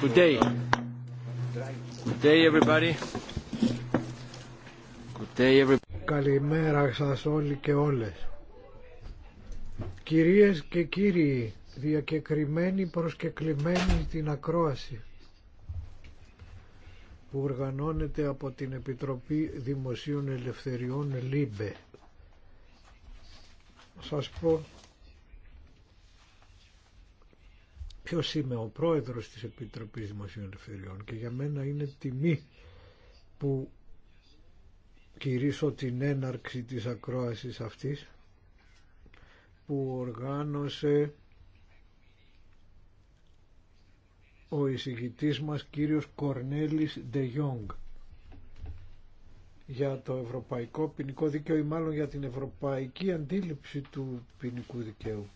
Good day. Good day, everybody. Good day, everybody. Καλημέρα σας όλοι και όλες. Κυρίες και κύριοι, διακεκριμένοι προσκεκλημένοι στην ακρόαση που οργανώνεται από την Επιτροπή Δημοσίων Ελευθεριών ΛΥΜΠΕ. Σας πω Ποιος είμαι ο πρόεδρος της Επιτροπής Δημοσίων Ελευθεριών και για μένα είναι τιμή που κηρύσω την έναρξη της ακρόασης αυτής που οργάνωσε ο εισηγητής μας κύριος Κορνέλης Ντε για το ευρωπαϊκό ποινικό δίκαιο ή μάλλον για την ευρωπαϊκή αντίληψη του ποινικού δικαίου.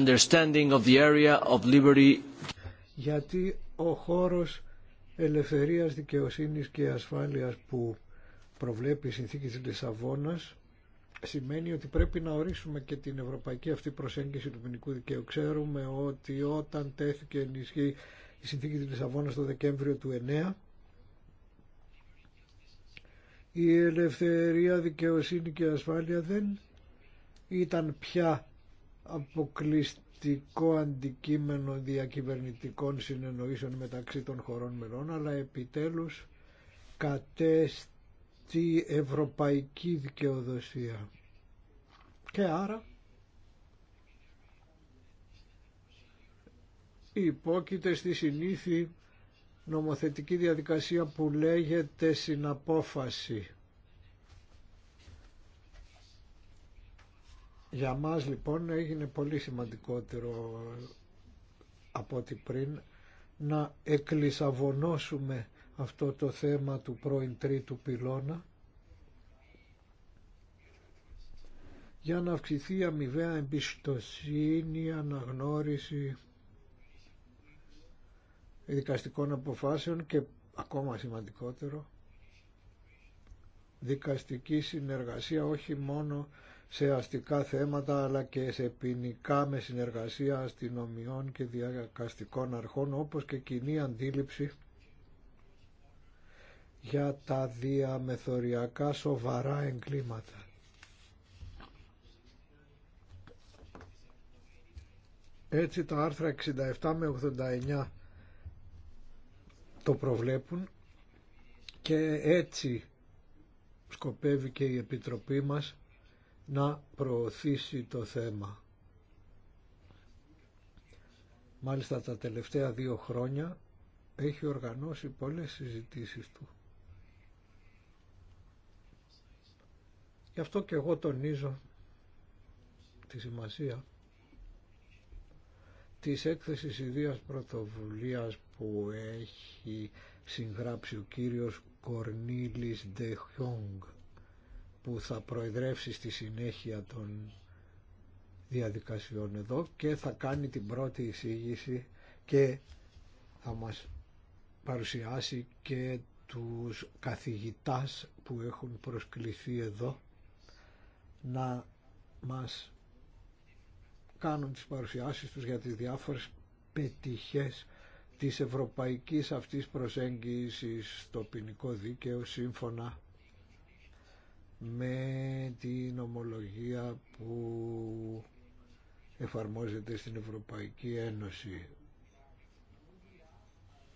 understanding of the area of liberty. Γιατί ο χώρος ελευθερίας, δικαιοσύνης και ασφάλειας που προβλέπει η συνθήκη της Λισαβόνας σημαίνει ότι πρέπει να ορίσουμε και την ευρωπαϊκή αυτή προσέγγιση του ποινικού δικαίου. Ξέρουμε ότι όταν τέθηκε ενισχύ η συνθήκη της Λισαβόνας το Δεκέμβριο του 9. η ελευθερία, δικαιοσύνη και ασφάλεια δεν ήταν πια αποκλειστικό αντικείμενο διακυβερνητικών συνεννοήσεων μεταξύ των χωρών μελών, αλλά επιτέλους κατέστη ευρωπαϊκή δικαιοδοσία. Και άρα υπόκειται στη συνήθι νομοθετική διαδικασία που λέγεται συναπόφαση Για μας λοιπόν έγινε πολύ σημαντικότερο από ό,τι πριν να εκλισαβωνώσουμε αυτό το θέμα του πρώην τρίτου πυλώνα για να αυξηθεί η αμοιβαία εμπιστοσύνη, αναγνώριση δικαστικών αποφάσεων και ακόμα σημαντικότερο δικαστική συνεργασία όχι μόνο σε αστικά θέματα αλλά και σε ποινικά με συνεργασία αστυνομιών και διακαστικών αρχών όπως και κοινή αντίληψη για τα διαμεθοριακά σοβαρά εγκλήματα. Έτσι τα άρθρα 67 με 89 το προβλέπουν και έτσι σκοπεύει και η Επιτροπή μας να προωθήσει το θέμα. Μάλιστα τα τελευταία δύο χρόνια έχει οργανώσει πολλές συζητήσεις του. Γι' αυτό και εγώ τονίζω τη σημασία της έκθεσης ιδίας πρωτοβουλίας που έχει συγγράψει ο κύριος Κορνίλης Ντεχιόγκ που θα προεδρεύσει στη συνέχεια των διαδικασιών εδώ και θα κάνει την πρώτη εισήγηση και θα μας παρουσιάσει και τους καθηγητάς που έχουν προσκληθεί εδώ να μας κάνουν τις παρουσιάσεις τους για τις διάφορες πετυχές της ευρωπαϊκής αυτής προσέγγισης στο ποινικό δίκαιο σύμφωνα με την ομολογία που εφαρμόζεται στην Ευρωπαϊκή Ένωση.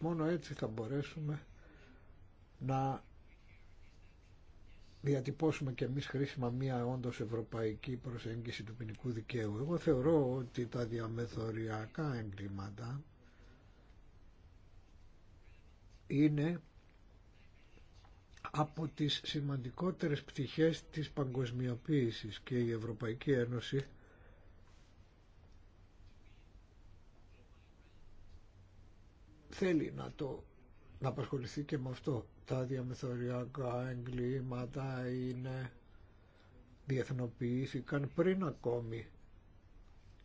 Μόνο έτσι θα μπορέσουμε να διατυπώσουμε και εμείς χρήσιμα μία όντως ευρωπαϊκή προσέγγιση του ποινικού δικαίου. Εγώ θεωρώ ότι τα διαμεθοριακά εγκλήματα είναι από τις σημαντικότερες πτυχές της παγκοσμιοποίησης και η Ευρωπαϊκή Ένωση θέλει να το να απασχοληθεί και με αυτό. Τα διαμεθοριακά εγκλήματα είναι διεθνοποιήθηκαν πριν ακόμη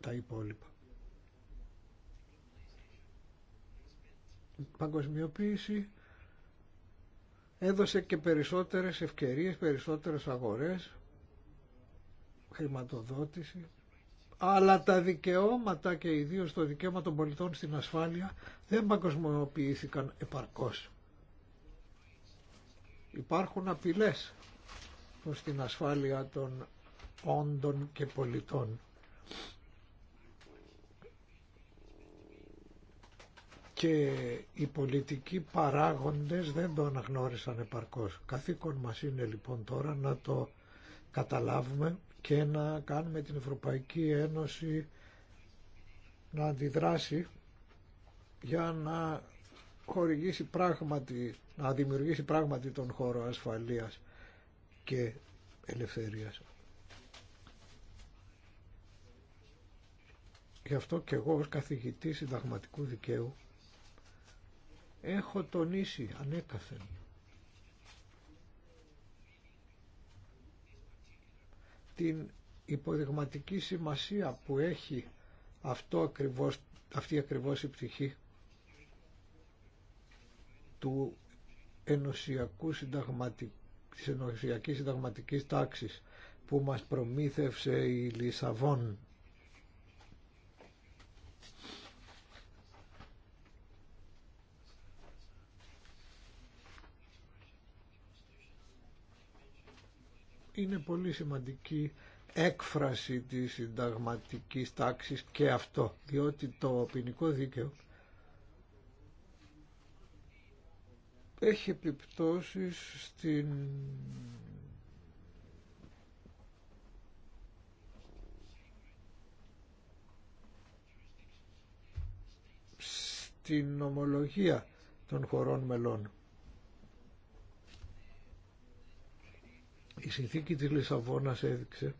τα υπόλοιπα. παγκοσμιοποίηση έδωσε και περισσότερες ευκαιρίες, περισσότερες αγορές, χρηματοδότηση, αλλά τα δικαιώματα και ιδίως το δικαίωμα των πολιτών στην ασφάλεια δεν παγκοσμιοποιήθηκαν επαρκώς. Υπάρχουν απειλές προς την ασφάλεια των όντων και πολιτών. και οι πολιτικοί παράγοντες δεν το αναγνώρισαν επαρκώς. Καθήκον μας είναι λοιπόν τώρα να το καταλάβουμε και να κάνουμε την Ευρωπαϊκή Ένωση να αντιδράσει για να χορηγήσει πράγματι, να δημιουργήσει πράγματι τον χώρο ασφαλείας και ελευθερίας. Γι' αυτό και εγώ ως καθηγητής συνταγματικού δικαίου έχω τονίσει ανέκαθεν. την υποδειγματική σημασία που έχει αυτό ακριβώς, αυτή ακριβώς η πτυχή του ενωσιακού συνταγματική της ενωσιακής συνταγματικής τάξης που μας προμήθευσε η Λισαβόν. είναι πολύ σημαντική έκφραση της συνταγματικής τάξης και αυτό, διότι το ποινικό δίκαιο έχει επιπτώσεις στην στην ομολογία των χωρών μελών. Η συνθήκη της Λισαβόνας έδειξε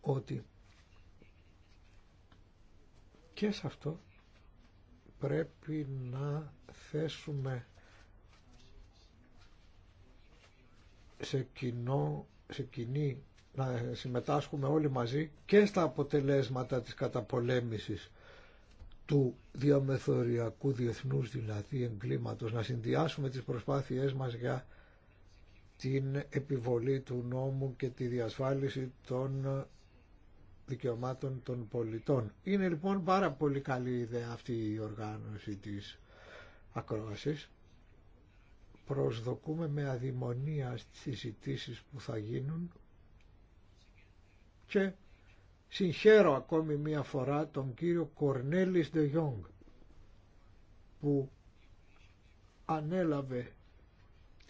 ότι και σε αυτό πρέπει να θέσουμε σε σε κοινή, να συμμετάσχουμε όλοι μαζί και στα αποτελέσματα της καταπολέμησης του διαμεθοριακού διεθνούς δηλαδή εγκλήματος, να συνδυάσουμε τις προσπάθειές μας για την επιβολή του νόμου και τη διασφάλιση των δικαιωμάτων των πολιτών. Είναι λοιπόν πάρα πολύ καλή ιδέα αυτή η οργάνωση της ακρόασης. Προσδοκούμε με αδημονία στις συζητήσεις που θα γίνουν και συγχαίρω ακόμη μία φορά τον κύριο Κορνέλης Ντεγιόγκ που ανέλαβε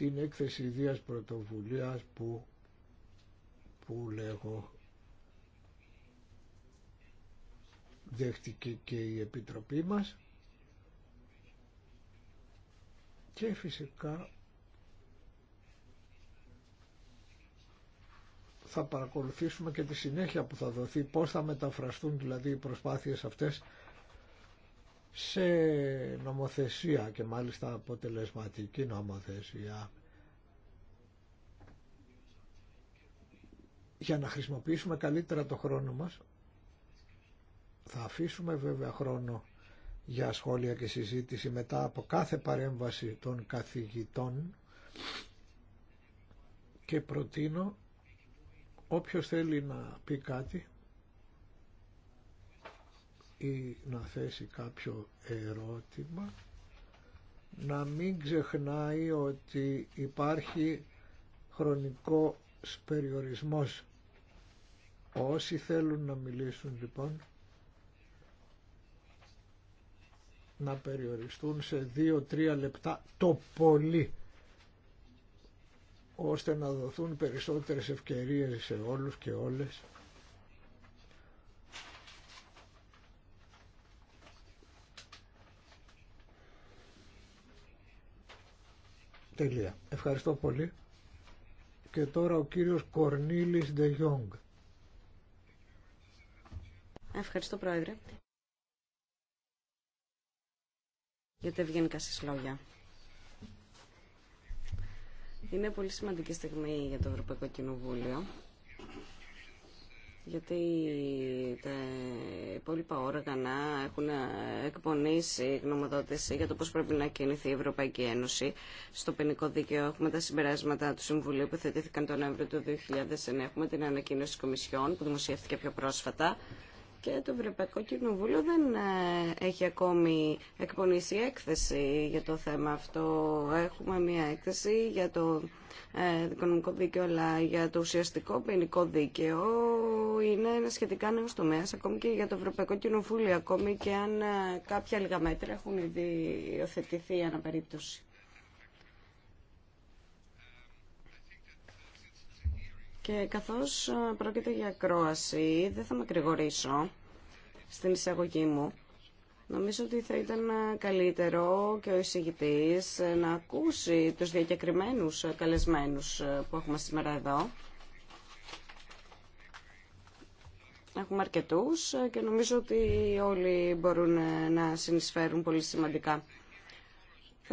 είναι έκθεση ιδίας πρωτοβουλίας που, που λέγω δέχτηκε και η Επιτροπή μας και φυσικά θα παρακολουθήσουμε και τη συνέχεια που θα δοθεί, πώς θα μεταφραστούν δηλαδή οι προσπάθειες αυτές σε νομοθεσία και μάλιστα αποτελεσματική νομοθεσία για να χρησιμοποιήσουμε καλύτερα το χρόνο μας θα αφήσουμε βέβαια χρόνο για σχόλια και συζήτηση μετά από κάθε παρέμβαση των καθηγητών και προτείνω όποιος θέλει να πει κάτι ή να θέσει κάποιο ερώτημα να μην ξεχνάει ότι υπάρχει χρονικό περιορισμός. Όσοι θέλουν να μιλήσουν λοιπόν να περιοριστούν σε 2-3 λεπτά το πολύ ώστε να δοθούν περισσότερες ευκαιρίες σε όλους και όλες Τελεία. Ευχαριστώ πολύ. Και τώρα ο κύριος Κορνίλης Ντε Ευχαριστώ Πρόεδρε. Για τα ευγενικά σας λόγια. Είναι πολύ σημαντική στιγμή για το Ευρωπαϊκό Κοινοβούλιο γιατί τα υπόλοιπα όργανα έχουν εκπονήσει γνωμοδότηση για το πώς πρέπει να κινηθεί η Ευρωπαϊκή Ένωση. Στο ποινικό δίκαιο έχουμε τα συμπεράσματα του Συμβουλίου που θετήθηκαν τον Νοέμβριο του 2009. Έχουμε την ανακοίνωση της Κομισιόν που δημοσιεύτηκε πιο πρόσφατα και το Ευρωπαϊκό Κοινοβούλιο δεν ε, έχει ακόμη εκπονήσει έκθεση για το θέμα αυτό. Έχουμε μία έκθεση για το οικονομικό ε, δίκαιο, αλλά για το ουσιαστικό ποινικό δίκαιο είναι ένα σχετικά νέο τομέα, ακόμη και για το Ευρωπαϊκό Κοινοβούλιο, ακόμη και αν ε, κάποια λίγα μέτρα έχουν ήδη υιοθετηθεί αναπερίπτωση. Και καθώς ε, πρόκειται για ακρόαση, δεν θα με κρηγορήσω στην εισαγωγή μου. Νομίζω ότι θα ήταν ε, καλύτερο και ο εισηγητής ε, να ακούσει τους διακεκριμένους καλεσμένους που έχουμε σήμερα εδώ. Έχουμε αρκετούς και νομίζω ότι όλοι μπορούν να συνεισφέρουν πολύ σημαντικά.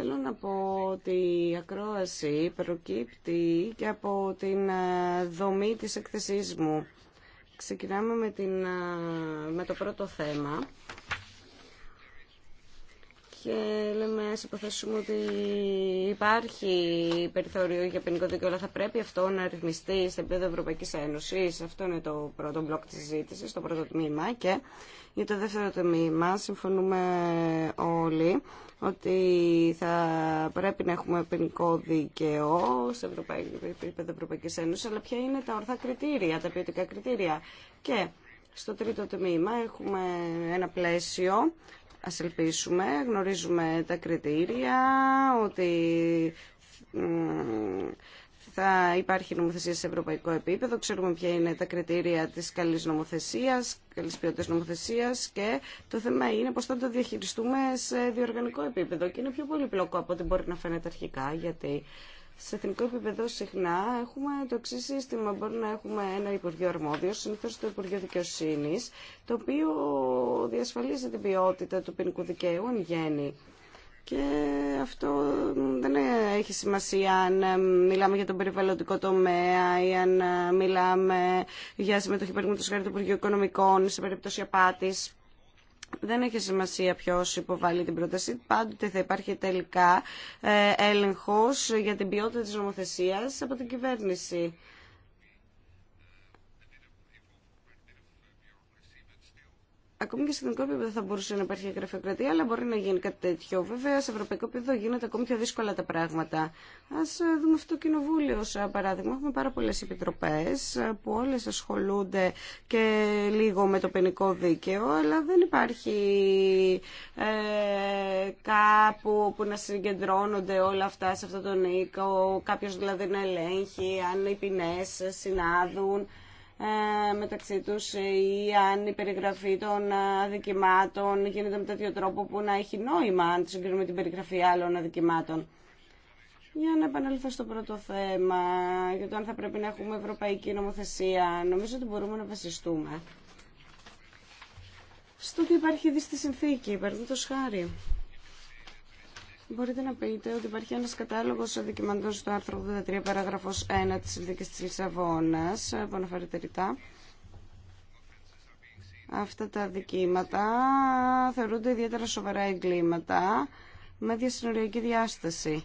Θέλω να πω ότι η ακρόαση προκύπτει και από την ε, δομή της εκθεσής μου. Ξεκινάμε με, την, ε, με το πρώτο θέμα και λέμε ας υποθέσουμε ότι υπάρχει περιθώριο για ποινικό δίκαιο, αλλά θα πρέπει αυτό να ρυθμιστεί σε επίπεδο Ευρωπαϊκής Ένωσης. Αυτό είναι το πρώτο μπλοκ της συζήτηση, το πρώτο τμήμα και για το δεύτερο τμήμα συμφωνούμε όλοι ότι θα πρέπει να έχουμε ποινικό δίκαιο σε επίπεδο Ευρωπαϊκή Ένωση, αλλά ποια είναι τα ορθά κριτήρια, τα ποιοτικά κριτήρια. Και στο τρίτο τμήμα έχουμε ένα πλαίσιο Ας ελπίσουμε, γνωρίζουμε τα κριτήρια, ότι θα υπάρχει νομοθεσία σε ευρωπαϊκό επίπεδο, ξέρουμε ποια είναι τα κριτήρια της καλής νομοθεσίας, καλής ποιότητας νομοθεσίας και το θέμα είναι πώς θα το διαχειριστούμε σε διοργανικό επίπεδο και είναι πιο πολύπλοκο από ό,τι μπορεί να φαίνεται αρχικά γιατί σε εθνικό επίπεδο συχνά έχουμε το εξή σύστημα. Μπορεί να έχουμε ένα Υπουργείο Αρμόδιο, συνήθω το Υπουργείο Δικαιοσύνη, το οποίο διασφαλίζει την ποιότητα του ποινικού δικαίου εν γέννη. Και αυτό δεν έχει σημασία αν ε, μιλάμε για τον περιβαλλοντικό τομέα ή αν ε, μιλάμε για συμμετοχή παραδείγματος χάρη του Υπουργείου Οικονομικών σε περίπτωση απάτης. Δεν έχει σημασία ποιο υποβάλλει την πρόταση. Πάντοτε θα υπάρχει τελικά ε, έλεγχο για την ποιότητα τη νομοθεσία από την κυβέρνηση. ακόμη και σε εθνικό επίπεδο θα μπορούσε να υπάρχει γραφειοκρατία, αλλά μπορεί να γίνει κάτι τέτοιο. Βέβαια, σε ευρωπαϊκό επίπεδο γίνονται ακόμη πιο δύσκολα τα πράγματα. Α ε, δούμε αυτό το κοινοβούλιο, ω ε, παράδειγμα. Έχουμε πάρα πολλέ επιτροπέ ε, που όλε ασχολούνται και λίγο με το ποινικό δίκαιο, αλλά δεν υπάρχει ε, κάπου που να συγκεντρώνονται όλα αυτά σε αυτόν τον οίκο. Κάποιο δηλαδή να ελέγχει αν οι ποινέ συνάδουν ε, μεταξύ τους ε, ή αν η περιγραφή των ε, αδικημάτων γίνεται με τέτοιο τρόπο που να έχει νόημα αν συγκρίνουμε την περιγραφή άλλων αδικημάτων. Για να επανέλθω στο πρώτο θέμα, για το αν θα πρέπει να έχουμε ευρωπαϊκή νομοθεσία, νομίζω ότι μπορούμε να βασιστούμε. Στο ότι υπάρχει ήδη στη συνθήκη, παραδείγματο χάρη. Μπορείτε να πείτε ότι υπάρχει ένα κατάλογο αδικημαντών στο άρθρο 83 παράγραφο 1 τη συνθήκη τη Λισαβόνα. που αναφέρεται ρητά. Αυτά τα δικήματα θεωρούνται ιδιαίτερα σοβαρά εγκλήματα με διασυνοριακή διάσταση.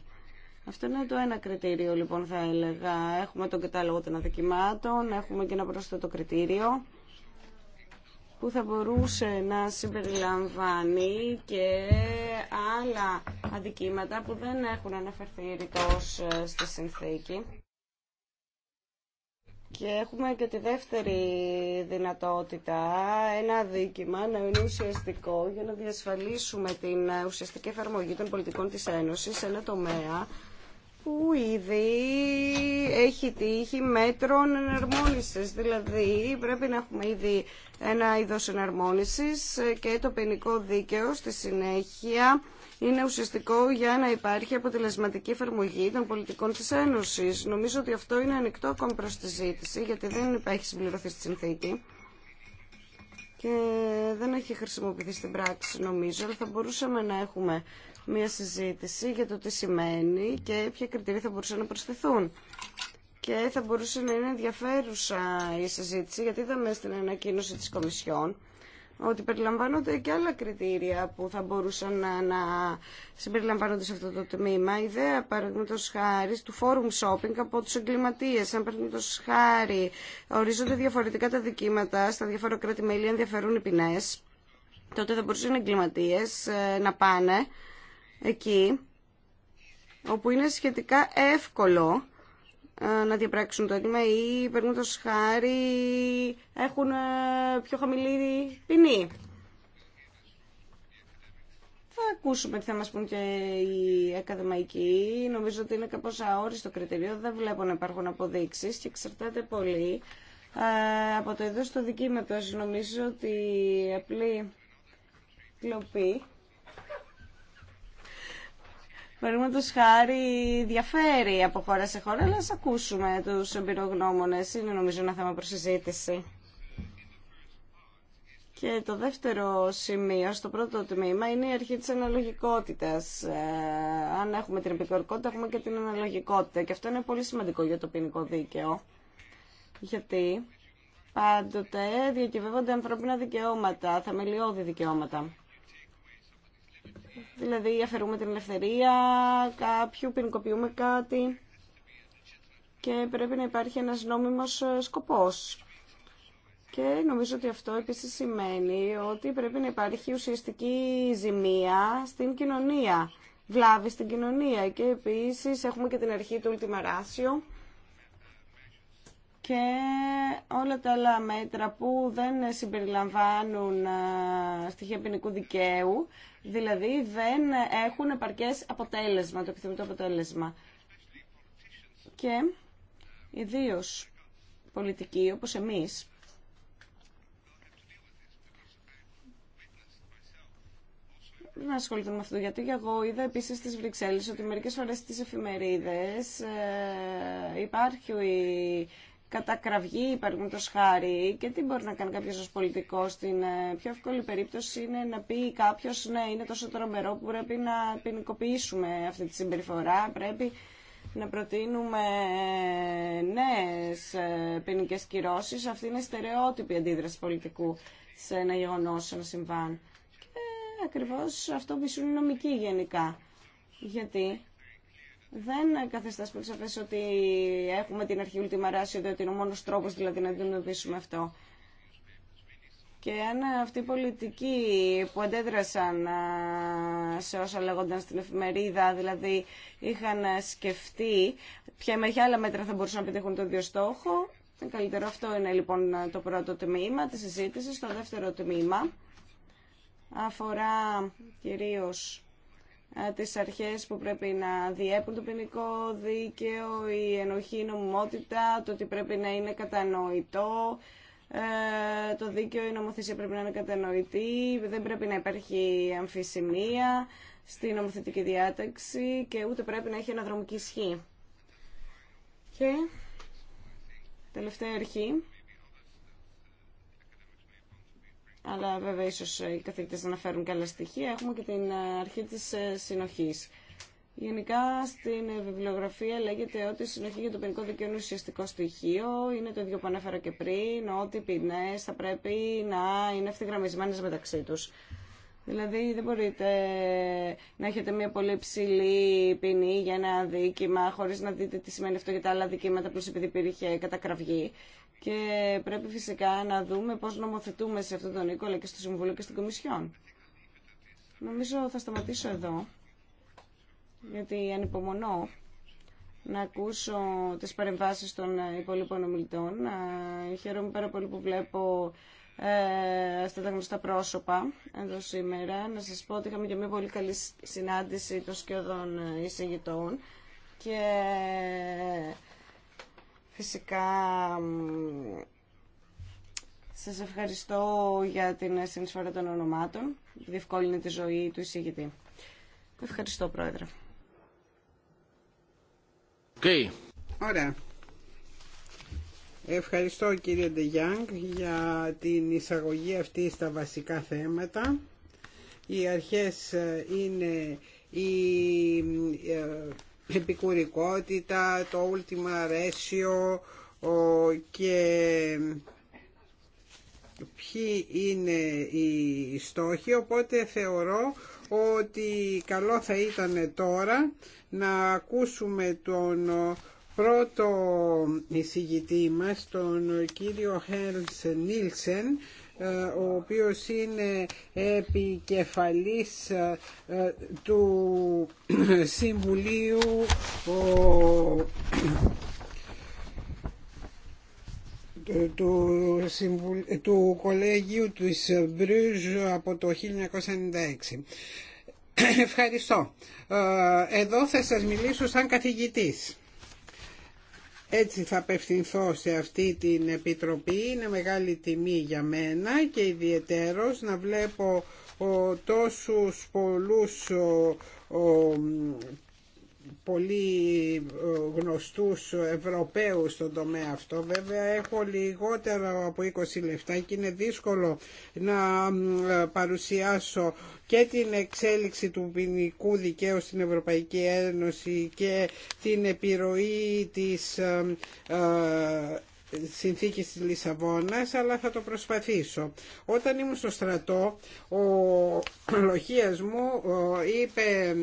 Αυτό είναι το ένα κριτήριο λοιπόν θα έλεγα. Έχουμε τον κατάλογο των αδικημάτων, έχουμε και ένα πρόσθετο κριτήριο που θα μπορούσε να συμπεριλαμβάνει και άλλα αντικείμενα που δεν έχουν αναφερθεί ρητός ε, στη συνθήκη. Και έχουμε και τη δεύτερη δυνατότητα, ένα δίκημα να είναι ουσιαστικό για να διασφαλίσουμε την ε, ουσιαστική εφαρμογή των πολιτικών της Ένωσης σε ένα τομέα που ήδη έχει τύχει μέτρων εναρμόνισης. Δηλαδή πρέπει να έχουμε ήδη ένα είδος εναρμόνισης και το ποινικό δίκαιο στη συνέχεια είναι ουσιαστικό για να υπάρχει αποτελεσματική εφαρμογή των πολιτικών της Ένωσης. Νομίζω ότι αυτό είναι ανοιχτό ακόμη προ τη ζήτηση γιατί δεν υπάρχει συμπληρωθεί στη συνθήκη και δεν έχει χρησιμοποιηθεί στην πράξη νομίζω, αλλά θα μπορούσαμε να έχουμε μια συζήτηση για το τι σημαίνει και ποια κριτήρια θα μπορούσαν να προσθεθούν. Και θα μπορούσε να είναι ενδιαφέρουσα η συζήτηση, γιατί είδαμε στην ανακοίνωση της Κομισιόν ότι περιλαμβάνονται και άλλα κριτήρια που θα μπορούσαν να, να συμπεριλαμβάνονται σε αυτό το τμήμα. Η ιδέα, παραδείγματο χάρη, του Φόρουμ shopping από του εγκληματίε. Αν, παραδείγματο χάρη, ορίζονται διαφορετικά τα δικήματα στα διάφορα κράτη-μέλη, ενδιαφέρουν οι ποινέ, τότε θα μπορούσαν οι εγκληματίε ε, να πάνε εκεί όπου είναι σχετικά εύκολο ε, να διαπράξουν το έγκλημα ή παίρνουν το σχάρι, έχουν ε, πιο χαμηλή ποινή. Θα ακούσουμε τι θα μας πούν και οι ακαδημαϊκοί. Νομίζω ότι είναι κάπως αόριστο κριτήριο. Δεν βλέπω να υπάρχουν αποδείξεις και εξαρτάται πολύ ε, από το είδος του δικήματος. Νομίζω ότι απλή κλοπή Παραδείγματο χάρη διαφέρει από χώρα σε χώρα, αλλά α ακούσουμε τους εμπειρογνώμονε Είναι νομίζω ένα θέμα προσυζήτηση. Και το δεύτερο σημείο, στο πρώτο τμήμα, είναι η αρχή της αναλογικότητας. Ε, αν έχουμε την επικορικότητα, έχουμε και την αναλογικότητα. Και αυτό είναι πολύ σημαντικό για το ποινικό δίκαιο. Γιατί πάντοτε διακυβεύονται ανθρώπινα δικαιώματα, θεμελιώδη δικαιώματα. Δηλαδή αφαιρούμε την ελευθερία κάποιου, ποινικοποιούμε κάτι και πρέπει να υπάρχει ένας νόμιμος ε, σκοπός. Και νομίζω ότι αυτό επίσης σημαίνει ότι πρέπει να υπάρχει ουσιαστική ζημία στην κοινωνία, βλάβη στην κοινωνία. Και επίσης έχουμε και την αρχή του ultima ratio, και όλα τα άλλα μέτρα που δεν συμπεριλαμβάνουν στοιχεία ποινικού δικαίου, δηλαδή δεν έχουν επαρκές αποτέλεσμα, το επιθυμητό αποτέλεσμα. Και ιδίω πολιτικοί όπως εμείς, δεν ασχοληθούν με αυτό, γιατί εγώ είδα επίση στι Βρυξέλλε ότι μερικέ φορέ στι εφημερίδε ε, υπάρχει κατακραυγή το χάρη και τι μπορεί να κάνει κάποιο ως πολιτικό. Στην ε, πιο εύκολη περίπτωση είναι να πει κάποιο ναι, είναι τόσο τρομερό που πρέπει να ποινικοποιήσουμε αυτή τη συμπεριφορά. Πρέπει να προτείνουμε ε, νέες ε, ποινικέ κυρώσει. Αυτή είναι στερεότυπη αντίδραση πολιτικού σε ένα γεγονό, σε ένα συμβάν. Και ακριβώς αυτό που ισούν νομικοί γενικά. Γιατί δεν καθιστά σαφέ ότι έχουμε την αρχή ultima ότι είναι ο μόνος τρόπος δηλαδή να δημιουργήσουμε αυτό. Και αν αυτοί οι πολιτικοί που αντέδρασαν σε όσα λέγονταν στην εφημερίδα, δηλαδή είχαν σκεφτεί ποια με άλλα μέτρα θα μπορούσαν να πετύχουν το ίδιο στόχο, καλύτερο αυτό είναι λοιπόν το πρώτο τμήμα τη συζήτηση. Το δεύτερο τμήμα αφορά κυρίως τις αρχές που πρέπει να διέπουν το ποινικό δίκαιο, η ενοχή, η νομιμότητα, το ότι πρέπει να είναι κατανοητό, ε, το δίκαιο, η νομοθεσία πρέπει να είναι κατανοητή, δεν πρέπει να υπάρχει αμφισημία στη νομοθετική διάταξη και ούτε πρέπει να έχει αναδρομική ισχύ. Και τελευταία αρχή αλλά βέβαια ίσως οι καθηγητές να αναφέρουν και άλλα στοιχεία, έχουμε και την ε, αρχή της ε, συνοχής. Γενικά στην ε, βιβλιογραφία λέγεται ότι η συνοχή για το ποινικό δικαίωμα είναι ουσιαστικό στοιχείο. Είναι το ίδιο που ανέφερα και πριν, ότι οι ποινέ θα πρέπει να είναι ευθυγραμμισμένε μεταξύ του. Δηλαδή δεν μπορείτε να έχετε μια πολύ ψηλή ποινή για ένα δίκημα χωρίς να δείτε τι σημαίνει αυτό για τα άλλα δικήματα, πλούς επειδή υπήρχε κατακραυγή και πρέπει φυσικά να δούμε πώς νομοθετούμε σε αυτόν τον οίκο αλλά και στο Συμβούλιο και στην Κομισιόν. Νομίζω θα σταματήσω εδώ, γιατί ανυπομονώ να ακούσω τις παρεμβάσεις των ε, υπόλοιπων ομιλητών. Ε, χαίρομαι πάρα πολύ που βλέπω ε, αυτά τα γνωστά πρόσωπα εδώ σήμερα. Να σας πω ότι είχαμε και μια πολύ καλή συνάντηση των σκιωδών ε, εισηγητών και Φυσικά σας ευχαριστώ για την συνεισφορά των ονομάτων. Διευκόλυνε τη ζωή του εισηγητή. Ευχαριστώ, Πρόεδρε. Okay. Ωραία. Ευχαριστώ κύριε Ντεγιάνγκ για την εισαγωγή αυτή στα βασικά θέματα. Οι αρχές ε, είναι η ε, επικουρικότητα, το ultima ratio και ποιοι είναι οι στόχοι, οπότε θεωρώ ότι καλό θα ήταν τώρα να ακούσουμε τον πρώτο εισηγητή μας, τον κύριο Χέρνς Νίλσεν, ε, ο οποίος είναι επικεφαλής ε, ε, του Συμβουλίου του, Συμβουλ... του κολέγιου του Μπρούζ από το 1996. Ευχαριστώ. Εδώ θα σας μιλήσω σαν καθηγητής. Έτσι θα απευθυνθώ σε αυτή την επιτροπή. Είναι μεγάλη τιμή για μένα και ιδιαιτέρως να βλέπω ο, τόσους πολλούς πολύ ε, γνωστούς Ευρωπαίους στον τομέα αυτό. Βέβαια έχω λιγότερο από 20 λεφτά και είναι δύσκολο να ε, παρουσιάσω και την εξέλιξη του ποινικού δικαίου στην Ευρωπαϊκή Ένωση και την επιρροή της ε, συνθήκης της Λισαβόνας, αλλά θα το προσπαθήσω. Όταν ήμουν στο στρατό, ο λοχίας μου είπε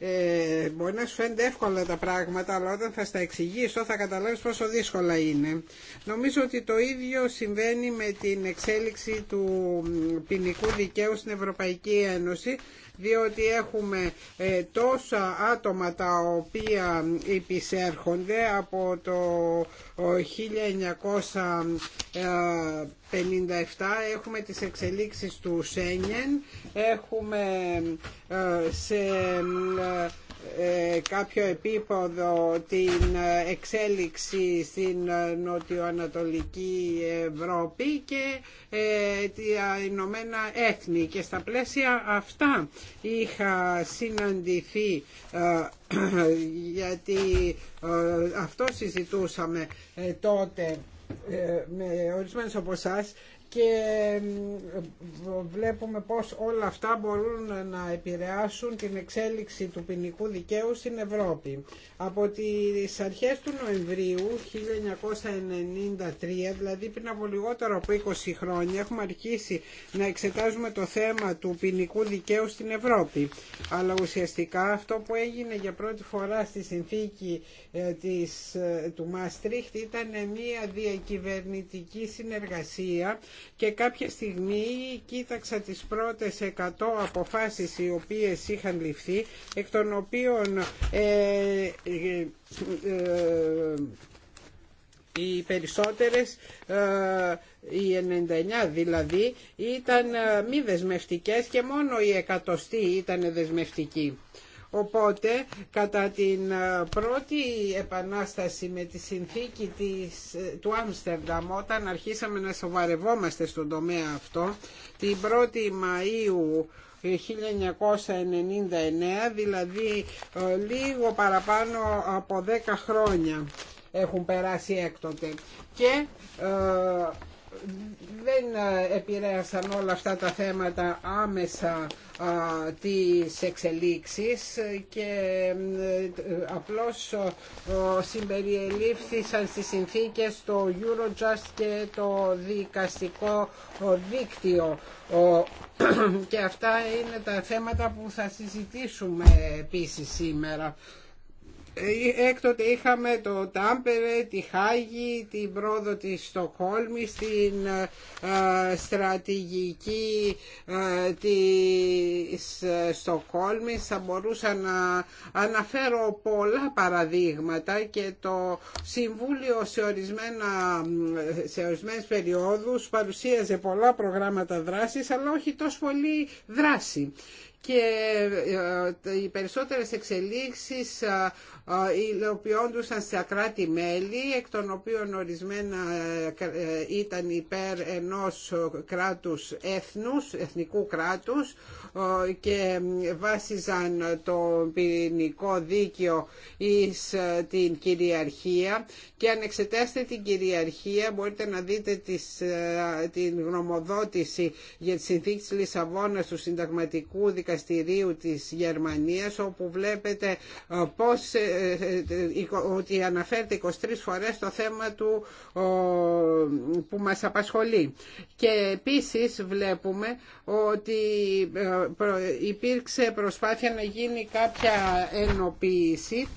ε, μπορεί να σου φαίνεται εύκολα τα πράγματα, αλλά όταν θα στα εξηγήσω θα καταλάβεις πόσο δύσκολα είναι. Νομίζω ότι το ίδιο συμβαίνει με την εξέλιξη του ποινικού δικαίου στην Ευρωπαϊκή Ένωση, διότι έχουμε ε, τόσα άτομα τα οποία υπησέρχονται από το 1900. Ε, 57 έχουμε τις εξελίξεις του Σένιεν, έχουμε ε, σε ε, κάποιο επίποδο την εξέλιξη στην νοτιοανατολική Ευρώπη και ε, τα Ηνωμένα Έθνη και στα πλαίσια αυτά είχα συναντηθεί γιατί αυτό συζητούσαμε τότε ε, με ορισμένους από εσά και βλέπουμε πως όλα αυτά μπορούν να επηρεάσουν την εξέλιξη του ποινικού δικαίου στην Ευρώπη. Από τις αρχές του Νοεμβρίου 1993, δηλαδή πριν από λιγότερο από 20 χρόνια, έχουμε αρχίσει να εξετάζουμε το θέμα του ποινικού δικαίου στην Ευρώπη. Αλλά ουσιαστικά αυτό που έγινε για πρώτη φορά στη συνθήκη ε, της, ε, του Μαστρίχτ ήταν μια διακυβερνητική συνεργασία και κάποια στιγμή κοίταξα τις πρώτες 100 αποφάσεις οι οποίες είχαν ληφθεί εκ των οποίων ε, ε, ε οι περισσότερες, ε, οι 99 δηλαδή, ήταν μη δεσμευτικές και μόνο οι εκατοστή ήταν δεσμευτικοί. Οπότε κατά την ε, πρώτη επανάσταση με τη συνθήκη της, ε, του Άμστερνταμ όταν αρχίσαμε να σοβαρευόμαστε στον τομέα αυτό την 1η Μαΐου 1999 ε, δηλαδή λίγο παραπάνω από 10 χρόνια έχουν περάσει έκτοτε και δεν ε, επηρέασαν όλα αυτά τα θέματα άμεσα τις εξελίξεις και ε, ε, απλώς συμπεριελήφθησαν στις συνθήκες το Eurojust και το δικαστικό δίκτυο και αυτά είναι τα θέματα που θα συζητήσουμε επίσης σήμερα. Ε, έκτοτε είχαμε το Τάμπερε, τη Χάγη, την πρόοδο της Στοκόλμης, την ε, στρατηγική ε, της Στοκόλμης. Θα μπορούσα να αναφέρω πολλά παραδείγματα και το Συμβούλιο σε, ορισμένα, σε ορισμένες περιόδους παρουσίαζε πολλά προγράμματα δράσης αλλά όχι τόσο πολύ δράση και ε, οι περισσότερες εξελίξεις ε, ε, υλοποιόντουσαν στα ακράτη μελη εκ των οποίων ορισμένα ήταν υπέρ ενός κράτους έθνους, εθνικού κράτους και βάσιζαν το ποινικό δίκαιο εις την κυριαρχία και αν εξετάσετε την κυριαρχία μπορείτε να δείτε τις, την γνωμοδότηση για τη συνθήκη της Λισαβόνας του συνταγματικού δικαστηρίου Δικαστηρίου της Γερμανίας όπου βλέπετε ε, πώς, ε, ε, ότι αναφέρεται 23 φορές το θέμα του που μας απασχολεί. Και επίσης βλέπουμε ότι υπήρξε προσπάθεια να γίνει κάποια ενοποίηση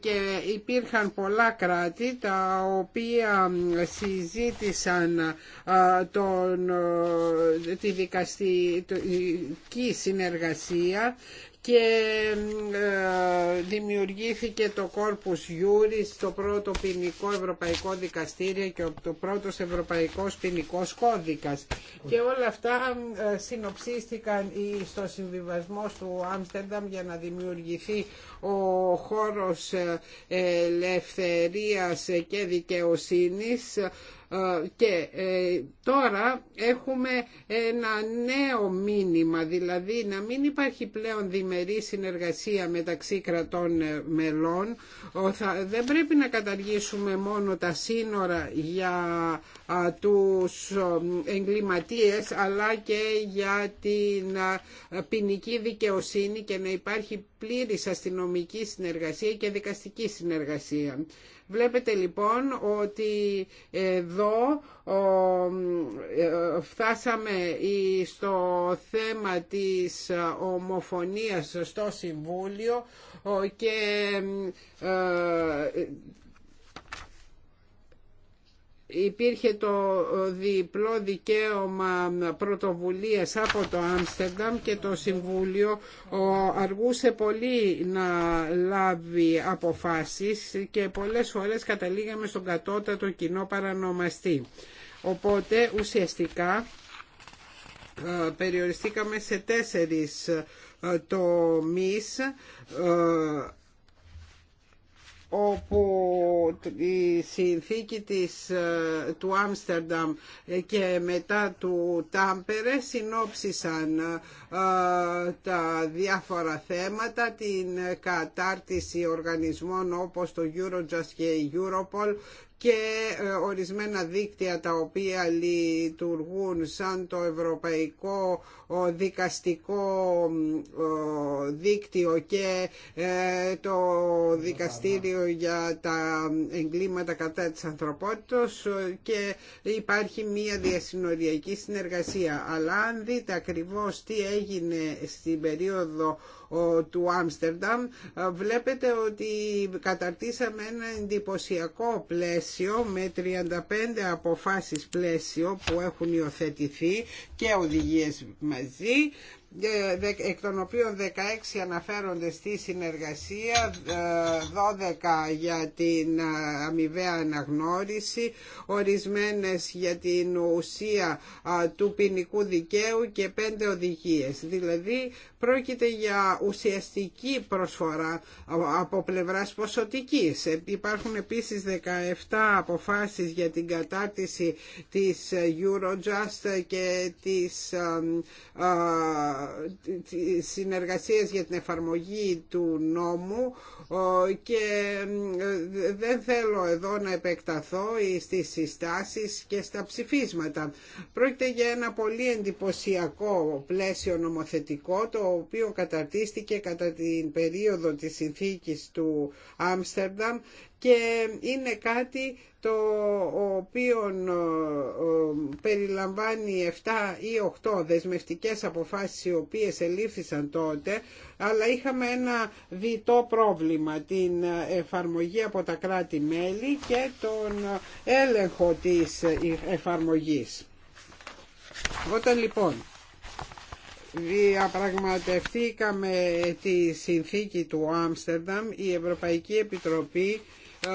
και υπήρχαν πολλά κράτη τα οποία συζήτησαν τον, τη δικαστική συνεργασία και ε, δημιουργήθηκε το Corpus Juris, το πρώτο ποινικό ευρωπαϊκό δικαστήριο και το πρώτος ευρωπαϊκός ποινικό κώδικας. Και όλα αυτά ε, συνοψίστηκαν στο συμβιβασμό του Άμστερνταμ για να δημιουργηθεί ο χώρος ε, ελευθερίας και δικαιοσύνης ε, και ε, τώρα έχουμε ένα νέο μήνυμα, δηλαδή να μην υπάρχει πλέον διμερή συνεργασία μεταξύ κρατών ε, μελών. Δεν πρέπει να καταργήσουμε μόνο τα σύνορα για τους εγκληματίες αλλά και για την ποινική δικαιοσύνη και να υπάρχει πλήρης αστυνομική συνεργασία και δικαστική συνεργασία. Βλέπετε λοιπόν ότι εδώ ε, φτάσαμε στο θέμα της ομοφωνίας στο Συμβούλιο και ε, υπήρχε το ε, διπλό δικαίωμα πρωτοβουλίας από το Άμστερνταμ και το Συμβούλιο αργούσε πολύ να λάβει αποφάσεις και πολλές φορές καταλήγαμε στον κατώτατο κοινό παρανομαστή. Οπότε ουσιαστικά ε, περιοριστήκαμε σε τέσσερις ε, τομείς όπου η συνθήκη της, ε, του Άμστερνταμ και μετά του Τάμπερε συνόψισαν ε, τα διάφορα θέματα, την κατάρτιση οργανισμών όπως το Eurojust και η Europol και ε, ορισμένα δίκτυα τα οποία λειτουργούν σαν το Ευρωπαϊκό ο δικαστικό δίκτυο και ε, το δικαστήριο για τα εγκλήματα κατά της ανθρωπότητας ε, και υπάρχει μία διασυνοριακή συνεργασία. Αλλά αν δείτε ακριβώς τι έγινε στην περίοδο του Άμστερνταμ ε, βλέπετε ότι καταρτήσαμε ένα εντυπωσιακό πλαίσιο με 35 αποφάσεις πλαίσιο που έχουν υιοθετηθεί και οδηγίες μαζί ε, εκ των οποίων 16 αναφέρονται στη συνεργασία, 12 ε, για την ε, αμοιβαία αναγνώριση, ορισμένες για την ουσία του ποινικού δικαίου και 5 οδηγίες. Δηλαδή Πρόκειται για ουσιαστική προσφορά από πλευράς ποσοτικής. Υπάρχουν επίσης 17 αποφάσεις για την κατάρτιση της Eurojust και της ε, ε, συνεργασίας για την εφαρμογή του νόμου ε, και δεν θέλω εδώ να επεκταθώ στις συστάσεις και στα ψηφίσματα. Πρόκειται για ένα πολύ εντυπωσιακό πλαίσιο νομοθετικό το το οποίο καταρτίστηκε κατά την περίοδο της συνθήκης του Άμστερνταμ και είναι κάτι το οποίο ε, ε, περιλαμβάνει 7 ή 8 δεσμευτικές αποφάσεις οι οποίες ελήφθησαν τότε αλλά είχαμε ένα διτό πρόβλημα την εφαρμογή από τα κράτη-μέλη και τον έλεγχο της εφαρμογής. Όταν λοιπόν διαπραγματευτήκαμε τη συνθήκη του Άμστερνταμ, η Ευρωπαϊκή Επιτροπή ε,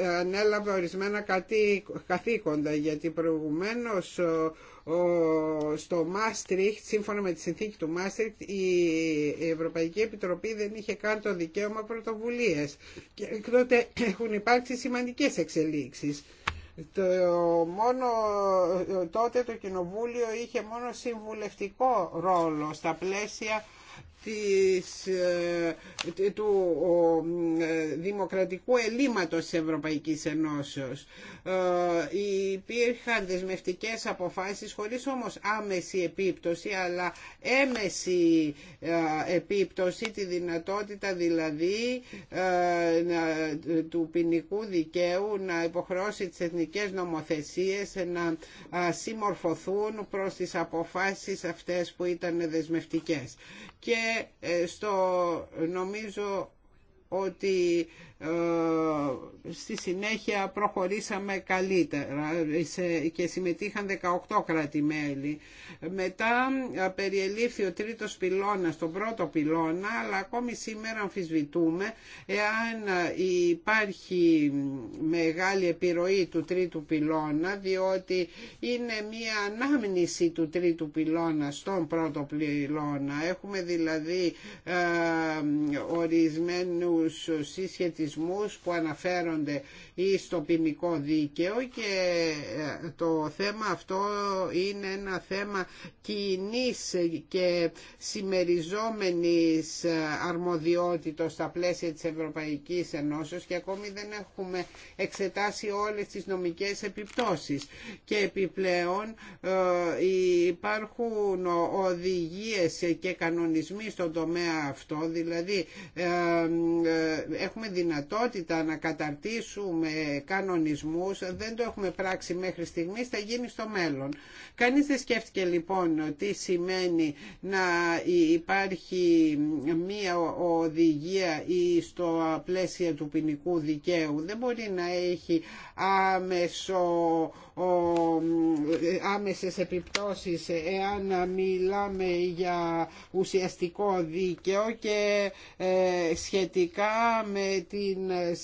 ε, ανέλαβε ορισμένα καθήκοντα γιατί προηγουμένως ε, στο Μάστριχτ, σύμφωνα με τη συνθήκη του Μάστριχτ, η Ευρωπαϊκή Επιτροπή δεν είχε καν το δικαίωμα πρωτοβουλίες. Και τότε έχουν υπάρξει σημαντικές εξελίξεις. Το μόνο, τότε το Κοινοβούλιο είχε μόνο συμβουλευτικό ρόλο στα πλαίσια ε, του ε, δημοκρατικού ελλείμματος της Ευρωπαϊκής Ενώσεως. Ε, υπήρχαν δεσμευτικές αποφάσεις χωρίς όμως άμεση επίπτωση αλλά έμεση επίπτωση τη δυνατότητα δηλαδή του ποινικού δικαίου να υποχρεώσει τις εθνικές νομοθεσίες να συμμορφωθούν προς τις αποφάσεις αυτές που ήταν δεσμευτικές και ε, στο νομίζω ότι ε, στη συνέχεια προχωρήσαμε καλύτερα και συμμετείχαν 18 κράτη-μέλη. Μετά ε, περιελήφθη ο τρίτος πυλώνας, τον πρώτο πυλώνα, αλλά ακόμη σήμερα αμφισβητούμε εάν ε, υπάρχει μεγάλη επιρροή του τρίτου πυλώνα, διότι είναι μία ανάμνηση του τρίτου πυλώνα στον πρώτο πυλώνα. Έχουμε δηλαδή ορισμένους συσχετισμούς που αναφέρονται ή στο ποινικό δίκαιο και ε, το θέμα αυτό είναι ένα θέμα κοινή και σημεριζόμενης ε, αρμοδιότητος στα πλαίσια της Ευρωπαϊκής Ενώσεως και ακόμη δεν έχουμε εξετάσει όλες τις νομικές επιπτώσεις και επιπλέον ε, υπάρχουν οδηγίες και κανονισμοί στον τομέα αυτό δηλαδή έχουμε δυνατότητα δυνατότητα να καταρτήσουμε κανονισμούς δεν το έχουμε πράξει μέχρι στιγμής, θα γίνει στο μέλλον. Κανείς δεν σκέφτηκε λοιπόν τι σημαίνει να υπάρχει μία οδηγία ή στο πλαίσιο του ποινικού δικαίου. Δεν μπορεί να έχει άμεσο ε, άμεσες επιπτώσεις εάν μιλάμε για ουσιαστικό δίκαιο και ε, σχετικά με την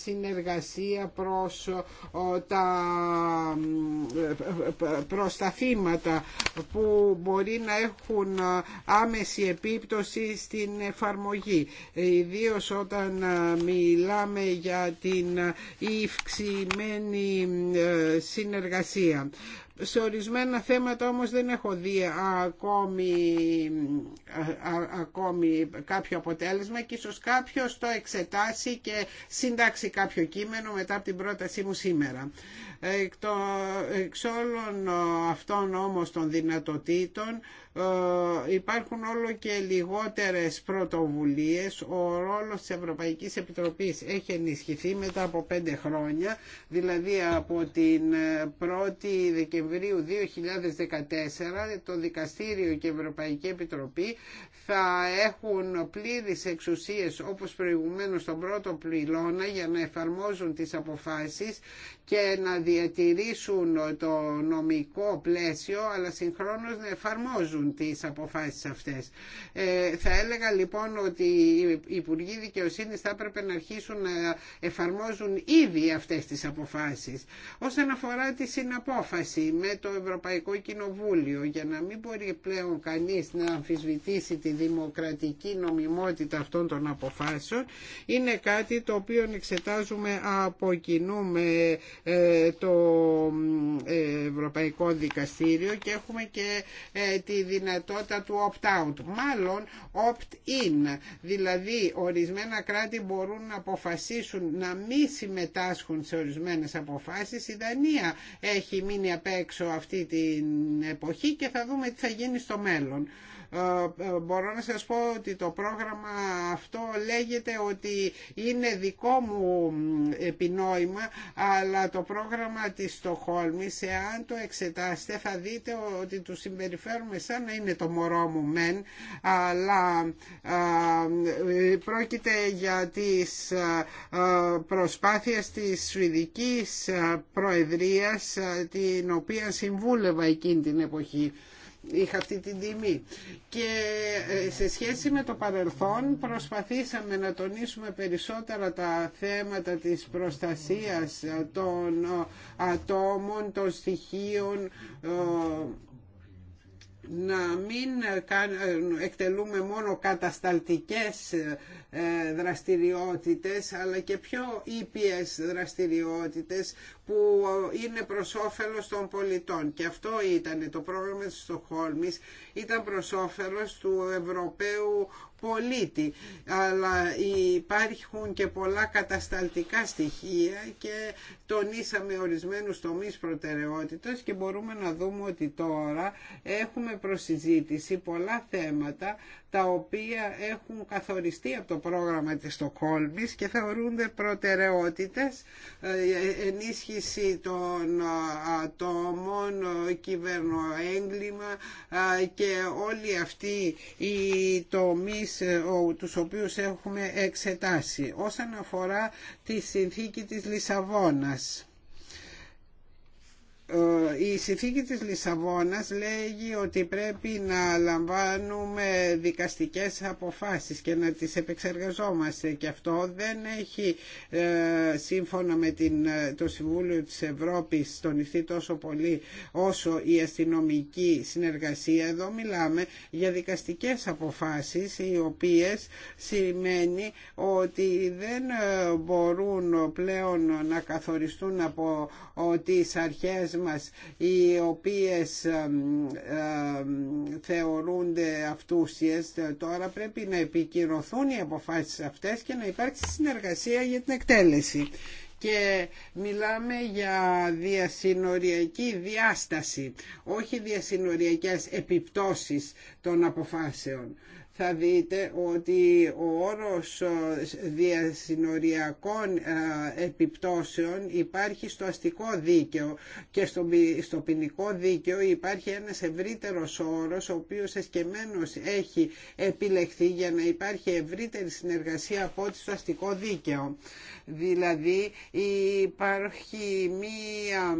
συνεργασία προς τα, ε, προς τα θύματα που μπορεί να έχουν άμεση επίπτωση στην εφαρμογή. Ιδίω όταν μιλάμε για την υυξημένη συνεργασία σε ορισμένα θέματα όμως δεν έχω δει ακόμη, ακόμη κάποιο αποτέλεσμα και ίσως κάποιος το εξετάσει και συντάξει κάποιο κείμενο μετά από την πρότασή μου σήμερα. Εξ όλων ε, αυτών όμως των δυνατοτήτων ε, υπάρχουν όλο και λιγότερες πρωτοβουλίες. Ο ρόλος της Ευρωπαϊκής Επιτροπής έχει ενισχυθεί μετά από πέντε χρόνια, δηλαδή από την 1η ε, Δεκεμβρίου 2014 το Δικαστήριο και η Ευρωπαϊκή Επιτροπή θα έχουν πλήρεις εξουσίες όπως προηγουμένως στον πρώτο πληλώνα για να εφαρμόζουν τις αποφάσεις και να διατηρήσουν το νομικό πλαίσιο αλλά συγχρόνως να εφαρμόζουν τις αποφάσεις αυτές. Ε, θα έλεγα λοιπόν ότι οι Υπουργοί Δικαιοσύνη θα έπρεπε να αρχίσουν να εφαρμόζουν ήδη αυτές τις αποφάσεις. Όσον αφορά τη συναπόφαση με το Ευρωπαϊκό Κοινοβούλιο για να μην μπορεί πλέον κανείς να αμφισβητήσει τη δημοκρατική νομιμότητα αυτών των αποφάσεων είναι κάτι το οποίο εξετάζουμε από κοινού ε, το ε, Ευρωπαϊκό Δικαστήριο και έχουμε και ε, τη δυνατότητα του opt-out, μάλλον opt-in, δηλαδή ορισμένα κράτη μπορούν να αποφασίσουν να μη συμμετάσχουν σε ορισμένες αποφάσεις. Η Δανία έχει μείνει απ' έξω αυτή την εποχή και θα δούμε τι θα γίνει στο μέλλον. Ε, ε, μπορώ να σας πω ότι το πρόγραμμα αυτό λέγεται ότι είναι δικό μου επινόημα αλλά το πρόγραμμα της Στοχόλμης εάν το εξετάσετε θα δείτε ότι του συμπεριφέρουμε σαν να είναι το μωρό μου μεν αλλά ε, πρόκειται για τις προσπάθειες της Σουηδικής Προεδρίας την οποία συμβούλευα εκείνη την εποχή είχα αυτή την τιμή. Και ε, σε σχέση με το παρελθόν προσπαθήσαμε να τονίσουμε περισσότερα τα θέματα της προστασίας ε, των ε, ατόμων, των στοιχείων, να μην εκτελούμε μόνο κατασταλτικές δραστηριότητες αλλά και πιο ήπιες δραστηριότητες που είναι προς όφελος των πολιτών. Και αυτό ήταν το πρόγραμμα της Στοχόλμης, ήταν προς όφελος του Ευρωπαίου πολίτη. Αλλά υπάρχουν και πολλά κατασταλτικά στοιχεία και τονίσαμε ορισμένους τομείς προτεραιότητας και μπορούμε να δούμε ότι τώρα έχουμε προσυζήτηση πολλά θέματα τα οποία έχουν καθοριστεί από το πρόγραμμα της Στοκόλμης και θεωρούνται προτεραιότητες ε, ενίσχυση των ε, ατόμων, ε, κυβερνοέγκλημα και όλοι αυτοί οι τομείς τους οποίους έχουμε εξετάσει. Όσον αφορά τη συνθήκη της Λισαβόνας ε, η συνθήκη της Λισαβόνας λέγει ότι πρέπει να λαμβάνουμε δικαστικές αποφάσεις και να τις επεξεργαζόμαστε και αυτό δεν έχει ε, σύμφωνα με την, ε, το Συμβούλιο της Ευρώπης τονιστεί τόσο πολύ όσο η αστυνομική συνεργασία. Εδώ μιλάμε για δικαστικές αποφάσεις οι οποίες σημαίνει ότι δεν μπορούν πλέον να καθοριστούν από τις αρχές οι οποίες θεωρούνται αυτούσιες τώρα πρέπει να επικυρωθούν οι αποφάσεις αυτές και να υπάρξει συνεργασία για την εκτέλεση και μιλάμε για διασυνοριακή διάσταση, όχι διασυνοριακές επιπτώσεις των αποφάσεων θα δείτε ότι ο όρος ε, διασυνοριακών ε, επιπτώσεων υπάρχει στο αστικό δίκαιο και στο ποινικό δίκαιο υπάρχει ένας ευρύτερος όρος ο οποίος εσκεμμένος έχει επιλεχθεί για να υπάρχει ευρύτερη συνεργασία από ό,τι στο αστικό δίκαιο. Δηλαδή υπάρχει μία,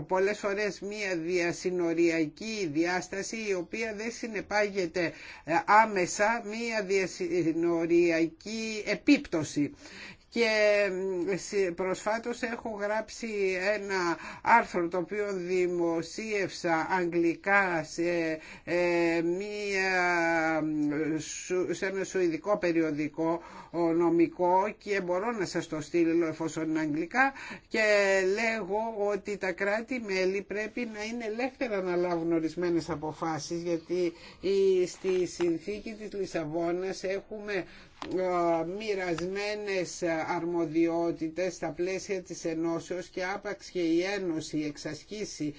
πολλές φορές μία διασυνοριακή διάσταση η οποία δεν συνεπάγεται ε, άμεσα άμεσα μία διασυνοριακή επίπτωση και προσφάτως έχω γράψει ένα άρθρο το οποίο δημοσίευσα αγγλικά σε, ε, μία, σε ένα σουηδικό περιοδικό νομικό και μπορώ να σας το στείλω εφόσον είναι αγγλικά και λέγω ότι τα κράτη-μέλη πρέπει να είναι ελεύθερα να λάβουν ορισμένες αποφάσεις γιατί ε, στη συνθήκη της Λισαβόνας έχουμε ε, μοιρασμένες αρμοδιότητες στα πλαίσια της ενώσεως και άπαξ και η Ένωση εξασκήσει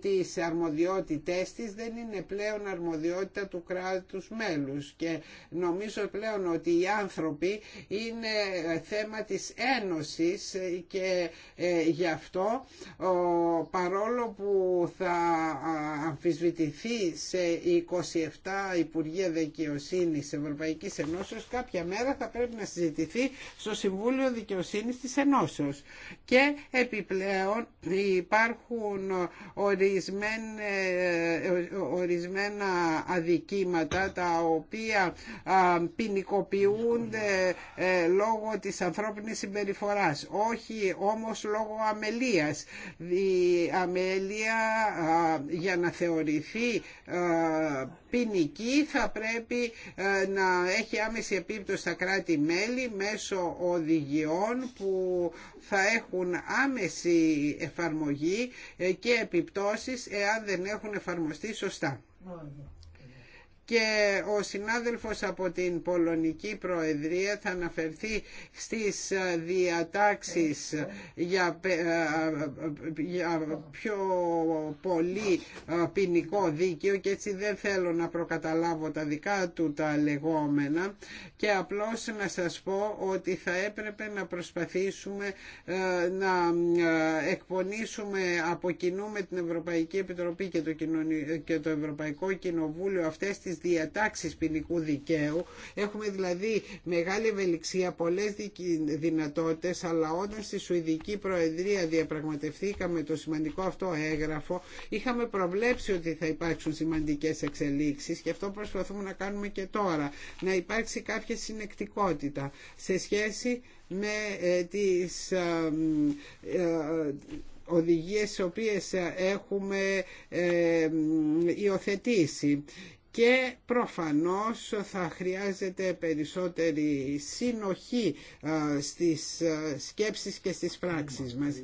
τις αρμοδιότητές της δεν είναι πλέον αρμοδιότητα του κράτους μέλους και νομίζω πλέον ότι οι άνθρωποι είναι θέμα της Ένωσης και ε, γι' αυτό παρόλο που θα αμφισβητηθεί σε 27 Υπουργεία Δικαιοσύνης Ευρωπαϊκής Ενώσεως κάποια κάποια μέρα θα πρέπει να συζητηθεί στο Συμβούλιο Δικαιοσύνης της Ενώσεως. Και επιπλέον υπάρχουν ορισμένα αδικήματα τα οποία ποινικοποιούνται ε, λόγω της ανθρώπινης συμπεριφοράς, όχι όμως λόγω αμελίας. Η αμέλεια για να θεωρηθεί ποινική θα πρέπει ε, να έχει άμεση επίπτωση στα κράτη-μέλη μέσω οδηγιών που θα έχουν άμεση εφαρμογή ε, και επιπτώσεις εάν δεν έχουν εφαρμοστεί σωστά και ο συνάδελφος από την Πολωνική Προεδρία θα αναφερθεί στις ε, διατάξεις ε, ε, για, πιο πολύ ποινικό δίκαιο και έτσι δεν θέλω να προκαταλάβω τα δικά του τα λεγόμενα και απλώς να σας πω ότι θα έπρεπε να προσπαθήσουμε να εκπονήσουμε από κοινού με την Ευρωπαϊκή Επιτροπή και το, Ευρωπαϊκό Κοινοβούλιο αυτές τις διατάξεις ποινικού δικαίου. Έχουμε δηλαδή μεγάλη ευελιξία, πολλές δυνατότητες, αλλά όταν στη Σουηδική Προεδρία διαπραγματευθήκαμε το σημαντικό αυτό έγγραφο, είχαμε προβλέψει ότι θα υπάρξουν σημαντικές εξελίξεις και αυτό προσπαθούμε να κάνουμε και τώρα, να υπάρξει κάποια συνεκτικότητα σε σχέση με ε, τις ε, ε, οδηγίες τις οποίες έχουμε υιοθετήσει και προφανώς θα χρειάζεται περισσότερη συνοχή στις σκέψεις και στις πράξεις μας.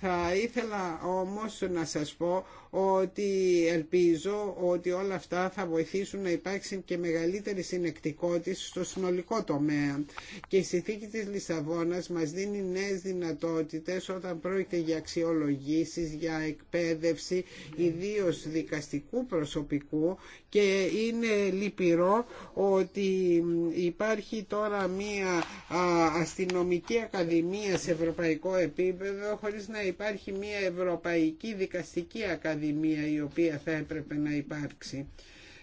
Θα ήθελα όμως να σας πω ότι ελπίζω ότι όλα αυτά θα βοηθήσουν να υπάρξει και μεγαλύτερη συνεκτικότητα στο συνολικό τομέα. Και η συνθήκη της Λισαβόνας μας δίνει νέες δυνατότητες όταν πρόκειται για αξιολογήσεις, για εκπαίδευση, ιδίω δικαστικού προσωπικού και είναι λυπηρό ότι υπάρχει τώρα μία αστυνομική ακαδημία σε ευρωπαϊκό επίπεδο χωρίς να υπάρχει μία ευρωπαϊκή δικαστική ακαδημία ακαδημία η οποία θα έπρεπε να υπάρξει.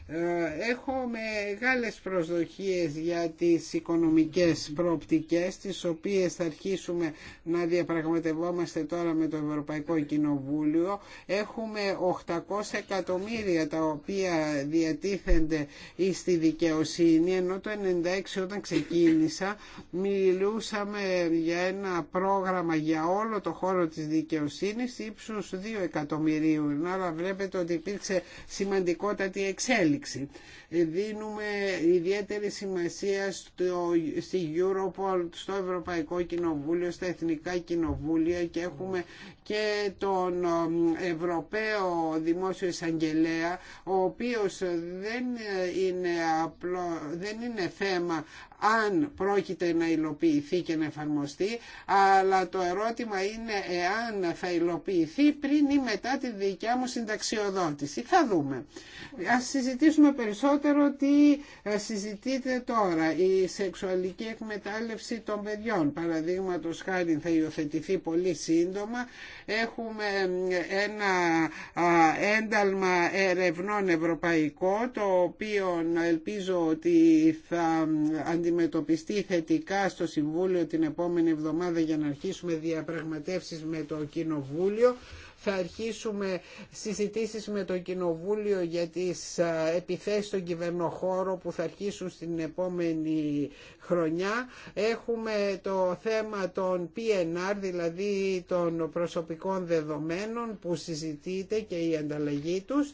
Ε, έχω μεγάλες προσδοκίες για τις οικονομικές προοπτικές τις οποίες θα αρχίσουμε να διαπραγματευόμαστε τώρα με το Ευρωπαϊκό Κοινοβούλιο. Έχουμε 800 εκατομμύρια τα οποία διατίθενται στη δικαιοσύνη ενώ το 96 όταν ξεκίνησα μιλούσαμε για ένα πρόγραμμα για όλο το χώρο της δικαιοσύνης ύψους 2 εκατομμυρίων. αλλά βλέπετε ότι υπήρξε σημαντικότατη εξέλιξη. Ε, δίνουμε ιδιαίτερη σημασία στο, στη στο Ευρωπαϊκό Κοινοβούλιο, στα Εθνικά Κοινοβούλια και έχουμε και τον Ευρωπαίο Δημόσιο Εισαγγελέα, ο οποίος δεν ε, είναι, δεν είναι θέμα αν πρόκειται να υλοποιηθεί και να εφαρμοστεί, αλλά το ερώτημα είναι εάν θα υλοποιηθεί πριν ή μετά τη δικιά μου συνταξιοδότηση. Θα δούμε. Ας συζητήσουμε περισσότερο τι ε, συζητείτε τώρα. Η σεξουαλική εκμετάλλευση των παιδιών, παραδείγματο χάρη, θα υιοθετηθεί πολύ σύντομα. Έχουμε ε, ένα ένταλμα ερευνών ευρωπαϊκό, το οποίο ελπίζω ότι θα αντιμετωπίσει αντιμετωπιστεί θετικά στο Συμβούλιο την επόμενη εβδομάδα για να αρχίσουμε διαπραγματεύσεις με το Κοινοβούλιο. Θα αρχίσουμε συζητήσεις με το Κοινοβούλιο για τις επιθέσεις στον κυβερνοχώρο που θα αρχίσουν στην επόμενη χρονιά. Έχουμε το θέμα των PNR, δηλαδή των προσωπικών δεδομένων που συζητείται και η ανταλλαγή τους.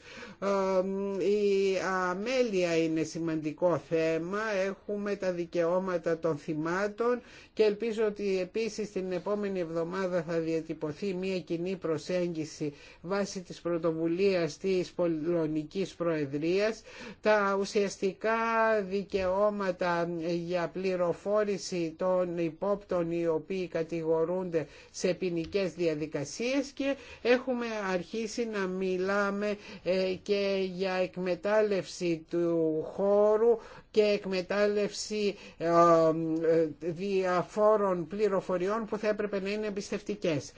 Η αμέλεια είναι σημαντικό θέμα. Έχουμε τα δικαιώματα των θυμάτων και ελπίζω ότι επίσης την επόμενη εβδομάδα θα διατυπωθεί μια κοινή προσέγγιση βάσει της πρωτοβουλίας της Πολωνικής Προεδρίας. Τα ουσιαστικά δικαιώματα για πληροφόρηση των υπόπτων οι οποίοι κατηγορούνται σε ποινικέ διαδικασίες και έχουμε αρχίσει να μιλάμε ε, και για εκμετάλλευση του χώρου και εκμετάλλευση ε, ε, διαφόρων πληροφοριών που θα έπρεπε να είναι εμπιστευτικές.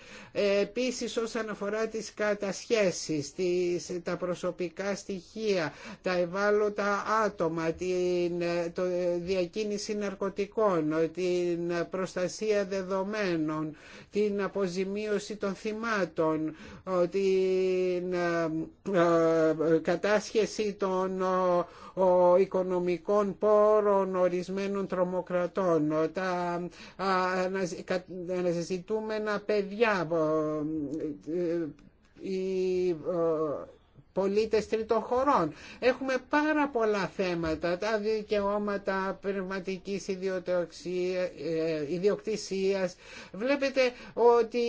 Επίσης όσον αφορά τις κατασχέσεις, τις, τα προσωπικά στοιχεία, τα ευάλωτα άτομα, την το, διακίνηση να την προστασία δεδομένων, την αποζημίωση των θυμάτων, την ε, ε, κατάσχεση των οικονομικών πόρων ορισμένων τρομοκρατών, τα αναζητούμενα παιδιά, ε, η πολίτες τρίτων χωρών. Έχουμε πάρα πολλά θέματα, τα δικαιώματα πνευματικής ε, ιδιοκτησίας. Βλέπετε ότι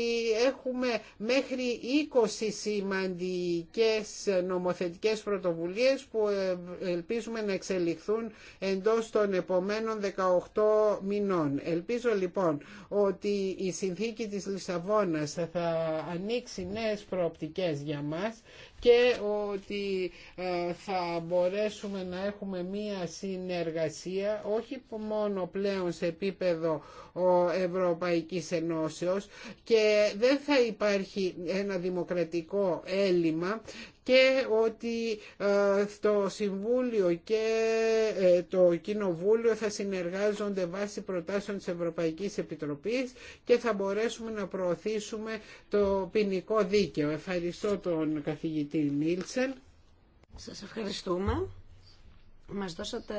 έχουμε μέχρι 20 σημαντικές νομοθετικές πρωτοβουλίες που ε, ελπίζουμε να εξελιχθούν εντός των επομένων 18 μηνών. Ελπίζω λοιπόν ότι η συνθήκη της Λισαβόνας θα ανοίξει νέες προοπτικές για μας και ότι ε, θα μπορέσουμε να έχουμε μία συνεργασία όχι μόνο πλέον σε επίπεδο Ευρωπαϊκής Ενώσεως και δεν θα υπάρχει ένα δημοκρατικό έλλειμμα και ότι ε, το Συμβούλιο και ε, το Κοινοβούλιο θα συνεργάζονται βάσει προτάσεων της Ευρωπαϊκής Επιτροπής και θα μπορέσουμε να προωθήσουμε το ποινικό δίκαιο. Ευχαριστώ τον καθηγητή Νίλσεν. Σας ευχαριστούμε. Μας δώσατε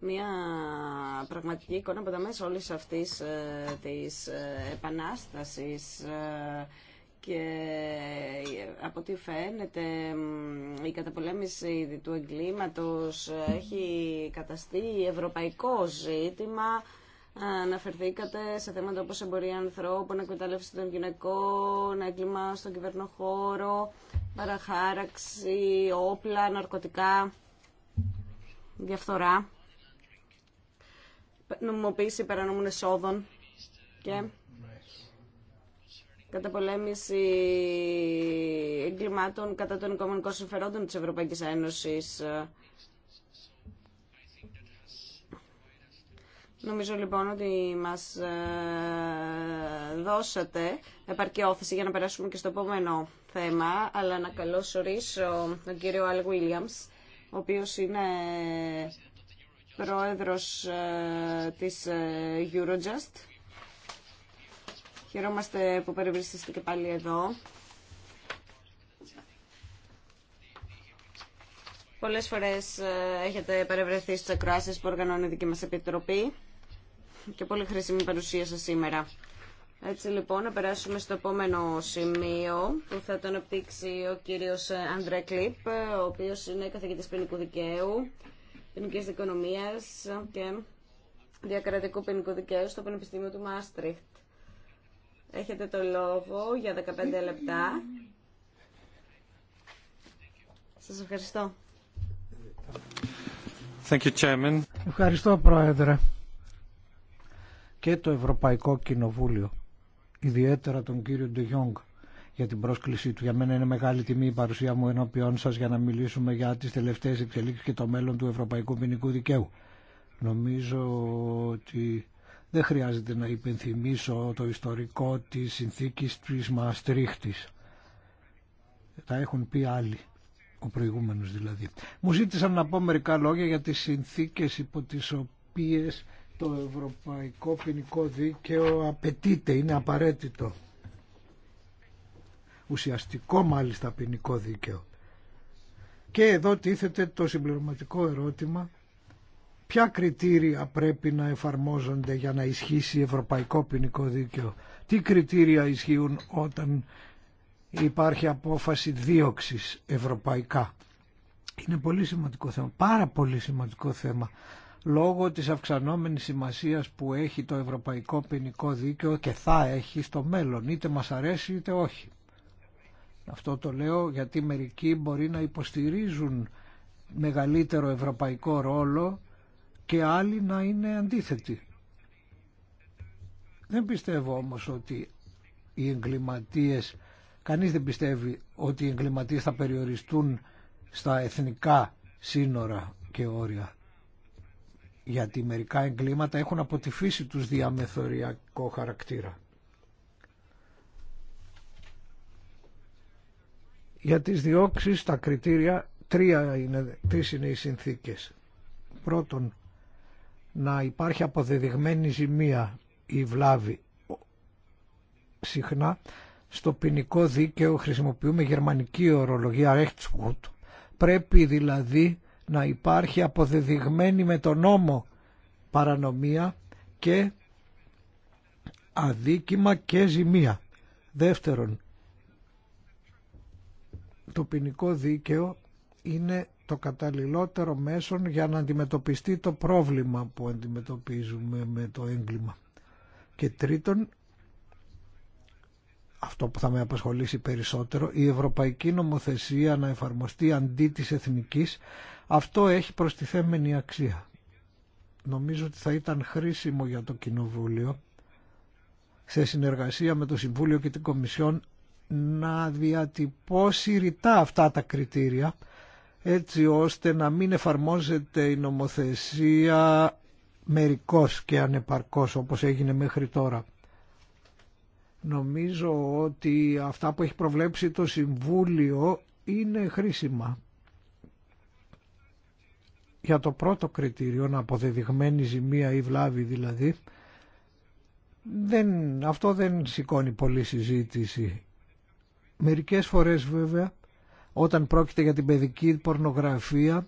μια πραγματική εικόνα από τα μέσα όλης αυτής ε, της επανάστασης και ε, από ό,τι φαίνεται η καταπολέμηση του εγκλήματος έχει καταστεί ευρωπαϊκό ζήτημα. Αναφερθήκατε σε θέματα όπως εμπορία ανθρώπων, εκμετάλλευση των γυναικών, έγκλημα στον κυβερνοχώρο, παραχάραξη, όπλα, ναρκωτικά, διαφθορά, νομιμοποίηση παρανόμων εσόδων και καταπολέμηση εγκλημάτων κατά των οικονομικών συμφερόντων της Ευρωπαϊκής Ένωσης. Νομίζω λοιπόν ότι μας ε, δώσατε επαρκή όθηση για να περάσουμε και στο επόμενο θέμα, αλλά να ορίσω τον κύριο Αλ Γουίλιαμς, ο οποίος είναι πρόεδρος ε, της ε, Eurojust Χαιρόμαστε που περιβρίσκεστε και πάλι εδώ. Πολλές φορές ε, έχετε παρευρεθεί στις ακροάσεις που οργανώνει η δική μας επιτροπή και πολύ χρήσιμη παρουσία σας σήμερα. Έτσι λοιπόν, να περάσουμε στο επόμενο σημείο που θα τον αναπτύξει ο κύριος Αντρέ Κλίπ, ο οποίος είναι καθηγητής ποινικού δικαίου, ποινικής δικονομίας και διακρατικού ποινικού δικαίου στο Πανεπιστήμιο του Μάστριχτ. Έχετε το λόγο για 15 λεπτά. Σας ευχαριστώ. Thank you, Chairman. Ευχαριστώ Πρόεδρε και το Ευρωπαϊκό Κοινοβούλιο, ιδιαίτερα τον κύριο Ντεγιόγκ για την πρόσκλησή του. Για μένα είναι μεγάλη τιμή η παρουσία μου ενώπιόν σας για να μιλήσουμε για τις τελευταίες εξελίξεις και το μέλλον του Ευρωπαϊκού Ποινικού Δικαίου. Νομίζω ότι δεν χρειάζεται να υπενθυμίσω το ιστορικό της συνθήκης της Μαστρίχτης. Τα έχουν πει άλλοι, ο προηγούμενος δηλαδή. Μου ζήτησαν να πω μερικά λόγια για τις συνθήκες υπό τις οποίες το Ευρωπαϊκό Ποινικό Δίκαιο απαιτείται, είναι απαραίτητο. Ουσιαστικό μάλιστα ποινικό δίκαιο. Και εδώ τίθεται το συμπληρωματικό ερώτημα Ποια κριτήρια πρέπει να εφαρμόζονται για να ισχύσει ευρωπαϊκό ποινικό δίκαιο. Τι κριτήρια ισχύουν όταν υπάρχει απόφαση δίωξης ευρωπαϊκά. Είναι πολύ σημαντικό θέμα, πάρα πολύ σημαντικό θέμα. Λόγω της αυξανόμενης σημασίας που έχει το ευρωπαϊκό ποινικό δίκαιο και θα έχει στο μέλλον, είτε μας αρέσει είτε όχι. Αυτό το λέω γιατί μερικοί μπορεί να υποστηρίζουν μεγαλύτερο ευρωπαϊκό ρόλο και άλλοι να είναι αντίθετοι. Δεν πιστεύω όμως ότι οι εγκληματίες, κανείς δεν πιστεύει ότι οι εγκληματίες θα περιοριστούν στα εθνικά σύνορα και όρια. Γιατί μερικά εγκλήματα έχουν από τη φύση τους διαμεθοριακό χαρακτήρα. Για τις διώξεις τα κριτήρια τρία είναι, τρεις είναι οι συνθήκες. Πρώτον, να υπάρχει αποδεδειγμένη ζημία ή βλάβη. Συχνά στο ποινικό δίκαιο χρησιμοποιούμε γερμανική ορολογία Rechtsgut. Πρέπει δηλαδή να υπάρχει αποδεδειγμένη με τον νόμο παρανομία και αδίκημα και ζημία. Δεύτερον, το ποινικό δίκαιο είναι το καταλληλότερο μέσο για να αντιμετωπιστεί το πρόβλημα που αντιμετωπίζουμε με το έγκλημα. Και τρίτον, αυτό που θα με απασχολήσει περισσότερο, η ευρωπαϊκή νομοθεσία να εφαρμοστεί αντί της εθνικής, αυτό έχει προστιθέμενη αξία. Νομίζω ότι θα ήταν χρήσιμο για το Κοινοβούλιο, σε συνεργασία με το Συμβούλιο και την Κομισιόν, να διατυπώσει ρητά αυτά τα κριτήρια, έτσι ώστε να μην εφαρμόζεται η νομοθεσία μερικός και ανεπαρκός όπως έγινε μέχρι τώρα. Νομίζω ότι αυτά που έχει προβλέψει το Συμβούλιο είναι χρήσιμα. Για το πρώτο κριτήριο, να αποδεδειγμένη ζημία ή βλάβη δηλαδή, δεν, αυτό δεν σηκώνει πολλή συζήτηση. Μερικές φορές βέβαια όταν πρόκειται για την παιδική πορνογραφία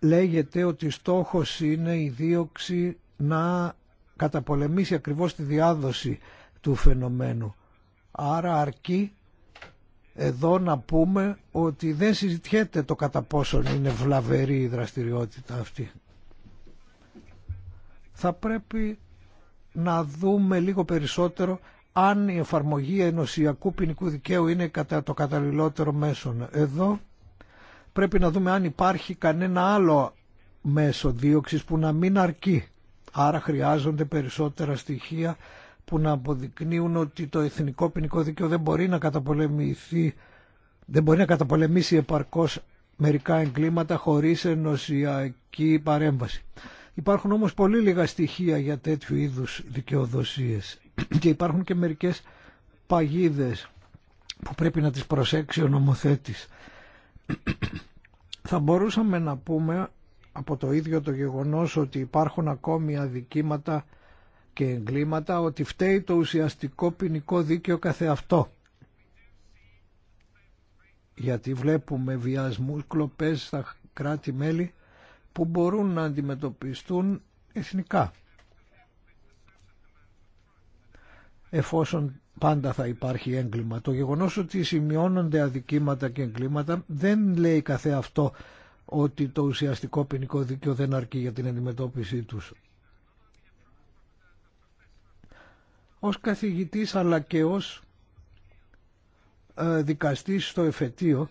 λέγεται ότι στόχος είναι η δίωξη να καταπολεμήσει ακριβώς τη διάδοση του φαινομένου. Άρα αρκεί εδώ να πούμε ότι δεν συζητιέται το κατά πόσον είναι βλαβερή η δραστηριότητα αυτή. Θα πρέπει να δούμε λίγο περισσότερο αν η εφαρμογή ενωσιακού ποινικού δικαίου είναι κατά το καταλληλότερο μέσον. Εδώ πρέπει να δούμε αν υπάρχει κανένα άλλο μέσο δίωξης που να μην αρκεί. Άρα χρειάζονται περισσότερα στοιχεία που να αποδεικνύουν ότι το εθνικό ποινικό δίκαιο δεν μπορεί να καταπολεμηθεί δεν μπορεί να καταπολεμήσει επαρκώς μερικά εγκλήματα χωρίς ενωσιακή παρέμβαση. Υπάρχουν όμως πολύ λίγα στοιχεία για τέτοιου είδους δικαιοδοσίες και υπάρχουν και μερικές παγίδες που πρέπει να τις προσέξει ο νομοθέτης. Θα μπορούσαμε να πούμε από το ίδιο το γεγονός ότι υπάρχουν ακόμη αδικήματα και εγκλήματα ότι φταίει το ουσιαστικό ποινικό δίκαιο καθεαυτό. Γιατί βλέπουμε βιασμούς, κλοπές στα κράτη-μέλη που μπορούν να αντιμετωπιστούν εθνικά. εφόσον πάντα θα υπάρχει έγκλημα. Το γεγονός ότι σημειώνονται αδικήματα και εγκλήματα δεν λέει καθε αυτό ότι το ουσιαστικό ποινικό δίκαιο δεν αρκεί για την αντιμετώπιση τους. Ως καθηγητής αλλά και ως ε, δικαστής στο εφετείο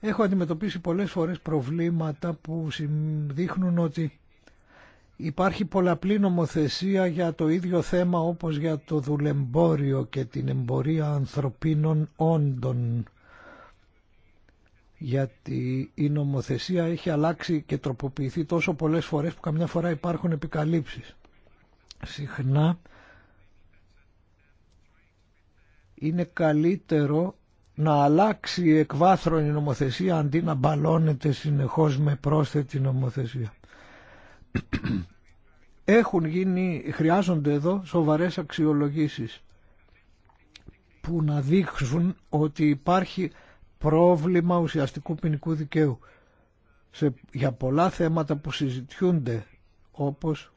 έχω αντιμετωπίσει πολλές φορές προβλήματα που δείχνουν ότι Υπάρχει πολλαπλή νομοθεσία για το ίδιο θέμα όπως για το δουλεμπόριο και την εμπορία ανθρωπίνων όντων. Γιατί η νομοθεσία έχει αλλάξει και τροποποιηθεί τόσο πολλές φορές που καμιά φορά υπάρχουν επικαλύψεις. Συχνά είναι καλύτερο να αλλάξει εκβάθρον η νομοθεσία αντί να μπαλώνεται συνεχώς με πρόσθετη νομοθεσία. Έχουν γίνει, χρειάζονται εδώ σοβαρές αξιολογήσεις που να δείξουν ότι υπάρχει πρόβλημα ουσιαστικού ποινικού δικαίου σε, για πολλά θέματα που συζητιούνται όπως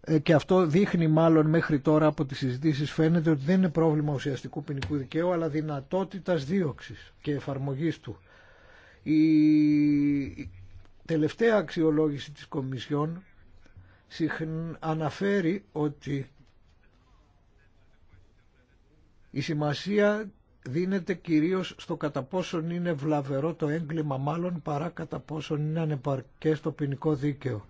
ε, και αυτό δείχνει μάλλον μέχρι τώρα από τις συζητήσεις φαίνεται ότι δεν είναι πρόβλημα ουσιαστικού ποινικού δικαίου αλλά δυνατότητας δίωξης και εφαρμογής του τελευταία αξιολόγηση της Κομισιόν αναφέρει ότι η σημασία δίνεται κυρίως στο κατά πόσον είναι βλαβερό το έγκλημα μάλλον παρά κατά πόσον είναι ανεπαρκές το ποινικό δίκαιο.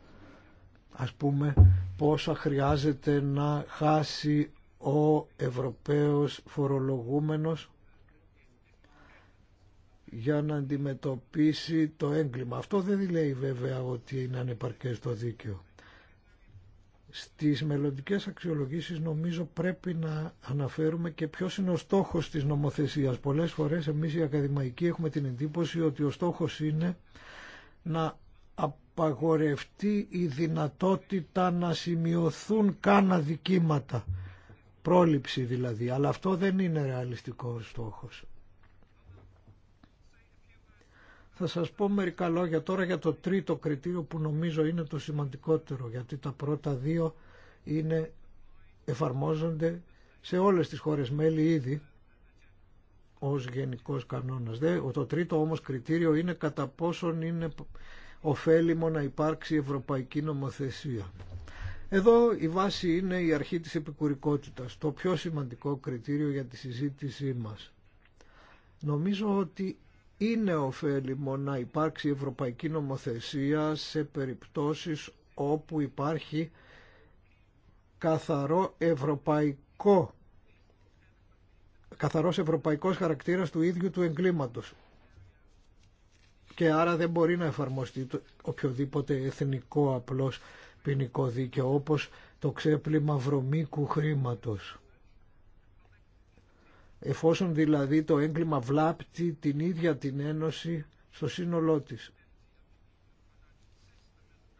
Ας πούμε πόσα χρειάζεται να χάσει ο Ευρωπαίος φορολογούμενος για να αντιμετωπίσει το έγκλημα. Αυτό δεν λέει βέβαια ότι είναι ανεπαρκές το δίκαιο. Στις μελλοντικέ αξιολογήσεις νομίζω πρέπει να αναφέρουμε και ποιος είναι ο στόχος της νομοθεσίας. Πολλές φορές εμείς οι ακαδημαϊκοί έχουμε την εντύπωση ότι ο στόχος είναι να απαγορευτεί η δυνατότητα να σημειωθούν καν αδικήματα. Πρόληψη δηλαδή, αλλά αυτό δεν είναι ρεαλιστικό στόχος. Θα σας πω μερικά λόγια τώρα για το τρίτο κριτήριο που νομίζω είναι το σημαντικότερο γιατί τα πρώτα δύο είναι, εφαρμόζονται σε όλες τις χώρες μέλη ήδη ως γενικός κανόνας. Το τρίτο όμως κριτήριο είναι κατά πόσον είναι ωφέλιμο να υπάρξει ευρωπαϊκή νομοθεσία. Εδώ η βάση είναι η αρχή της επικουρικότητας, το πιο σημαντικό κριτήριο για τη συζήτησή μας. Νομίζω ότι είναι ωφέλιμο να υπάρξει ευρωπαϊκή νομοθεσία σε περιπτώσεις όπου υπάρχει καθαρό ευρωπαϊκό καθαρός ευρωπαϊκός χαρακτήρας του ίδιου του εγκλήματος και άρα δεν μπορεί να εφαρμοστεί οποιοδήποτε εθνικό απλώς ποινικό δίκαιο όπως το ξέπλυμα βρωμίκου χρήματος εφόσον δηλαδή το έγκλημα βλάπτει την ίδια την Ένωση στο σύνολό της.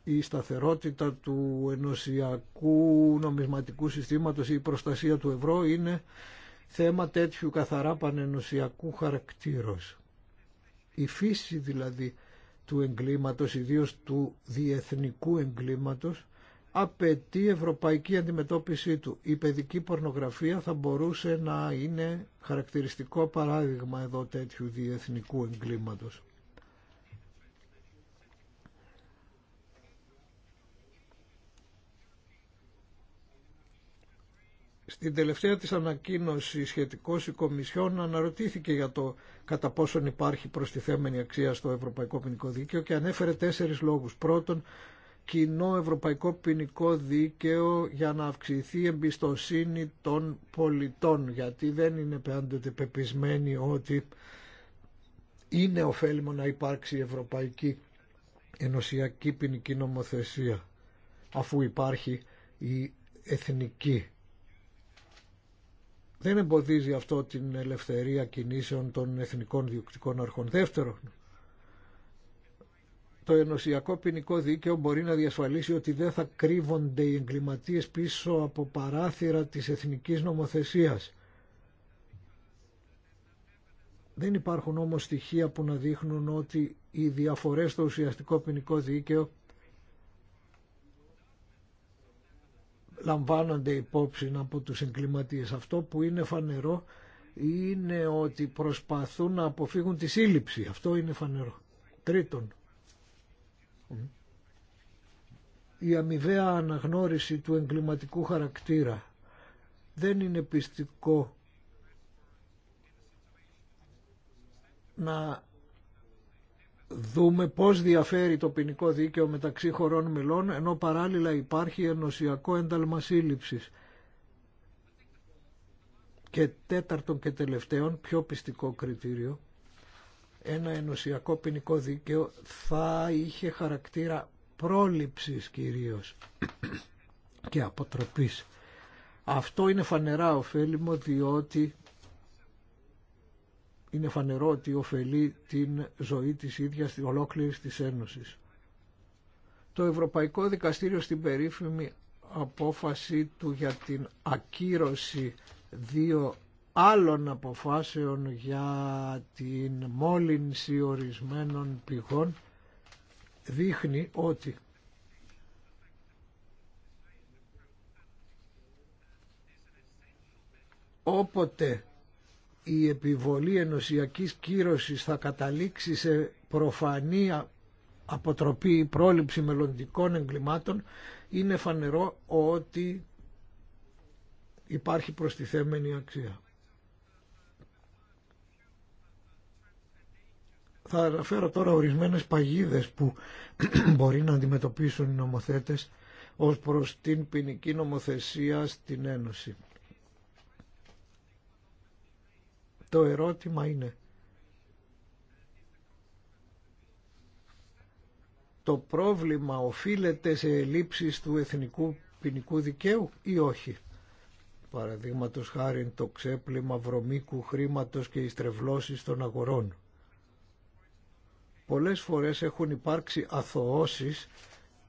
Η σταθερότητα του ενωσιακού νομισματικού συστήματος ή η προστασία του ευρώ είναι θέμα τέτοιου καθαρά πανενωσιακού χαρακτήρος. Η φύση δηλαδή του εγκλήματος, ιδίως του διεθνικού εγκλήματος, απαιτεί ευρωπαϊκή αντιμετώπιση του. Η παιδική πορνογραφία θα μπορούσε να είναι χαρακτηριστικό παράδειγμα εδώ τέτοιου διεθνικού εγκλήματος. Στην τελευταία της ανακοίνωση σχετικός η Κομισιόν αναρωτήθηκε για το κατά πόσον υπάρχει προστιθέμενη αξία στο Ευρωπαϊκό Ποινικό Δίκαιο και ανέφερε τέσσερις λόγους. Πρώτον, κοινό ευρωπαϊκό ποινικό δίκαιο για να αυξηθεί η εμπιστοσύνη των πολιτών γιατί δεν είναι πάντοτε πεπισμένοι ότι είναι ωφέλιμο να υπάρξει ευρωπαϊκή ενωσιακή ποινική νομοθεσία αφού υπάρχει η εθνική. Δεν εμποδίζει αυτό την ελευθερία κινήσεων των εθνικών διοκτικών αρχών. Δεύτερον, το ενωσιακό ποινικό δίκαιο μπορεί να διασφαλίσει ότι δεν θα κρύβονται οι εγκληματίες πίσω από παράθυρα της εθνικής νομοθεσίας. Δεν υπάρχουν όμως στοιχεία που να δείχνουν ότι οι διαφορές στο ουσιαστικό ποινικό δίκαιο λαμβάνονται υπόψη από τους εγκληματίες. Αυτό που είναι φανερό είναι ότι προσπαθούν να αποφύγουν τη σύλληψη. Αυτό είναι φανερό. Τρίτον, η αμοιβαία αναγνώριση του εγκληματικού χαρακτήρα. Δεν είναι πιστικό να δούμε πώς διαφέρει το ποινικό δίκαιο μεταξύ χωρών μελών, ενώ παράλληλα υπάρχει ενωσιακό ένταλμα σύλληψης. Και τέταρτον και τελευταίον, πιο πιστικό κριτήριο, ένα ενωσιακό ποινικό δίκαιο θα είχε χαρακτήρα πρόληψης κυρίως και αποτροπής. Αυτό είναι φανερά ωφέλιμο διότι είναι φανερό ότι ωφελεί την ζωή της ίδιας της ολόκληρης της Ένωσης. Το Ευρωπαϊκό Δικαστήριο στην περίφημη απόφαση του για την ακύρωση δύο άλλων αποφάσεων για την μόλυνση ορισμένων πηγών δείχνει ότι όποτε η επιβολή ενωσιακής κύρωσης θα καταλήξει σε προφανή αποτροπή ή πρόληψη μελλοντικών εγκλημάτων είναι φανερό ότι υπάρχει προστιθέμενη αξία. Θα αναφέρω τώρα ορισμένες παγίδες που μπορεί να αντιμετωπίσουν οι νομοθέτες ως προς την ποινική νομοθεσία στην Ένωση. Το ερώτημα είναι το πρόβλημα οφείλεται σε ελλείψεις του εθνικού ποινικού δικαίου ή όχι. Παραδείγματος χάρη το ξέπλυμα βρωμίκου χρήματος και οι στρεβλώσεις των αγορών. Πολλές φορές έχουν υπάρξει αθωώσεις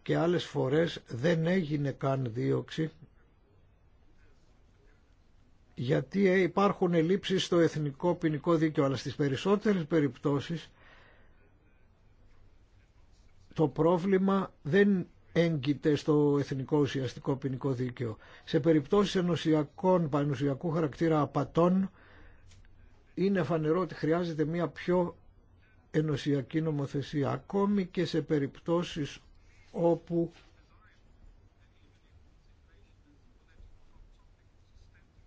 και άλλες φορές δεν έγινε καν δίωξη γιατί ε, υπάρχουν ελλείψεις στο εθνικό ποινικό δίκαιο αλλά στις περισσότερες περιπτώσεις το πρόβλημα δεν έγκυται στο εθνικό ουσιαστικό ποινικό δίκαιο. Σε περιπτώσεις ενωσιακών, πανουσιακού χαρακτήρα απατών είναι φανερό ότι χρειάζεται μια πιο ενωσιακή νομοθεσία ακόμη και σε περιπτώσεις όπου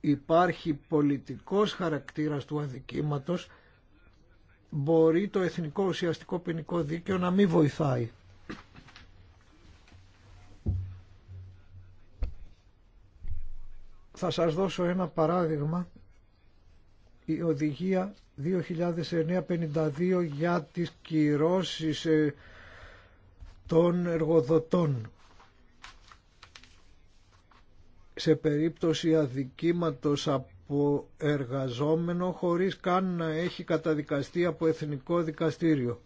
υπάρχει πολιτικός χαρακτήρας του αδικήματος μπορεί το εθνικό ουσιαστικό ποινικό δίκαιο να μην βοηθάει. Θα σας δώσω ένα παράδειγμα η οδηγία 2009-52 για τις κυρώσεις ε, των εργοδοτών σε περίπτωση αδικήματος από εργαζόμενο χωρίς καν να έχει καταδικαστεί από εθνικό δικαστήριο.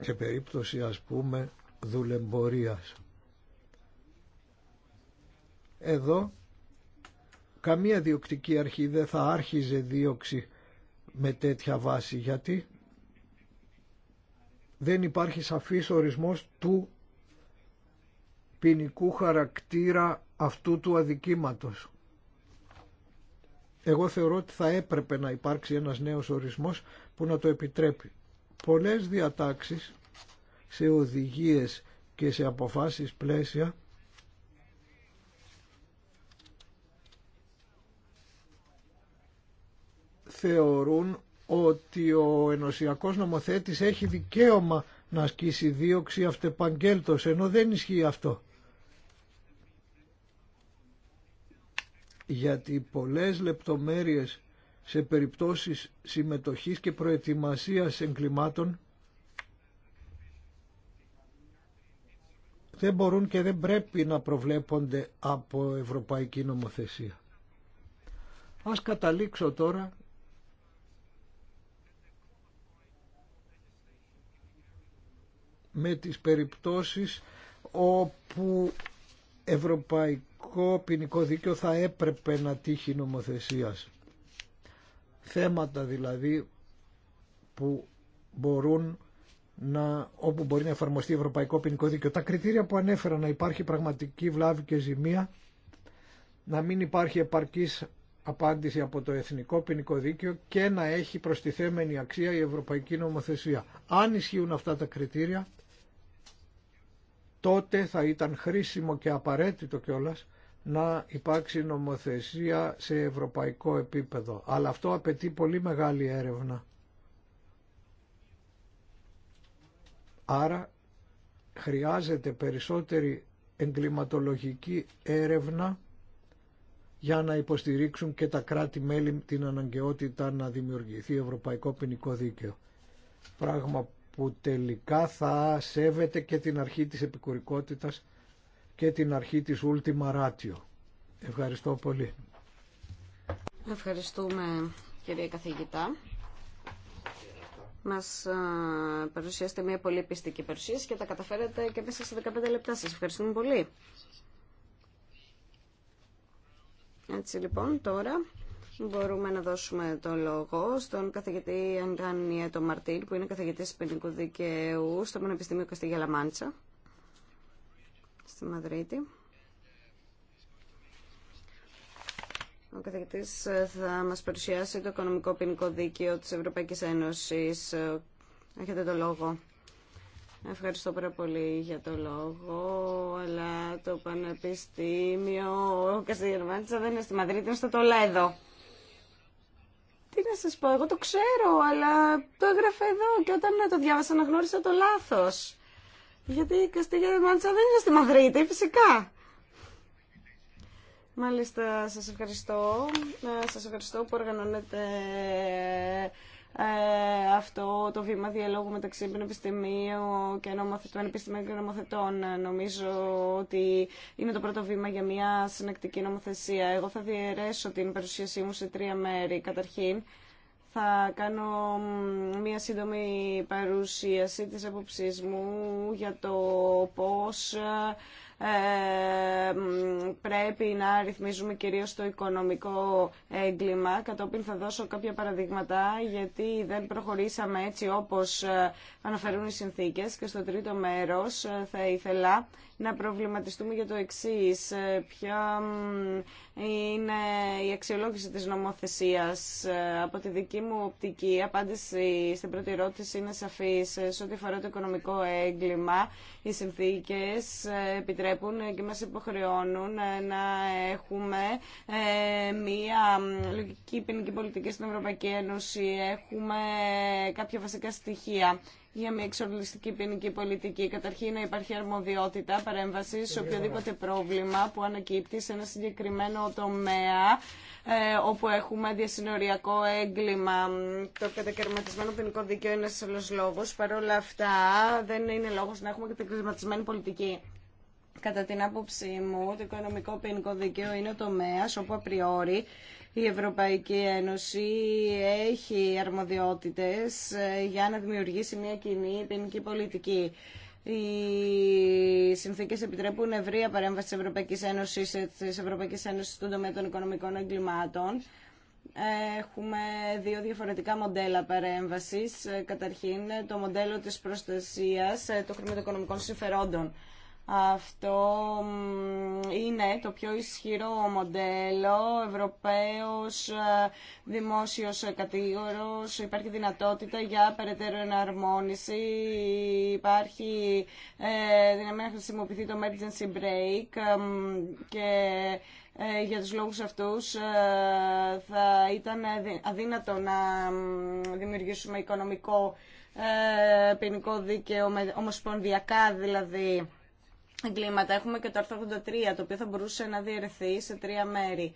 Σε περίπτωση ας πούμε δουλεμπορίας. Εδώ καμία διοκτική αρχή δεν θα άρχιζε δίωξη με τέτοια βάση γιατί δεν υπάρχει σαφής ορισμός του ποινικού χαρακτήρα αυτού του αδικήματος. Εγώ θεωρώ ότι θα έπρεπε να υπάρξει ένας νέος ορισμός που να το επιτρέπει. Πολλές διατάξεις σε οδηγίες και σε αποφάσεις πλαίσια θεωρούν ότι ο ενωσιακός νομοθέτης έχει δικαίωμα να ασκήσει δίωξη αυτεπαγγέλτος, ενώ δεν ισχύει αυτό. Γιατί πολλές λεπτομέρειες σε περιπτώσεις συμμετοχής και προετοιμασίας εγκλημάτων δεν μπορούν και δεν πρέπει να προβλέπονται από ευρωπαϊκή νομοθεσία. Ας καταλήξω τώρα με τις περιπτώσεις όπου ευρωπαϊκό ποινικό δίκαιο θα έπρεπε να τύχει νομοθεσίας. Θέματα δηλαδή που μπορούν να, όπου μπορεί να εφαρμοστεί ευρωπαϊκό ποινικό δίκαιο. Τα κριτήρια που ανέφερα να υπάρχει πραγματική βλάβη και ζημία, να μην υπάρχει επαρκής απάντηση από το εθνικό ποινικό δίκαιο και να έχει προστιθέμενη αξία η ευρωπαϊκή νομοθεσία. Αν ισχύουν αυτά τα κριτήρια, τότε θα ήταν χρήσιμο και απαραίτητο κιόλα να υπάρξει νομοθεσία σε ευρωπαϊκό επίπεδο. Αλλά αυτό απαιτεί πολύ μεγάλη έρευνα. Άρα χρειάζεται περισσότερη εγκληματολογική έρευνα για να υποστηρίξουν και τα κράτη-μέλη την αναγκαιότητα να δημιουργηθεί ευρωπαϊκό ποινικό δίκαιο. Πράγμα που τελικά θα σέβεται και την αρχή της επικουρικότητας και την αρχή της ultima ratio. Ευχαριστώ πολύ. Ευχαριστούμε κυρία καθηγητά. Μας παρουσιάσετε μια πολύ πιστική παρουσίαση και τα καταφέρατε και μέσα σε 15 λεπτά σας. Ευχαριστούμε πολύ. Έτσι λοιπόν τώρα Μπορούμε να δώσουμε το λόγο στον καθηγητή Αγκάνια το Μαρτίν, που είναι καθηγητής ποινικού δικαίου στο Πανεπιστήμιο Καστιγιαλαμάντσα, Μάντσα, στη Μαδρίτη. Ο καθηγητής θα μας παρουσιάσει το οικονομικό ποινικό δίκαιο της Ευρωπαϊκής Ένωσης. Έχετε το λόγο. Ευχαριστώ πάρα πολύ για το λόγο, αλλά το Πανεπιστήμιο Καστιγιαλαμάντσα δεν είναι στη Μαδρίτη, είναι στο Τολέδο. Τι να σας πω, εγώ το ξέρω, αλλά το έγραφε εδώ και όταν το διάβασα αναγνώρισα το λάθος. Γιατί η Καστίγια Μάλτσα δεν είναι στη Μαδρίτη, φυσικά. Μάλιστα, σας ευχαριστώ. Ε, σας ευχαριστώ που οργανώνετε ε, αυτό το βήμα διαλόγου μεταξύ πανεπιστημίου και νομοθετών, επιστημίων και νομοθετών. Ε, νομίζω ότι είναι το πρώτο βήμα για μια συνεκτική νομοθεσία. Εγώ θα διαιρέσω την παρουσίασή μου σε τρία μέρη. Καταρχήν, θα κάνω μία σύντομη παρουσίαση της απόψης μου για το πώς ε, ε, πρέπει να ρυθμίζουμε κυρίως το οικονομικό έγκλημα. Κατόπιν θα δώσω κάποια παραδείγματα γιατί δεν προχωρήσαμε έτσι όπως ε, αναφέρουν οι συνθήκες και στο τρίτο μέρος ε, θα ήθελα να προβληματιστούμε για το εξής. Ποια είναι η αξιολόγηση της νομοθεσίας. Από τη δική μου οπτική η απάντηση στην πρώτη ερώτηση είναι σαφής. Σε ό,τι αφορά το οικονομικό έγκλημα, οι συνθήκες επιτρέπουν επιτρέπουν και μας υποχρεώνουν ε, να έχουμε ε, μία λογική ποινική πολιτική στην Ευρωπαϊκή Ένωση. Έχουμε ε, κάποια βασικά στοιχεία για μια εξορλιστική ποινική πολιτική. Καταρχήν να υπάρχει αρμοδιότητα παρέμβαση σε οποιοδήποτε πρόβλημα που ανακύπτει σε ένα συγκεκριμένο τομέα όπου έχουμε διασυνοριακό έγκλημα. Το κατακαιρματισμένο ποινικό δίκαιο είναι ένα άλλο λόγο. Παρ' όλα αυτά δεν είναι λόγο να έχουμε κατακαιρματισμένη πολιτική. Κατά την άποψή μου, το οικονομικό ποινικό δικαίο είναι ο τομέα όπου απριόρι η Ευρωπαϊκή Ένωση έχει αρμοδιότητες ε, για να δημιουργήσει μια κοινή ποινική πολιτική. Οι συνθήκε επιτρέπουν ευρεία παρέμβαση τη Ευρωπαϊκή Ένωση ε, της Ευρωπαϊκής Ένωσης στον τομέα των οικονομικών εγκλημάτων. Έχουμε δύο διαφορετικά μοντέλα παρέμβασης. Ε, καταρχήν, το μοντέλο της προστασίας των χρηματοοικονομικών συμφερόντων αυτό είναι το πιο ισχυρό μοντέλο. Ευρωπαίος ε, δημόσιος κατήγορος, υπάρχει δυνατότητα για περαιτέρω εναρμόνιση, υπάρχει ε, δυναμία να χρησιμοποιηθεί το emergency break ε, και ε, για τους λόγους αυτούς θα ήταν αδύνατο να δημιουργήσουμε οικονομικό ποινικό δίκαιο, ομοσπονδιακά δηλαδή εγκλήματα. Έχουμε και το άρθρο 83, το οποίο θα μπορούσε να διαιρεθεί σε τρία μέρη.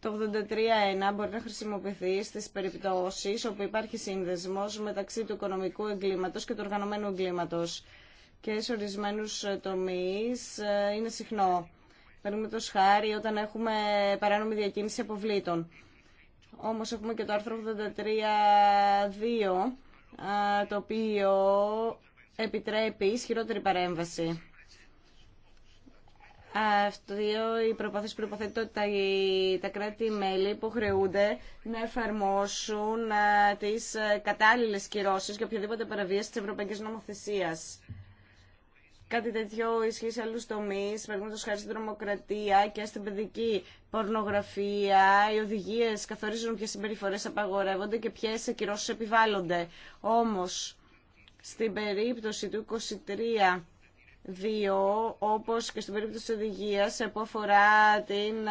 Το 83.1 μπορεί να χρησιμοποιηθεί στις περιπτώσεις όπου υπάρχει σύνδεσμος μεταξύ του οικονομικού εγκλήματος και του οργανωμένου εγκλήματος. Και σε ορισμένου ε, τομείς ε, είναι συχνό. Παίρνουμε το σχάρι όταν έχουμε παράνομη διακίνηση αποβλήτων. Όμως έχουμε και το άρθρο 83.2 το οποίο επιτρέπει ισχυρότερη παρέμβαση. Αυτό η προπόθεση προποθέτει ότι τα, τα κράτη-μέλη υποχρεούνται να εφαρμόσουν ε, τις ε, κατάλληλες κυρώσεις για οποιαδήποτε παραβίαση της ευρωπαϊκής νομοθεσίας. Κάτι τέτοιο ισχύει σε άλλου τομεί, παραδείγματο χάρη στην τρομοκρατία και στην παιδική πορνογραφία. Οι οδηγίε καθορίζουν ποιε συμπεριφορέ απαγορεύονται και ποιε κυρώσει επιβάλλονται. Όμως, στην περίπτωση του 23.2, 2, όπως και στην περίπτωση της οδηγίας που αφορά την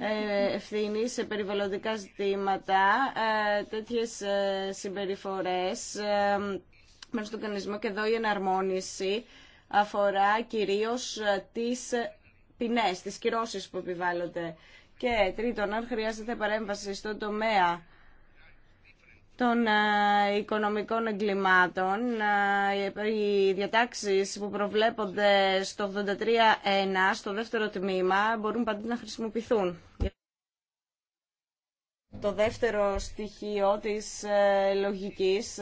ε, ευθύνη σε περιβαλλοντικά ζητήματα, ε, τέτοιες ε, συμπεριφορές μέσα στον κανονισμό και εδώ η εναρμόνιση αφορά κυρίως τις ποινές, τις κυρώσεις που επιβάλλονται. Και τρίτον, αν χρειάζεται παρέμβαση στον τομέα των ε, οικονομικών εγκλημάτων. Ε, οι διατάξεις που προβλέπονται στο 83.1, στο δεύτερο τμήμα, μπορούν παντού να χρησιμοποιηθούν. Το δεύτερο στοιχείο της ε, λογικής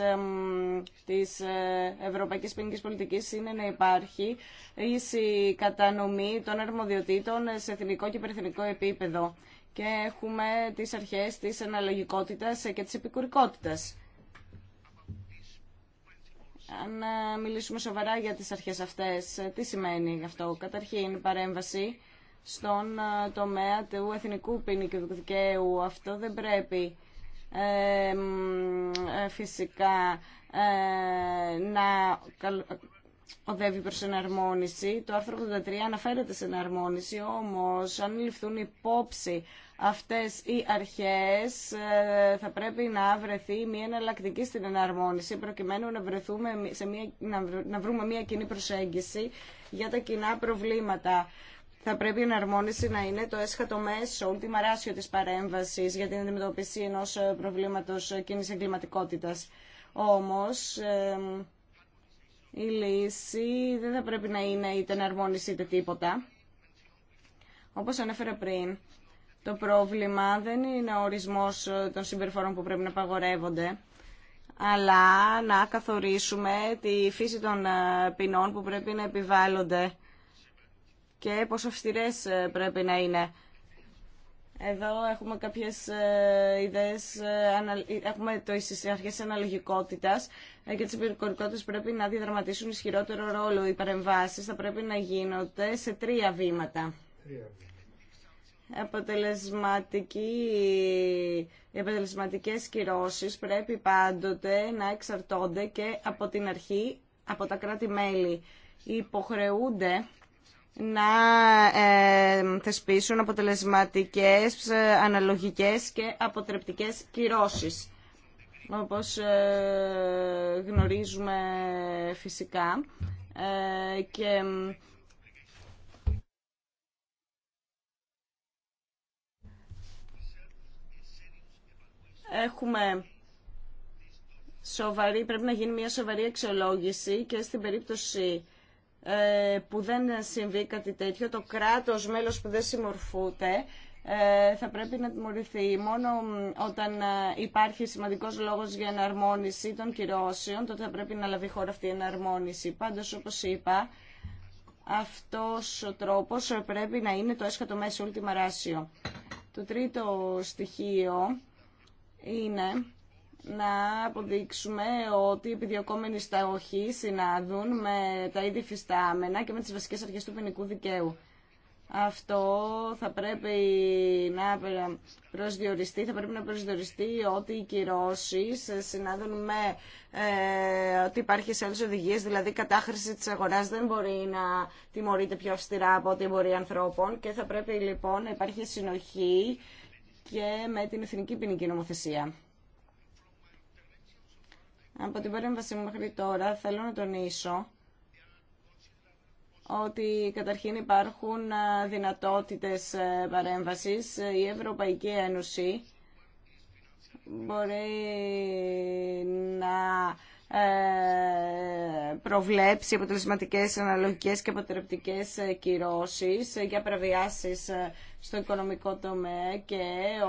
της ευρωπαϊκής ποινικής πολιτικής είναι να υπάρχει ίση κατανομή των αρμοδιοτήτων σε εθνικό και περιεθνικό επίπεδο και έχουμε τις αρχές της αναλογικότητας και της επικουρικότητας. Αν ε, μιλήσουμε σοβαρά για τις αρχές αυτές, ε, τι σημαίνει αυτό. Καταρχήν, παρέμβαση στον ε, τομέα του εθνικού ποινικού δικαίου. Αυτό δεν πρέπει φυσικά να οδεύει προς εναρμόνιση. Το άρθρο 83 αναφέρεται σε εναρμόνιση, όμως αν ληφθούν υπόψη αυτές οι αρχές ε, θα πρέπει να βρεθεί μια εναλλακτική στην εναρμόνιση προκειμένου να, βρεθούμε σε μια, να βρούμε μια κοινή προσέγγιση για τα κοινά προβλήματα. Θα πρέπει η εναρμόνιση να είναι το έσχατο μέσο, τη μαράσιο της παρέμβασης για την αντιμετώπιση ενός ε, προβλήματος ε, κοινής εγκληματικότητας. Όμως, η λύση δεν θα πρέπει να είναι είτε εναρμόνιση είτε τίποτα. Όπως ανέφερα πριν, το πρόβλημα δεν είναι ο ορισμός των συμπεριφορών που πρέπει να απαγορεύονται, αλλά να καθορίσουμε τη φύση των ε, ποινών που πρέπει να επιβάλλονται και πόσο αυστηρές ε, πρέπει να είναι. Εδώ έχουμε κάποιες ε, ιδέες, ε, ε, έχουμε το αρχές αναλογικότητας και τις υπηρεκορικότητες πρέπει να διαδραματίσουν ισχυρότερο ρόλο. Οι παρεμβάσεις θα πρέπει να γίνονται σε τρία βήματα. Αποτελεσματική, οι αποτελεσματικέ κυρώσεις πρέπει πάντοτε να εξαρτώνται και από την αρχή από τα κράτη-μέλη. Υποχρεούνται να ε, θεσπίσουν αποτελεσματικές, ε, αναλογικές και αποτρεπτικές κυρώσεις. Όπως ε, γνωρίζουμε φυσικά και έχουμε σοβαρή, πρέπει να γίνει μια σοβαρή αξιολόγηση και στην περίπτωση ε, που δεν συμβεί κάτι τέτοιο, το κράτος μέλος που δεν συμμορφούται, ε, θα πρέπει να τιμωρηθεί μόνο όταν ε, υπάρχει σημαντικός λόγος για εναρμόνιση των κυρώσεων, τότε θα πρέπει να λαβεί χώρα αυτή η εναρμόνιση. Πάντως, όπως είπα, αυτός ο τρόπος πρέπει να είναι το έσχατο μέσο ultima Το τρίτο στοιχείο είναι να αποδείξουμε ότι οι επιδιωκόμενοι σταοχοί συνάδουν με τα ήδη φυστάμενα και με τις βασικές αρχές του ποινικού δικαίου. Αυτό θα πρέπει να προσδιοριστεί, θα πρέπει να προσδιοριστεί ότι οι κυρώσει συνάδουν με ε, ότι υπάρχει σε άλλες οδηγίες, δηλαδή η κατάχρηση της αγοράς δεν μπορεί να τιμωρείται πιο αυστηρά από ό,τι μπορεί ανθρώπων και θα πρέπει λοιπόν να υπάρχει συνοχή και με την εθνική ποινική νομοθεσία από την παρέμβαση μου μέχρι τώρα θέλω να τονίσω ότι καταρχήν υπάρχουν δυνατότητες ε, παρέμβασης. Η Ευρωπαϊκή Ένωση μπορεί να ε, προβλέψει αποτελεσματικές αναλογικές και αποτρεπτικές ε, κυρώσεις για παραβιάσεις στο οικονομικό τομέα και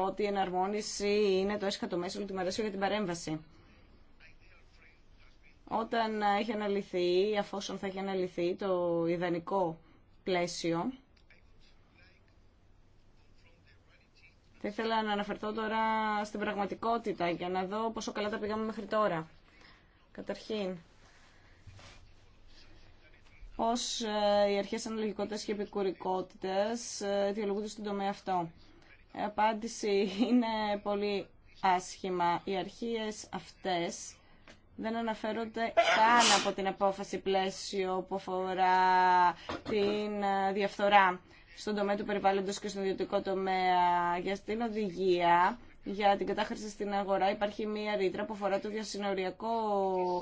ότι η εναρμόνιση είναι το έσχατο μέσο τη για την παρέμβαση. Όταν έχει αναλυθεί, αφόσον θα έχει αναλυθεί το ιδανικό πλαίσιο, θα ήθελα να αναφερθώ τώρα στην πραγματικότητα για να δω πόσο καλά τα πήγαμε μέχρι τώρα. Καταρχήν, πώς ε, οι αρχές αναλογικότητας και επικουρικότητας διαλογούνται ε, στον τομέα αυτό. Η απάντηση είναι πολύ άσχημα. Οι αρχές αυτές δεν αναφέρονται καν από την απόφαση πλαίσιο που αφορά την ε, διαφθορά στον τομέα του περιβάλλοντος και στον ιδιωτικό τομέα για την οδηγία για την κατάχρηση στην αγορά υπάρχει μία ρήτρα που αφορά το διασυνοριακό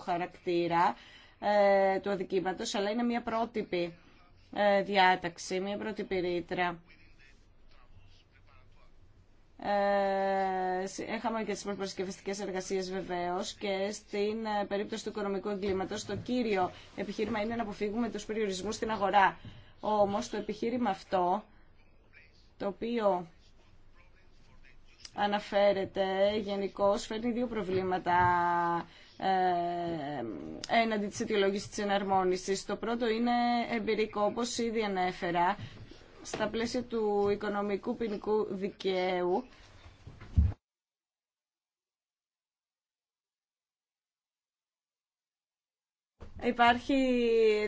χαρακτήρα ε, του αδικήματος, αλλά είναι μία πρότυπη ε, διάταξη, μία πρότυπη ρήτρα. Ε, έχαμε και τις προσκευαστικές εργασίες βεβαίως και στην ε, περίπτωση του οικονομικού εγκλήματος το κύριο επιχείρημα είναι να αποφύγουμε τους περιορισμούς στην αγορά. Όμως το επιχείρημα αυτό το οποίο αναφέρεται γενικώ φέρνει δύο προβλήματα ε, έναντι της αιτιολόγησης της εναρμόνισης. Το πρώτο είναι εμπειρικό, όπως ήδη ανέφερα στα πλαίσια του οικονομικού ποινικού δικαίου Υπάρχει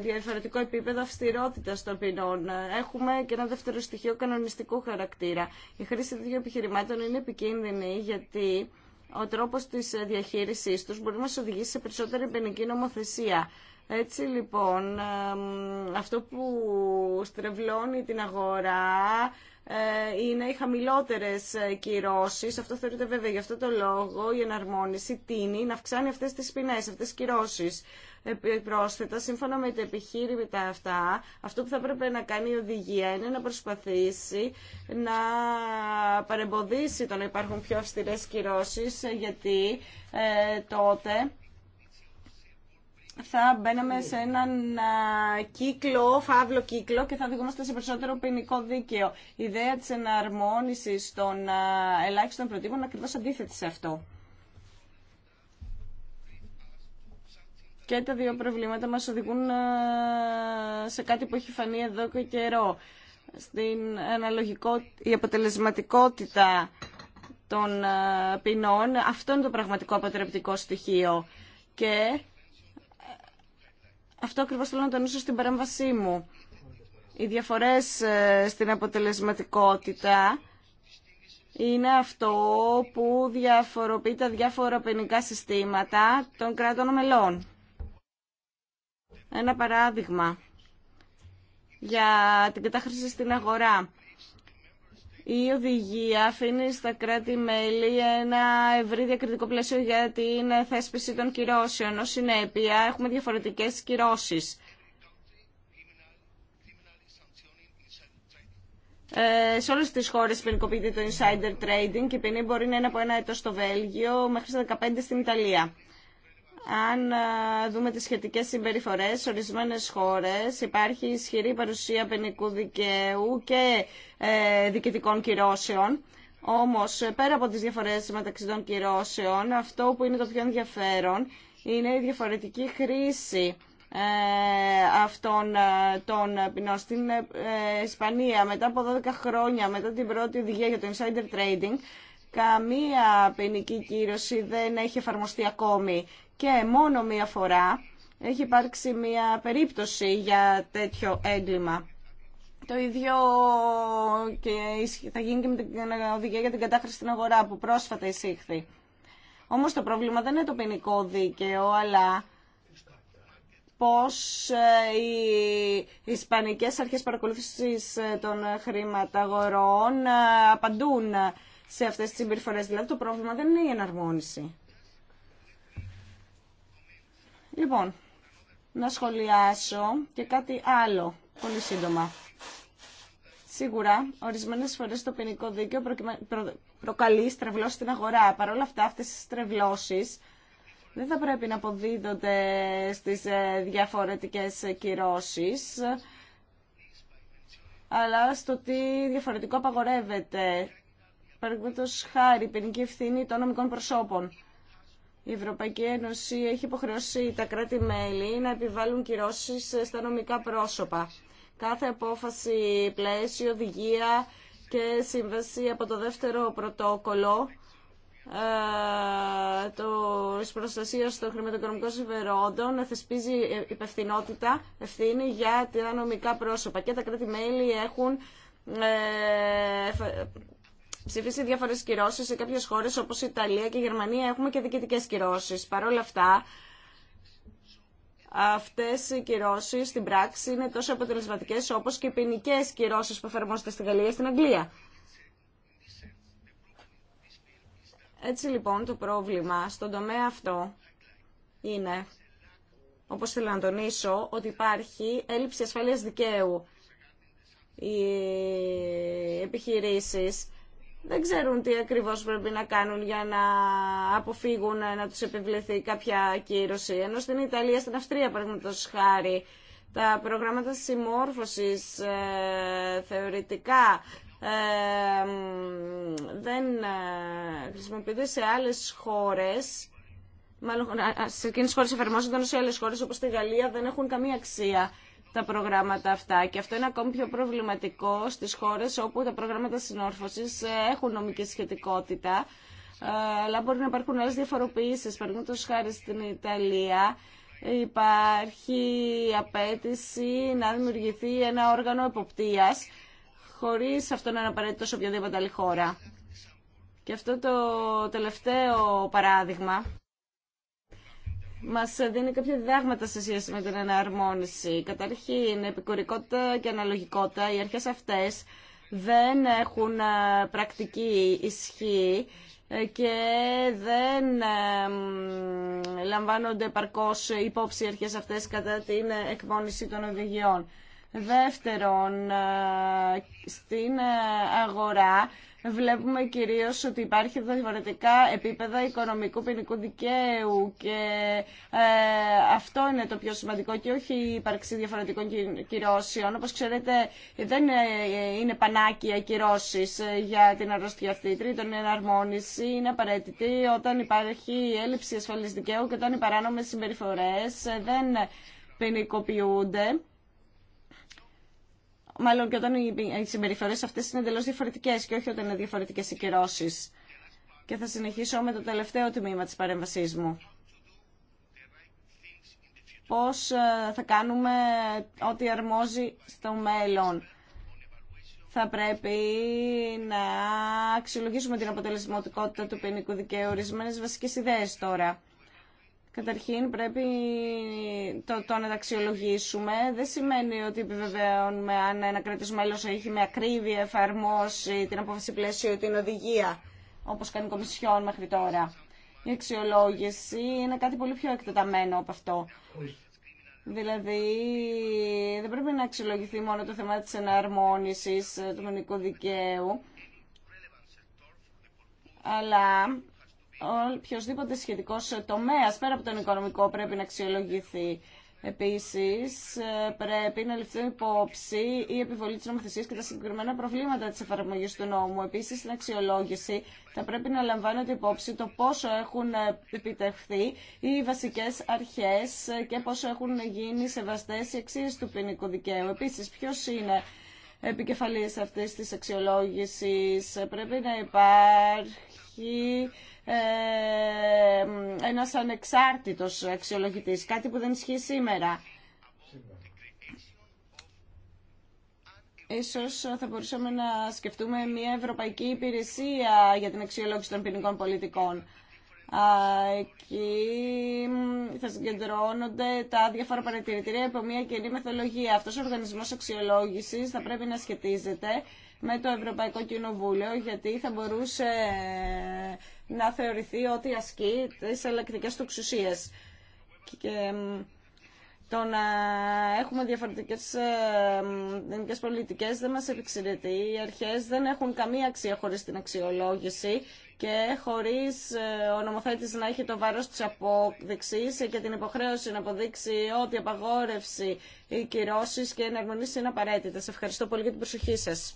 διαφορετικό επίπεδο αυστηρότητα των ποινών. Έχουμε και ένα δεύτερο στοιχείο κανονιστικού χαρακτήρα. Η χρήση τέτοιων επιχειρημάτων είναι επικίνδυνη γιατί ο τρόπος της διαχείρισής τους μπορεί να μας οδηγήσει σε περισσότερη ποινική νομοθεσία. Έτσι λοιπόν, αυτό που στρεβλώνει την αγορά ε, είναι οι χαμηλότερες ε, κυρώσεις. Αυτό θεωρείται βέβαια γι' αυτό το λόγο η εναρμόνιση τίνει να αυξάνει αυτές τις ποινές, αυτές τις κυρώσεις. Πρόσθετα, σύμφωνα με τα επιχείρηματα αυτά, αυτό που θα έπρεπε να κάνει η οδηγία είναι να προσπαθήσει να παρεμποδίσει το να υπάρχουν πιο αυστηρές κυρώσεις, ε, γιατί τότε θα μπαίναμε σε έναν κύκλο, φαύλο κύκλο και θα οδηγούμαστε σε περισσότερο ποινικό δίκαιο. Η ιδέα της εναρμόνισης των ελάχιστων προτύπων είναι ακριβώς αντίθετη σε αυτό. Και τα δύο προβλήματα μας οδηγούν σε κάτι που έχει φανεί εδώ και καιρό. Στην αναλογικό, η αποτελεσματικότητα των ποινών, αυτό είναι το πραγματικό αποτρεπτικό στοιχείο. Και αυτό ακριβώς θέλω να τονίσω στην παρέμβασή μου. Οι διαφορές ε, στην αποτελεσματικότητα είναι αυτό που διαφοροποιεί τα διάφορα ποινικά συστήματα των κράτων μελών. Ένα παράδειγμα για την κατάχρηση στην αγορά. Η οδηγία αφήνει στα κράτη-μέλη ένα ευρύ διακριτικό πλαίσιο για την θέσπιση των κυρώσεων. Ως συνέπεια έχουμε διαφορετικές κυρώσεις. Ε, σε όλες τις χώρες ποινικοποιείται το insider trading και η ποινή μπορεί να είναι από ένα έτος στο Βέλγιο μέχρι στα 15 στην Ιταλία αν δούμε τις σχετικές συμπεριφορές σε ορισμένες χώρες υπάρχει ισχυρή παρουσία πενικού δικαίου και ε, διοικητικών κυρώσεων. Όμως, πέρα από τις διαφορές μεταξύ των κυρώσεων, αυτό που είναι το πιο ενδιαφέρον είναι η διαφορετική χρήση ε, αυτών ε, των ποινών στην ε, Ισπανία. Μετά από 12 χρόνια, μετά την πρώτη οδηγία για το insider trading, καμία ποινική κύρωση δεν έχει εφαρμοστεί ακόμη και μόνο μία φορά έχει υπάρξει μία περίπτωση για τέτοιο έγκλημα. Το ίδιο και θα γίνει και με την οδηγία για την κατάχρηση στην αγορά που πρόσφατα εισήχθη. Όμως το πρόβλημα δεν είναι το ποινικό δίκαιο, αλλά πώς ε, οι Ισπανικές αρχές παρακολούθησης ε, των χρηματαγορών ε, απαντούν σε αυτές τις συμπεριφορές. Δηλαδή το πρόβλημα δεν είναι η εναρμόνιση. Λοιπόν, να σχολιάσω και κάτι άλλο, πολύ σύντομα. Σίγουρα, ορισμένε φορέ το ποινικό δίκαιο προκαλεί στρεβλώσει στην αγορά. Παρ' όλα αυτά, αυτέ τι στρεβλώσει δεν θα πρέπει να αποδίδονται στι ε, διαφορετικέ κυρώσει, αλλά στο τι διαφορετικό απαγορεύεται. Παραδείγματο χάρη, ποινική ευθύνη των νομικών προσώπων. Η Ευρωπαϊκή Ένωση έχει υποχρεώσει τα κράτη-μέλη να επιβάλλουν κυρώσεις στα νομικά πρόσωπα. Κάθε απόφαση, πλαίσιο, οδηγία και σύμβαση από το δεύτερο πρωτόκολλο του ε, το προστασία των χρηματοοικονομικών συμφερόντων θεσπίζει υπευθυνότητα, ευθύνη για τα νομικά πρόσωπα. Και τα κράτη-μέλη έχουν ε, ψηφίσει διάφορε κυρώσει σε κάποιε χώρε όπω η Ιταλία και η Γερμανία. Έχουμε και διοικητικέ κυρώσει. Παρ' όλα αυτά, αυτές οι κυρώσει στην πράξη είναι τόσο αποτελεσματικές όπως και οι ποινικέ κυρώσει που εφαρμόζονται στην Γαλλία και στην Αγγλία. Έτσι λοιπόν το πρόβλημα στον τομέα αυτό είναι, όπως θέλω να τονίσω, ότι υπάρχει έλλειψη ασφαλείας δικαίου. Οι επιχειρήσεις δεν ξέρουν τι ακριβώς πρέπει να κάνουν για να αποφύγουν ε, να τους επιβληθεί κάποια κύρωση. Ενώ στην Ιταλία, στην Αυστρία, παραδείγματος χάρη, τα προγράμματα συμμόρφωσης ε, θεωρητικά ε, δεν χρησιμοποιούνται σε άλλες χώρες μάλλον σε εκείνες χώρες εφαρμόζονταν σε άλλες χώρες όπως τη Γαλλία δεν έχουν καμία αξία τα προγράμματα αυτά. Και αυτό είναι ακόμη πιο προβληματικό στις χώρες όπου τα προγράμματα συνόρφωσης ε, έχουν νομική σχετικότητα, ε, αλλά μπορεί να υπάρχουν άλλες διαφοροποιήσεις. Παραδείγματος χάρη στην Ιταλία, υπάρχει απέτηση να δημιουργηθεί ένα όργανο εποπτείας χωρίς αυτό να είναι απαραίτητο σε οποιαδήποτε άλλη χώρα. Και αυτό το τελευταίο παράδειγμα Μα δίνει κάποια διδάγματα σε σχέση με την εναρμόνιση. Καταρχήν, επικουρικότητα και αναλογικότητα, οι αρχέ αυτές δεν έχουν ε, πρακτική ισχύ ε, και δεν λαμβάνονται παρκώ υπόψη οι αρχές αυτές κατά την εκμόνιση των οδηγιών. Δεύτερον, ε, στην αγορά βλέπουμε κυρίως ότι υπάρχει διαφορετικά επίπεδα οικονομικού ποινικού δικαίου και ε, αυτό είναι το πιο σημαντικό και όχι η ύπαρξη διαφορετικών κυρώσεων. Όπως ξέρετε δεν ε, είναι πανάκια κυρώσεις ε, για την αρρώστια αυτή. Τρίτον, η εναρμόνιση είναι απαραίτητη όταν υπάρχει έλλειψη ασφαλής δικαίου και όταν οι παράνομες συμπεριφορές δεν ποινικοποιούνται μάλλον και όταν οι συμπεριφορέ αυτέ είναι εντελώ διαφορετικέ και όχι όταν είναι διαφορετικές οι κυρώσει. Και θα συνεχίσω με το τελευταίο τμήμα τη παρεμβασή μου. Πώ ε, θα κάνουμε ό,τι αρμόζει στο μέλλον. Θα πρέπει να αξιολογήσουμε την αποτελεσματικότητα του ποινικού δικαίου. ορισμένε βασικέ ιδέε τώρα. Καταρχήν πρέπει το, να τα αξιολογήσουμε. Δεν σημαίνει ότι επιβεβαιώνουμε αν ένα κράτος μέλος έχει με ακρίβεια εφαρμόσει την απόφαση πλαίσιο ή την οδηγία, όπως κάνει η Κομισιόν μέχρι τώρα. Η αξιολόγηση είναι κάτι πολύ πιο εκτεταμένο από αυτό. Δηλαδή, δεν πρέπει να αξιολογηθεί μόνο το θέμα της εναρμόνισης του νομικού δικαίου, αλλά οποιοδήποτε σχετικό τομέα πέρα από τον οικονομικό πρέπει να αξιολογηθεί. Επίση, ε, πρέπει να ληφθεί υπόψη η επιβολή τη νομοθεσίας και τα συγκεκριμένα προβλήματα τη εφαρμογή του νόμου. Επίση, στην αξιολόγηση θα πρέπει να λαμβάνεται υπόψη το πόσο έχουν ε, επιτευχθεί οι βασικέ αρχέ και πόσο έχουν γίνει σεβαστέ οι αξίε του ποινικού δικαίου. Επίση, ποιο είναι επικεφαλή αυτή τη αξιολόγηση, Πρέπει να υπάρχει ε, ένας ανεξάρτητος αξιολογητής, κάτι που δεν ισχύει σήμερα. Ίσως θα μπορούσαμε να σκεφτούμε μια ευρωπαϊκή υπηρεσία για την αξιολόγηση των ποινικών πολιτικών. Εκεί θα συγκεντρώνονται τα διάφορα παρατηρητήρια από μια κοινή μεθολογία. Αυτός ο οργανισμός αξιολόγησης θα πρέπει να σχετίζεται με το Ευρωπαϊκό Κοινοβούλιο, γιατί θα μπορούσε να θεωρηθεί ότι ασκεί τις ελεκτικές του εξουσίες. Και το να έχουμε διαφορετικές ελληνικές πολιτικές δεν μας επεξηρετεί. Οι αρχές δεν έχουν καμία αξία χωρίς την αξιολόγηση και χωρίς ε, ο νομοθέτης να έχει το βάρος της απόδειξη και την υποχρέωση να αποδείξει ότι η απαγόρευση, η κυρώσεις και γνωρίσει είναι απαραίτητες. Ευχαριστώ πολύ για την προσοχή σας.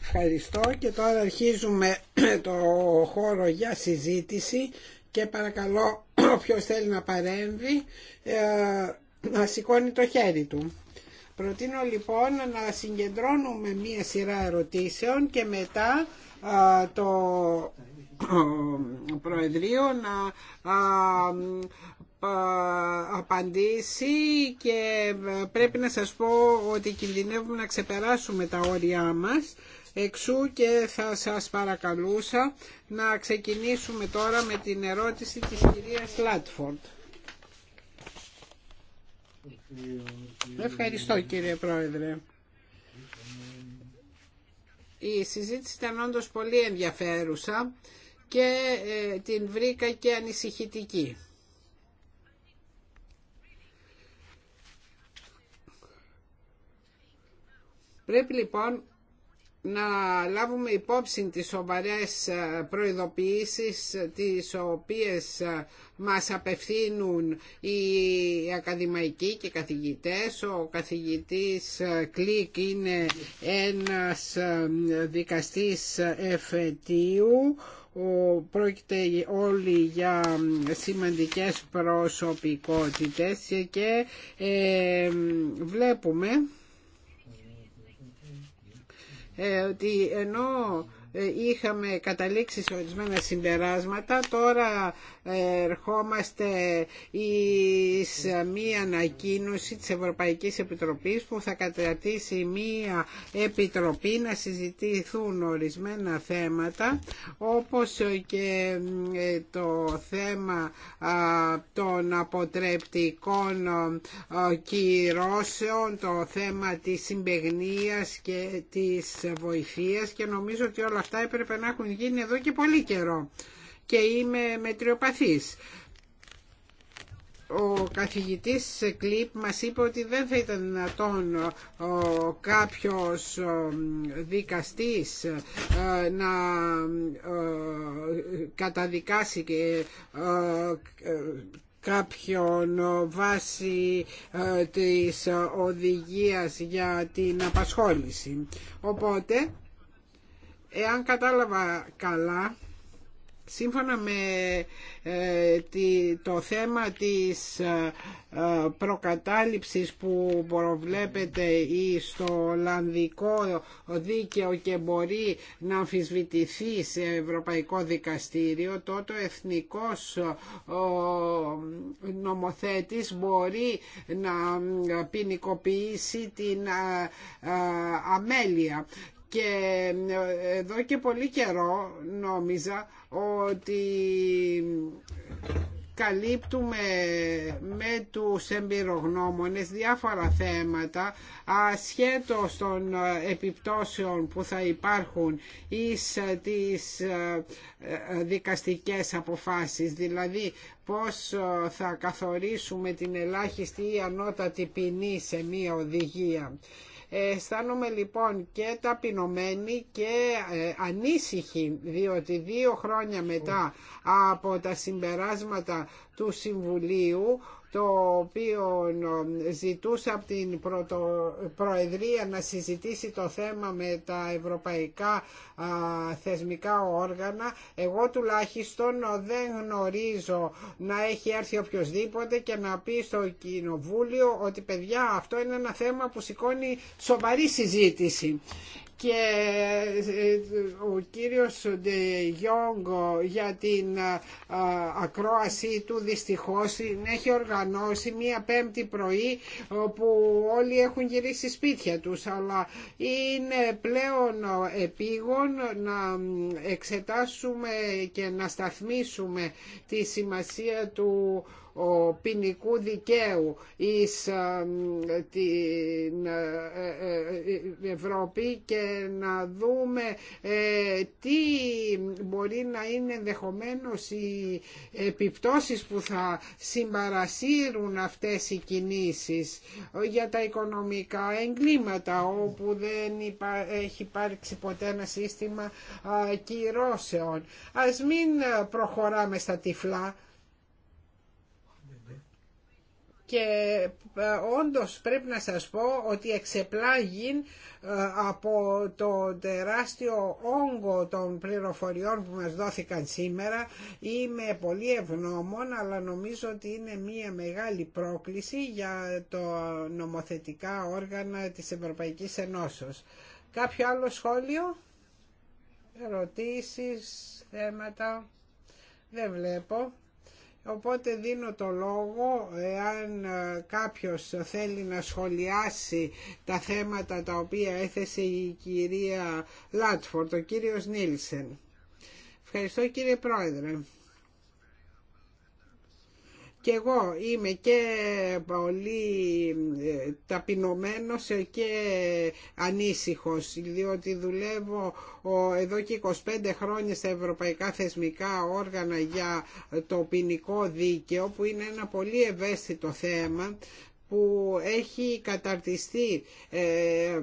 Ευχαριστώ και τώρα αρχίζουμε το χώρο για συζήτηση και παρακαλώ όποιο θέλει να παρέμβει ε, να σηκώνει το χέρι του. Προτείνω λοιπόν να συγκεντρώνουμε μία σειρά ερωτήσεων και μετά το Προεδρείο να απαντήσει και ε, πρέπει να σας πω ότι κινδυνεύουμε να ξεπεράσουμε τα όρια μας Εξού και θα σας παρακαλούσα να ξεκινήσουμε τώρα με την ερώτηση της κυρίας Λάτφορντ. Ευχαριστώ κύριε Πρόεδρε. Η συζήτηση ήταν όντω πολύ ενδιαφέρουσα και ε, την βρήκα και ανησυχητική. Πρέπει λοιπόν να λάβουμε υπόψη τις σοβαρές ε, προειδοποιήσεις τις οποίες ε, μας απευθύνουν οι ακαδημαϊκοί και καθηγητές. Ο καθηγητής ε, Κλικ είναι ένας δικαστής ο πρόκειται όλοι για σημαντικές προσωπικότητες και βλέπουμε ε, ότι ενώ ε, είχαμε καταλήξει σε ορισμένα συμπεράσματα τώρα ερχόμαστε εις μία ανακοίνωση της Ευρωπαϊκής Επιτροπής που θα κατατήσει μία επιτροπή να συζητηθούν ορισμένα θέματα όπως και ε, το θέμα των αποτρεπτικών κυρώσεων, το θέμα της συμπεγνίας και της βοηθείας και νομίζω ότι όλα αυτά έπρεπε να έχουν γίνει εδώ και πολύ καιρό και είμαι μετριοπαθής. Ο καθηγητής Κλίπ μας είπε ότι δεν θα ήταν δυνατόν κάποιος δικαστής ε, να ε, καταδικάσει και ε, κάποιον βάση της οδηγίας για την απασχόληση. Οπότε, εάν κατάλαβα καλά, Σύμφωνα με ε, το θέμα της ε, ε, προκατάληψης που προβλέπεται στο Ολλανδικό δίκαιο και μπορεί να αμφισβητηθεί σε Ευρωπαϊκό Δικαστήριο, τότε ο εθνικός νομοθέτης μπορεί να ποινικοποιήσει την αμέλεια και ε, εδώ και πολύ καιρό νόμιζα ότι καλύπτουμε με τους εμπειρογνώμονες διάφορα θέματα ασχέτως των ε, επιπτώσεων που θα υπάρχουν εις ε, τις δικαστικές αποφάσεις δηλαδή πώς θα καθορίσουμε την ελάχιστη ή ανώτατη ποινή σε μία οδηγία. Αισθάνομαι λοιπόν και ταπεινωμένη και ε, ανήσυχη διότι δύο χρόνια μετά από τα συμπεράσματα του Συμβουλίου το οποίο ε, ζητούσε από την Προεδρία να συζητήσει το θέμα με τα ευρωπαϊκά θεσμικά όργανα. Εγώ τουλάχιστον ε, δεν γνωρίζω να έχει έρθει οποιοδήποτε και να πει στο Κοινοβούλιο ότι παιδιά αυτό είναι ένα θέμα που σηκώνει σοβαρή συζήτηση και ε, ο κύριος Γιόγκο για την ε, ακρόασή του δυστυχώς έχει οργανώσει μία πέμπτη πρωί όπου όλοι έχουν γυρίσει σπίτια τους αλλά είναι πλέον επίγον να εξετάσουμε και να σταθμίσουμε τη σημασία του ο ποινικού δικαίου εις ε, την Ευρώπη και να δούμε ε, τι μπορεί να είναι ενδεχομένω οι επιπτώσεις που θα συμπαρασύρουν αυτές οι κινήσεις για τα οικονομικά εγκλήματα όπου δεν υπά... έχει υπάρξει ποτέ ένα σύστημα κυρώσεων. Ας μην προχωράμε στα τυφλά και ε, όντως πρέπει να σας πω ότι εξεπλάγει ε, από το τεράστιο όγκο των πληροφοριών που μας δόθηκαν σήμερα είμαι πολύ ευγνώμων αλλά νομίζω ότι είναι μια μεγάλη πρόκληση για το νομοθετικά όργανα της Ευρωπαϊκής Ενώσεως. Κάποιο άλλο σχόλιο, ερωτήσεις, θέματα, δεν βλέπω. Οπότε δίνω το λόγο εάν ε, κάποιος θέλει να σχολιάσει τα θέματα τα οποία έθεσε η κυρία Λάτφορντ, ο κύριος Νίλσεν. Ευχαριστώ κύριε Πρόεδρε και εγώ είμαι και πολύ ε, ταπεινωμένος και ανήσυχος διότι δουλεύω εδώ και 25 χρόνια στα ευρωπαϊκά θεσμικά όργανα για το ποινικό δίκαιο που είναι ένα πολύ ευαίσθητο θέμα που έχει καταρτιστεί ε,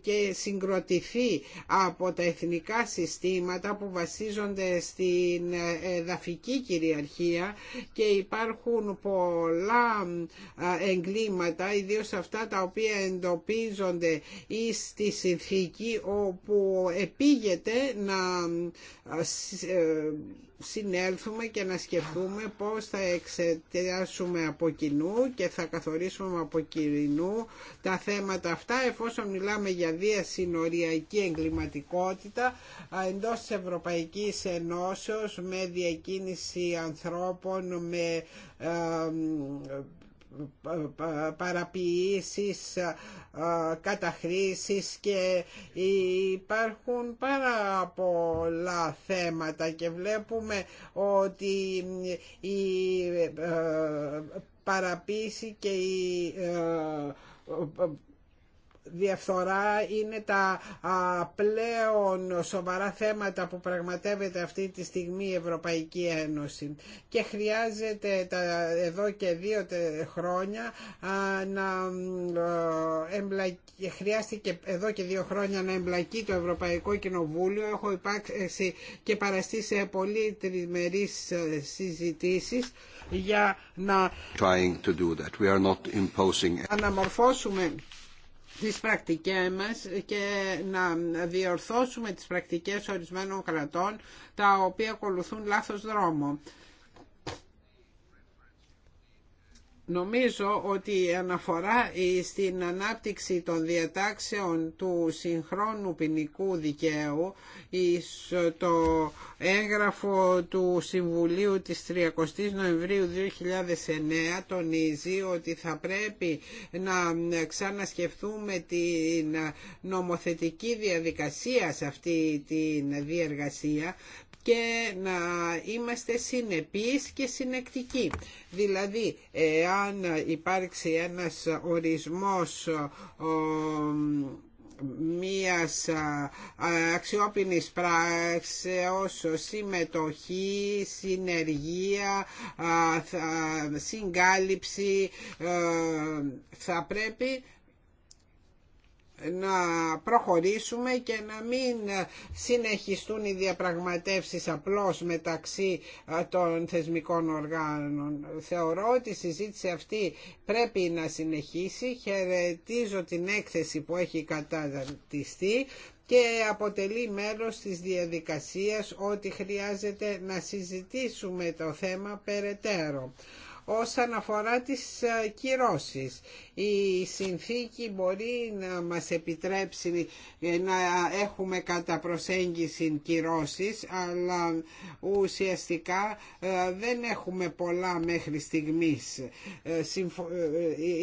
και συγκροτηθεί από τα εθνικά συστήματα που βασίζονται στην εδαφική κυριαρχία και υπάρχουν πολλά εγκλήματα, ιδίως αυτά τα οποία εντοπίζονται ή στη συνθήκη όπου επίγεται να ε, συνέλθουμε και να σκεφτούμε πώς θα εξετάσουμε από κοινού και θα καθορίσουμε από κοινού τα θέματα αυτά εφόσον μιλάμε για διασυνοριακή εγκληματικότητα εντός της Ευρωπαϊκής Ενώσεως με διακίνηση ανθρώπων, με ε, παραποιήσεις, καταχρήσεις και υπάρχουν πάρα πολλά θέματα και βλέπουμε ότι η ε, παραποίηση και η ε, διαφθορά είναι τα πλέον σοβαρά θέματα που πραγματεύεται αυτή τη στιγμή η Ευρωπαϊκή Ένωση και χρειάζεται τα, εδώ και δύο χρόνια να ε, εμπλακεί, χρειάστηκε εδώ και δύο χρόνια να εμπλακεί το Ευρωπαϊκό Κοινοβούλιο έχω υπάρξει και παραστεί σε πολύ τριμερείς ε, συζητήσεις για να Trying αναμορφώσουμε τις πρακτικές μας και να διορθώσουμε τις πρακτικές ορισμένων κρατών τα οποία ακολουθούν λάθος δρόμο. Νομίζω ότι η αναφορά στην ανάπτυξη των διατάξεων του συγχρόνου ποινικού δικαίου το έγγραφο του Συμβουλίου της 30 Νοεμβρίου 2009 τονίζει ότι θα πρέπει να ξανασκεφτούμε την νομοθετική διαδικασία σε αυτή τη διεργασία και να είμαστε συνεπείς και συνεκτικοί. Δηλαδή, εάν υπάρξει ένας ορισμός μίας αξιόπινης πράξεως, συμμετοχή, συνεργία, συγκάλυψη, ε, θα πρέπει να προχωρήσουμε και να μην συνεχιστούν οι διαπραγματεύσεις απλώς μεταξύ των θεσμικών οργάνων. Θεωρώ ότι η συζήτηση αυτή πρέπει να συνεχίσει. Χαιρετίζω την έκθεση που έχει καταρτιστεί και αποτελεί μέρος της διαδικασίας ότι χρειάζεται να συζητήσουμε το θέμα περαιτέρω όσον αφορά τις ε, κυρώσεις. Η συνθήκη μπορεί να μας επιτρέψει ε, να έχουμε κατά προσέγγιση κυρώσεις, αλλά ουσιαστικά ε, δεν έχουμε πολλά μέχρι στιγμής.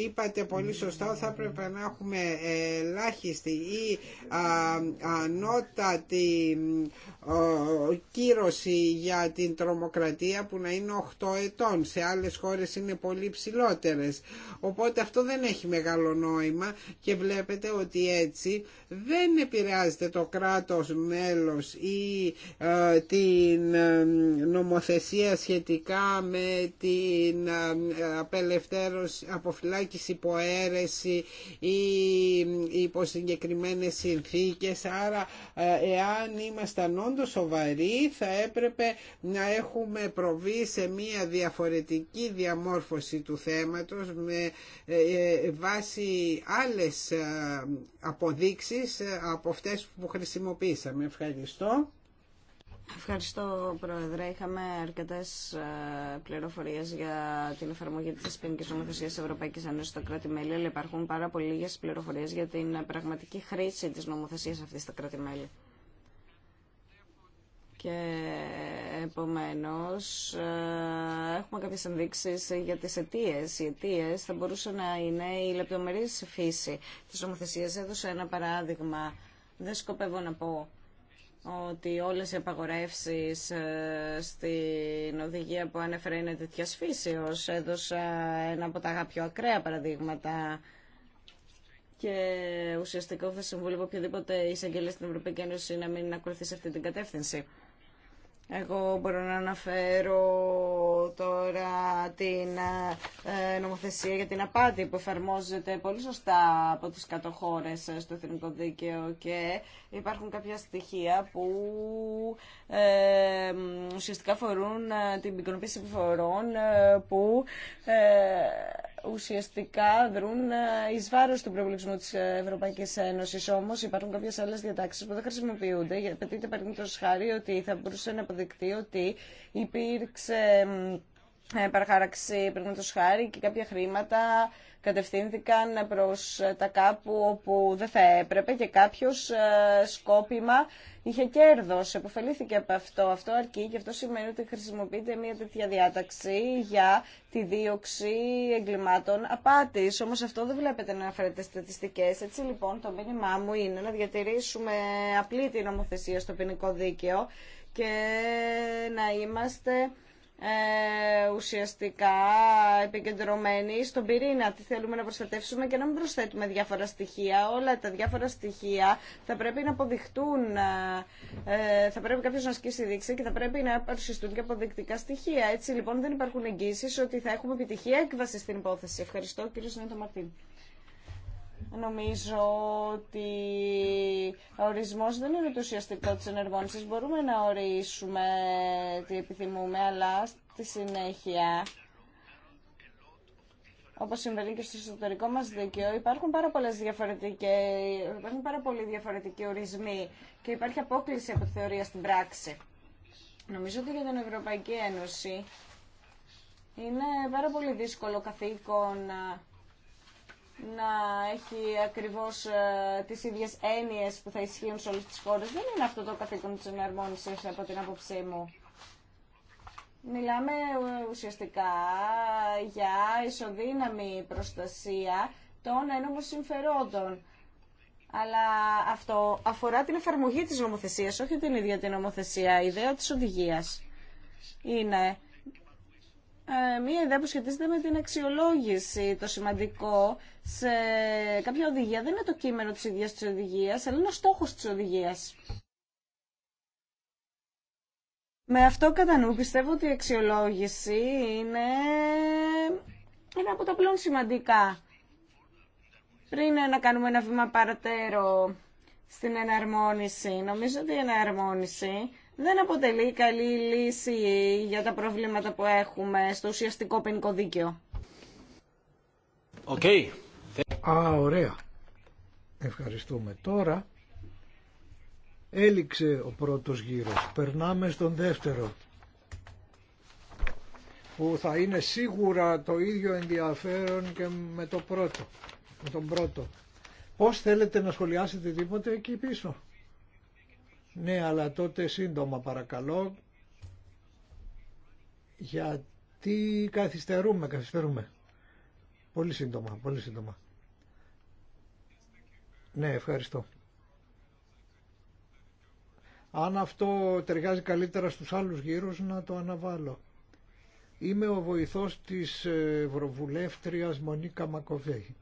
Είπατε πολύ σωστά θα πρέπει να έχουμε ελάχιστη ή ανώτατη κύρωση για την τρομοκρατία που να είναι 8 ετών σε άλλες χώρες χώρες είναι πολύ ψηλότερες. Οπότε αυτό δεν έχει μεγάλο νόημα και βλέπετε ότι έτσι δεν επηρεάζεται το κράτος μέλος ή ε, την ε, νομοθεσία σχετικά με την ε, απελευθέρωση, αποφυλάκηση υποαίρεση ή ε, υπό συγκεκριμένε συνθήκες. Άρα εάν ήμασταν όντως σοβαροί θα έπρεπε να έχουμε προβεί σε μια διαφορετική διαμόρφωση του θέματος με ε, ε, βάση άλλες ε, αποδείξεις από αυτές που χρησιμοποίησαμε. Ευχαριστώ. Ευχαριστώ, Πρόεδρε. Είχαμε αρκετέ πληροφορίες για την εφαρμογή της ποινική νομοθεσία τη Ευρωπαϊκή Ένωση στα κράτη-μέλη, αλλά υπάρχουν πάρα πολύ λίγε πληροφορίε για την πραγματική χρήση τη νομοθεσία αυτή στα κράτη-μέλη. Και επομένως ε, έχουμε κάποιες ενδείξεις για τις αιτίε. Οι αιτίε θα μπορούσαν να είναι η λεπτομερής φύση της νομοθεσίας. Έδωσα ένα παράδειγμα. Δεν σκοπεύω να πω ότι όλες οι απαγορεύσεις ε, στην οδηγία που ανέφερα είναι τέτοια φύσεως. Έδωσα ένα από τα πιο ακραία παραδείγματα και ουσιαστικά θα συμβούλευε οποιοδήποτε εισαγγελέα στην Ευρωπαϊκή Ένωση να μην ακολουθεί σε αυτή την κατεύθυνση. Εγώ μπορώ να αναφέρω τώρα την ε, νομοθεσία για την απάτη που εφαρμόζεται πολύ σωστά από τις κατοχώρες στο εθνικό δίκαιο και υπάρχουν κάποια στοιχεία που ε, ουσιαστικά φορούν ε, την πυκνοποίηση επιφορών που ε, ουσιαστικά δρούν ε, εις βάρος του προβληξμού της Ευρωπαϊκής Ένωσης. Όμως υπάρχουν κάποιες άλλες διατάξεις που δεν χρησιμοποιούνται. Πετείται παραδείγματος χάρη ότι θα μπορούσε να αποδεικτεί ότι υπήρξε ε, παραχάραξη πριν χάρη και κάποια χρήματα κατευθύνθηκαν προς τα κάπου όπου δεν θα έπρεπε και κάποιος ε, σκόπιμα είχε κέρδος, Εποφελήθηκε από αυτό. Αυτό αρκεί και αυτό σημαίνει ότι χρησιμοποιείται μια τέτοια διάταξη για τη δίωξη εγκλημάτων απάτης. Όμως αυτό δεν βλέπετε να αναφέρεται στατιστικές. Έτσι λοιπόν το μήνυμά μου είναι να διατηρήσουμε απλή την νομοθεσία στο ποινικό δίκαιο και να είμαστε ε, ουσιαστικά επικεντρωμένοι στον πυρήνα, τι θέλουμε να προστατεύσουμε και να μην προσθέτουμε διάφορα στοιχεία. Όλα τα διάφορα στοιχεία θα πρέπει να αποδειχτούν, ε, θα πρέπει κάποιο να ασκήσει δείξη και θα πρέπει να παρουσιαστούν και αποδεικτικά στοιχεία. Έτσι λοιπόν δεν υπάρχουν εγγύσεις ότι θα έχουμε επιτυχία έκβαση στην υπόθεση. Ευχαριστώ κύριε Σνέντο Μαρτίν. Νομίζω ότι ο ορισμός δεν είναι το ουσιαστικό της ενεργόνησης. Μπορούμε να ορίσουμε τι επιθυμούμε, αλλά στη συνέχεια, όπως συμβαίνει και στο εσωτερικό μας δίκαιο, υπάρχουν πάρα, πολλές διαφορετικές, υπάρχουν πάρα πολλοί διαφορετικοί ορισμοί και υπάρχει απόκληση από τη θεωρία στην πράξη. Νομίζω ότι για την Ευρωπαϊκή Ένωση είναι πάρα πολύ δύσκολο καθήκον να έχει ακριβώς ε, τις ίδιες έννοιες που θα ισχύουν σε όλε τι χώρε. Δεν είναι αυτό το καθήκον τη εναρμόνισης από την άποψή μου. Μιλάμε ε, ουσιαστικά για ισοδύναμη προστασία των ένομων συμφερόντων. Αλλά αυτό αφορά την εφαρμογή της νομοθεσίας, όχι την ίδια την νομοθεσία. Η ιδέα της οδηγίας είναι ε, μία ιδέα που σχετίζεται με την αξιολόγηση. Το σημαντικό σε κάποια οδηγία δεν είναι το κείμενο της ίδιας της οδηγίας, αλλά είναι ο στόχος της οδηγίας. Με αυτό κατά νου πιστεύω ότι η αξιολόγηση είναι ένα από τα πλέον σημαντικά. Πριν να κάνουμε ένα βήμα παρατέρω στην εναρμόνιση, νομίζω ότι η εναρμόνιση δεν αποτελεί καλή λύση για τα προβλήματα που έχουμε στο ουσιαστικό ποινικό δίκαιο. Α, ωραία. Ευχαριστούμε. Τώρα έληξε ο πρώτος γύρος. Περνάμε στον δεύτερο που θα είναι σίγουρα το ίδιο ενδιαφέρον και με το πρώτο. Με τον πρώτο. Πώς θέλετε να σχολιάσετε τίποτε εκεί πίσω. Ναι, αλλά τότε σύντομα παρακαλώ, γιατί καθυστερούμε, καθυστερούμε. Πολύ σύντομα, πολύ σύντομα. Ναι, ευχαριστώ. Αν αυτό ταιριάζει καλύτερα στους άλλους γύρους, να το αναβάλω. Είμαι ο βοηθός της Ευρωβουλεύτριας Μονίκα Μακοβέη.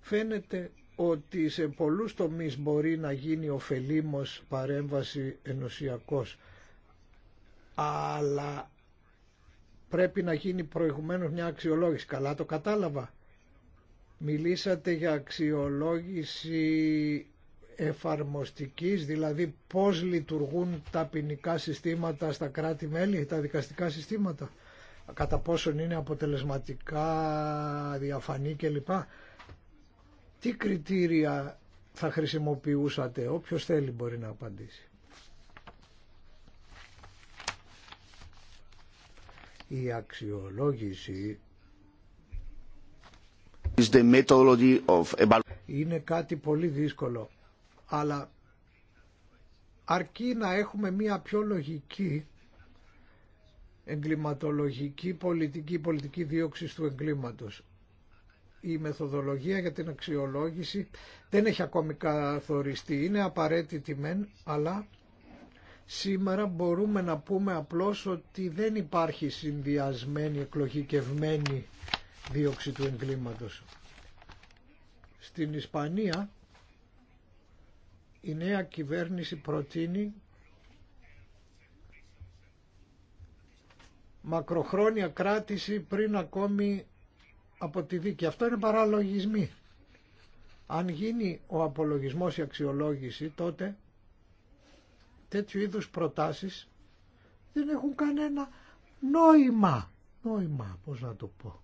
Φαίνεται ότι σε πολλούς τομείς μπορεί να γίνει ωφελήμος παρέμβαση ενωσιακός αλλά πρέπει να γίνει προηγουμένως μια αξιολόγηση. Καλά το κατάλαβα. Μιλήσατε για αξιολόγηση εφαρμοστικής, δηλαδή πώς λειτουργούν τα ποινικά συστήματα στα κράτη-μέλη, τα δικαστικά συστήματα, κατά πόσον είναι αποτελεσματικά, διαφανή κλπ. Τι κριτήρια θα χρησιμοποιούσατε, όποιος θέλει μπορεί να απαντήσει. Η αξιολόγηση είναι κάτι πολύ δύσκολο, αλλά αρκεί να έχουμε μία πιο λογική εγκληματολογική πολιτική, πολιτική δίωξη του εγκλήματος η μεθοδολογία για την αξιολόγηση δεν έχει ακόμη καθοριστεί. Είναι απαραίτητη μεν, αλλά σήμερα μπορούμε να πούμε απλώς ότι δεν υπάρχει συνδυασμένη, εκλογικευμένη δίωξη του εγκλήματος. Στην Ισπανία η νέα κυβέρνηση προτείνει μακροχρόνια κράτηση πριν ακόμη από τη δίκη. Αυτό είναι παραλογισμοί. Αν γίνει ο απολογισμός η αξιολόγηση τότε τέτοιου είδους προτάσεις δεν έχουν κανένα νόημα. Νόημα, πώς να το πω.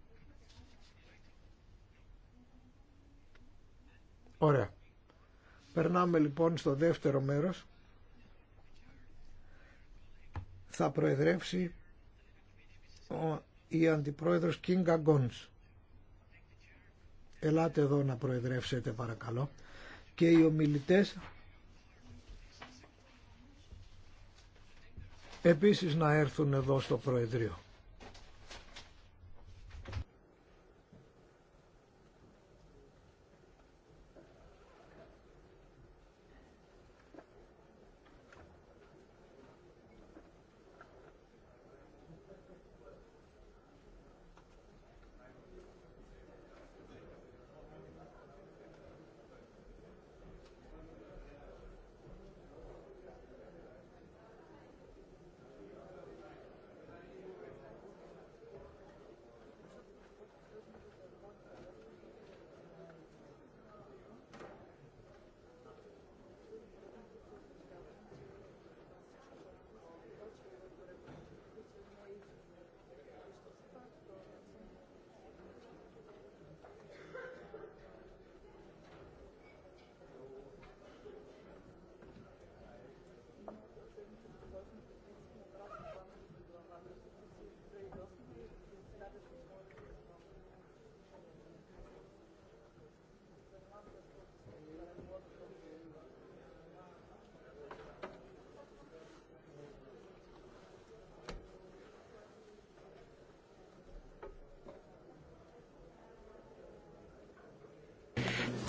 Ωραία. Περνάμε λοιπόν στο δεύτερο μέρος. Θα προεδρεύσει ο, η αντιπρόεδρος Κίνγκα Γκόντς. Ελάτε εδώ να προεδρεύσετε παρακαλώ. Και οι ομιλητές επίσης να έρθουν εδώ στο Προεδρείο.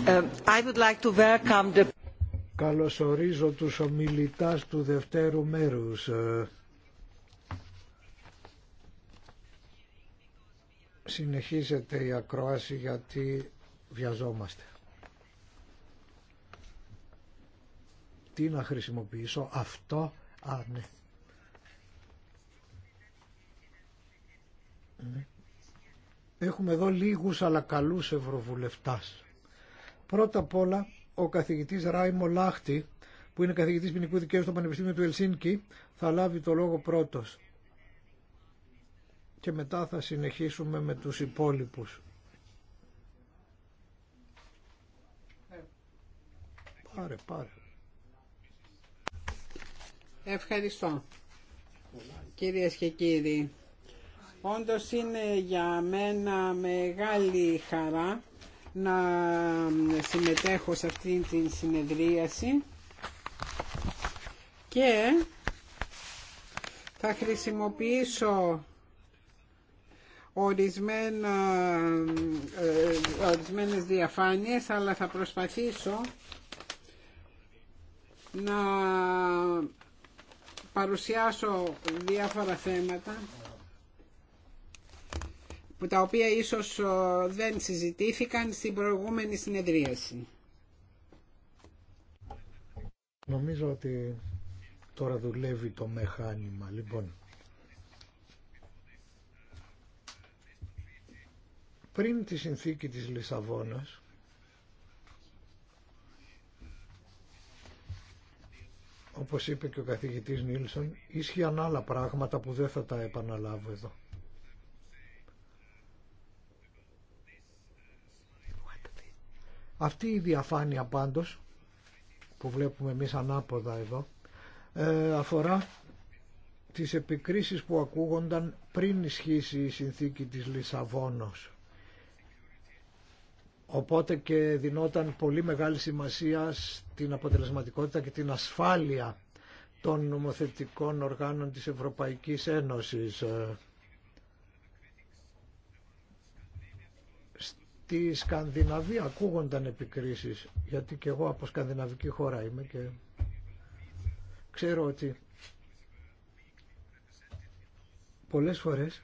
Um, Καλωσορίζω τους ομιλητάς του δευτέρου μέρους. Ε, συνεχίζεται η ακρόαση γιατί βιαζόμαστε. Τι να χρησιμοποιήσω, αυτό, α ναι. ε, Έχουμε εδώ λίγους αλλά καλούς ευρωβουλευτάς. Πρώτα απ' όλα ο καθηγητής Ράιμο Λάχτη που είναι καθηγητής ποινικού δικαίου στο Πανεπιστήμιο του Ελσίνκη θα λάβει το λόγο πρώτος και μετά θα συνεχίσουμε με τους υπόλοιπου. Πάρε, πάρε. Ευχαριστώ. Κυρίες και κύριοι, όντως είναι για μένα μεγάλη χαρά να συμμετέχω σε αυτήν την συνεδρίαση και θα χρησιμοποιήσω ορισμένα, ε, ορισμένες διαφάνειες αλλά θα προσπαθήσω να παρουσιάσω διάφορα θέματα τα οποία ίσως ε, δεν συζητήθηκαν στην προηγούμενη συνεδρίαση. Νομίζω ότι τώρα δουλεύει το μεχάνημα. Λοιπόν, πριν τη συνθήκη της Λισαβόνας, όπως είπε και ο καθηγητής Νίλσον, ίσχυαν άλλα πράγματα που δεν θα τα επαναλάβω εδώ. Αυτή η διαφάνεια πάντως που βλέπουμε εμείς ανάποδα εδώ ε, αφορά τις επικρίσεις που ακούγονταν πριν ισχύσει η συνθήκη της Λισαβόνος. Οπότε και δινόταν πολύ μεγάλη σημασία στην αποτελεσματικότητα και την ασφάλεια των νομοθετικών οργάνων της Ευρωπαϊκής Ένωσης. Ε, τη Σκανδιναβία ακούγονταν επικρίσεις γιατί και εγώ από σκανδιναβική χώρα είμαι και ξέρω ότι πολλές φορές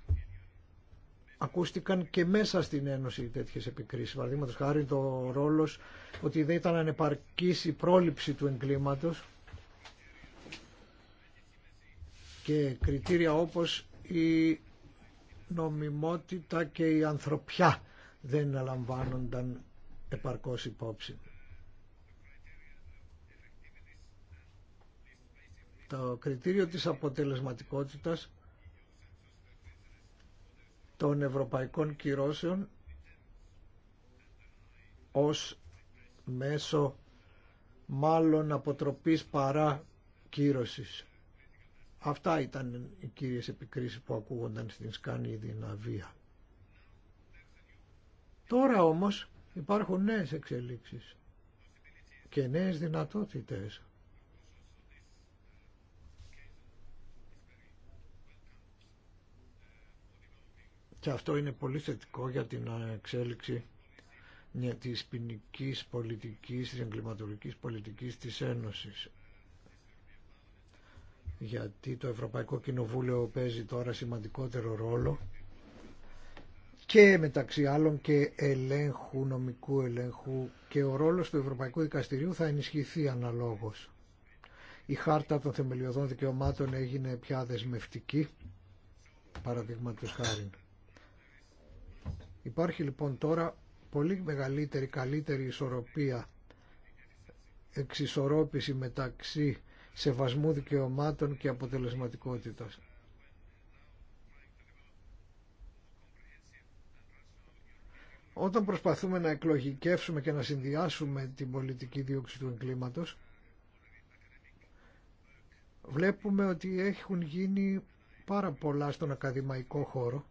ακούστηκαν και μέσα στην Ένωση τέτοιες επικρίσεις. Παραδείγματος χάρη το ρόλος ότι δεν ήταν ανεπαρκής η πρόληψη του εγκλήματος και κριτήρια όπως η νομιμότητα και η ανθρωπιά δεν αναλαμβάνονταν επαρκώς υπόψη. Το κριτήριο της αποτελεσματικότητας των ευρωπαϊκών κυρώσεων ως μέσο μάλλον αποτροπής παρά κύρωσης. Αυτά ήταν οι κύριες επικρίσεις που ακούγονταν στην δυναβία. Τώρα όμως υπάρχουν νέες εξελίξεις και νέες δυνατότητες. Και αυτό είναι πολύ θετικό για την εξέλιξη της ποινική πολιτικής, της εγκληματολογικής πολιτικής της Ένωσης. Γιατί το Ευρωπαϊκό Κοινοβούλιο παίζει τώρα σημαντικότερο ρόλο και μεταξύ άλλων και ελέγχου, νομικού ελέγχου και ο ρόλος του Ευρωπαϊκού Δικαστηρίου θα ενισχυθεί αναλόγως. Η χάρτα των θεμελιωδών δικαιωμάτων έγινε πια δεσμευτική, παραδείγματο χάρη. Υπάρχει λοιπόν τώρα πολύ μεγαλύτερη, καλύτερη ισορροπία, εξισορρόπηση μεταξύ σεβασμού δικαιωμάτων και αποτελεσματικότητας. Όταν προσπαθούμε να εκλογικεύσουμε και να συνδυάσουμε την πολιτική δίωξη του εγκλήματος, βλέπουμε ότι έχουν γίνει πάρα πολλά στον ακαδημαϊκό χώρο.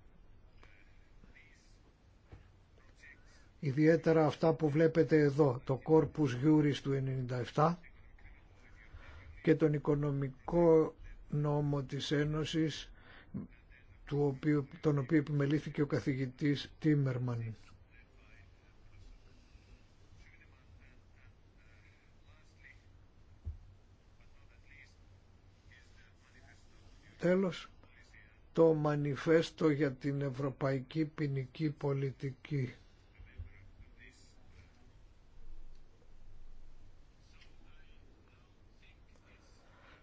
Ιδιαίτερα αυτά που βλέπετε εδώ, το Corpus Juris του 97 και τον οικονομικό νόμο της Ένωσης, του οποίου, τον οποίο επιμελήθηκε ο καθηγητής Τίμερμαν. Τέλος, το μανιφέστο για την Ευρωπαϊκή Ποινική Πολιτική.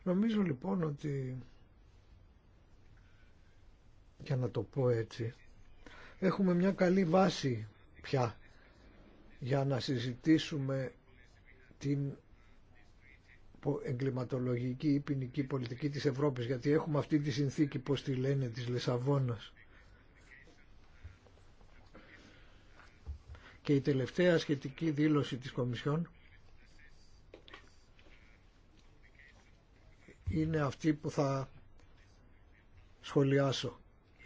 Νομίζω λοιπόν ότι, για να το πω έτσι, έχουμε μια καλή βάση πια για να συζητήσουμε την εγκληματολογική ή ποινική πολιτική της Ευρώπης γιατί έχουμε αυτή τη συνθήκη πως τη λένε της Λεσαβόνας και η τελευταία σχετική δήλωση της Κομισιόν είναι αυτή που θα σχολιάσω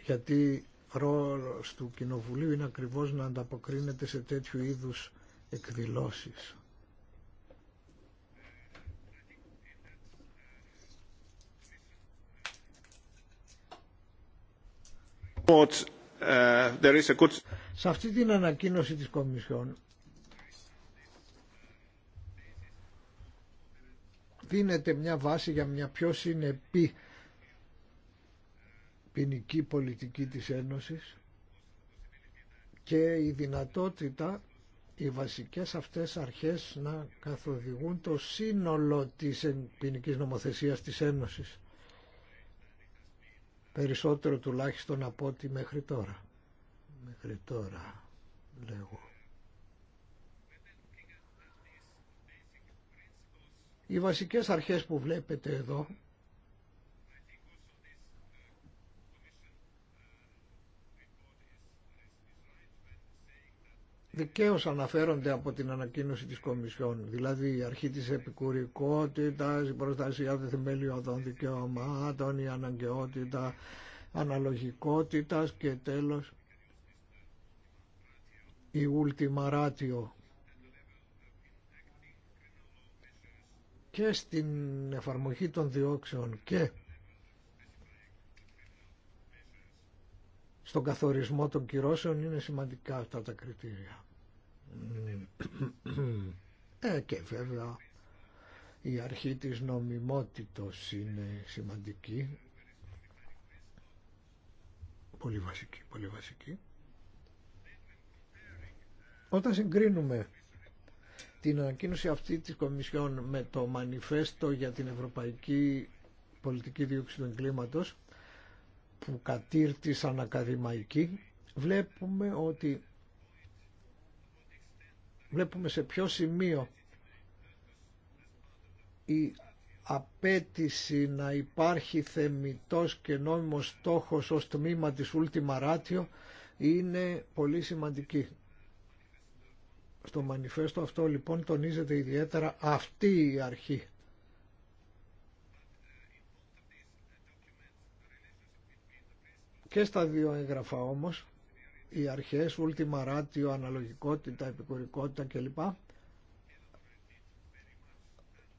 γιατί ρόλος του Κοινοβουλίου είναι ακριβώς να ανταποκρίνεται σε τέτοιου είδους εκδηλώσεις. Uh, Σε αυτή την ανακοίνωση της Κομισιόν δίνεται μια βάση για μια πιο συνεπή ποινική πολιτική της Ένωσης και η δυνατότητα οι βασικές αυτές αρχές να καθοδηγούν το σύνολο της ποινικής νομοθεσίας της Ένωσης. Περισσότερο τουλάχιστον από ό,τι μέχρι τώρα. Μέχρι τώρα, λέγω. Οι βασικές αρχές που βλέπετε εδώ δικαίως αναφέρονται από την ανακοίνωση της Κομισιόν, δηλαδή η αρχή της επικουρικότητας, η προστασία των θεμελιωδών δικαιωμάτων, η αναγκαιότητα αναλογικότητας και τέλος η ultima ratio. Και στην εφαρμογή των διώξεων και στον καθορισμό των κυρώσεων είναι σημαντικά αυτά τα κριτήρια. Ε, και βέβαια η αρχή της νομιμότητος είναι σημαντική. Πολύ βασική, Όταν συγκρίνουμε την ανακοίνωση αυτή της Κομισιόν με το μανιφέστο για την Ευρωπαϊκή Πολιτική Δίωξη του Εγκλήματος, που κατήρτισαν ακαδημαϊκοί βλέπουμε ότι βλέπουμε σε ποιο σημείο η απέτηση να υπάρχει θεμητός και νόμιμος στόχος ως τμήμα της Ultima Ratio είναι πολύ σημαντική. Στο μανιφέστο αυτό λοιπόν τονίζεται ιδιαίτερα αυτή η αρχή Και στα δύο έγγραφα όμως, οι αρχές, ultima ratio, αναλογικότητα, επικουρικότητα κλπ.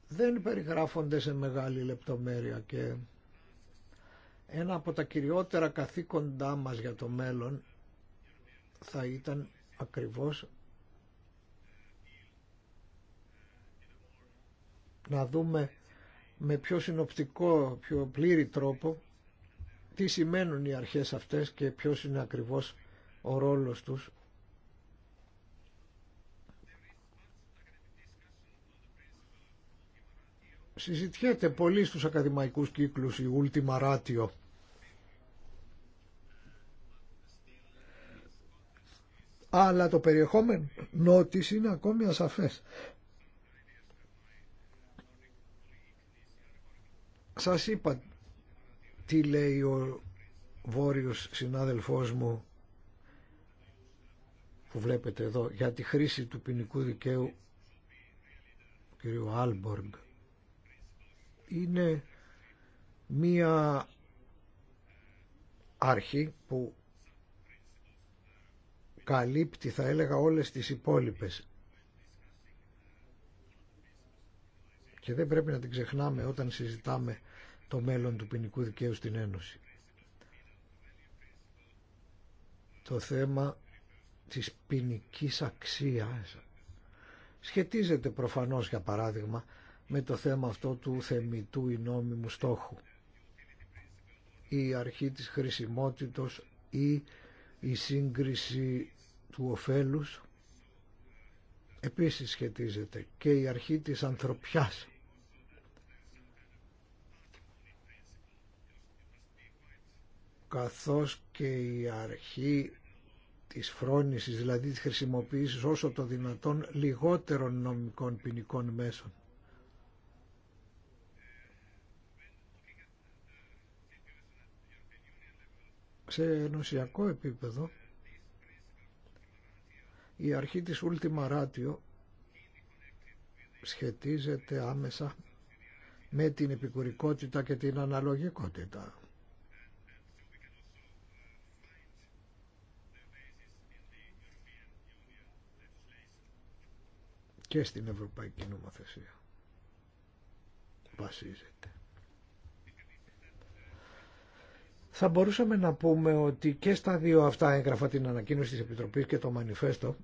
δεν περιγράφονται σε μεγάλη λεπτομέρεια και ένα από τα κυριότερα καθήκοντά μας για το μέλλον θα ήταν ακριβώς να δούμε με πιο συνοπτικό, πιο πλήρη τρόπο τι σημαίνουν οι αρχές αυτές και ποιος είναι ακριβώς ο ρόλος τους. Συζητιέται πολύ στους ακαδημαϊκούς κύκλους η Ultima Ratio. Αλλά το περιεχόμενο της είναι ακόμη ασαφές. Σας είπα τι λέει ο βόρειος συνάδελφός μου που βλέπετε εδώ για τη χρήση του ποινικού δικαίου κ. Άλμποργ είναι μία αρχή που καλύπτει θα έλεγα όλες τις υπόλοιπες και δεν πρέπει να την ξεχνάμε όταν συζητάμε το μέλλον του ποινικού δικαίου στην Ένωση. Το θέμα της ποινική αξίας σχετίζεται προφανώς για παράδειγμα με το θέμα αυτό του θεμητού ή νόμιμου στόχου η αρχή της χρησιμότητος ή η σύγκριση του ωφέλους επίσης σχετίζεται και η αρχή της ανθρωπιάς καθώς και η αρχή της φρόνησης, δηλαδή της χρησιμοποίησης όσο το δυνατόν λιγότερων νομικών ποινικών μέσων. Σε ενωσιακό επίπεδο, η αρχή της Ultima Ratio σχετίζεται άμεσα με την επικουρικότητα και την αναλογικότητα. και στην Ευρωπαϊκή Νομοθεσία. Βασίζεται. Θα μπορούσαμε να πούμε ότι και στα δύο αυτά έγγραφα την ανακοίνωση της Επιτροπής και το Μανιφέστο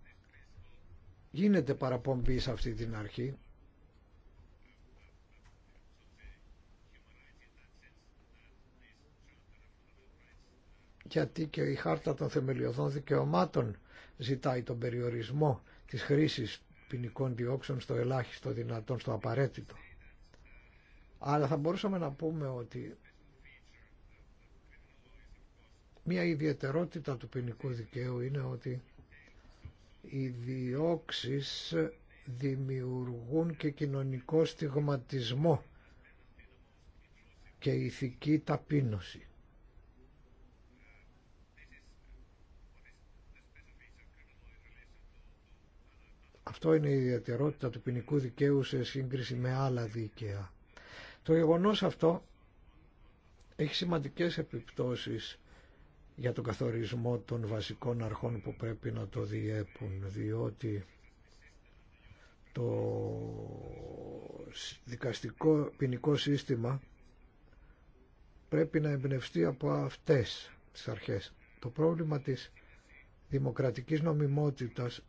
γίνεται παραπομπή σε αυτή την αρχή γιατί και η Χάρτα των Θεμελιωδών Δικαιωμάτων ζητάει τον περιορισμό της χρήσης ποινικών διώξεων στο ελάχιστο δυνατόν, στο απαραίτητο. Αλλά θα μπορούσαμε να πούμε ότι μία ιδιαιτερότητα του ποινικού δικαίου είναι ότι οι διώξεις δημιουργούν και κοινωνικό στιγματισμό και ηθική ταπείνωση. Αυτό είναι η ιδιαιτερότητα του ποινικού δικαίου σε σύγκριση με άλλα δίκαια. Το γεγονός αυτό έχει σημαντικές επιπτώσεις για τον καθορισμό των βασικών αρχών που πρέπει να το διέπουν, διότι το δικαστικό ποινικό σύστημα πρέπει να εμπνευστεί από αυτές τις αρχές. Το πρόβλημα της δημοκρατικής νομιμότητας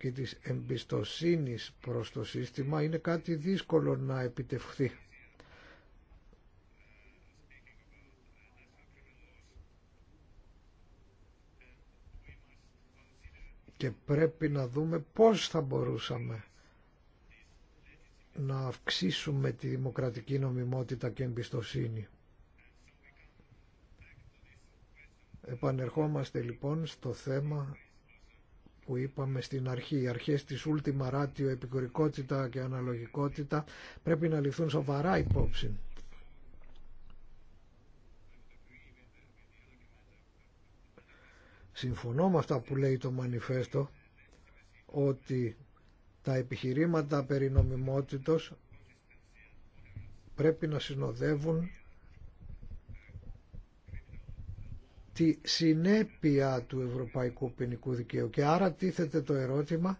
και της εμπιστοσύνης προς το σύστημα είναι κάτι δύσκολο να επιτευχθεί. Και πρέπει να δούμε πώς θα μπορούσαμε να αυξήσουμε τη δημοκρατική νομιμότητα και εμπιστοσύνη. Επανερχόμαστε λοιπόν στο θέμα που είπαμε στην αρχή. Οι αρχές της ultima ratio, επικορικότητα και αναλογικότητα πρέπει να ληφθούν σοβαρά υπόψη. Συμφωνώ με αυτά που λέει το μανιφέστο ότι τα επιχειρήματα περί νομιμότητος πρέπει να συνοδεύουν τη συνέπεια του Ευρωπαϊκού Ποινικού Δικαίου και άρα τίθεται το ερώτημα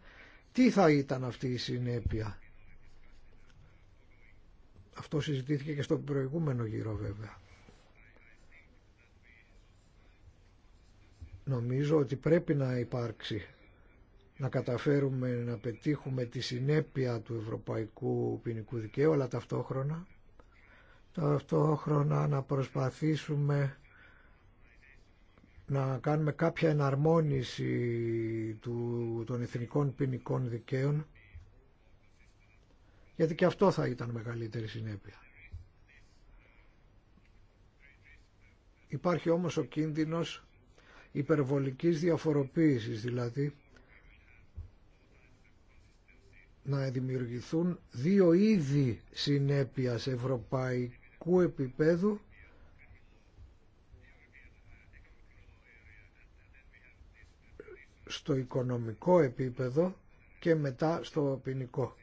τι θα ήταν αυτή η συνέπεια. Αυτό συζητήθηκε και στο προηγούμενο γύρο βέβαια. Νομίζω ότι πρέπει να υπάρξει να καταφέρουμε να πετύχουμε τη συνέπεια του Ευρωπαϊκού Ποινικού Δικαίου αλλά ταυτόχρονα ταυτόχρονα να προσπαθήσουμε να κάνουμε κάποια εναρμόνιση του, των εθνικών ποινικών δικαίων γιατί και αυτό θα ήταν μεγαλύτερη συνέπεια. Υπάρχει όμως ο κίνδυνος υπερβολικής διαφοροποίησης, δηλαδή να δημιουργηθούν δύο είδη συνέπειας ευρωπαϊκού επίπεδου στο οικονομικό επίπεδο και μετά στο ποινικό.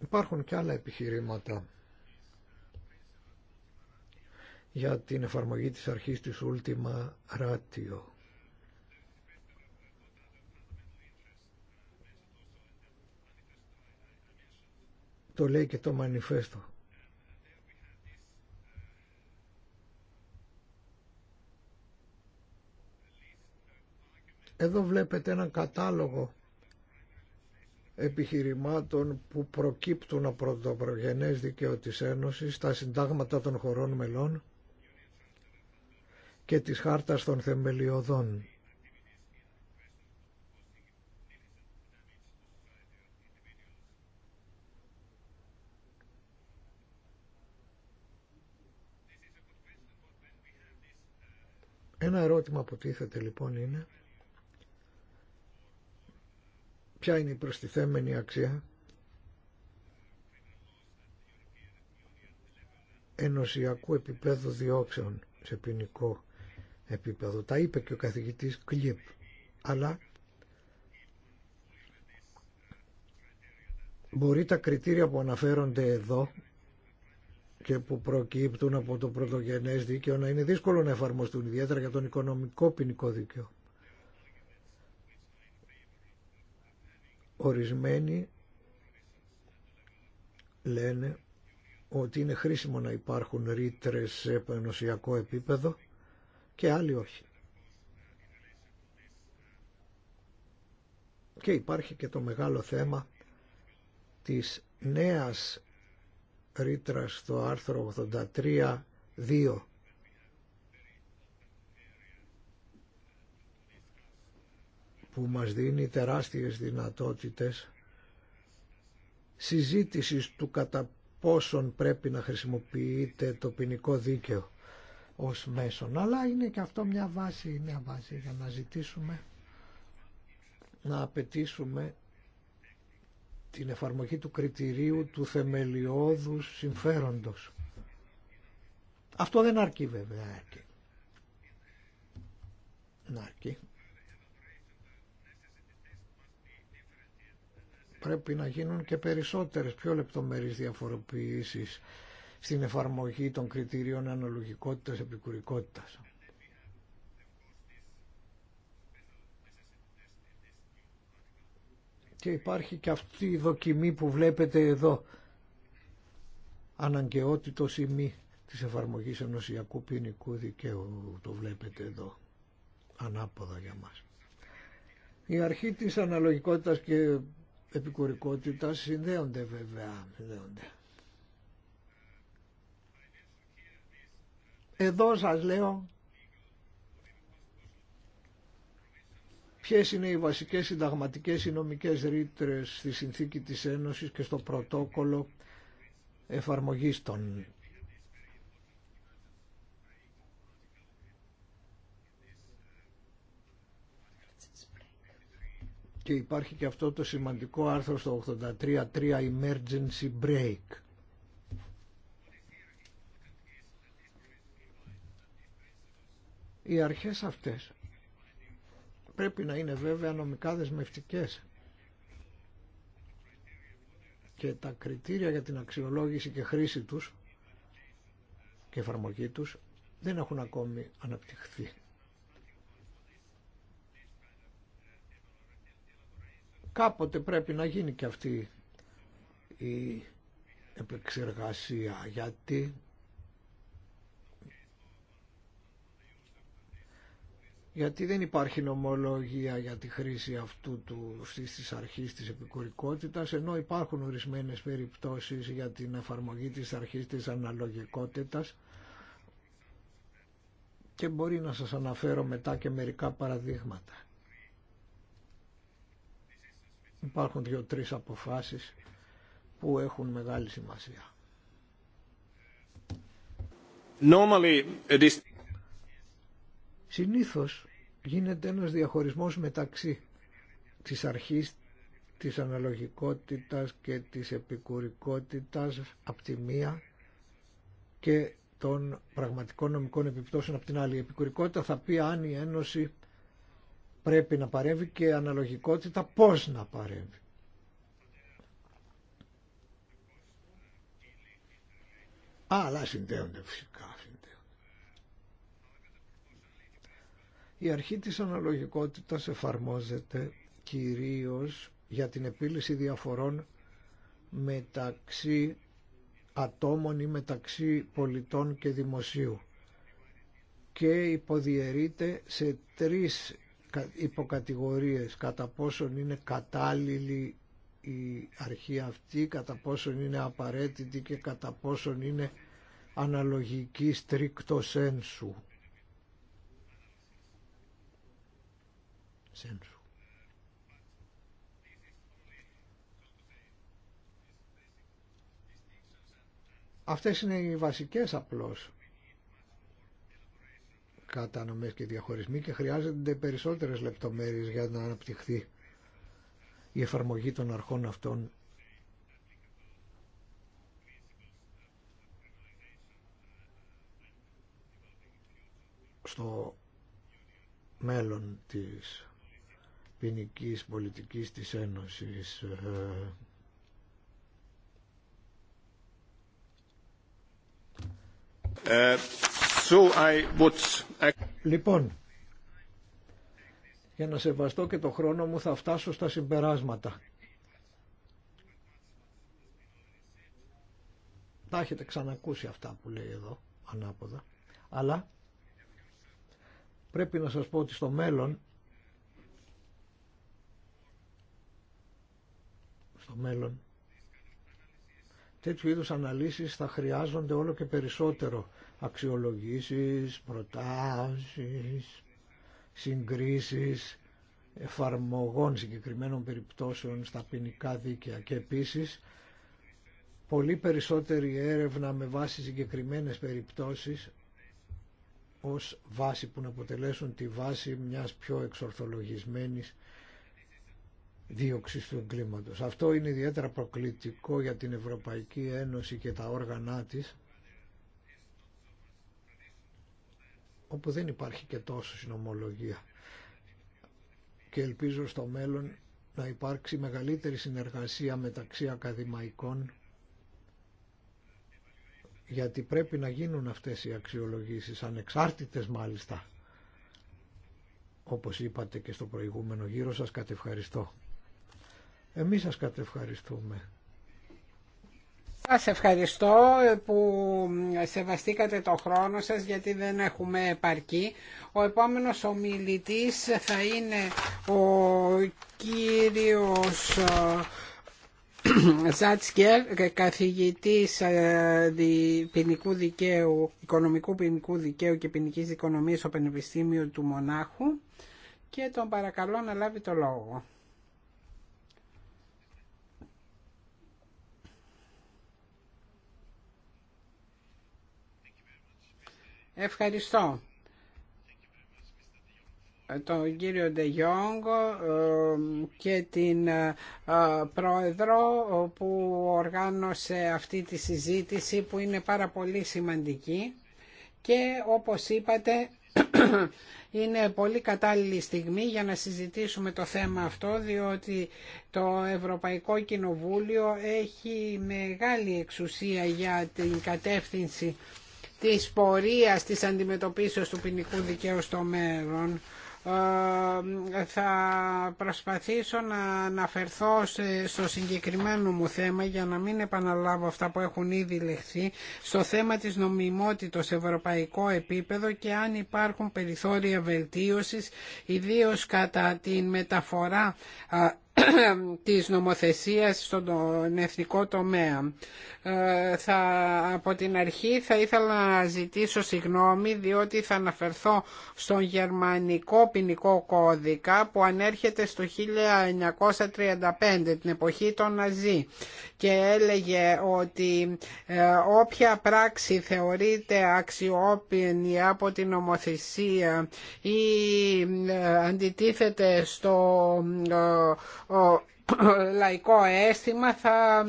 Υπάρχουν και άλλα επιχειρήματα για την εφαρμογή της αρχής της Ultima Ratio. Το λέει και το μανιφέστο. Εδώ βλέπετε έναν κατάλογο επιχειρημάτων που προκύπτουν από το προγενές δικαίω της Ένωσης, τα συντάγματα των χωρών μελών και της χάρτας των θεμελιωδών. ερώτημα που τίθεται λοιπόν είναι ποια είναι η προστιθέμενη αξία ενωσιακού επίπεδου διώξεων σε ποινικό επίπεδο. Τα είπε και ο καθηγητής Κλιπ. Αλλά μπορεί τα κριτήρια που αναφέρονται εδώ και που προκύπτουν από το πρωτογενές δίκαιο να είναι δύσκολο να εφαρμοστούν ιδιαίτερα για τον οικονομικό ποινικό δίκαιο. Ορισμένοι λένε ότι είναι χρήσιμο να υπάρχουν ρήτρε σε επενωσιακό επίπεδο και άλλοι όχι. Και υπάρχει και το μεγάλο θέμα της νέας ρήτρα στο άρθρο 83.2 που μας δίνει τεράστιες δυνατότητες συζήτησης του κατά πόσον πρέπει να χρησιμοποιείται το ποινικό δίκαιο ως μέσον. Αλλά είναι και αυτό μια βάση, μια βάση για να ζητήσουμε να απαιτήσουμε την εφαρμογή του κριτηρίου του θεμελιώδους συμφέροντος. Αυτό δεν αρκεί βέβαια. Αρκεί. Πρέπει να γίνουν και περισσότερες, πιο λεπτομερείς διαφοροποιήσεις στην εφαρμογή των κριτηρίων αναλογικότητας, επικουρικότητας. και υπάρχει και αυτή η δοκιμή που βλέπετε εδώ αναγκαιότητο ή μη της εφαρμογής ενωσιακού ποινικού δικαίου το βλέπετε εδώ ανάποδα για μας η αρχή της αναλογικότητας και επικουρικότητας συνδέονται βέβαια συνδέονται. εδώ σας λέω ποιες είναι οι βασικές συνταγματικές ή νομικές ρήτρες στη συνθήκη της Ένωσης και στο πρωτόκολλο εφαρμογής των. Και υπάρχει και αυτό το σημαντικό άρθρο στο 83.3 Emergency Break. Οι αρχές αυτές πρέπει να είναι βέβαια νομικά δεσμευτικές και τα κριτήρια για την αξιολόγηση και χρήση τους και εφαρμογή τους δεν έχουν ακόμη αναπτυχθεί. Κάποτε πρέπει να γίνει και αυτή η επεξεργασία γιατί γιατί δεν υπάρχει νομολογία για τη χρήση αυτού του, στις της αρχής της επικουρικότητας, ενώ υπάρχουν ορισμένες περιπτώσεις για την εφαρμογή της αρχής της αναλογικότητας και μπορεί να σας αναφέρω μετά και μερικά παραδείγματα. Υπάρχουν δύο-τρεις αποφάσεις που έχουν μεγάλη σημασία. Συνήθως γίνεται ένας διαχωρισμός μεταξύ της αρχής της αναλογικότητας και της επικουρικότητας από τη μία και των πραγματικών νομικών επιπτώσεων από την άλλη. Η επικουρικότητα θα πει αν η Ένωση πρέπει να παρέμβει και η αναλογικότητα πώς να παρέμβει. Αλλά συνδέονται φυσικά. Η αρχή της αναλογικότητας εφαρμόζεται κυρίως για την επίλυση διαφορών μεταξύ ατόμων ή μεταξύ πολιτών και δημοσίου και υποδιαιρείται σε τρεις υποκατηγορίες κατά πόσον είναι κατάλληλη η αρχή αυτή, κατά πόσον είναι απαραίτητη και κατά πόσον είναι αναλογική στρίκτο σένσου. Αυτέ Αυτές είναι οι βασικές απλώς κατανομές και διαχωρισμοί και χρειάζονται περισσότερες λεπτομέρειες για να αναπτυχθεί η εφαρμογή των αρχών αυτών στο μέλλον της ποινικής πολιτικής της Ένωσης. Ε, λοιπόν, για να σεβαστώ και το χρόνο μου θα φτάσω στα συμπεράσματα. Τα έχετε ξανακούσει αυτά που λέει εδώ, ανάποδα. Αλλά πρέπει να σας πω ότι στο μέλλον στο μέλλον. Τέτοιου είδους αναλύσεις θα χρειάζονται όλο και περισσότερο αξιολογήσεις, προτάσεις, συγκρίσεις εφαρμογών συγκεκριμένων περιπτώσεων στα ποινικά δίκαια και επίσης πολύ περισσότερη έρευνα με βάση συγκεκριμένες περιπτώσεις ως βάση που να αποτελέσουν τη βάση μιας πιο εξορθολογισμένης Δίωξη του εγκλήματος. Αυτό είναι ιδιαίτερα προκλητικό για την Ευρωπαϊκή Ένωση και τα όργανά της, όπου δεν υπάρχει και τόσο συνομολογία. Και ελπίζω στο μέλλον να υπάρξει μεγαλύτερη συνεργασία μεταξύ ακαδημαϊκών, γιατί πρέπει να γίνουν αυτές οι αξιολογήσεις, ανεξάρτητες μάλιστα. Όπως είπατε και στο προηγούμενο γύρο σας, κατευχαριστώ. Εμείς σας κατευχαριστούμε. Σας ευχαριστώ που σεβαστήκατε το χρόνο σας γιατί δεν έχουμε επαρκή. Ο επόμενος ομιλητής θα είναι ο κύριος ε, Ζάτσκερ, ε, καθηγητής ε, ποινικού δικαίου, οικονομικού ποινικού δικαίου και ποινικής οικονομίας στο Πανεπιστήμιο του Μονάχου και τον παρακαλώ να λάβει το λόγο. Ευχαριστώ τον κύριο Ντεγιόγκ ε, και την ε, πρόεδρο που οργάνωσε αυτή τη συζήτηση που είναι πάρα πολύ σημαντική και όπως είπατε είναι πολύ κατάλληλη στιγμή για να συζητήσουμε το θέμα αυτό διότι το Ευρωπαϊκό Κοινοβούλιο έχει μεγάλη εξουσία για την κατεύθυνση της πορείας της αντιμετωπίσεως του ποινικού δικαίου στο μέλλον. Ε, θα προσπαθήσω να αναφερθώ στο συγκεκριμένο μου θέμα για να μην επαναλάβω αυτά που έχουν ήδη λεχθεί στο θέμα της νομιμότητας σε ευρωπαϊκό επίπεδο και αν υπάρχουν περιθώρια βελτίωσης ιδίως κατά την μεταφορά της νομοθεσίας στον εθνικό τομέα. Ε, θα, από την αρχή θα ήθελα να ζητήσω συγγνώμη διότι θα αναφερθώ στον γερμανικό ποινικό κώδικα που ανέρχεται στο 1935 την εποχή των Ναζί και έλεγε ότι ε, όποια πράξη θεωρείται αξιόπινη από την νομοθεσία ή ε, αντιτίθεται στο ε, ο λαϊκό αίσθημα θα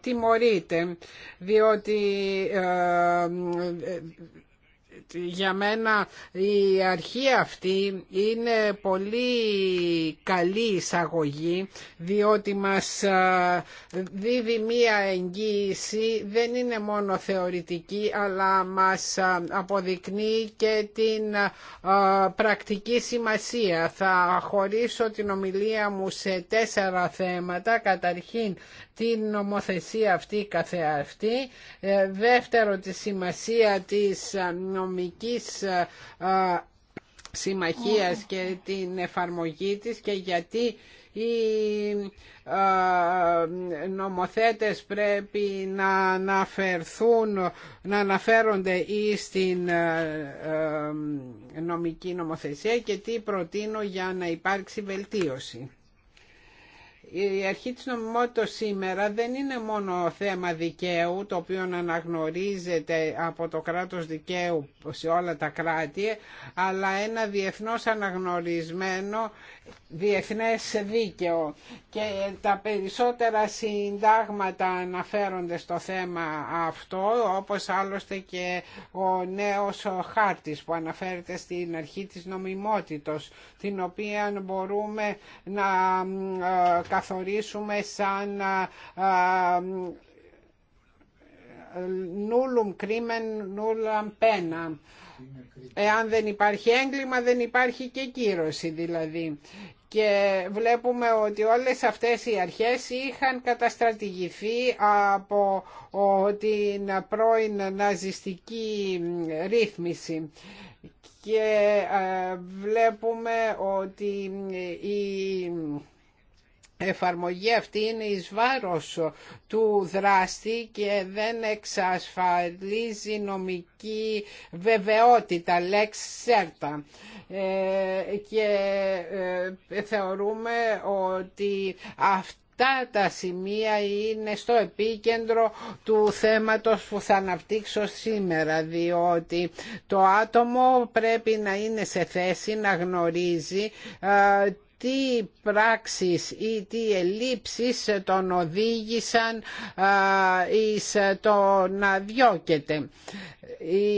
τιμωρείται διότι για μένα η αρχή αυτή είναι πολύ καλή εισαγωγή διότι μας δίδει μία εγγύηση δεν είναι μόνο θεωρητική αλλά μας αποδεικνύει και την πρακτική σημασία. Θα χωρίσω την ομιλία μου σε τέσσερα θέματα. Καταρχήν την νομοθεσία αυτή καθεαυτή. Ε, δεύτερο, τη σημασία της ε, νομικής ε, συμμαχίας και την εφαρμογή της και γιατί οι νομοθέτες πρέπει να αναφερθούν, να αναφέρονται ή στην νομική νομοθεσία και τι προτείνω για να υπάρξει βελτίωση η αρχή της νομιμότητας σήμερα δεν είναι μόνο θέμα δικαίου το οποίο αναγνωρίζεται από το κράτος δικαίου σε όλα τα κράτη αλλά ένα διεθνώς αναγνωρισμένο διεθνές δίκαιο και τα περισσότερα συντάγματα αναφέρονται στο θέμα αυτό όπως άλλωστε και ο νέος χάρτης που αναφέρεται στην αρχή της νομιμότητας την οποία μπορούμε να καθορίσουμε σαν νούλουμ κρίμεν νούλαμ πένα. Εάν δεν υπάρχει έγκλημα δεν υπάρχει και κύρωση δηλαδή. Και βλέπουμε ότι όλες αυτές οι αρχές είχαν καταστρατηγηθεί από την πρώην ναζιστική ρύθμιση και ε, βλέπουμε ότι η εφαρμογή αυτή είναι εις βάρος του δράστη και δεν εξασφαλίζει νομική βεβαιότητα, λέξ σέρτα. Ε, και ε, θεωρούμε ότι αυτά τα σημεία είναι στο επίκεντρο του θέματος που θα αναπτύξω σήμερα διότι το άτομο πρέπει να είναι σε θέση να γνωρίζει ε, τι πράξεις ή τι ελλείψεις τον οδήγησαν εις το να διώκεται.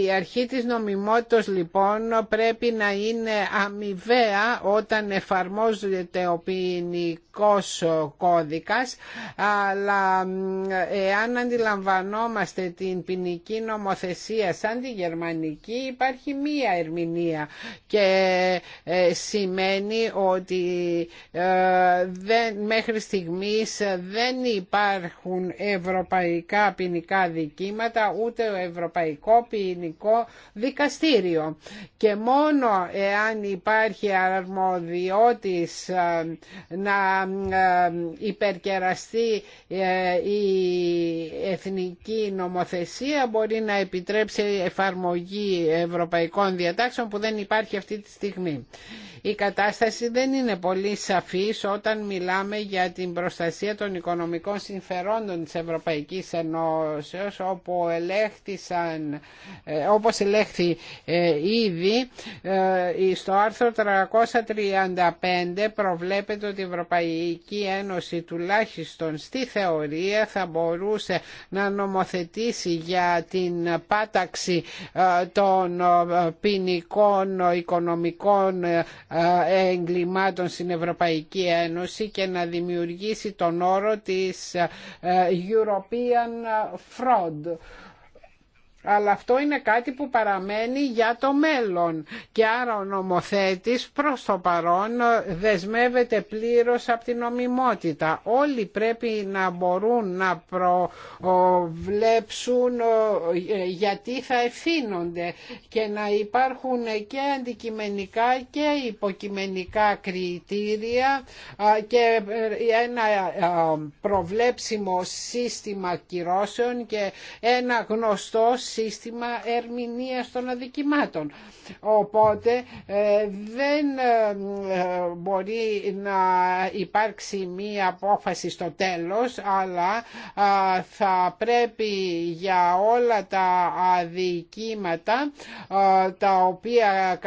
Η αρχή της νομιμότητας λοιπόν πρέπει να είναι αμοιβαία όταν εφαρμόζεται ο ποινικό κώδικας αλλά εάν αντιλαμβανόμαστε την ποινική νομοθεσία σαν τη γερμανική υπάρχει μία ερμηνεία και ε, σημαίνει ότι ε, δεν, μέχρι στιγμής δεν υπάρχουν ευρωπαϊκά ποινικά δικήματα ούτε ο ευρωπαϊκό ποινικό δικαστήριο. Και μόνο εάν υπάρχει αρμοδιότης ε, να ε, υπερκεραστεί ε, η εθνική νομοθεσία μπορεί να επιτρέψει εφαρμογή ευρωπαϊκών διατάξεων που δεν υπάρχει αυτή τη στιγμή. Η κατάσταση δεν είναι πολύ σαφής όταν μιλάμε για την προστασία των οικονομικών συμφερόντων της Ευρωπαϊκής Ενώσεως όπου ελέγχθησαν, ε, όπως ελέγχθη ε, ήδη ε, στο άρθρο 335 προβλέπεται ότι η Ευρωπαϊκή Ένωση τουλάχιστον στη θεωρία θα μπορούσε να νομοθετήσει για την πάταξη των ποινικών οικονομικών εγκλημάτων στην Ευρωπαϊκή Ένωση και να δημιουργήσει τον όρο της European Fraud αλλά αυτό είναι κάτι που παραμένει για το μέλλον και άρα ο νομοθέτης προς το παρόν δεσμεύεται πλήρως από την νομιμότητα. Όλοι πρέπει να μπορούν να προβλέψουν ε, γιατί θα ευθύνονται και να υπάρχουν και αντικειμενικά και υποκειμενικά κριτήρια ε, και ένα ε, προβλέψιμο σύστημα κυρώσεων και ένα γνωστό σύστημα ερμηνείας των αδικημάτων. Οπότε ε, δεν ε, μπορεί να υπάρξει μία απόφαση στο τέλος, αλλά θα πρέπει για όλα τα αδικήματα τα οποία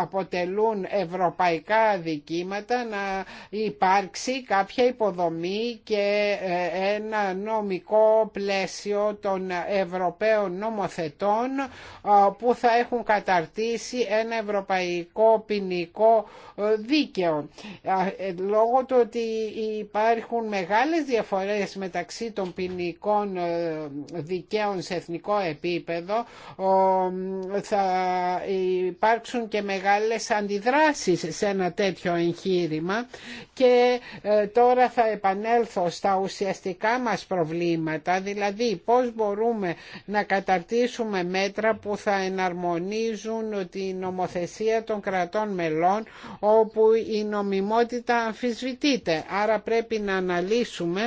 αποτελούν ευρωπαϊκά αδικήματα να υπάρξει κάποια υποδομή και ε, ένα νομικό πλαίσιο των Ευρωπαίων νόμων νομοθετών που θα έχουν καταρτήσει ένα ευρωπαϊκό ποινικό ε, δίκαιο. Ε, λόγω του ότι υπάρχουν μεγάλες διαφορές μεταξύ των ποινικών ε, δικαίων σε εθνικό επίπεδο θα υπάρξουν και μεγάλες αντιδράσεις σε ένα τέτοιο εγχείρημα και τώρα θα επανέλθω στα ουσιαστικά μας προβλήματα δηλαδή πώς μπορούμε να καταρτήσουμε ζητήσουμε μέτρα που θα εναρμονίζουν την νομοθεσία των κρατών μελών όπου η νομιμότητα αμφισβητείται. Άρα πρέπει να αναλύσουμε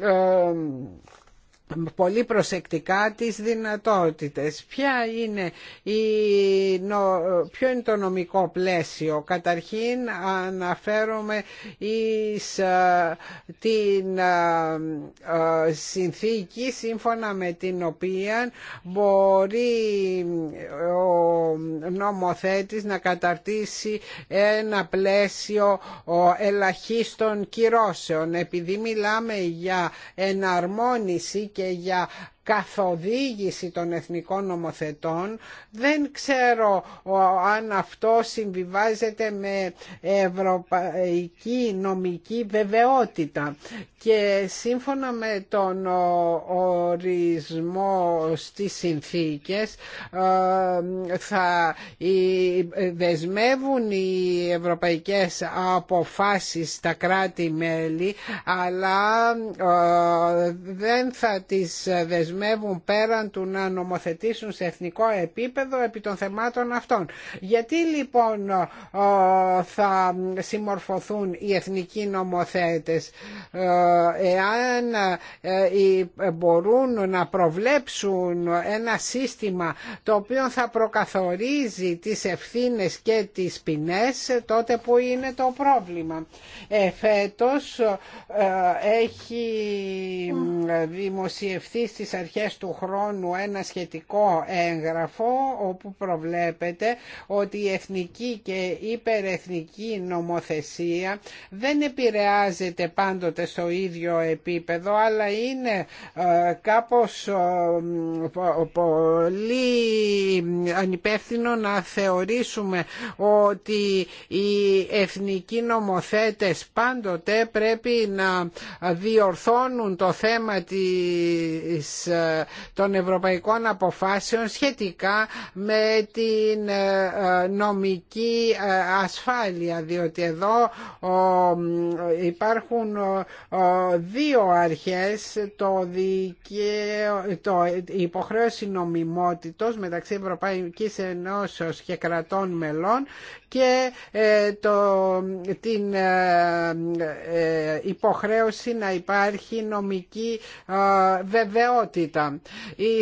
ε, πολύ προσεκτικά τις δυνατότητες. Ποια είναι η, ποιο είναι το νομικό πλαίσιο. Καταρχήν αναφέρομαι εις την συνθήκη σύμφωνα με την οποία μπορεί ο νομοθέτης να καταρτήσει ένα πλαίσιο ο, ελαχίστων κυρώσεων. Επειδή μιλάμε για εναρμόνιση και για καθοδήγηση των εθνικών νομοθετών. Δεν ξέρω αν αυτό συμβιβάζεται με ευρωπαϊκή νομική βεβαιότητα. Και σύμφωνα με τον ορισμό στις συνθήκες ε, θα ε, δεσμεύουν οι ευρωπαϊκές αποφάσεις στα κράτη-μέλη αλλά ε, δεν θα τις δεσμεύουν δεσμεύουν πέραν του να νομοθετήσουν σε εθνικό επίπεδο επί των θεμάτων αυτών. Γιατί λοιπόν θα συμμορφωθούν οι εθνικοί νομοθέτες εάν ε, μπορούν να προβλέψουν ένα σύστημα το οποίο θα προκαθορίζει τις ευθύνες και τις ποινές τότε που είναι το πρόβλημα. Ε, φέτος, ε, έχει δημοσιευθεί στις αρχές του χρόνου ένα σχετικό έγγραφο όπου προβλέπεται ότι η εθνική και υπερεθνική νομοθεσία δεν επηρεάζεται πάντοτε στο ίδιο επίπεδο αλλά είναι ε, κάπως ε, πολύ ανυπεύθυνο να θεωρήσουμε ότι οι εθνικοί νομοθέτες πάντοτε πρέπει να διορθώνουν το θέμα της ε, των ευρωπαϊκών αποφάσεων σχετικά με την ε, ε, νομική ασφάλεια διότι εδώ υπάρχουν δύο αρχές το δικαίω, το, υποχρέωση νομιμότητος μεταξύ Ευρωπαϊκής Ενώσεως και κρατών μελών και το, την υποχρέωση να υπάρχει νομική βεβαιότητα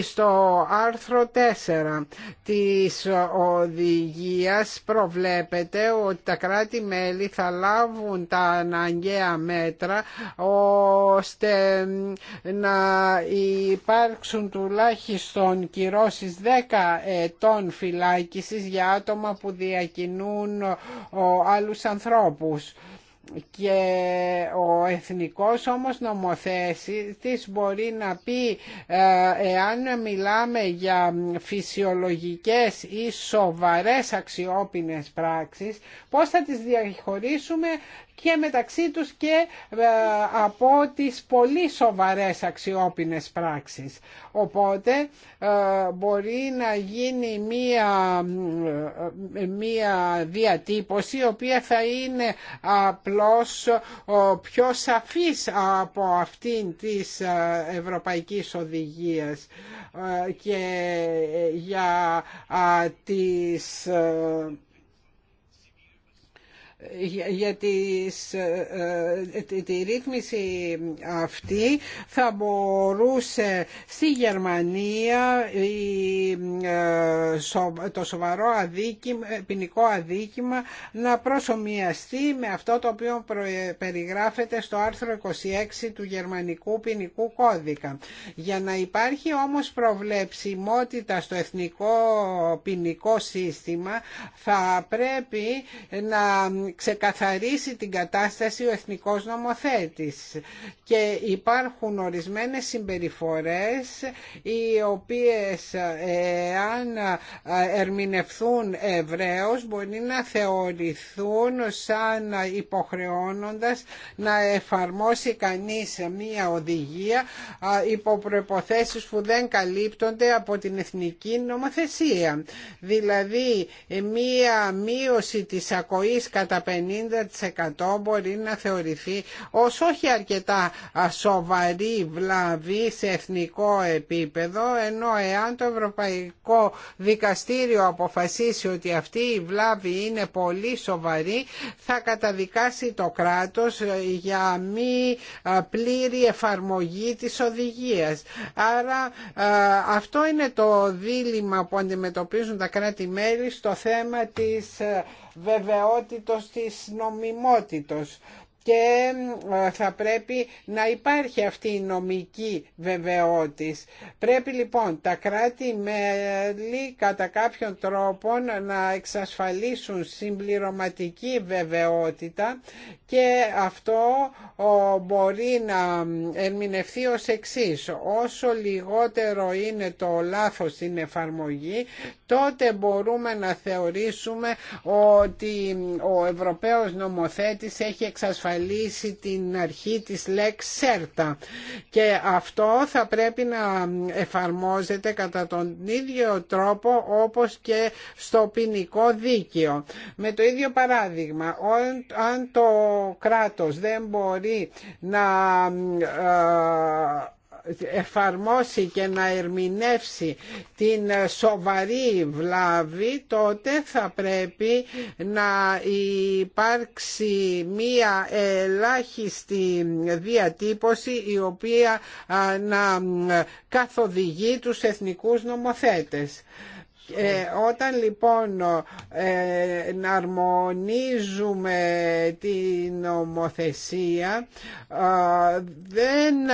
στο άρθρο 4 της οδηγίας προβλέπεται ότι τα κράτη-μέλη θα λάβουν τα αναγκαία μέτρα ώστε να υπάρξουν τουλάχιστον κυρώσεις 10 ετών φυλάκισης για άτομα που διακινούν άλλους ανθρώπους και ο εθνικός όμως τις μπορεί να πει ε, εάν μιλάμε για φυσιολογικές ή σοβαρές αξιόπινες πράξεις πώς θα τις διαχωρίσουμε και μεταξύ τους και ε, από τις πολύ σοβαρές αξιόπινες πράξεις. Οπότε ε, μπορεί να γίνει μία, ε, μία διατύπωση η οποία θα είναι απλώς πιο σαφής από αυτήν της Ευρωπαϊκής Οδηγίας και για τις για ε, ε, τη, ρύθμιση αυτή θα μπορούσε στη Γερμανία ε, το σοβαρό αδίκημα, ποινικό αδίκημα να προσωμιαστεί με αυτό το οποίο περιγράφεται στο άρθρο 26 του Γερμανικού Ποινικού Κώδικα. Για να υπάρχει όμως προβλεψιμότητα στο εθνικό ποινικό σύστημα θα πρέπει να ξεκαθαρίσει την κατάσταση ο εθνικός νομοθέτης και υπάρχουν ορισμένες συμπεριφορές οι οποίες ε, αν ερμηνευθούν ευρέως μπορεί να θεωρηθούν σαν υποχρεώνοντας να εφαρμόσει κανείς μία οδηγία υπό προϋποθέσεις που δεν καλύπτονται από την εθνική νομοθεσία. Δηλαδή μία μείωση της ακοής κατά 50% μπορεί να θεωρηθεί ως όχι αρκετά σοβαρή βλαβή σε εθνικό επίπεδο ενώ εάν το Ευρωπαϊκό Δικαστήριο αποφασίσει ότι αυτή η βλάβη είναι πολύ σοβαρή θα καταδικάσει το κράτος ε, για μη πλήρη εφαρμογή της οδηγίας. Άρα αυτό είναι το δίλημα που αντιμετωπίζουν τα κράτη-μέλη στο θέμα της ε, βεβαιότητος της νομιμότητος και ε, θα πρέπει να υπάρχει αυτή η νομική βεβαιότης. Πρέπει λοιπόν τα κράτη-μέλη κατά κάποιον τρόπο να εξασφαλίσουν συμπληρωματική βεβαιότητα και αυτό μπορεί να ερμηνευθεί ως εξής. Όσο λιγότερο είναι το λάθος στην εφαρμογή, τότε μπορούμε να θεωρήσουμε ότι ο Ευρωπαίος νομοθέτης έχει εξασφαλίσει την αρχή της λέξης σέρτα και αυτό θα πρέπει να εφαρμόζεται κατά τον ίδιο τρόπο όπως και στο ποινικό δίκαιο. Με το ίδιο παράδειγμα, αν το κράτος δεν μπορεί να ε, εφαρμόσει και να ερμηνεύσει την σοβαρή βλάβη τότε θα πρέπει να υπάρξει μία ελάχιστη διατύπωση η οποία να καθοδηγεί τους εθνικούς νομοθέτες. Ε, όταν λοιπόν ε, να αρμονίζουμε την νομοθεσία ε, δεν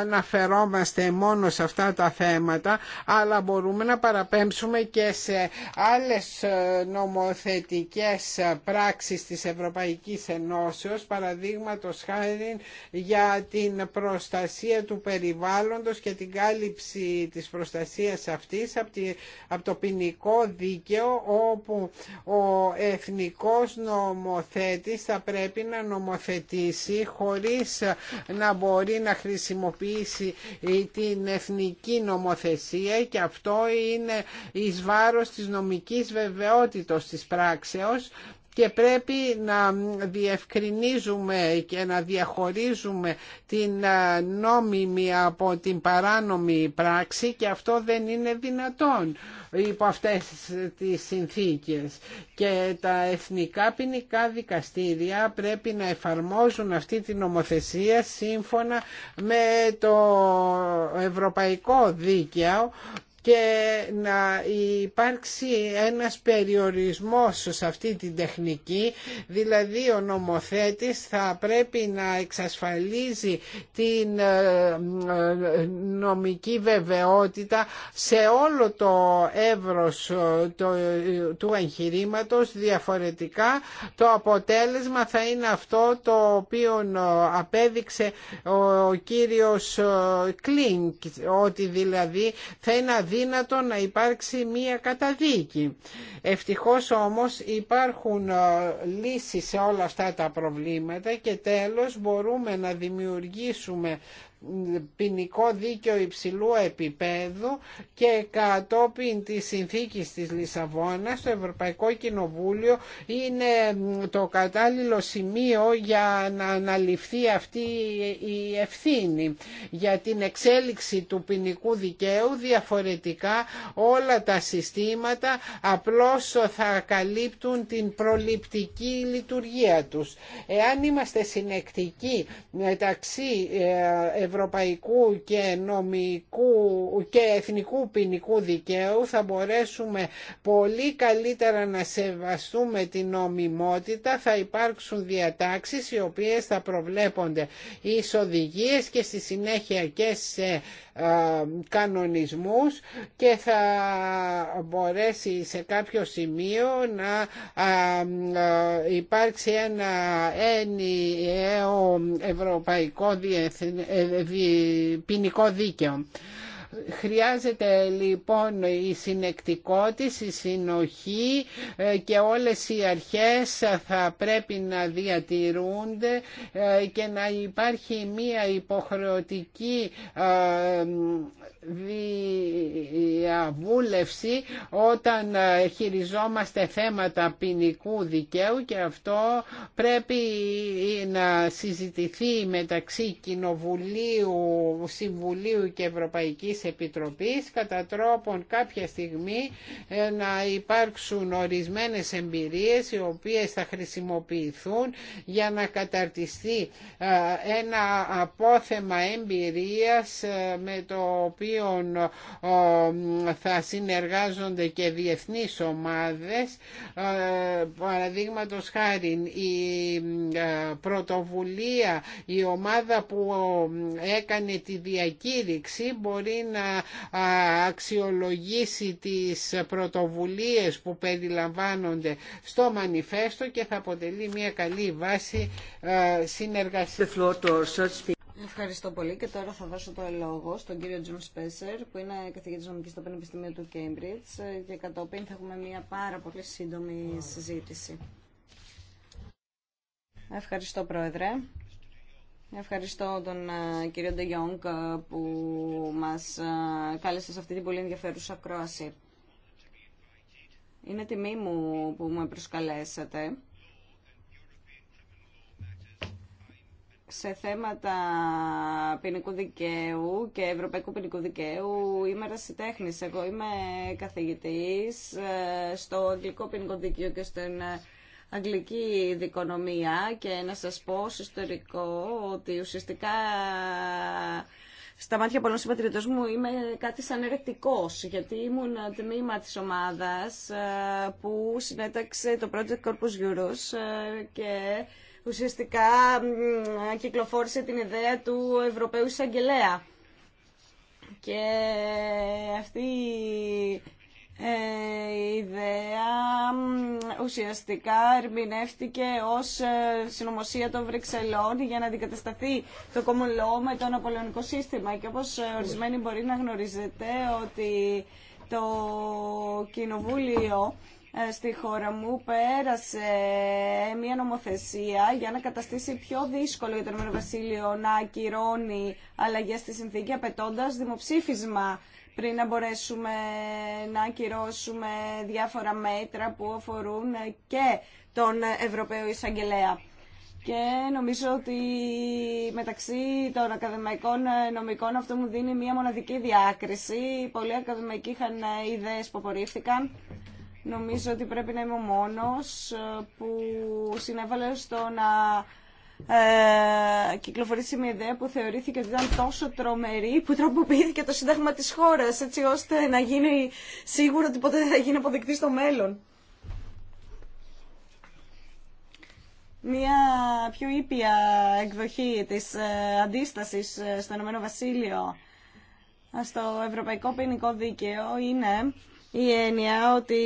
αναφερόμαστε μόνο σε αυτά τα θέματα αλλά μπορούμε να παραπέμψουμε και σε άλλες ε, νομοθετικές πράξεις της Ευρωπαϊκής Ενώσεως παραδείγματος χάρη για την προστασία του περιβάλλοντος και την κάλυψη της προστασίας αυτής από, τη, από το ποινικό δίκαιο όπου ο εθνικός νομοθέτης θα πρέπει να νομοθετήσει χωρίς να μπορεί να χρησιμοποιήσει την εθνική νομοθεσία και αυτό είναι εις βάρος της νομικής βεβαιότητας της πράξεως και πρέπει να διευκρινίζουμε και να διαχωρίζουμε την νόμιμη από την παράνομη πράξη και αυτό δεν είναι δυνατόν υπό αυτές τις συνθήκες και τα εθνικά ποινικά δικαστήρια πρέπει να εφαρμόζουν αυτή την νομοθεσία σύμφωνα με το ευρωπαϊκό δίκαιο και να υπάρξει ένας περιορισμός σε αυτή την τεχνική, δηλαδή ο νομοθέτης θα πρέπει να εξασφαλίζει την ε, ε, νομική βεβαιότητα σε όλο το εύρος ε, του εγχειρήματο διαφορετικά το αποτέλεσμα θα είναι αυτό το οποίο απέδειξε ο κύριος Κλίνκ ότι δηλαδή θα είναι αδύνατο να υπάρξει μία καταδίκη. Ευτυχώς όμως υπάρχουν ε, λύσεις σε όλα αυτά τα προβλήματα και τέλος μπορούμε να δημιουργήσουμε ποινικό δίκαιο υψηλού επίπεδου και κατόπιν της συνθήκης της Λισαβόνας το Ευρωπαϊκό Κοινοβούλιο είναι το κατάλληλο σημείο για να αναλυφθεί αυτή η ευθύνη για την εξέλιξη του ποινικού δικαίου διαφορετικά όλα τα συστήματα απλώς θα καλύπτουν την προληπτική λειτουργία τους. Εάν είμαστε συνεκτικοί μεταξύ ε, ευρωπαϊκού και νομικού και εθνικού ποινικού δικαίου θα μπορέσουμε πολύ καλύτερα να σεβαστούμε την νομιμότητα θα υπάρξουν διατάξεις οι οποίες θα προβλέπονται εις οδηγίες και στη συνέχεια και σε κανονισμούς και θα μπορέσει σε κάποιο σημείο να υπάρξει ένα ενιαίο ευρωπαϊκό ε, ποινικό δίκαιο. Χρειάζεται λοιπόν η συνεκτικότητα, η συνοχή ε, και όλες οι αρχές θα πρέπει να διατηρούνται ε, και να υπάρχει μία υποχρεωτική ε, διαβούλευση όταν ε, χειριζόμαστε θέματα ποινικού δικαίου και αυτό πρέπει να συζητηθεί μεταξύ Κοινοβουλίου, Συμβουλίου και Ευρωπαϊκής Επιτροπής κατά τρόπον κάποια στιγμή ε, να υπάρξουν ορισμένες εμπειρίες οι οποίες θα χρησιμοποιηθούν για να καταρτιστεί ε, ένα απόθεμα εμπειρίας με το οποίο θα συνεργάζονται και διεθνείς ομάδες ε, παραδείγματος χάρη η ε, πρωτοβουλία η ομάδα που ε, έκανε τη διακήρυξη μπορεί να αξιολογήσει τις πρωτοβουλίες που περιλαμβάνονται στο μανιφέστο και θα αποτελεί μια καλή βάση συνεργασίας. Ευχαριστώ πολύ και τώρα θα δώσω το λόγο στον κύριο Τζον Σπέσερ που είναι καθηγητής νομικής στο Πανεπιστημίο του Κέμπριτζ ε, και κατόπιν θα έχουμε μια πάρα πολύ σύντομη συζήτηση. Ευχαριστώ Πρόεδρε. Ευχαριστώ τον ε, κύριο Ντε ε, που μας κάλεσε σε αυτή την πολύ ενδιαφέρουσα ακρόαση. Είναι τιμή μου που με προσκαλέσατε σε θέματα ποινικού δικαίου και ευρωπαϊκού ποινικού δικαίου είμαι ρασιτέχνης. Εγώ είμαι καθηγητής ε, στο αγγλικό ποινικό δικαίο και στην ε, αγγλική δικονομία και να σας πω ως ιστορικό ότι ουσιαστικά στα μάτια πολλών συμπατριωτών μου είμαι κάτι σαν ερεκτικός, γιατί ήμουν τμήμα της ομάδας ε, που συνέταξε το Project Corpus Euros και ουσιαστικά κυκλοφόρησε την ιδέα του Ευρωπαίου Εισαγγελέα. Και αυτή ε, η ιδέα ουσιαστικά ερμηνεύτηκε ως ε, συνωμοσία των Βρυξελών για να αντικατασταθεί το common με το Ναπολεονικό σύστημα και όπως ε, ορισμένοι μπορεί να γνωρίζετε ότι το Κοινοβούλιο ε, στη χώρα μου πέρασε μια νομοθεσία για να καταστήσει πιο δύσκολο για το Ηνωμένο Βασίλειο να ακυρώνει αλλαγές στη συνθήκη απαιτώντα δημοψήφισμα πριν να μπορέσουμε να ακυρώσουμε διάφορα μέτρα που αφορούν και τον Ευρωπαίο Εισαγγελέα. Και νομίζω ότι μεταξύ των ακαδημαϊκών νομικών αυτό μου δίνει μία μοναδική διάκριση. Πολλοί ακαδημαϊκοί είχαν ιδέες που απορρίφθηκαν Νομίζω ότι πρέπει να είμαι ο μόνος ε, που συνέβαλε στο να ε, κυκλοφορήσει μια ιδέα που θεωρήθηκε ότι ήταν τόσο τρομερή που τροποποιήθηκε το σύνταγμα της χώρας έτσι ώστε να γίνει σίγουρο ότι ποτέ δεν θα γίνει αποδεκτή στο μέλλον. Μια πιο ήπια εκδοχή της ε, αντίστασης στο Ηνωμένο Βασίλειο στο Ευρωπαϊκό Ποινικό Δίκαιο είναι η έννοια ότι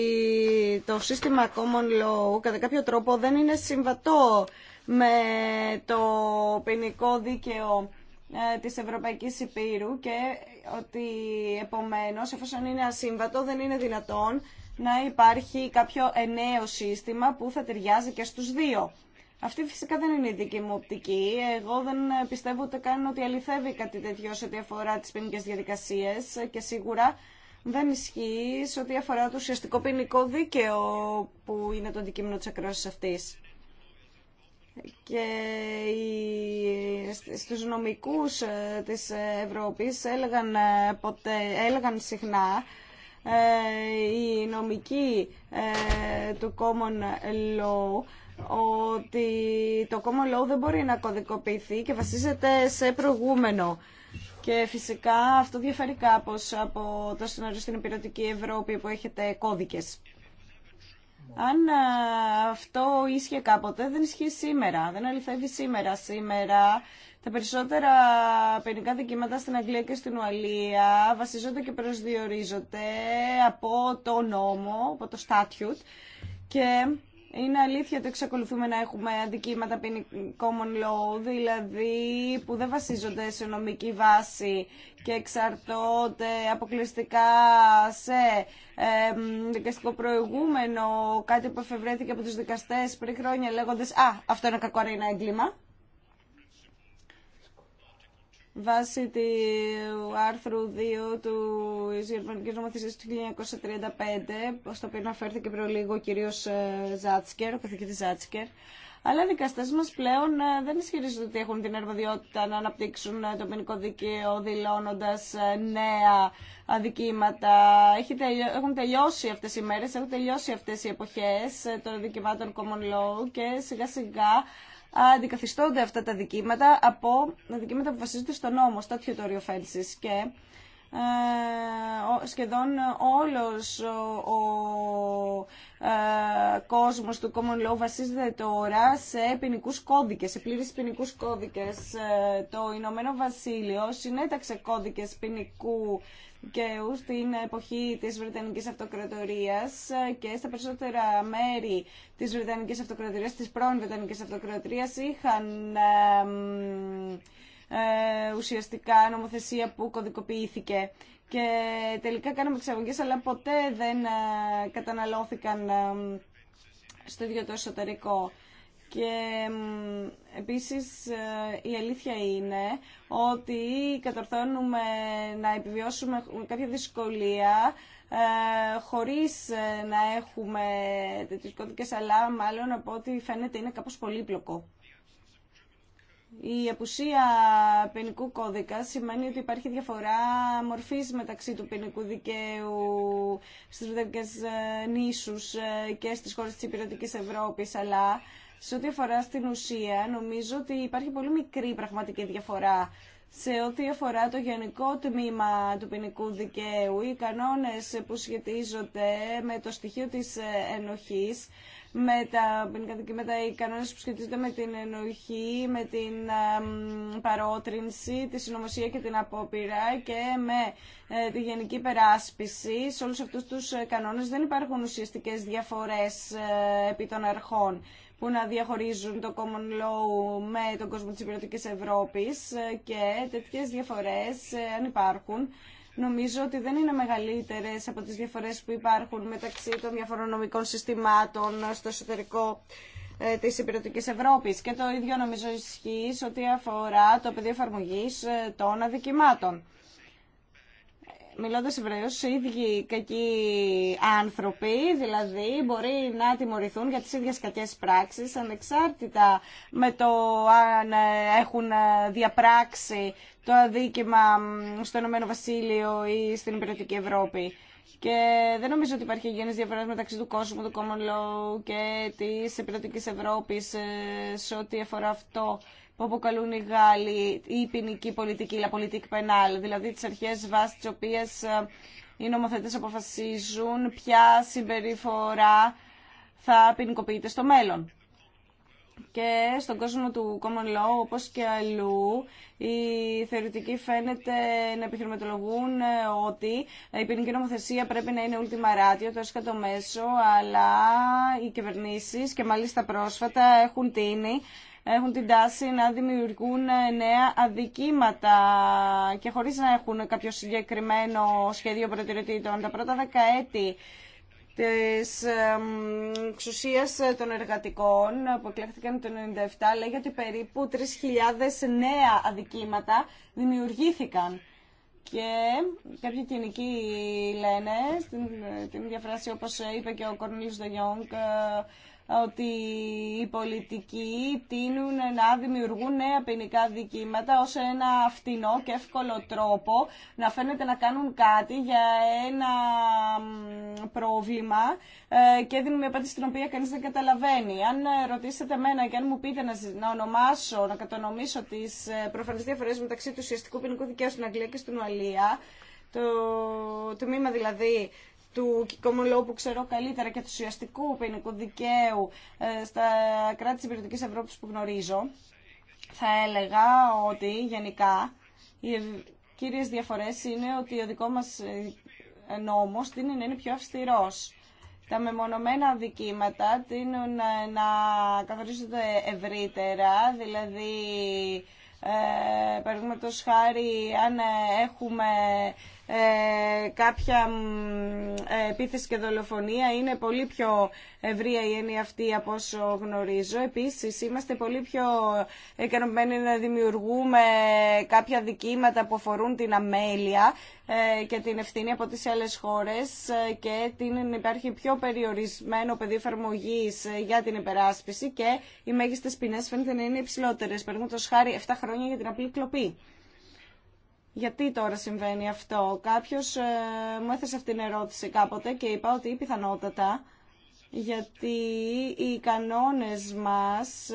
το σύστημα common law κατά κάποιο τρόπο δεν είναι συμβατό με το ποινικό δίκαιο ε, της Ευρωπαϊκής Υπήρου και ότι επομένως εφόσον είναι ασύμβατο δεν είναι δυνατόν να υπάρχει κάποιο ενέο σύστημα που θα ταιριάζει και στους δύο. Αυτή φυσικά δεν είναι η δική μου οπτική. Εγώ δεν πιστεύω ούτε καν ότι αληθεύει κάτι τέτοιο σε ό,τι αφορά τις ποινικές διαδικασίες και σίγουρα δεν ισχύει σε ό,τι αφορά το ουσιαστικό ποινικό δίκαιο που είναι το αντικείμενο της ακρόασης αυτής. Και στους νομικούς ε, της Ευρώπης έλεγαν, ε, ποτέ, έλεγαν συχνά ε, οι νομικοί του Common Law ότι το Common Law δεν μπορεί να κωδικοποιηθεί και βασίζεται σε προηγούμενο. Και φυσικά αυτό διαφέρει κάπως από το σύνορο στην υπηρετική Ευρώπη που έχετε κώδικες. Αν αυτό ίσχυε κάποτε, δεν ισχύει σήμερα, δεν αληθεύει σήμερα. Σήμερα τα περισσότερα ποινικά δικήματα στην Αγγλία και στην Ουαλία βασίζονται και προσδιορίζονται από το νόμο, από το statute και είναι αλήθεια ότι εξακολουθούμε να έχουμε αντικείμενα common law, δηλαδή που δεν βασίζονται σε νομική βάση και εξαρτώνται αποκλειστικά σε ε, δικαστικό προηγούμενο, κάτι που εφευρέθηκε από τους δικαστές πριν χρόνια λέγοντας «Α, αυτό είναι κακό, είναι είναι έγκλημα» βάσει του άρθρου 2 του Γερμανική Νομοθεσίας του 1935, στο οποίο αναφέρθηκε πριν λίγο ο κύριο ε, Ζάτσκερ, ο καθηγητή Ζάτσκερ, αλλά οι δικαστέ μα πλέον ε, δεν ισχυρίζονται ότι έχουν την αρμοδιότητα να αναπτύξουν ε, το ποινικό δικαίωμα δηλώνοντα νέα αδικήματα. Έχουν τελειώσει αυτέ οι μέρε, έχουν τελειώσει αυτέ οι εποχέ των δικαιωμάτων common law και σιγά σιγά αντικαθιστώνται αυτά τα δικήματα από δικήματα που βασίζονται στο νόμο, στο τέτοιο το Και ε, σχεδόν όλος ο ε, κόσμος του common law βασίζεται τώρα σε ποινικού κώδικες, σε πλήρες ποινικού κώδικες. Ε, το Ηνωμένο Βασίλειο συνέταξε κώδικες ποινικού και στην εποχή της Βρετανικής Αυτοκρατορίας και στα περισσότερα μέρη της Βρετανικής Αυτοκρατορίας, της πρώην Βρετανικής Αυτοκρατορίας είχαν ε, ουσιαστικά νομοθεσία που κωδικοποιήθηκε. Και τελικά κάναμε εξαγωγές, αλλά ποτέ δεν ε, καταναλώθηκαν ε, στο ίδιο το εσωτερικό. Και επίσης η αλήθεια είναι ότι κατορθώνουμε να επιβιώσουμε κάποια δυσκολία χωρίς να έχουμε τέτοιες κώδικες, αλλά μάλλον από ό,τι φαίνεται είναι κάπως πολύπλοκο. Η απουσία ποινικού κώδικα σημαίνει ότι υπάρχει διαφορά μορφής μεταξύ του ποινικού δικαίου στι δικές ε, νήσους ε, και στις χώρε τη υπηρετική Ευρώπη. αλλά σε ό,τι αφορά στην ουσία νομίζω ότι υπάρχει πολύ μικρή πραγματική διαφορά σε ό,τι αφορά το γενικό τμήμα του ποινικού δικαίου, οι κανόνες που σχετίζονται με το στοιχείο της ενοχής, με τα ποινικά δικαιώματα, οι κανόνες που σχετίζονται με την ενοχή, με την α, παρότρινση, τη συνωμοσία και την απόπειρα και με ε, τη γενική περάσπιση. Σε όλους αυτούς τους κανόνες δεν υπάρχουν ουσιαστικές διαφορές ε, επί των αρχών που να διαχωρίζουν το common law με τον κόσμο της υπηρετικής Ευρώπης και τέτοιες διαφορές, ε, αν υπάρχουν, νομίζω ότι δεν είναι μεγαλύτερες από τις διαφορές που υπάρχουν μεταξύ των διαφορών νομικών συστημάτων στο εσωτερικό ε, της Υπηρετική Ευρώπης. Και το ίδιο νομίζω ισχύει ό,τι αφορά το πεδίο εφαρμογή ε, των αδικημάτων μιλώντα Εβραίου, οι ίδιοι κακοί άνθρωποι, δηλαδή, μπορεί να τιμωρηθούν για τι ίδιε κακέ πράξει, ανεξάρτητα με το αν ε, έχουν ε, διαπράξει το αδίκημα στο Ηνωμένο Βασίλειο ή στην Υπηρετική Ευρώπη. Και δεν νομίζω ότι υπάρχει γέννη διαφορά μεταξύ του κόσμου, του common law και τη Υπηρετική Ευρώπη ε, σε ό,τι αφορά αυτό που αποκαλούν οι Γάλλοι η ποινική πολιτική, la politique penale, δηλαδή τις αρχές βάσει τις οποίες ε, οι νομοθετές αποφασίζουν ποια συμπεριφορά θα ποινικοποιείται στο μέλλον. Και στον κόσμο του common law, όπως και αλλού, οι θεωρητικοί φαίνεται να επιχειρηματολογούν ε, ότι η ποινική νομοθεσία πρέπει να είναι ultima ratio, το έσκατο μέσο, αλλά οι κυβερνήσεις και μάλιστα πρόσφατα έχουν τίνει έχουν την τάση να δημιουργούν νέα αδικήματα και χωρίς να έχουν κάποιο συγκεκριμένο σχέδιο προτεραιοτήτων. Τα πρώτα δεκαέτη της εξουσία των εργατικών που εκλέχθηκαν το 1997 λέγεται ότι περίπου 3.000 νέα αδικήματα δημιουργήθηκαν. Και κάποιοι κοινικοί λένε, στην, την διαφράση όπως είπε και ο Κορνίλης Δεγιόγκ, ότι οι πολιτικοί τείνουν να δημιουργούν νέα ποινικά δικήματα ως ένα φτηνό και εύκολο τρόπο να φαίνεται να κάνουν κάτι για ένα πρόβλημα ε, και δίνουν μια απάντηση την οποία κανείς δεν καταλαβαίνει. Αν ρωτήσετε μένα και αν μου πείτε να ονομάσω, να κατονομήσω τις ε, προφανείς διαφορές μεταξύ του ουσιαστικού ποινικού δικαίου στην Αγγλία και στην Ουαλία, το τμήμα δηλαδή του κοικομολόγου που ξέρω καλύτερα και του ουσιαστικού ποινικού δικαίου ε, στα κράτη της Υπηρετικής Ευρώπης που γνωρίζω, θα έλεγα ότι γενικά οι κύριες διαφορές είναι ότι ο δικό μας ε, νόμος τίνει να είναι πιο αυστηρός. Τα μεμονωμένα δικήματα τείνουν να, να καθορίζονται ευρύτερα, δηλαδή ε, παραδείγματο χάρη αν έχουμε ε, κάποια ε, επίθεση και δολοφονία. Είναι πολύ πιο ευρία η έννοια αυτή από όσο γνωρίζω. Επίσης, είμαστε πολύ πιο ικανοποιημένοι να δημιουργούμε κάποια δικήματα που αφορούν την αμέλεια ε, και την ευθύνη από τις άλλες χώρες ε, και την, υπάρχει πιο περιορισμένο πεδίο εφαρμογή ε, για την υπεράσπιση και οι μέγιστες ποινές φαίνεται να είναι υψηλότερες. Περνούν χάρη 7 χρόνια για την απλή κλοπή. Γιατί τώρα συμβαίνει αυτό. Κάποιος ε, μου έθεσε αυτήν την ερώτηση κάποτε και είπα ότι πιθανότατα γιατί οι κανόνες μας,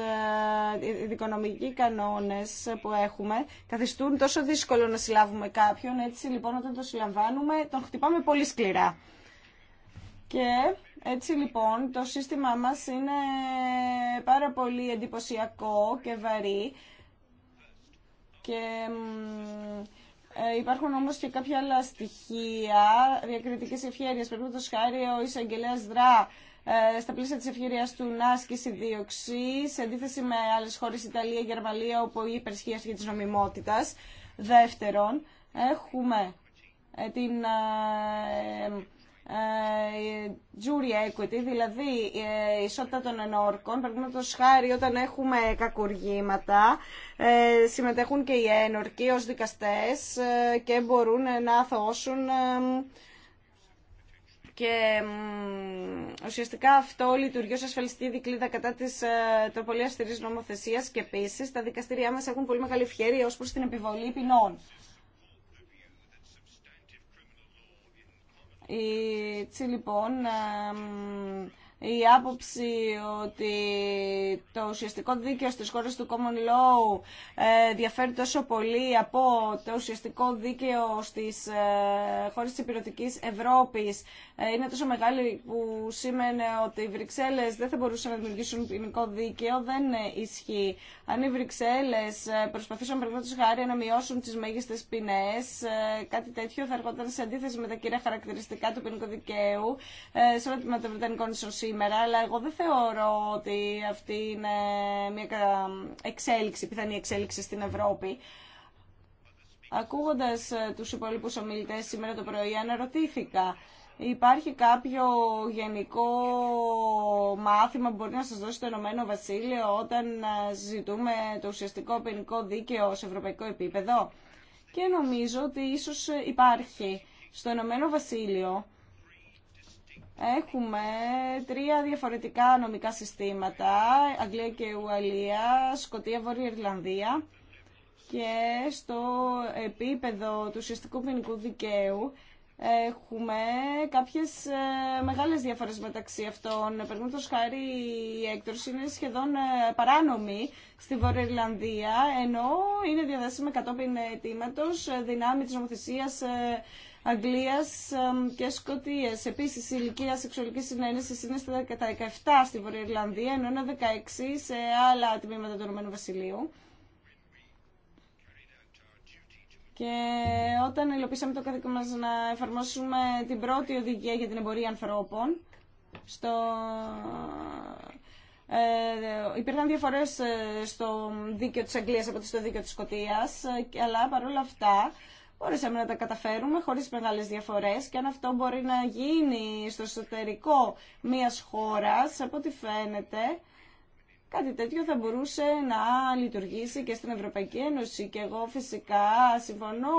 ε, οι δικονομικοί κανόνες που έχουμε, καθιστούν τόσο δύσκολο να συλλάβουμε κάποιον, έτσι λοιπόν όταν το συλλαμβάνουμε τον χτυπάμε πολύ σκληρά. Και έτσι λοιπόν το σύστημά μας είναι πάρα πολύ εντυπωσιακό και βαρύ και ε, υπάρχουν όμως και κάποια άλλα στοιχεία διακριτικέ ευχέρειας. το χάρη ο εισαγγελέα δρά ε, στα πλαίσια τη ευκαιρία του να ασκήσει δίωξη, σε αντίθεση με άλλε χώρε, Ιταλία, Γερμανία, όπου υπερισχύει αρχή τη νομιμότητα. Δεύτερον, έχουμε ε, την ε, ε, jury equity, δηλαδή ε, η ισότητα των ενόρκων, παραδείγματο χάρη όταν έχουμε κακουργήματα, ε, συμμετέχουν και οι ένορκοι ως δικαστές και μπορούν να αθώσουν και ουσιαστικά αυτό λειτουργεί ως ασφαλιστική δικλίδα κατά της ε, πολύ αυστηρής νομοθεσίας και επίση τα δικαστήριά μας έχουν πολύ μεγάλη ευχαίρεια ως προς την επιβολή ποινών. Έτσι λοιπόν ε, η άποψη ότι το ουσιαστικό δίκαιο στις χώρες του Common Law ε, διαφέρει τόσο πολύ από το ουσιαστικό δίκαιο στις ε, χώρες της υπηρετικής Ευρώπης ε, είναι τόσο μεγάλη που σήμαινε ότι οι Βρυξέλλες δεν θα μπορούσαν να δημιουργήσουν ποινικό δίκαιο, δεν ισχύει. Αν οι Βρυξέλλες προσπαθούσαν του χάρη να μειώσουν τις μέγιστες ποινές, κάτι τέτοιο θα έρχονταν σε αντίθεση με τα κυρία χαρακτηριστικά του ποινικού δικαίου σε όλα τα σήμερα, αλλά εγώ δεν θεωρώ ότι αυτή είναι μια εξέλιξη, πιθανή εξέλιξη στην Ευρώπη. Ακούγοντας ε, τους υπόλοιπους ομιλητές σήμερα το πρωί, αναρωτήθηκα Υπάρχει κάποιο γενικό μάθημα που μπορεί να σας δώσει το Ηνωμένο Βασίλειο όταν ε, ζητούμε το ουσιαστικό ποινικό δίκαιο σε ευρωπαϊκό επίπεδο. Και νομίζω ότι ίσως ε, υπάρχει. Στο Ενωμένο Βασίλειο Έχουμε τρία διαφορετικά νομικά συστήματα, Αγγλία και Ουαλία, Σκοτία, Βόρεια Ιρλανδία και στο επίπεδο του ουσιαστικού ποινικού δικαίου έχουμε κάποιες ε, μεγάλες διαφορές μεταξύ αυτών. Παραδείγματος χάρη η έκτορση είναι σχεδόν ε, παράνομη στη Βόρεια Ιρλανδία, ενώ είναι διαδέσιμη κατόπιν αιτήματος ε, δυνάμει της νομοθεσίας Αγγλίας και Σκοτίας. Επίσης, η ηλικία σεξουαλικής συνένεσης είναι στα 17 στη Βορεια Ιρλανδία, ενώ είναι 16 σε άλλα τμήματα του Ηνωμένου Βασιλείου. Και όταν υλοποίησαμε το καθήκον μας να εφαρμόσουμε την πρώτη οδηγία για την εμπορία ανθρώπων, στο... Ε, υπήρχαν διαφορές ε, στο δίκαιο της Αγγλίας από το δίκαιο της Σκοτίας, ε, αλλά παρόλα αυτά μπορέσαμε να τα καταφέρουμε χωρίς μεγάλες διαφορές και αν αυτό μπορεί να γίνει στο εσωτερικό μιας χώρας, από ό,τι φαίνεται, κάτι τέτοιο θα μπορούσε να λειτουργήσει και στην Ευρωπαϊκή Ένωση. Και εγώ φυσικά συμφωνώ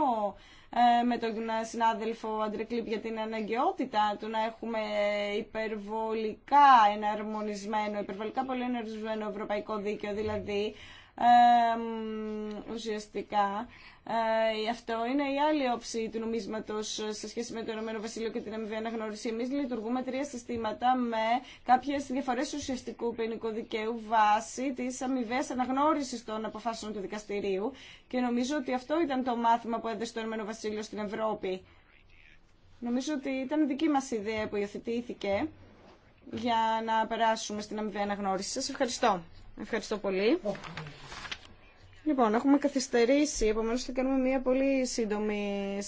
ε, με τον συνάδελφο Αντρικλίπ για την αναγκαιότητα του να έχουμε υπερβολικά εναρμονισμένο, υπερβολικά πολύ εναρμονισμένο ευρωπαϊκό δίκαιο, δηλαδή ουσιαστικά ε, αυτό είναι η άλλη όψη του νομίσματο σε σχέση με το Ηνωμένο Βασίλειο και την αμοιβή αναγνώριση. Εμεί λειτουργούμε τρία συστήματα με κάποιε διαφορέ ουσιαστικού ποινικού δικαίου βάσει τη αμοιβή αναγνώριση των αποφάσεων του δικαστηρίου και νομίζω ότι αυτό ήταν το μάθημα που έδωσε το Ηνωμένο Βασίλειο στην Ευρώπη. Νομίζω ότι ήταν δική μα ιδέα που υιοθετήθηκε για να περάσουμε στην αμοιβή αναγνώριση. Σα ευχαριστώ. Ευχαριστώ πολύ. Λοιπόν, έχουμε καθυστερήσει, επομένω θα κάνουμε μια πολύ σύντομη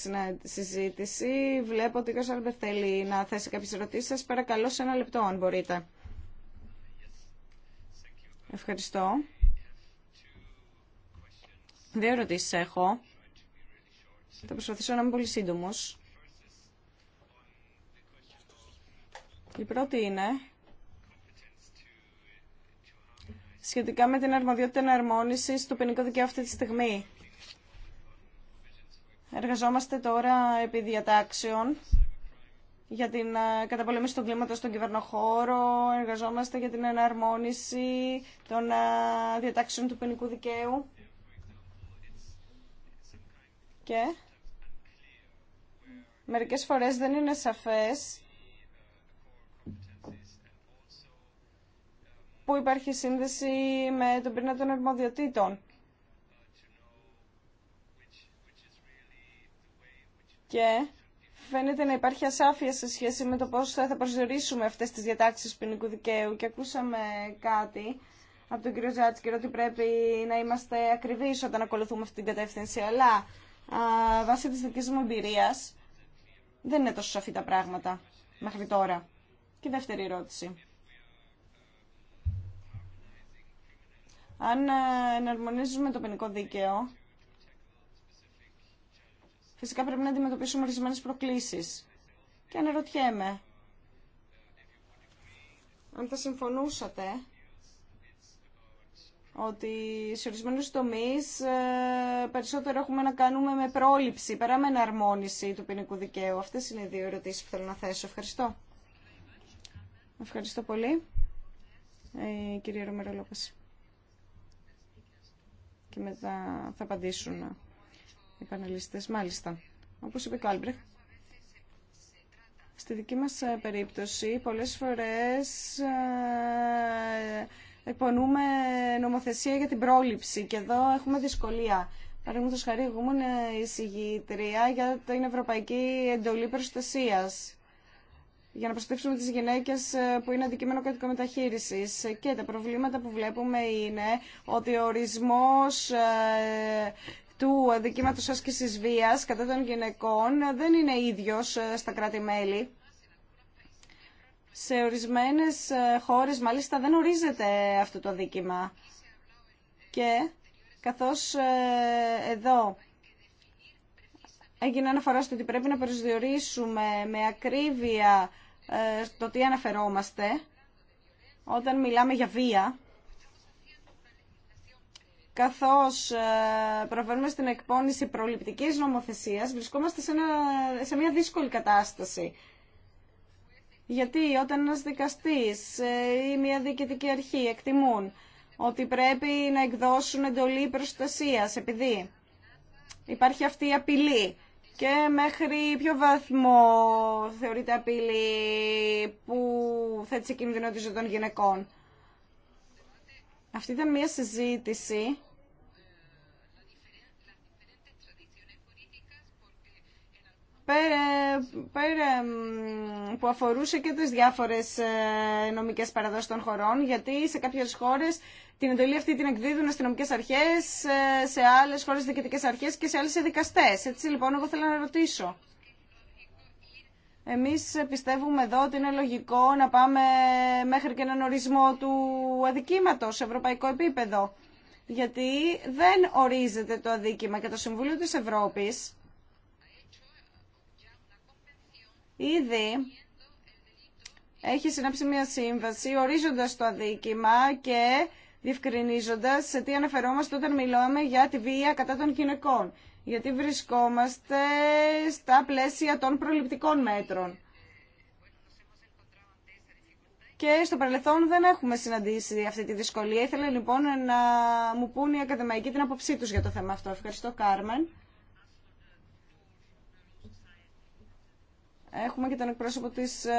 συζήτηση. Βλέπω ότι ο Σάρμπερ θέλει να θέσει κάποιε ερωτήσει. Σα παρακαλώ σε ένα λεπτό, αν μπορείτε. Ευχαριστώ. Δύο ερωτήσει έχω. Θα προσπαθήσω να είμαι πολύ σύντομο. Η πρώτη είναι σχετικά με την αρμοδιότητα εναρμόνισης του ποινικού δικαίου αυτή τη στιγμή. Εργαζόμαστε τώρα επί διατάξεων για την ε, καταπολέμηση του κλίματος στον κυβερνοχώρο, εργαζόμαστε για την εναρμόνιση των ε, διατάξεων του ποινικού δικαίου. Και μερικές φορές δεν είναι σαφές που υπάρχει σύνδεση με τον πυρήνα των αρμοδιοτήτων. Και φαίνεται να υπάρχει ασάφεια σε σχέση με το πώς θα προσδιορίσουμε αυτές τις διατάξεις ποινικού δικαίου. Και ακούσαμε κάτι από τον κύριο Ζάτσκερ ότι πρέπει να είμαστε ακριβείς όταν ακολουθούμε αυτή την κατεύθυνση. Αλλά α, βάσει της δικής μου εμπειρία δεν είναι τόσο σαφή τα πράγματα μέχρι τώρα. Και δεύτερη ερώτηση. Αν ε, εναρμονίζουμε το ποινικό δίκαιο, φυσικά πρέπει να αντιμετωπίσουμε ορισμένε προκλήσεις. Και αναρωτιέμαι, αν θα συμφωνούσατε ότι σε ορισμένου τομεί ε, περισσότερο έχουμε να κάνουμε με πρόληψη παρά με εναρμόνιση του ποινικού δικαίου. Αυτές είναι οι δύο ερωτήσεις που θέλω να θέσω. Ευχαριστώ. Ευχαριστώ πολύ. Ε, κυρία λόπε και μετά θα απαντήσουν οι πανελιστές. Μάλιστα, όπως είπε Κάλμπρεχ, στη δική μας ε, περίπτωση πολλές φορές ε, εκπονούμε νομοθεσία για την πρόληψη και εδώ έχουμε δυσκολία. Παραδείγματο χαρή, ε, εισηγήτρια για την Ευρωπαϊκή Εντολή Προστασία για να προστατεύσουμε τις γυναίκες ε, που είναι αντικείμενο κρατικών μεταχείρισης. Και τα προβλήματα που βλέπουμε είναι ότι ο ορισμός ε, του αδικήματος άσκησης βίας κατά των γυναικών δεν είναι ίδιος ε, στα κράτη-μέλη. Σε ορισμένες χώρες μάλιστα δεν ορίζεται αυτό το δίκημα. Και καθώς εδώ έγινε αναφορά στο ότι πρέπει να προσδιορίσουμε με ακρίβεια ε, Το τι αναφερόμαστε όταν μιλάμε για βία καθώς ε, προφέρουμε στην εκπόνηση προληπτικής νομοθεσίας, βρισκόμαστε σε, μια δύσκολη κατάσταση. Γιατί όταν ένας δικαστής ε, ή μια διοικητική αρχή εκτιμούν ότι πρέπει να εκδώσουν εντολή προστασίας επειδή υπάρχει αυτή η απειλή και μέχρι ποιο βαθμό θεωρείται απειλή που θέτει σε κίνδυνο τη ζωή των γυναικών. Αυτή ήταν μια συζήτηση που αφορούσε και τις διάφορες ε, νομικές παραδόσεις των χωρών, γιατί σε κάποιες χώρες την εντολή αυτή την εκδίδουν αστυνομικές αρχές, ε, σε άλλες χώρες διοικητικές αρχές και σε άλλες δικαστές. Έτσι λοιπόν εγώ θέλω να ρωτήσω. Εμείς πιστεύουμε εδώ ότι είναι λογικό να πάμε μέχρι και έναν ορισμό του αδικήματος σε ευρωπαϊκό επίπεδο. Γιατί δεν ορίζεται το αδίκημα και το Συμβούλιο της Ευρώπης ήδη έχει συνάψει μια σύμβαση ορίζοντας το αδίκημα και διευκρινίζοντας σε τι αναφερόμαστε όταν μιλάμε για τη βία κατά των γυναικών. Γιατί βρισκόμαστε στα πλαίσια των προληπτικών μέτρων. Και στο παρελθόν δεν έχουμε συναντήσει αυτή τη δυσκολία. Ήθελα λοιπόν να μου πούν οι ακαδημαϊκοί την άποψή τους για το θέμα αυτό. Ευχαριστώ Κάρμεν. Έχουμε και τον εκπρόσωπο της ε,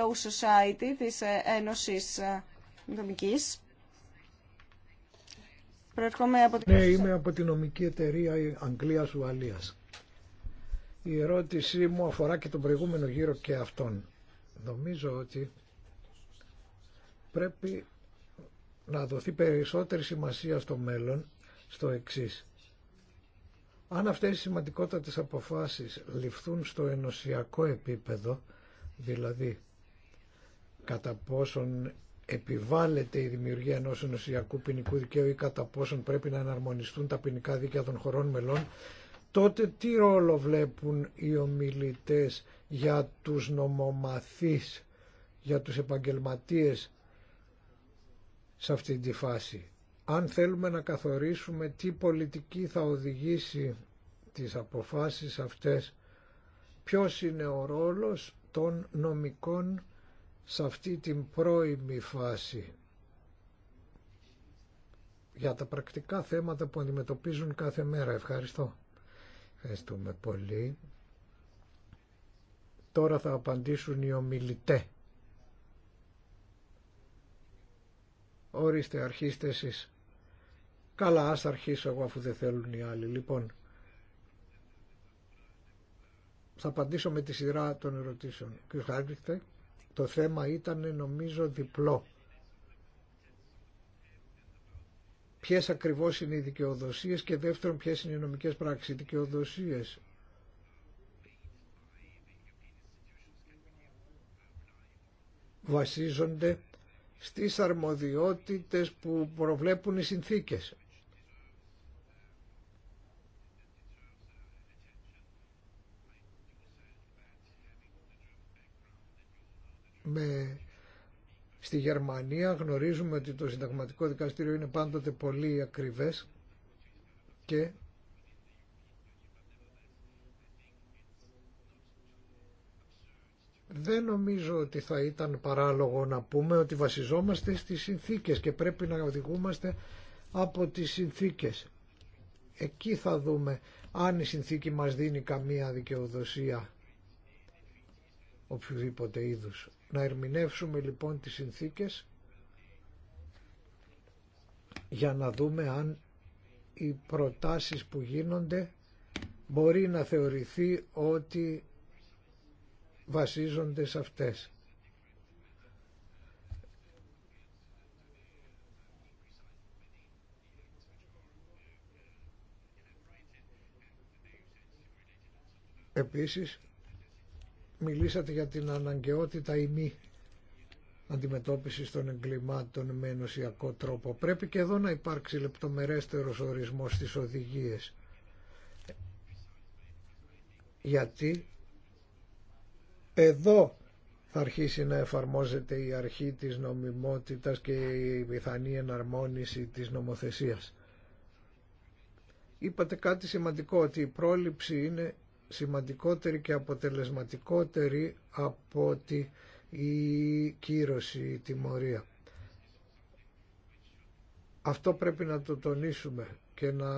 Low Society, της ε, Ένωσης ε, Νομικής. Προερχόμαι από την... Ναι, είμαι από την νομική εταιρεία Αγγλίας-Ουαλίας. Η ερώτησή μου αφορά και τον προηγούμενο γύρο και αυτόν. Νομίζω ότι πρέπει να δοθεί περισσότερη σημασία στο μέλλον στο εξής. Αν αυτές οι σημαντικότατες αποφάσεις ληφθούν στο ενωσιακό επίπεδο, δηλαδή κατά πόσον επιβάλλεται η δημιουργία ενός ενωσιακού ποινικού δικαίου ή κατά πόσον πρέπει να εναρμονιστούν τα ποινικά δίκαια των χωρών μελών, τότε τι ρόλο βλέπουν οι ομιλητές για τους νομομαθείς, για τους επαγγελματίες σε αυτή τη φάση αν θέλουμε να καθορίσουμε τι πολιτική θα οδηγήσει τις αποφάσεις αυτές, ποιος είναι ο ρόλος των νομικών σε αυτή την πρώιμη φάση για τα πρακτικά θέματα που αντιμετωπίζουν κάθε μέρα. Ευχαριστώ. Ευχαριστούμε πολύ. Τώρα θα απαντήσουν οι ομιλητές. Ορίστε, αρχίστε εσείς. Καλά, ας αρχίσω εγώ αφού δεν θέλουν οι άλλοι. Λοιπόν, θα απαντήσω με τη σειρά των ερωτήσεων. Κύριε το θέμα ήταν νομίζω διπλό. Ποιε ακριβώ είναι οι δικαιοδοσίε και δεύτερον ποιε είναι οι νομικέ πράξεις. Οι δικαιοδοσίες βασίζονται στις αρμοδιότητες που προβλέπουν οι συνθήκες. Με... Στη Γερμανία γνωρίζουμε ότι το συνταγματικό δικαστήριο είναι πάντοτε πολύ ακριβές και Δεν νομίζω ότι θα ήταν παράλογο να πούμε ότι βασιζόμαστε στις συνθήκες και πρέπει να οδηγούμαστε από τις συνθήκες. Εκεί θα δούμε αν η συνθήκη μας δίνει καμία δικαιοδοσία οποιοδήποτε είδους. Να ερμηνεύσουμε λοιπόν τις συνθήκες για να δούμε αν οι προτάσεις που γίνονται μπορεί να θεωρηθεί ότι βασίζονται σε αυτές. Επίσης, μιλήσατε για την αναγκαιότητα ή μη αντιμετώπισης των εγκλημάτων με ενωσιακό τρόπο. Πρέπει και εδώ να υπάρξει λεπτομερέστερος ορισμός στις οδηγίες. Γιατί εδώ θα αρχίσει να εφαρμόζεται η αρχή της νομιμότητας και η πιθανή εναρμόνιση της νομοθεσίας. Είπατε κάτι σημαντικό, ότι η πρόληψη είναι σημαντικότερη και αποτελεσματικότερη από ότι η κύρωση, η τιμωρία. Αυτό πρέπει να το τονίσουμε και να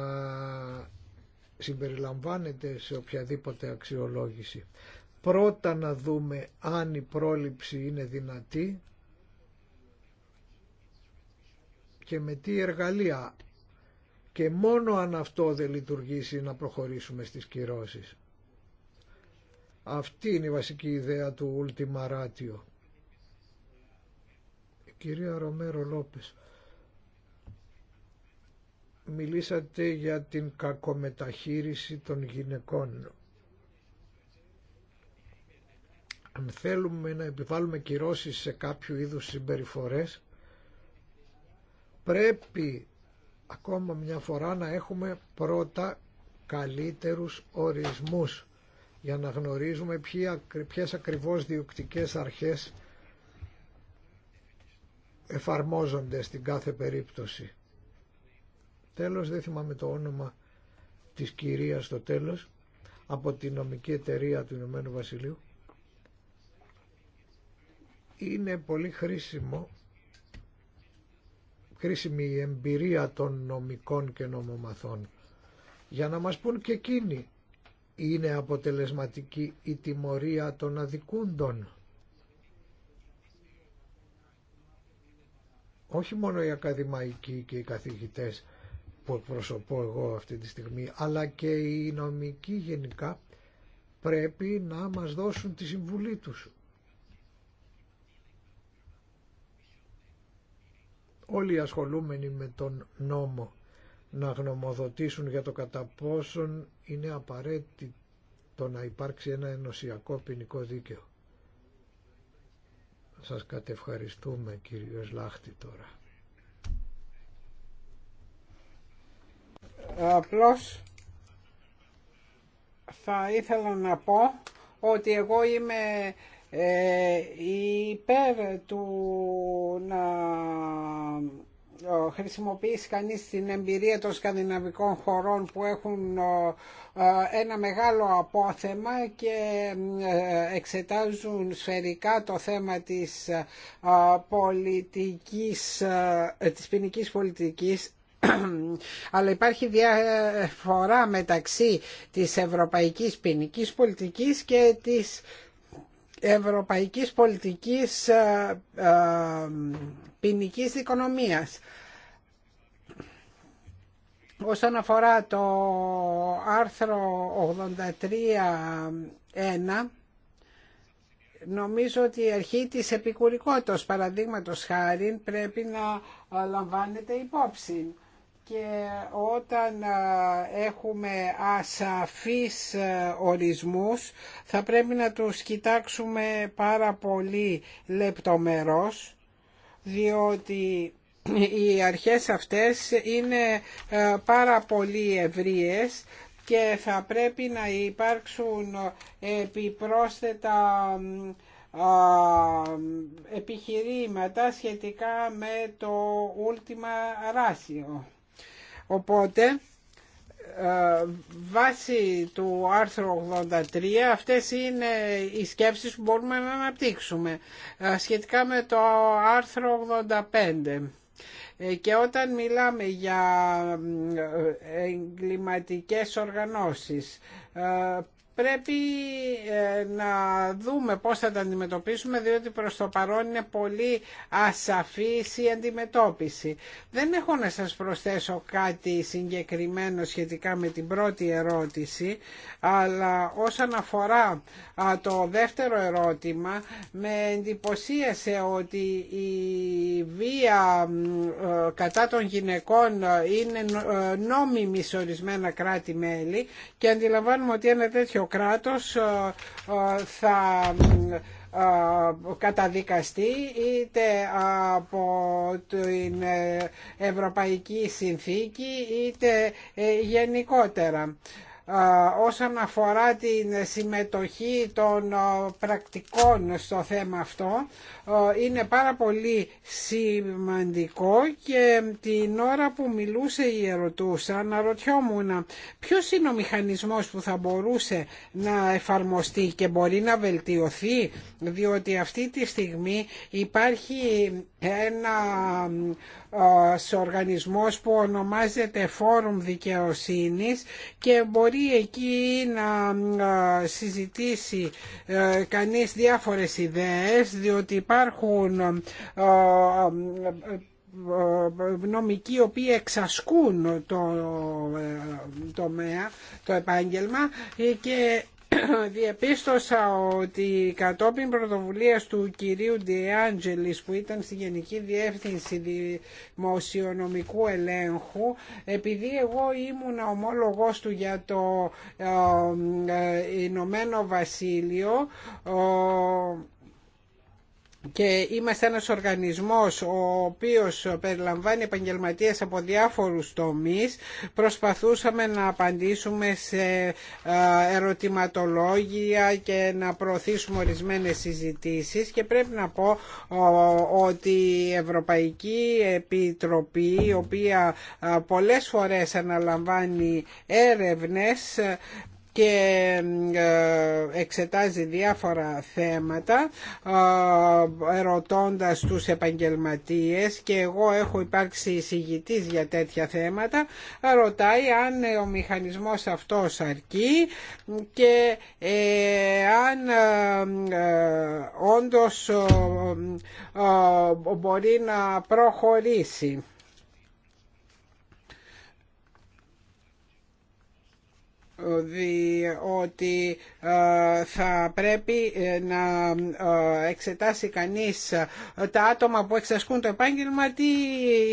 συμπεριλαμβάνεται σε οποιαδήποτε αξιολόγηση πρώτα να δούμε αν η πρόληψη είναι δυνατή και με τι εργαλεία και μόνο αν αυτό δεν λειτουργήσει να προχωρήσουμε στις κυρώσεις. Αυτή είναι η βασική ιδέα του Ultima Ratio. κυρία Ρομέρο Λόπες, μιλήσατε για την κακομεταχείριση των γυναικών. αν θέλουμε να επιβάλλουμε κυρώσεις σε κάποιο είδους συμπεριφορές πρέπει ακόμα μια φορά να έχουμε πρώτα καλύτερους ορισμούς για να γνωρίζουμε ποιες ακριβώς διοκτικές αρχές εφαρμόζονται στην κάθε περίπτωση. Τέλος, δεν θυμάμαι το όνομα της κυρίας στο τέλος, από την νομική εταιρεία του Ηνωμένου Βασιλείου, είναι πολύ χρήσιμο χρήσιμη η εμπειρία των νομικών και νομομαθών για να μας πούν και εκείνοι είναι αποτελεσματική η τιμωρία των αδικούντων. Όχι μόνο οι ακαδημαϊκοί και οι καθηγητές που εκπροσωπώ εγώ αυτή τη στιγμή, αλλά και οι νομικοί γενικά πρέπει να μας δώσουν τη συμβουλή τους. όλοι οι ασχολούμενοι με τον νόμο να γνωμοδοτήσουν για το κατά πόσον είναι απαραίτητο να υπάρξει ένα ενωσιακό ποινικό δίκαιο. Σας κατευχαριστούμε κύριος Λάχτη τώρα. Απλώς θα ήθελα να πω ότι εγώ είμαι ε, υπέρ του να ε, χρησιμοποιήσει κανείς την εμπειρία των σκανδιναβικών χωρών που έχουν ε, ένα μεγάλο απόθεμα και εξετάζουν σφαιρικά το θέμα της πολιτικής, της ποινικής πολιτικής αλλά υπάρχει διαφορά μεταξύ της ευρωπαϊκής ποινική πολιτικής και της ευρωπαϊκής πολιτικής ε, ε, ποινικής οικονομίας. Όσον αφορά το άρθρο 83.1, νομίζω ότι η αρχή της επικουρικότητας, παραδείγματος χάρη, πρέπει να ε, λαμβάνεται υπόψη και όταν έχουμε ασαφείς ε, ορισμούς θα πρέπει να τους κοιτάξουμε πάρα πολύ λεπτομερώς διότι οι αρχές αυτές είναι ε, πάρα πολύ ευρείες και θα πρέπει να υπάρξουν επιπρόσθετα επιχειρήματα σχετικά με το ultima ratio. Οπότε ε, βάσει του άρθρου 83 αυτές είναι οι σκέψεις που μπορούμε να αναπτύξουμε ε, σχετικά με το άρθρο 85 ε, και όταν μιλάμε για εγκληματικές οργανώσεις Πρέπει ε, να δούμε πώς θα τα αντιμετωπίσουμε διότι προς το παρόν είναι πολύ ασαφής η αντιμετώπιση. Δεν έχω να σας προσθέσω κάτι συγκεκριμένο σχετικά με την πρώτη ερώτηση αλλά όσον αφορά το δεύτερο ερώτημα με εντυπωσίασε ότι η βία ε, κατά των γυναικών ε, είναι νόμιμη σε ορισμένα κράτη-μέλη και αντιλαμβάνουμε ότι ένα τέτοιο ο κράτος ε, ε, θα ε, καταδικαστεί είτε από την Ευρωπαϊκή Συνθήκη είτε γενικότερα όσον αφορά την συμμετοχή των πρακτικών στο θέμα αυτό είναι πάρα πολύ σημαντικό και την ώρα που μιλούσε η ερωτούσα να ποιος είναι ο μηχανισμός που θα μπορούσε να εφαρμοστεί και μπορεί να βελτιωθεί διότι αυτή τη στιγμή υπάρχει ένα σε οργανισμός που ονομάζεται Φόρουμ Δικαιοσύνης και μπορεί εκεί να συζητήσει ε, κανείς διάφορες ιδέες διότι υπάρχουν νομικοί οποίοι εξασκούν το ε, τομέα, το επάγγελμα ε, και Διεπίστωσα ότι κατόπιν πρωτοβουλίας του κυρίου Ντιάντζελης που ήταν στη Γενική Διεύθυνση Δημοσιονομικού Ελέγχου επειδή εγώ ήμουν ομόλογος του για το ε, ε, Ηνωμένο Βασίλειο και είμαστε ένας οργανισμός ο οποίος περιλαμβάνει επαγγελματίες από διάφορους τομείς προσπαθούσαμε να απαντήσουμε σε ερωτηματολόγια και να προωθήσουμε ορισμένες συζητήσεις και πρέπει να πω ότι η Ευρωπαϊκή Επιτροπή η οποία πολλές φορές αναλαμβάνει έρευνες και ε, εξετάζει διάφορα θέματα ε, ερωτώντας τους επαγγελματίες και εγώ έχω υπάρξει εισηγητής για τέτοια θέματα ρωτάει αν ο μηχανισμός αυτός αρκεί και ε, αν όντως μπορεί να προχωρήσει. ότι ε, θα πρέπει ε, να ε, εξετάσει κανείς τα άτομα που εξασκούν το επάγγελμα τι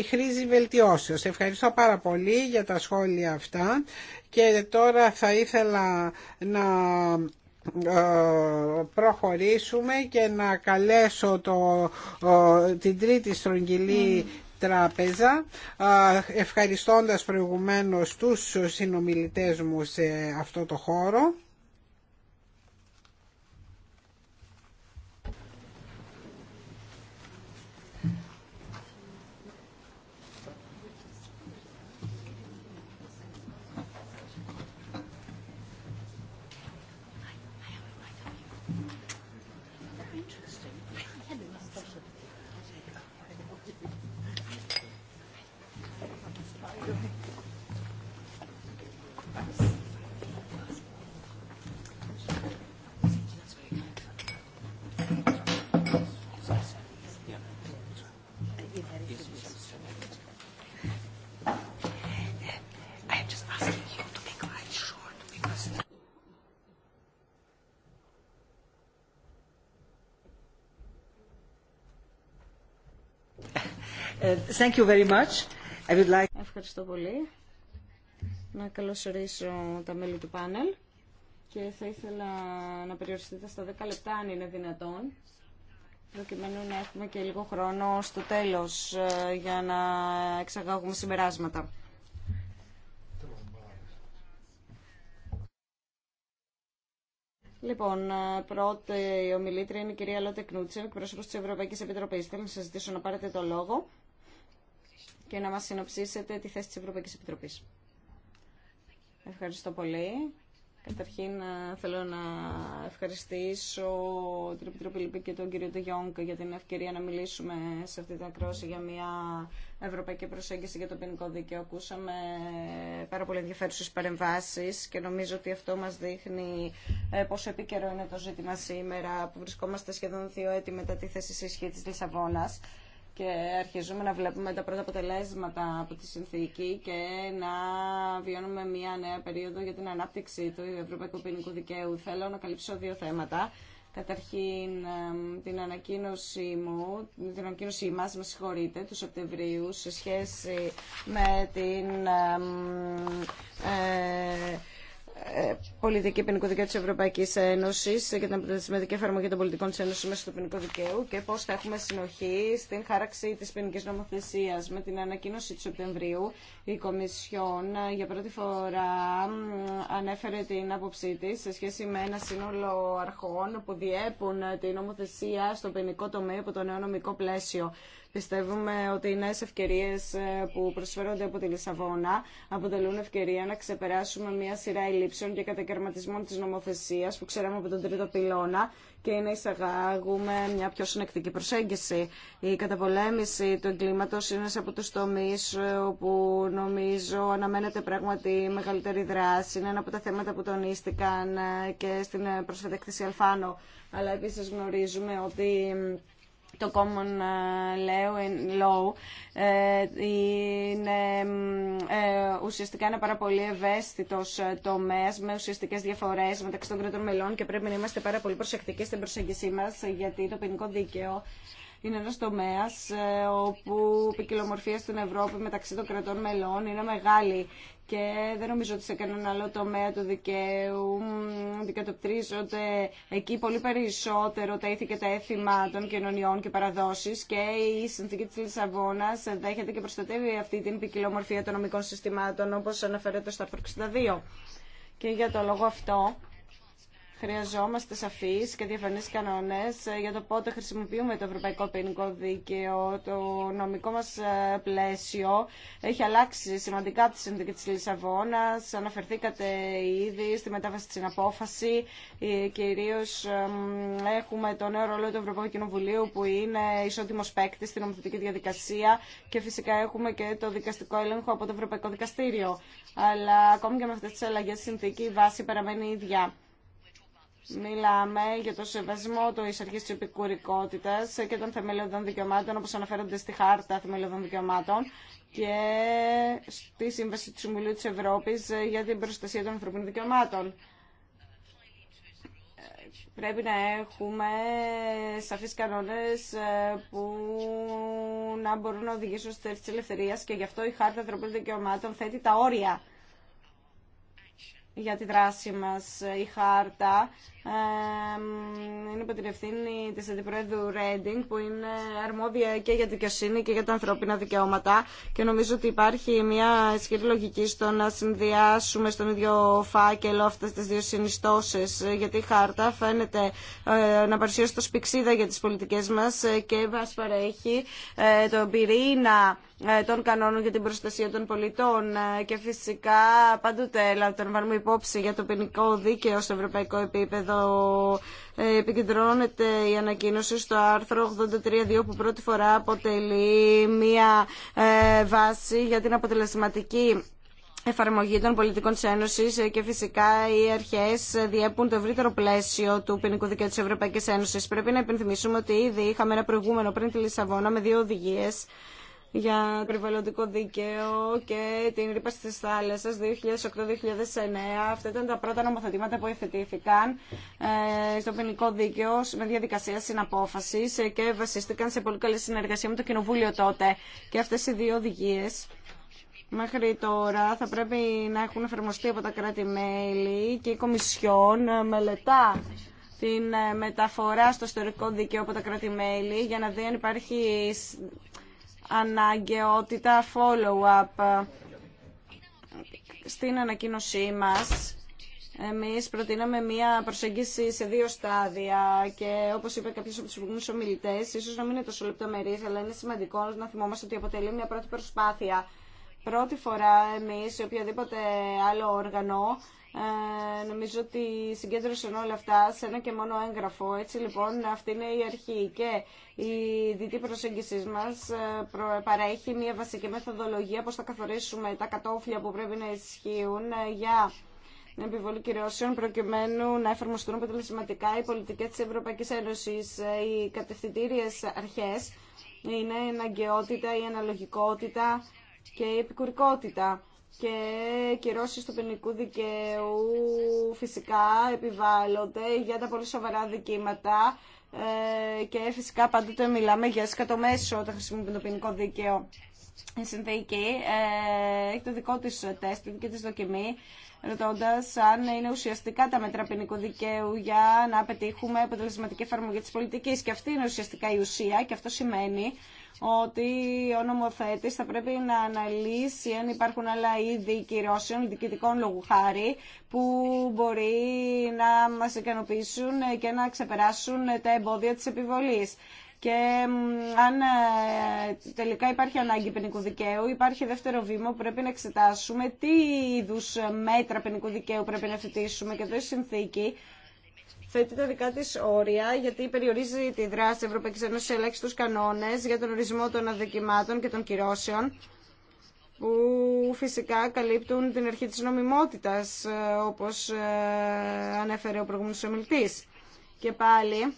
χρήζει βελτιώσεως. Ευχαριστώ πάρα πολύ για τα σχόλια αυτά και τώρα θα ήθελα να προχωρήσουμε και να καλέσω το, την τρίτη στρογγυλή τράπεζα ευχαριστώντας προηγουμένως τους συνομιλητές μου σε αυτό το χώρο Ε, thank you very much. I would like... Ευχαριστώ πολύ. Να καλωσορίσω τα μέλη του πάνελ και θα ήθελα να περιοριστείτε στα 10 λεπτά αν είναι δυνατόν προκειμένου να έχουμε και λίγο χρόνο στο τέλος ε, για να εξαγάγουμε συμπεράσματα. Λοιπόν, ε, πρώτη ομιλήτρια είναι η κυρία Λότε Κνούτσεν, εκπρόσωπο της Ευρωπαϊκής Επιτροπής. Θέλω να σας ζητήσω να πάρετε το λόγο και να μας συνοψίσετε τη θέση της Ευρωπαϊκής Επιτροπής. Ευχαριστώ πολύ. Καταρχήν ε, θέλω να ευχαριστήσω την Επιτροπή Λυπή και τον κύριο Τεγιόγκ για την ευκαιρία να μιλήσουμε σε αυτή την ακρόση για μια ευρωπαϊκή προσέγγιση για το ποινικό δίκαιο. Ακούσαμε πάρα πολύ ενδιαφέρουσες παρεμβάσεις και νομίζω ότι αυτό μας δείχνει ε, πόσο επίκαιρο είναι το ζήτημα σήμερα που βρισκόμαστε σχεδόν δύο έτη μετά τη θέση ισχύ της Λισαβόνας και αρχίζουμε να βλέπουμε τα πρώτα αποτελέσματα από τη συνθήκη και να βιώνουμε μια νέα περίοδο για την ανάπτυξη του Ευρωπαϊκού Ποινικού Δικαίου. Θέλω να καλύψω δύο θέματα. Καταρχήν την ανακοίνωση μου, την ανακοίνωση μας, με συγχωρείτε, του Σεπτεμβρίου σε σχέση με την ε, ε, πολιτική ποινικού δικαίου τη Ευρωπαϊκή Ένωση και την αποτελεσματική εφαρμογή των πολιτικών τη Ένωση μέσα στο ποινικό δικαίου και πώ θα έχουμε συνοχή στην χάραξη τη ποινική νομοθεσία. Με την ανακοίνωση του Σεπτεμβρίου, η Κομισιόν ε, για πρώτη φορά ανέφερε την άποψή τη σε σχέση με ένα σύνολο αρχών που διέπουν ε, την νομοθεσία στο ποινικό τομέα από το νέο νομικό πλαίσιο. Πιστεύουμε ότι οι νέε ευκαιρίε ε, που προσφέρονται από τη Λισαβόνα αποτελούν ευκαιρία να ξεπεράσουμε μια σειρά ελλείψεων και κατακαιρματισμών τη νομοθεσία που ξέραμε από τον τρίτο πυλώνα και να εισαγάγουμε μια πιο συνεκτική προσέγγιση. Η καταπολέμηση του εγκλήματο είναι ένα από του τομεί ε, όπου νομίζω αναμένεται πράγματι μεγαλύτερη δράση. Είναι ένα από τα θέματα που τονίστηκαν ε, και στην έκθεση Αλφάνο. Αλλά επίση γνωρίζουμε ότι το common ε, law ε, είναι ε, ουσιαστικά ένα πάρα πολύ ευαίσθητο τομέα με ουσιαστικές διαφορές μεταξύ των κρατών μελών και πρέπει να είμαστε πάρα πολύ προσεκτικοί στην προσέγγιση μας γιατί το ποινικό δίκαιο είναι ένας τομέας ε, όπου η ποικιλομορφία στην Ευρώπη μεταξύ των κρατών μελών είναι μεγάλη και δεν νομίζω ότι σε κανέναν άλλο τομέα του δικαίου αντικατοπτρίζονται εκεί πολύ περισσότερο τα ήθη και τα έθιμα των κοινωνιών και παραδόσεις και η συνθήκη της Λισαβόνας δέχεται και προστατεύει αυτή την ποικιλομορφία των νομικών συστημάτων όπως αναφέρεται στο άρθρο 62. Και για το λόγο αυτό Χρειαζόμαστε σαφείς και διαφανείς κανόνες για το πότε χρησιμοποιούμε το Ευρωπαϊκό Ποινικό Δίκαιο. Το νομικό μας ε, πλαίσιο έχει αλλάξει σημαντικά από τη Συνδίκη της Λισαβόνας. Αναφερθήκατε ήδη στη μετάβαση στην απόφαση. Ε, κυρίως έχουμε το νέο ρόλο του Ευρωπαϊκού Κοινοβουλίου που είναι ισότιμος παίκτη στην νομοθετική διαδικασία και φυσικά έχουμε και το δικαστικό έλεγχο από το Ευρωπαϊκό Δικαστήριο. Αλλά ακόμη και με αυτές τις αλλαγές συνθήκη η βάση παραμένει ίδια Μιλάμε για το σεβασμό του εισαρχή τη επικουρικότητα και των θεμελιωδών δικαιωμάτων, όπω αναφέρονται στη Χάρτα Θεμελιωδών Δικαιωμάτων και στη Σύμβαση του Συμβουλίου τη Ευρώπη για την προστασία των ανθρωπίνων δικαιωμάτων. Πρέπει να έχουμε σαφείς κανόνες ε, που να μπορούν να οδηγήσουν στη ελευθερία και γι' αυτό η Χάρτα Ανθρωπίνων Δικαιωμάτων θέτει τα όρια για τη δράση μας ε, η χάρτα είναι υπό την ευθύνη της Αντιπρόεδρου Ρέντινγκ που είναι αρμόδια και για δικαιοσύνη και για τα ανθρώπινα δικαιώματα και νομίζω ότι υπάρχει μια ισχυρή λογική στο να συνδυάσουμε στον ίδιο φάκελο αυτές τις δύο συνιστώσεις ε, γιατί η χάρτα φαίνεται ε, να παρουσιάσει το σπιξίδα για τις πολιτικές μας ε, και μας παρέχει τον πυρήνα των κανόνων για την προστασία των πολιτών και φυσικά πάντοτε λαμβάνουμε υπόψη για το ποινικό δίκαιο στο ευρωπαϊκό επίπεδο εδώ ε, επικεντρώνεται η ανακοίνωση στο άρθρο 83.2 που πρώτη φορά αποτελεί μία ε, βάση για την αποτελεσματική εφαρμογή των πολιτικών της Ένωσης ε, και φυσικά οι αρχές διέπουν το ευρύτερο πλαίσιο του ποινικού δικαίου της Ευρωπαϊκής Ένωσης. Πρέπει να υπενθυμίσουμε ότι ήδη είχαμε ένα προηγούμενο πριν τη Λισαβόνα με δύο οδηγίες για περιβαλλοντικό δίκαιο και την ρήπαση της θάλασσας 2008-2009. Αυτά ήταν τα πρώτα νομοθετήματα που εφετήθηκαν ε, στο ποινικό δίκαιο με διαδικασία συναπόφασης και βασίστηκαν σε πολύ καλή συνεργασία με το Κοινοβούλιο τότε. Και αυτές οι δύο οδηγίες μέχρι τώρα θα πρέπει να έχουν εφαρμοστεί από τα κράτη-μέλη και η Κομισιόν μελετά την μεταφορά στο ιστορικό δίκαιο από τα κράτη-μέλη για να δει αν υπάρχει αναγκαιότητα follow-up. Στην ανακοίνωσή μας εμείς προτείναμε μία προσέγγιση σε δύο στάδια και όπως είπε κάποιος από τους προηγούμενους ομιλητές, ίσως να μην είναι τόσο λεπτομερής, αλλά είναι σημαντικό να θυμόμαστε ότι αποτελεί μια πρώτη προσπάθεια. Πρώτη φορά εμείς, οποιοδήποτε άλλο όργανο, ε, νομίζω ότι συγκέντρωσαν όλα αυτά σε ένα και μόνο έγγραφο. Έτσι λοιπόν αυτή είναι η αρχή και η διτή προσέγγιση μας ε, παρέχει μια βασική μεθοδολογία πώς θα καθορίσουμε τα κατόφλια που πρέπει να ισχύουν ε, για την επιβολή κυρώσεων προκειμένου να εφαρμοστούν αποτελεσματικά οι πολιτικές της Ευρωπαϊκής Ένωσης, ε, οι κατευθυντήριες αρχές είναι η αναγκαιότητα, η αναλογικότητα και η επικουρικότητα και κυρώσει του ποινικού δικαίου φυσικά επιβάλλονται για τα πολύ σοβαρά δικήματα ε, και φυσικά πάντοτε μιλάμε για σκατομέσο όταν χρησιμοποιούμε το ποινικό δίκαιο. Η συνθήκη ε, έχει το δικό της τεστ και της δοκιμή ρωτώντα αν είναι ουσιαστικά τα μέτρα ποινικού δικαίου για να πετύχουμε αποτελεσματική εφαρμογή τη πολιτική. Και αυτή είναι ουσιαστικά η ουσία και αυτό σημαίνει ότι ο νομοθέτη θα πρέπει να αναλύσει αν υπάρχουν άλλα είδη κυρώσεων διοικητικών λόγου χάρη που μπορεί να μας ικανοποιήσουν και να ξεπεράσουν τα εμπόδια της επιβολής. Και αν ε, τελικά υπάρχει ανάγκη ποινικού δικαίου, υπάρχει δεύτερο βήμα που πρέπει να εξετάσουμε τι είδου μέτρα ποινικού δικαίου πρέπει να φοιτήσουμε και εδώ συνθήκη θέτει τα δικά τη όρια, γιατί περιορίζει τη δράση τη Ευρωπαϊκή Ένωση σε ελάχιστου κανόνε για τον ορισμό των αδικημάτων και των κυρώσεων που φυσικά καλύπτουν την αρχή της νομιμότητας, ε, όπως ε, ανέφερε ο προηγούμενος ομιλητής. Και πάλι,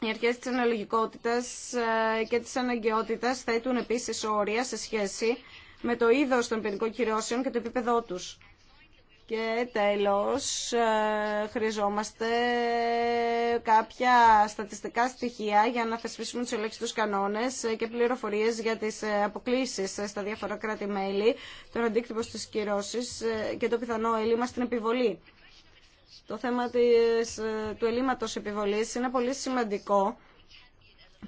οι αρχές της αναλογικότητας ε, και της αναγκαιότητας θέτουν επίσης όρια σε σχέση με το είδος των ποινικών κυρώσεων και το επίπεδό τους. Και τέλος, ε, χρειαζόμαστε κάποια στατιστικά στοιχεία για να θεσπίσουμε τους κανόνες ε, και πληροφορίες για τις ε, αποκλήσεις στα διάφορα κράτη-μέλη, τον αντίκτυπο στις κυρώσεις και το πιθανό έλλειμμα στην επιβολή. Το θέμα του ελλείμματος επιβολής είναι πολύ σημαντικό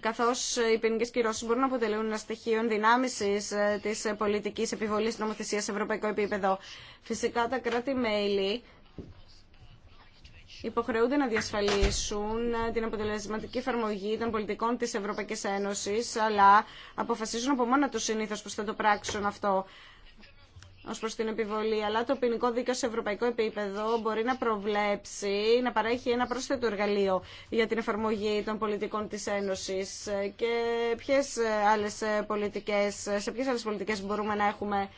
καθώς οι ποινικέ κυρώσει μπορούν να αποτελούν ένα στοιχείο ενδυνάμισης ε, της πολιτικής επιβολής νομοθεσία σε ευρωπαϊκό επίπεδο. Φυσικά τα κράτη-μέλη υποχρεούνται να διασφαλίσουν ε, την αποτελεσματική εφαρμογή των πολιτικών της Ευρωπαϊκής Ένωσης, αλλά αποφασίζουν από μόνα τους συνήθως πώς θα το πράξουν αυτό. Ω προ την επιβολή, αλλά το ποινικό δίκαιο σε ευρωπαϊκό επίπεδο μπορεί να προβλέψει, να παρέχει ένα πρόσθετο εργαλείο για την εφαρμογή των πολιτικών τη Ένωση και ε, ε, ε, ποιες άλλες πολιτικές, σε ποιε άλλε πολιτικέ μπορούμε να έχουμε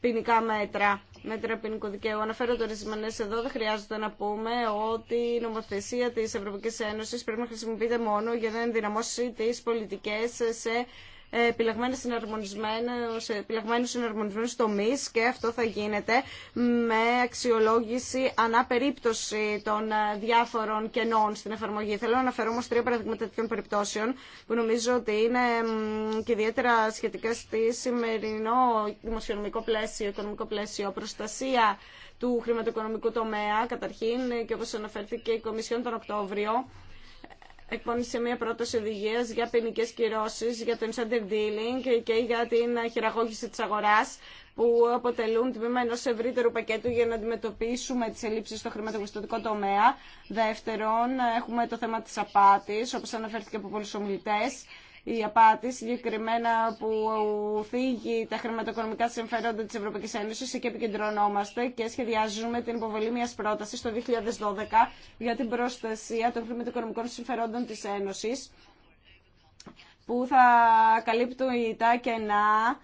ποινικά μέτρα, μέτρα ποινικού δικαίου. το ορισμένε εδώ, δεν χρειάζεται να πούμε ότι η νομοθεσία τη Ευρωπαϊκή Ένωση πρέπει να χρησιμοποιείται μόνο για να ενδυναμώσει τι πολιτικέ σε ε, επιλεγμένες συναρμονισμένου ε, επιλεγμένους συναρμονισμένους τομείς και αυτό θα γίνεται με αξιολόγηση αναπερίπτωση των ε, διάφορων κενών στην εφαρμογή. Θέλω να αναφέρω όμως τρία παραδείγματα τέτοιων περιπτώσεων που νομίζω ότι είναι και ιδιαίτερα σχετικά στη σημερινό δημοσιονομικό πλαίσιο, οικονομικό πλαίσιο, προστασία του χρηματοοικονομικού τομέα καταρχήν και όπως αναφέρθηκε η Κομισιόν τον Οκτώβριο εκπώνησε μια πρόταση οδηγία για ποινικέ κυρώσει για το insider dealing και για την χειραγώγηση τη αγορά που αποτελούν τμήμα ενό ευρύτερου πακέτου για να αντιμετωπίσουμε τι ελλείψει στο χρηματοπιστωτικό τομέα. Δεύτερον, έχουμε το θέμα τη απάτη, όπω αναφέρθηκε από πολλού ομιλητέ η απάτη συγκεκριμένα που θίγει τα χρηματοοικονομικά συμφέροντα της Ευρωπαϊκής Ένωσης. Εκεί επικεντρωνόμαστε και σχεδιάζουμε την υποβολή μια πρόταση το 2012 για την προστασία των χρηματοοικονομικών συμφερόντων της Ένωσης που θα καλύπτουν τα κενά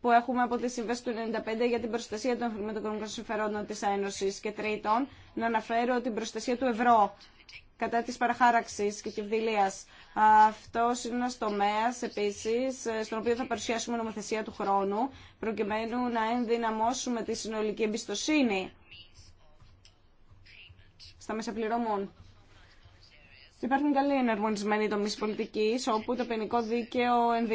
που έχουμε από τη Σύμβεση του 1995 για την προστασία των χρηματοοικονομικών συμφερόντων της Ένωσης και τρίτον, να αναφέρω την προστασία του ευρώ κατά της παραχάραξης και κυβδηλίας. Αυτός είναι ένας τομέας επίσης στον οποίο θα παρουσιάσουμε νομοθεσία του χρόνου προκειμένου να ενδυναμώσουμε τη συνολική εμπιστοσύνη στα μέσα πληρωμών. Υπάρχουν καλοί εναρμονισμένοι τομεί πολιτική, όπου το ποινικό δίκαιο εν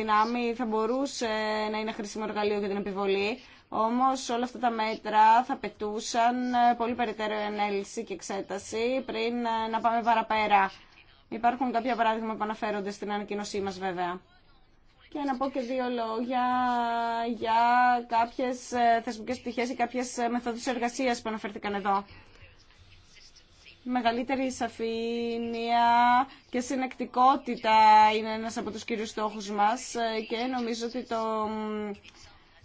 θα μπορούσε να είναι χρήσιμο εργαλείο για την επιβολή όμως όλα αυτά τα μέτρα θα πετούσαν ε, πολύ περαιτέρω ενέλυση και εξέταση πριν ε, να πάμε παραπέρα. Υπάρχουν κάποια παράδειγμα που αναφέρονται στην ανακοίνωσή μας βέβαια. Και να πω και δύο λόγια για κάποιες ε, θεσμικές πτυχές ή κάποιες μεθόδους εργασίας που αναφέρθηκαν εδώ μεγαλύτερη σαφήνεια και συνεκτικότητα είναι ένας από τους κύριους στόχους μας και νομίζω ότι το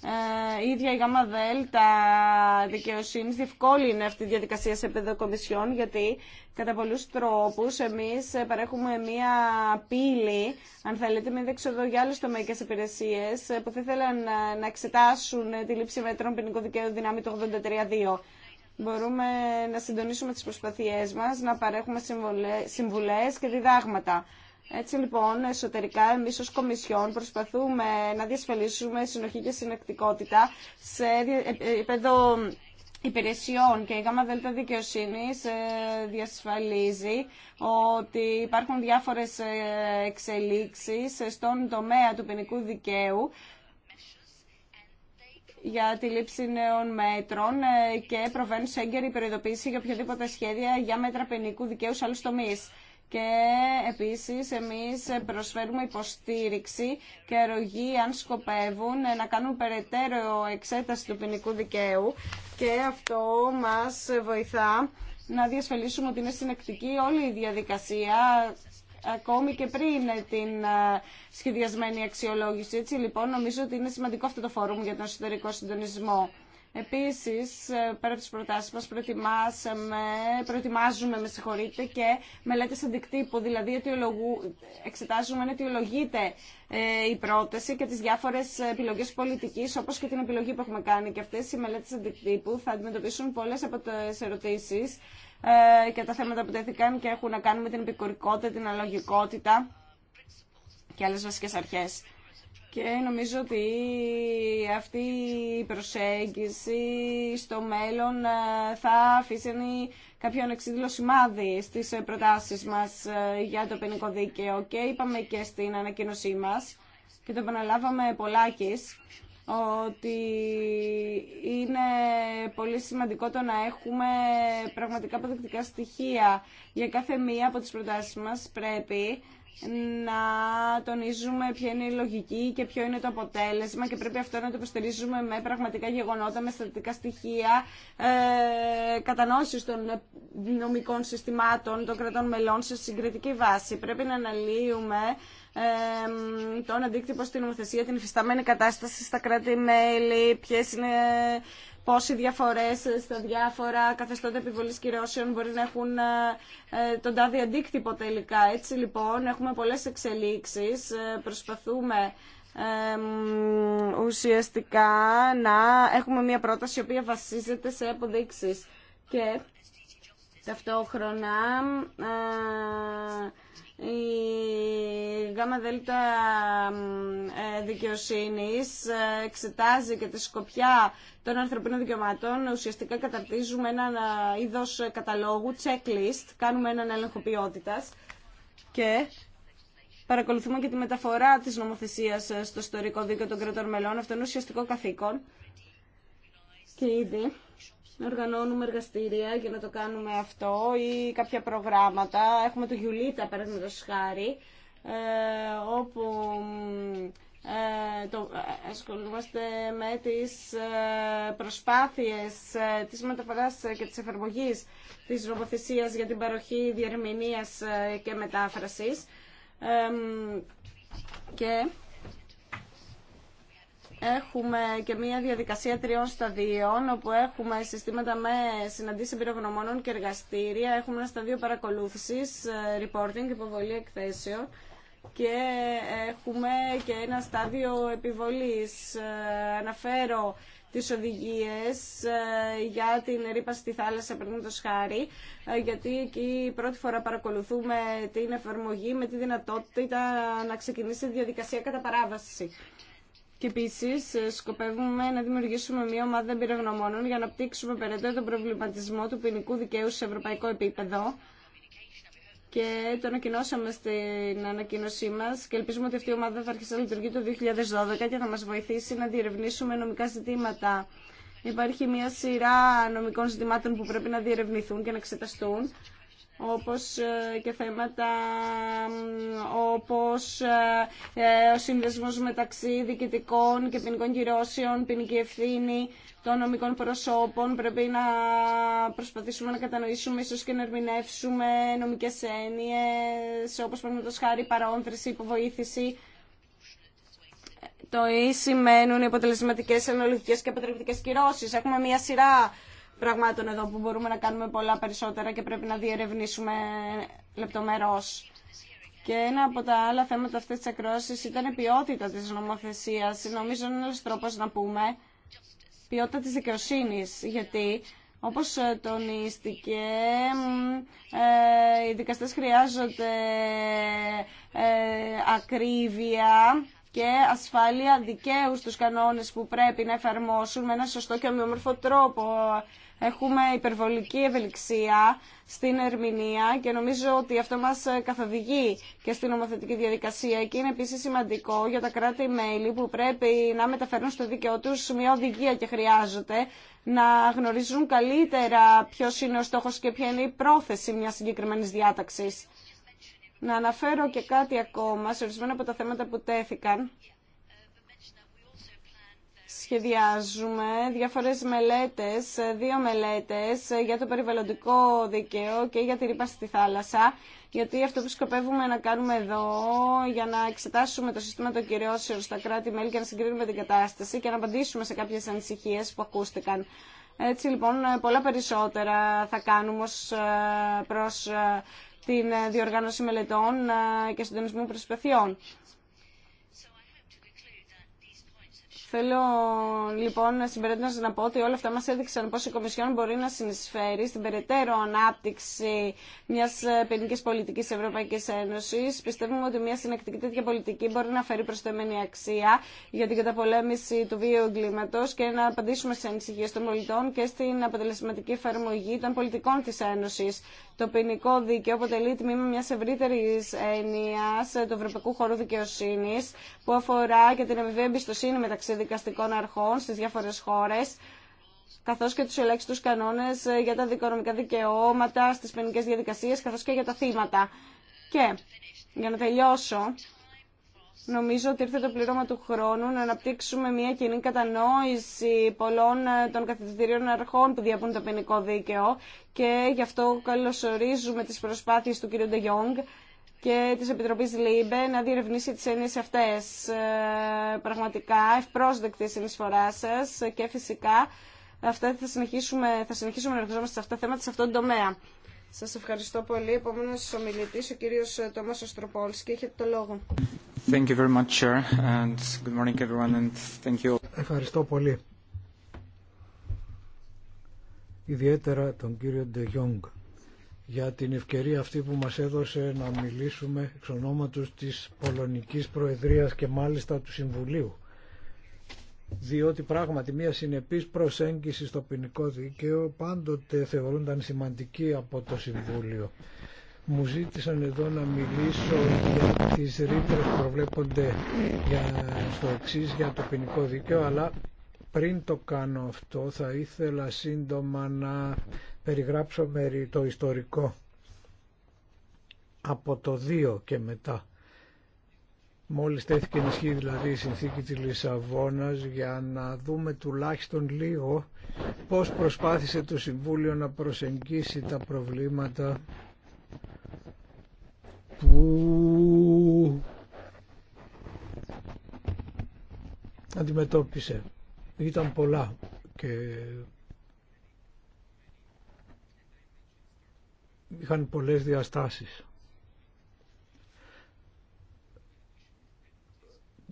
ε, η ίδια η ΓΑΜΑ ΔΕΛΤΑ δικαιοσύνη διευκόλυνε αυτή η διαδικασία σε επίπεδο κομισιών, γιατί κατά πολλού τρόπου εμεί παρέχουμε μία πύλη, αν θέλετε, με δεξοδό για άλλε τομεικέ υπηρεσίε ε, που θα ήθελαν ε, να εξετάσουν τη λήψη μέτρων ποινικού δικαίου δυνάμει του 83.2. Μπορούμε να συντονίσουμε τις προσπαθίες μας, να παρέχουμε συμβουλές και διδάγματα. Έτσι λοιπόν, εσωτερικά εμείς ως Κομισιόν προσπαθούμε να διασφαλίσουμε συνοχή και συνεκτικότητα σε ε, ε, επίπεδο υπηρεσιών και η ΓΑΜΑ Δικαιοσύνη ε, διασφαλίζει ότι υπάρχουν διάφορες εξελίξεις στον τομέα του ποινικού δικαίου για τη λήψη νέων μέτρων και προβαίνουν σε έγκαιρη περιοδοποίηση για οποιαδήποτε σχέδια για μέτρα ποινικού δικαίου σε άλλους τομείς και επίσης εμείς προσφέρουμε υποστήριξη και αρρωγή αν σκοπεύουν να κάνουν περαιτέρω εξέταση του ποινικού δικαίου και αυτό μας βοηθά να διασφαλίσουμε ότι είναι συνεκτική όλη η διαδικασία ακόμη και πριν την ε, σχεδιασμένη αξιολόγηση. Έτσι λοιπόν νομίζω ότι είναι σημαντικό αυτό το φόρουμ για τον εσωτερικό συντονισμό. Επίσης, ε, πέρα από τις προτάσεις μας, προετοιμάσαμε, προετοιμάζουμε, με συγχωρείτε, και μελέτες αντικτύπου, δηλαδή αιτιολογού, εξετάζουμε αν αιτιολογείται ε, η πρόταση και τις διάφορες επιλογές πολιτικής, όπως και την επιλογή που έχουμε κάνει. Και αυτές οι μελέτες αντικτύπου θα αντιμετωπίσουν πολλές από τις ερωτήσεις ε, και τα θέματα που τέθηκαν και έχουν να κάνουν με την επικορικότητα, την αλογικότητα και άλλες βασικές αρχές. Και νομίζω ότι αυτή η προσέγγιση στο μέλλον ε, θα αφήσει κάποιο ανεξίδηλο σημάδι στις ε, προτάσεις μας ε, για το ποινικό δίκαιο. Και είπαμε και στην ανακοίνωσή μας και το επαναλάβαμε πολλάκις ότι είναι πολύ σημαντικό το να έχουμε πραγματικά αποδεκτικά στοιχεία. Για κάθε μία από τις προτάσεις μας πρέπει να τονίζουμε ποια είναι η λογική και ποιο είναι το αποτέλεσμα και πρέπει αυτό να το υποστηρίζουμε με πραγματικά γεγονότα, με στατικά στοιχεία, ε, των νομικών συστημάτων των κρατών μελών σε συγκριτική βάση. Πρέπει να αναλύουμε ε, τον αντίκτυπο στην νομοθεσία, την υφισταμένη κατάσταση στα κράτη-μέλη, ποιες είναι πώς οι διαφορές στα διάφορα καθεστώτα επιβολής κυρώσεων μπορεί να έχουν ε, ε, τον τάδι αντίκτυπο τελικά. Έτσι λοιπόν έχουμε πολλές εξελίξεις, ε, προσπαθούμε ουσιαστικά να έχουμε μια πρόταση η οποία βασίζεται σε αποδείξεις και ταυτόχρονα η ΓΑΜΑ ΔΕΛΤΑ ε, δικαιοσύνης ε, εξετάζει και τη σκοπιά των ανθρωπίνων δικαιωμάτων. Ουσιαστικά καταρτίζουμε ένα ε, είδος καταλόγου, checklist, κάνουμε έναν έλεγχο ποιότητας και παρακολουθούμε και τη μεταφορά της νομοθεσίας στο ιστορικό δίκαιο των κρατών μελών. Αυτό είναι ουσιαστικό καθήκον. Και ήδη να οργανώνουμε εργαστήρια για να το κάνουμε αυτό ή κάποια προγράμματα. Έχουμε το Γιουλίτα, παραδείγματο χάρη, ε, όπου ε, το, ε, ασχολούμαστε με τις προσπάθειες της μεταφοράς και της εφαρμογής της ροποθεσίας για την παροχή διερμηνίας και μετάφρασης. και Έχουμε και μια διαδικασία τριών σταδίων, όπου έχουμε συστήματα με συναντήσεις εμπειρογνωμόνων και εργαστήρια. Έχουμε ένα σταδίο παρακολούθησης, ε, reporting, υποβολή εκθέσεων. Και έχουμε και ένα στάδιο επιβολής. Ε, αναφέρω τις οδηγίες ε, για την ρήπαση στη θάλασσα πριν το σχάρι, γιατί εκεί πρώτη φορά παρακολουθούμε την εφαρμογή με τη δυνατότητα να ξεκινήσει τη διαδικασία κατά παράβαση. Και επίση ε, σκοπεύουμε να δημιουργήσουμε μια ομάδα εμπειρογνωμόνων για να απτύξουμε περαιτέρω τον προβληματισμό του ποινικού δικαίου σε ευρωπαϊκό επίπεδο. Και το ανακοινώσαμε στην ανακοίνωσή μα και ελπίζουμε ότι αυτή η ομάδα θα αρχίσει να λειτουργεί το 2012 και θα μα βοηθήσει να διερευνήσουμε νομικά ζητήματα. Υπάρχει μια σειρά νομικών ζητημάτων που πρέπει να διερευνηθούν και να εξεταστούν όπως ε, και θέματα όπως ε, ο σύνδεσμος μεταξύ διοικητικών και ποινικών κυρώσεων, ποινική ευθύνη των νομικών προσώπων. Πρέπει να προσπαθήσουμε να κατανοήσουμε ίσως και να ερμηνεύσουμε νομικές έννοιες όπως παραδείγματος χάρη παραόντρηση, υποβοήθηση. Το ή σημαίνουν οι αποτελεσματικέ, αναλογικέ και αποτρεπτικέ κυρώσει. Έχουμε μία σειρά πραγμάτων εδώ που μπορούμε να κάνουμε πολλά περισσότερα και πρέπει να διερευνήσουμε λεπτομερώς. Και ένα από τα άλλα θέματα αυτές της ακρόασης ήταν η ποιότητα της νομοθεσίας. Νομίζω είναι ένας τρόπος να πούμε ποιότητα της δικαιοσύνη. γιατί όπως τονίστηκε, ε, οι δικαστές χρειάζονται ε, ακρίβεια και ασφάλεια δικαίου στους κανόνες που πρέπει να εφαρμόσουν με ένα σωστό και ομοιόμορφο τρόπο. Έχουμε υπερβολική ευελιξία στην ερμηνεία και νομίζω ότι αυτό μας ε, καθοδηγεί και στην νομοθετική διαδικασία και είναι επίσης σημαντικό για τα κράτη-μέλη που πρέπει να μεταφέρουν στο δίκαιό τους μια οδηγία και χρειάζονται να γνωρίζουν καλύτερα ποιο είναι ο στόχος και ποια είναι η πρόθεση μιας συγκεκριμένης διάταξης. Να αναφέρω και κάτι ακόμα σε ορισμένα από τα θέματα που τέθηκαν σχεδιάζουμε διάφορες μελέτες, δύο μελέτες για το περιβαλλοντικό δικαίο και για τη ρήπα στη θάλασσα. Γιατί αυτό που σκοπεύουμε να κάνουμε εδώ, για να εξετάσουμε το σύστημα των κυριώσεων στα κράτη-μέλη και να συγκρίνουμε την κατάσταση και να απαντήσουμε σε κάποιες ανησυχίες που ακούστηκαν. Έτσι λοιπόν πολλά περισσότερα θα κάνουμε ως ε, προς ε, την ε, διοργάνωση μελετών και συντονισμού προσπαθειών. Θέλω λοιπόν συμπεριέτω να πω ότι όλα αυτά μας έδειξαν πώς η Κομισιόν μπορεί να συνεισφέρει στην περαιτέρω ανάπτυξη μιας ε, ποινικής πολιτικής Ευρωπαϊκής Ένωσης. Πιστεύουμε ότι μια συνεκτική τέτοια πολιτική μπορεί να φέρει προσθεμένη αξία για την καταπολέμηση του βίου εγκλήματος και να απαντήσουμε σε ανησυχίες των πολιτών και στην αποτελεσματική εφαρμογή των πολιτικών της Ένωσης. Το ποινικό δίκαιο αποτελεί τμήμα μιας ευρύτερη έννοιας του Ευρωπαϊκού Χώρου Δικαιοσύνη, που αφορά και την αμοιβή εμπιστοσύνη μεταξύ δικαστικών αρχών στις διάφορες χώρες, καθώς και τους ελέγξητους κανόνες ε, για τα δικονομικά δικαιώματα, στις ποινικές διαδικασίες, καθώς και για τα θύματα. Και, για να τελειώσω, Νομίζω ότι ήρθε το πλήρωμα του χρόνου να αναπτύξουμε μια κοινή κατανόηση πολλών ε, των καθηγητηρίων αρχών που διαπούν το ποινικό δίκαιο και γι' αυτό καλωσορίζουμε τις προσπάθειες του κ. Ντεγιόγκ και τη επιτροπή ΛΥΜΠΕ να διερευνήσει τις έννοιες αυτές. Ε, πραγματικά ευπρόσδεκτη η συνεισφορά σας και φυσικά αυτά θα συνεχίσουμε, θα συνεχίσουμε να εργαζόμαστε σε αυτά τα θέματα, σε αυτόν τον τομέα. Σας ευχαριστώ πολύ. Επόμενο ομιλητή, ο κύριος ε, Τόμας Οστροπόλσκι. Έχετε το λόγο. Thank you very much, and good morning everyone, and thank you. Ευχαριστώ πολύ. Ιδιαίτερα τον κύριο Ντεγιόγκ για την ευκαιρία αυτή που μας έδωσε να μιλήσουμε εξ ονόματος της Πολωνικής Προεδρίας και μάλιστα του Συμβουλίου. Διότι πράγματι μια συνεπής προσέγγιση στο ποινικό δίκαιο πάντοτε θεωρούνταν σημαντική από το Συμβούλιο. Μου ζήτησαν εδώ να μιλήσω για τις ρήτρες που προβλέπονται για, στο εξή για το ποινικό δίκαιο, αλλά πριν το κάνω αυτό θα ήθελα σύντομα να περιγράψω με το ιστορικό από το 2 και μετά. Μόλις τέθηκε ενισχύ δηλαδή η συνθήκη της Λισαβόνας για να δούμε τουλάχιστον λίγο πώς προσπάθησε το Συμβούλιο να προσεγγίσει τα προβλήματα που αντιμετώπισε. Ήταν πολλά και είχαν πολλές διαστάσεις.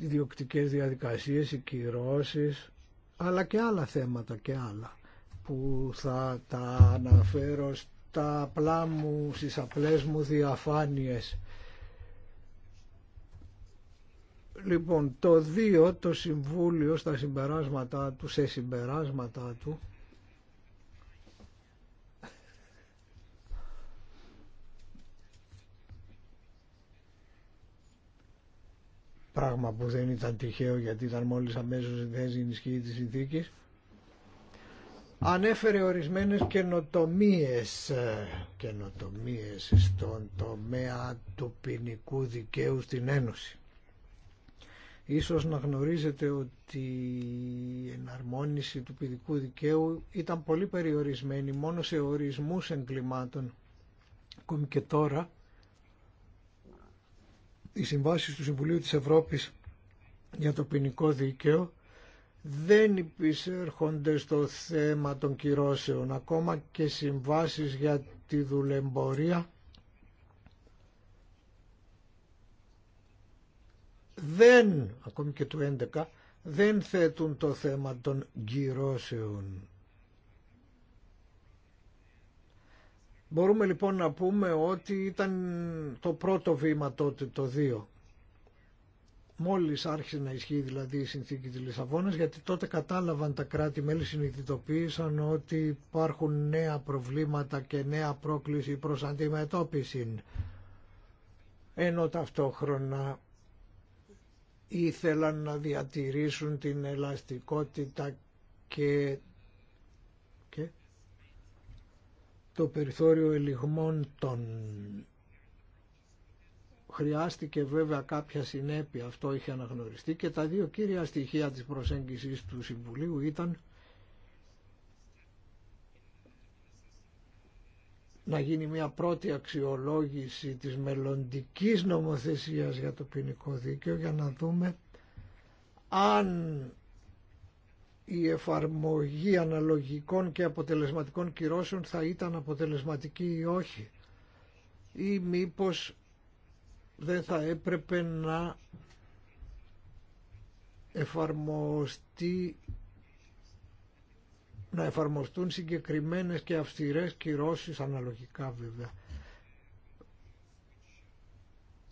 ιδιοκτικές διαδικασίες, οι αλλά και άλλα θέματα και άλλα που θα τα αναφέρω στα απλά μου, στις απλές μου διαφάνειες. Λοιπόν, το δύο, το Συμβούλιο στα συμπεράσματα του, σε συμπεράσματα του, πράγμα που δεν ήταν τυχαίο γιατί ήταν μόλις αμέσως η ενισχύει της συνθήκης, ανέφερε ορισμένες καινοτομίες, ε, καινοτομίες στον τομέα του ποινικού δικαίου στην Ένωση. Ίσως να γνωρίζετε ότι η εναρμόνιση του ποινικού δικαίου ήταν πολύ περιορισμένη μόνο σε ορισμούς εγκλημάτων. Ακόμη και τώρα οι συμβάσεις του Συμβουλίου της Ευρώπης για το ποινικό δίκαιο δεν υπησέρχονται στο θέμα των κυρώσεων. Ακόμα και συμβάσεις για τη δουλεμπορία δεν, ακόμη και του 11, δεν θέτουν το θέμα των κυρώσεων. Μπορούμε λοιπόν να πούμε ότι ήταν το πρώτο βήμα τότε το 2. Μόλις άρχισε να ισχύει δηλαδή η συνθήκη της Λισαβόνας γιατί τότε κατάλαβαν τα κράτη-μέλη συνειδητοποίησαν ότι υπάρχουν νέα προβλήματα και νέα πρόκληση προς αντιμετώπιση. Ενώ ταυτόχρονα ήθελαν να διατηρήσουν την ελαστικότητα και το περιθώριο ελιγμών των. Χρειάστηκε βέβαια κάποια συνέπεια, αυτό είχε αναγνωριστεί και τα δύο κύρια στοιχεία της προσέγγισης του Συμβουλίου ήταν να γίνει μια πρώτη αξιολόγηση της μελλοντικής νομοθεσίας για το ποινικό δίκαιο για να δούμε αν η εφαρμογή αναλογικών και αποτελεσματικών κυρώσεων θα ήταν αποτελεσματική ή όχι ή μήπως δεν θα έπρεπε να εφαρμοστεί να εφαρμοστούν συγκεκριμένες και αυστηρές κυρώσεις αναλογικά βέβαια.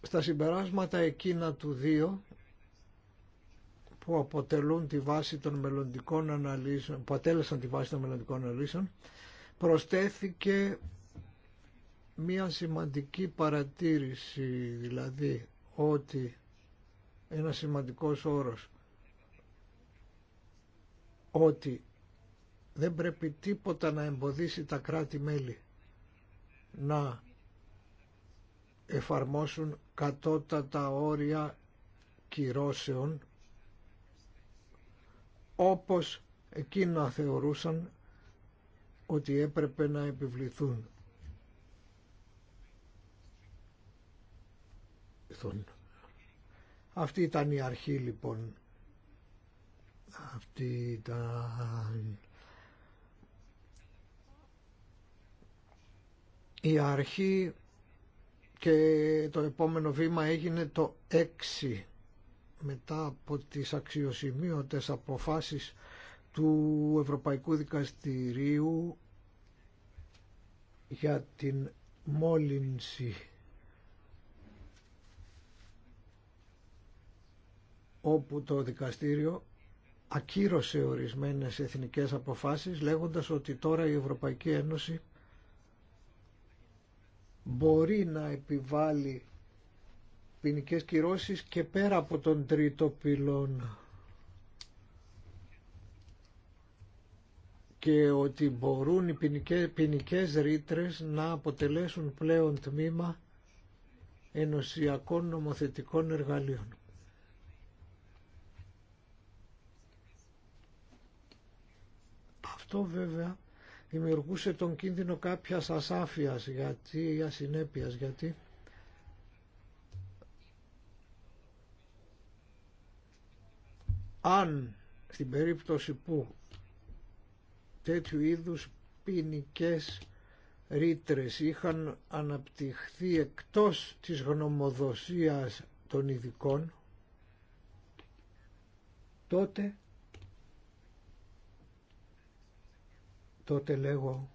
Στα συμπεράσματα εκείνα του 2 που αποτελούν τη βάση των μελλοντικών αναλύσεων, που αποτέλεσαν τη βάση των μελλοντικών αναλύσεων, προστέθηκε μία σημαντική παρατήρηση, δηλαδή ότι ένα σημαντικός όρος ότι δεν πρέπει τίποτα να εμποδίσει τα κράτη-μέλη να εφαρμόσουν κατώτατα όρια κυρώσεων όπως εκείνα θεωρούσαν ότι έπρεπε να επιβληθούν. Αυτή ήταν η αρχή λοιπόν. Αυτή ήταν η αρχή και το επόμενο βήμα έγινε το 6 μετά από τις αξιοσημείωτες αποφάσεις του Ευρωπαϊκού Δικαστηρίου για την μόλυνση όπου το δικαστήριο ακύρωσε ορισμένες εθνικές αποφάσεις λέγοντας ότι τώρα η Ευρωπαϊκή Ένωση μπορεί να επιβάλλει ποινικές κυρώσεις και πέρα από τον τρίτο πυλώνα. και ότι μπορούν οι ποινικές, ρήτρε να αποτελέσουν πλέον τμήμα ενωσιακών νομοθετικών εργαλείων. Αυτό βέβαια δημιουργούσε τον κίνδυνο κάποιας ασάφειας γιατί, ή ασυνέπειας γιατί αν στην περίπτωση που τέτοιου είδους ποινικέ ρήτρες είχαν αναπτυχθεί εκτός της γνωμοδοσίας των ειδικών, τότε, τότε λέγω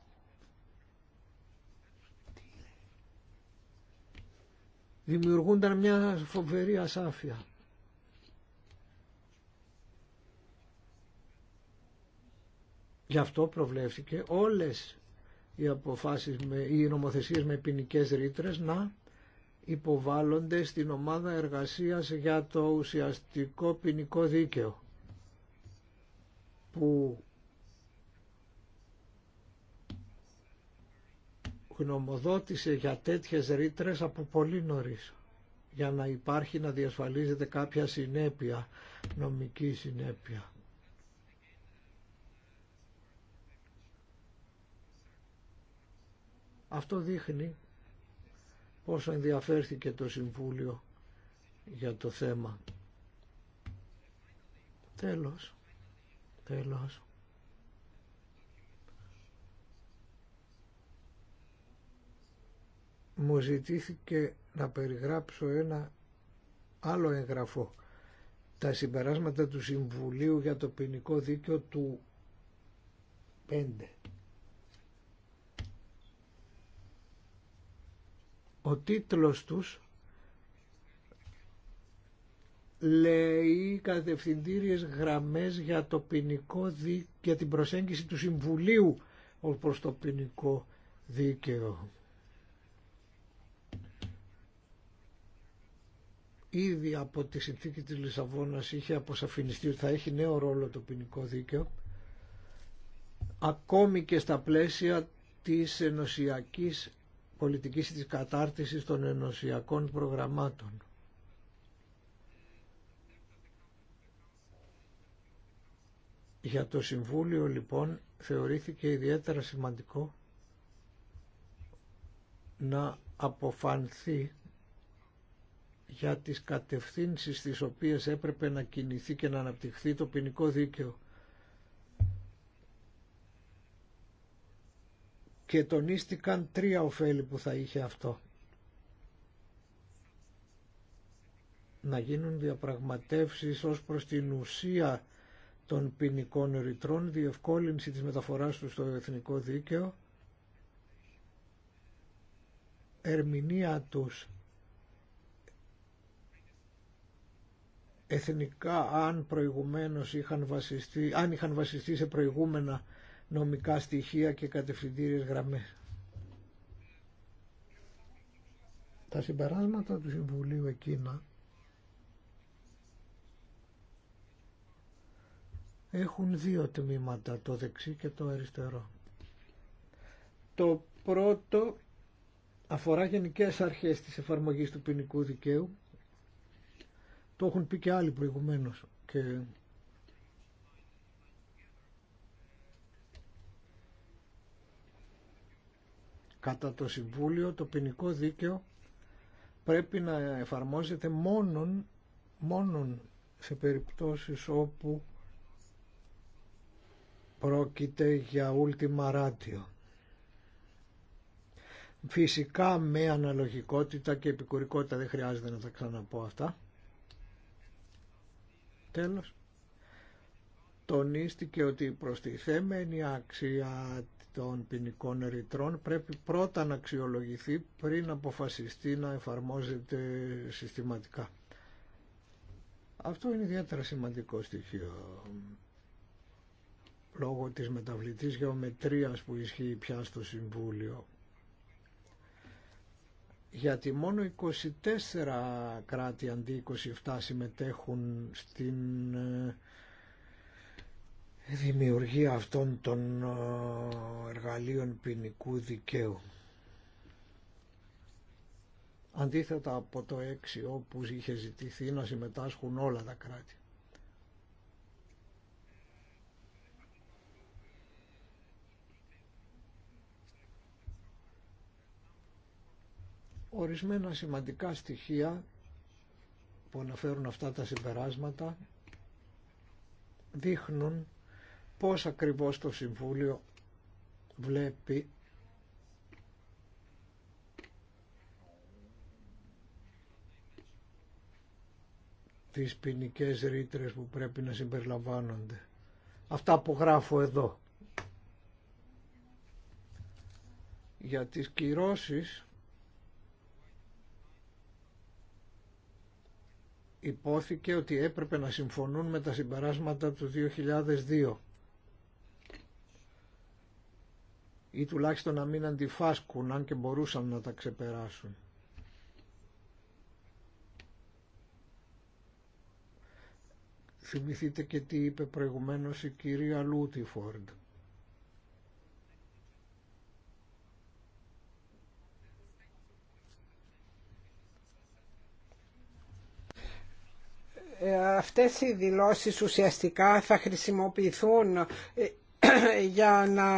δημιουργούνταν μια φοβερή ασάφεια. Γι' αυτό προβλέφθηκε όλες οι αποφάσεις με, οι νομοθεσίες με ποινικέ ρήτρες να υποβάλλονται στην ομάδα εργασίας για το ουσιαστικό ποινικό δίκαιο που γνωμοδότησε για τέτοιες ρήτρες από πολύ νωρίς για να υπάρχει να διασφαλίζεται κάποια συνέπεια, νομική συνέπεια. Αυτό δείχνει πόσο ενδιαφέρθηκε το Συμβούλιο για το θέμα. Τέλος, τέλος. Μου ζητήθηκε να περιγράψω ένα άλλο εγγραφό. Τα συμπεράσματα του Συμβουλίου για το ποινικό δίκαιο του 5. Ο τίτλος τους λέει κατευθυντήριες γραμμές για, το ποινικό δί... για την προσέγγιση του Συμβουλίου προς το ποινικό δίκαιο. Ήδη από τη συνθήκη της Λισαβόνας είχε αποσαφινιστεί ότι θα έχει νέο ρόλο το ποινικό δίκαιο ακόμη και στα πλαίσια της ενωσιακής πολιτικής της κατάρτισης των ενωσιακών προγραμμάτων. Για το Συμβούλιο λοιπόν θεωρήθηκε ιδιαίτερα σημαντικό να αποφανθεί για τις κατευθύνσεις τις οποίες έπρεπε να κινηθεί και να αναπτυχθεί το ποινικό δίκαιο. και τονίστηκαν τρία ωφέλη που θα είχε αυτό. Να γίνουν διαπραγματεύσεις ως προς την ουσία των ποινικών ρητρών, διευκόλυνση της μεταφοράς του στο εθνικό δίκαιο, ερμηνεία τους εθνικά αν προηγουμένως είχαν βασιστεί, αν είχαν βασιστεί σε προηγούμενα νομικά στοιχεία και κατευθυντήριες γραμμές. Τα συμπεράσματα του Συμβουλίου εκείνα έχουν δύο τμήματα, το δεξί και το αριστερό. Το πρώτο αφορά γενικές αρχές της εφαρμογής του ποινικού δικαίου. Το έχουν πει και άλλοι προηγουμένως και Κατά το Συμβούλιο το ποινικό δίκαιο πρέπει να εφαρμόζεται μόνον, μόνον σε περιπτώσεις όπου πρόκειται για ultima ratio. Φυσικά με αναλογικότητα και επικουρικότητα δεν χρειάζεται να τα ξαναπώ αυτά. Τέλος, τονίστηκε ότι η προστιθέμενη αξία των ποινικών ρητρών πρέπει πρώτα να αξιολογηθεί πριν αποφασιστεί να εφαρμόζεται συστηματικά. Αυτό είναι ιδιαίτερα σημαντικό στοιχείο λόγω της μεταβλητής γεωμετρίας που ισχύει πια στο Συμβούλιο. Γιατί μόνο 24 κράτη αντί 27 συμμετέχουν στην ε, δημιουργία αυτών των ε, εργαλείων ποινικού δικαίου. Αντίθετα από το 6 όπου είχε ζητηθεί να συμμετάσχουν όλα τα κράτη. Ορισμένα σημαντικά στοιχεία που αναφέρουν αυτά τα συμπεράσματα δείχνουν πώς ακριβώς το Συμβούλιο βλέπει τις ποινικέ ρήτρε που πρέπει να συμπεριλαμβάνονται. Αυτά που γράφω εδώ. Για τις κυρώσεις υπόθηκε ότι έπρεπε να συμφωνούν με τα συμπεράσματα του 2002. ή τουλάχιστον να μην αντιφάσκουν αν και μπορούσαν να τα ξεπεράσουν. Θυμηθείτε και τι είπε προηγουμένως η κυρία Λούτιφορντ. Ε, αυτές οι δηλώσεις ουσιαστικά θα χρησιμοποιηθούν ε, για να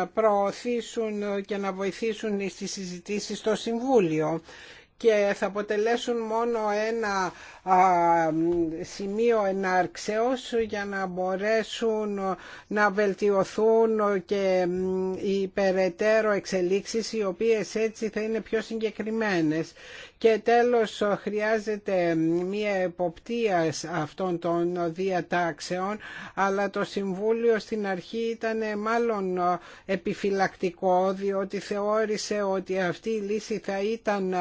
ε, προωθήσουν και να βοηθήσουν στις συζητήσεις στο Συμβούλιο και θα αποτελέσουν μόνο ένα σημείο ενάρξεως για να μπορέσουν να βελτιωθούν και οι περαιτέρω εξελίξεις οι οποίες έτσι θα είναι πιο συγκεκριμένες. Και τέλος χρειάζεται μία εποπτεία αυτών των διατάξεων αλλά το Συμβούλιο στην αρχή ήταν μάλλον επιφυλακτικό διότι θεώρησε ότι αυτή η λύση θα ήταν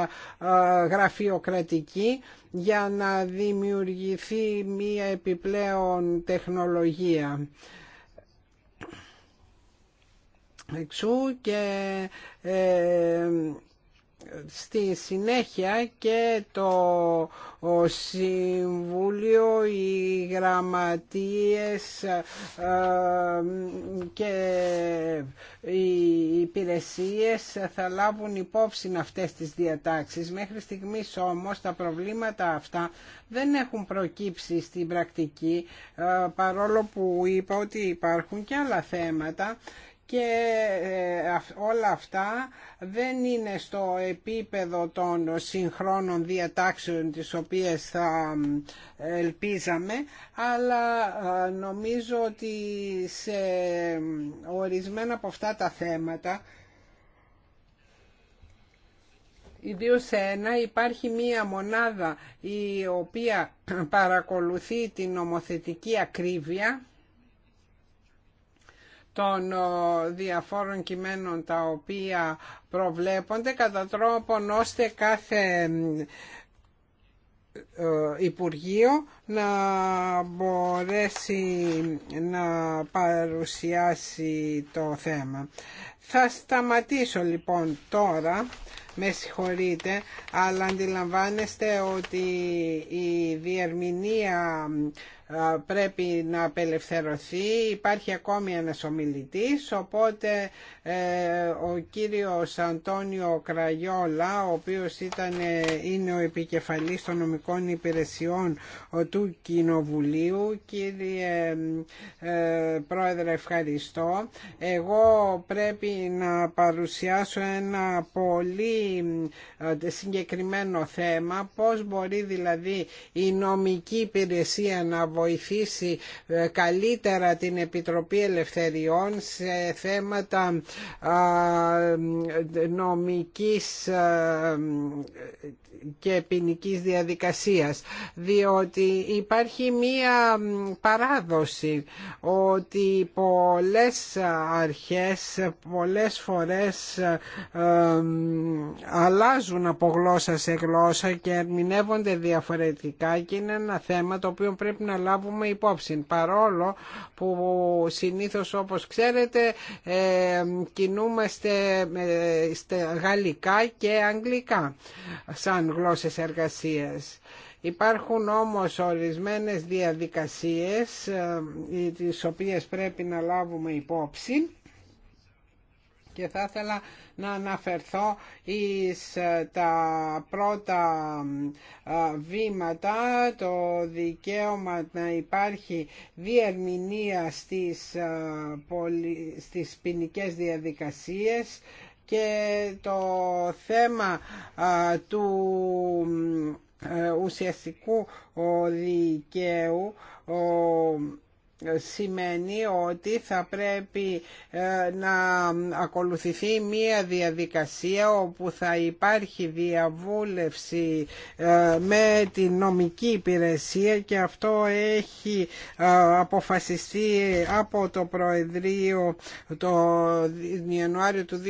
ε, γραφειοκρατική για να δημιουργηθεί μία επιπλέον τεχνολογία. Εξού και ε, στη συνέχεια και το Συμβούλιο, οι γραμματείες ε, και οι υπηρεσίες θα λάβουν υπόψη αυτές τις διατάξεις. Μέχρι στιγμής όμως τα προβλήματα αυτά δεν έχουν προκύψει στην πρακτική ε, παρόλο που είπα ότι υπάρχουν και άλλα θέματα και ε, όλα αυτά δεν είναι στο επίπεδο των συγχρόνων διατάξεων τις οποίες θα ελπίζαμε αλλά ε, νομίζω ότι σε ορισμένα από αυτά τα θέματα ιδίως σε ένα υπάρχει μία μονάδα η οποία παρακολουθεί την νομοθετική ακρίβεια των διαφόρων κειμένων τα οποία προβλέπονται κατά τρόπον ώστε κάθε Υπουργείο να μπορέσει να παρουσιάσει το θέμα. Θα σταματήσω λοιπόν τώρα, με συγχωρείτε, αλλά αντιλαμβάνεστε ότι η διερμηνία πρέπει να απελευθερωθεί. Υπάρχει ακόμη ένας ομιλητής, οπότε ε, ο κύριος Αντώνιο Κραγιόλα, ο οποίος ήταν, ε, είναι ο επικεφαλής των νομικών υπηρεσιών του Κοινοβουλίου. Κύριε ε, Πρόεδρε, ευχαριστώ. Εγώ πρέπει να παρουσιάσω ένα πολύ συγκεκριμένο θέμα, πώς μπορεί δηλαδή η νομική υπηρεσία να βοηθήσει ε, καλύτερα την Επιτροπή Ελευθεριών σε θέματα νομικής και ποινική διαδικασίας διότι υπάρχει μία παράδοση ότι πολλές αρχές πολλές φορές ε, αλλάζουν από γλώσσα σε γλώσσα και ερμηνεύονται διαφορετικά και είναι ένα θέμα το οποίο πρέπει να λάβουμε υπόψη παρόλο που συνήθως όπως ξέρετε ε, κινούμαστε ε, στα γαλλικά και αγγλικά σαν σαν γλώσσες εργασίας. Υπάρχουν όμως ορισμένες διαδικασίες ε, τις οποίες πρέπει να λάβουμε υπόψη και θα ήθελα να αναφερθώ εις ε, τα πρώτα ε, βήματα το δικαίωμα να υπάρχει διερμηνία στις, στις ποινικέ διαδικασίες και το θέμα του ε, ουσιαστικού δικαίου σημαίνει ότι θα πρέπει ε, να ακολουθηθεί μία διαδικασία όπου θα υπάρχει διαβούλευση ε, με την νομική υπηρεσία και αυτό έχει ε, αποφασιστεί από το Προεδρείο το Ιανουάριο του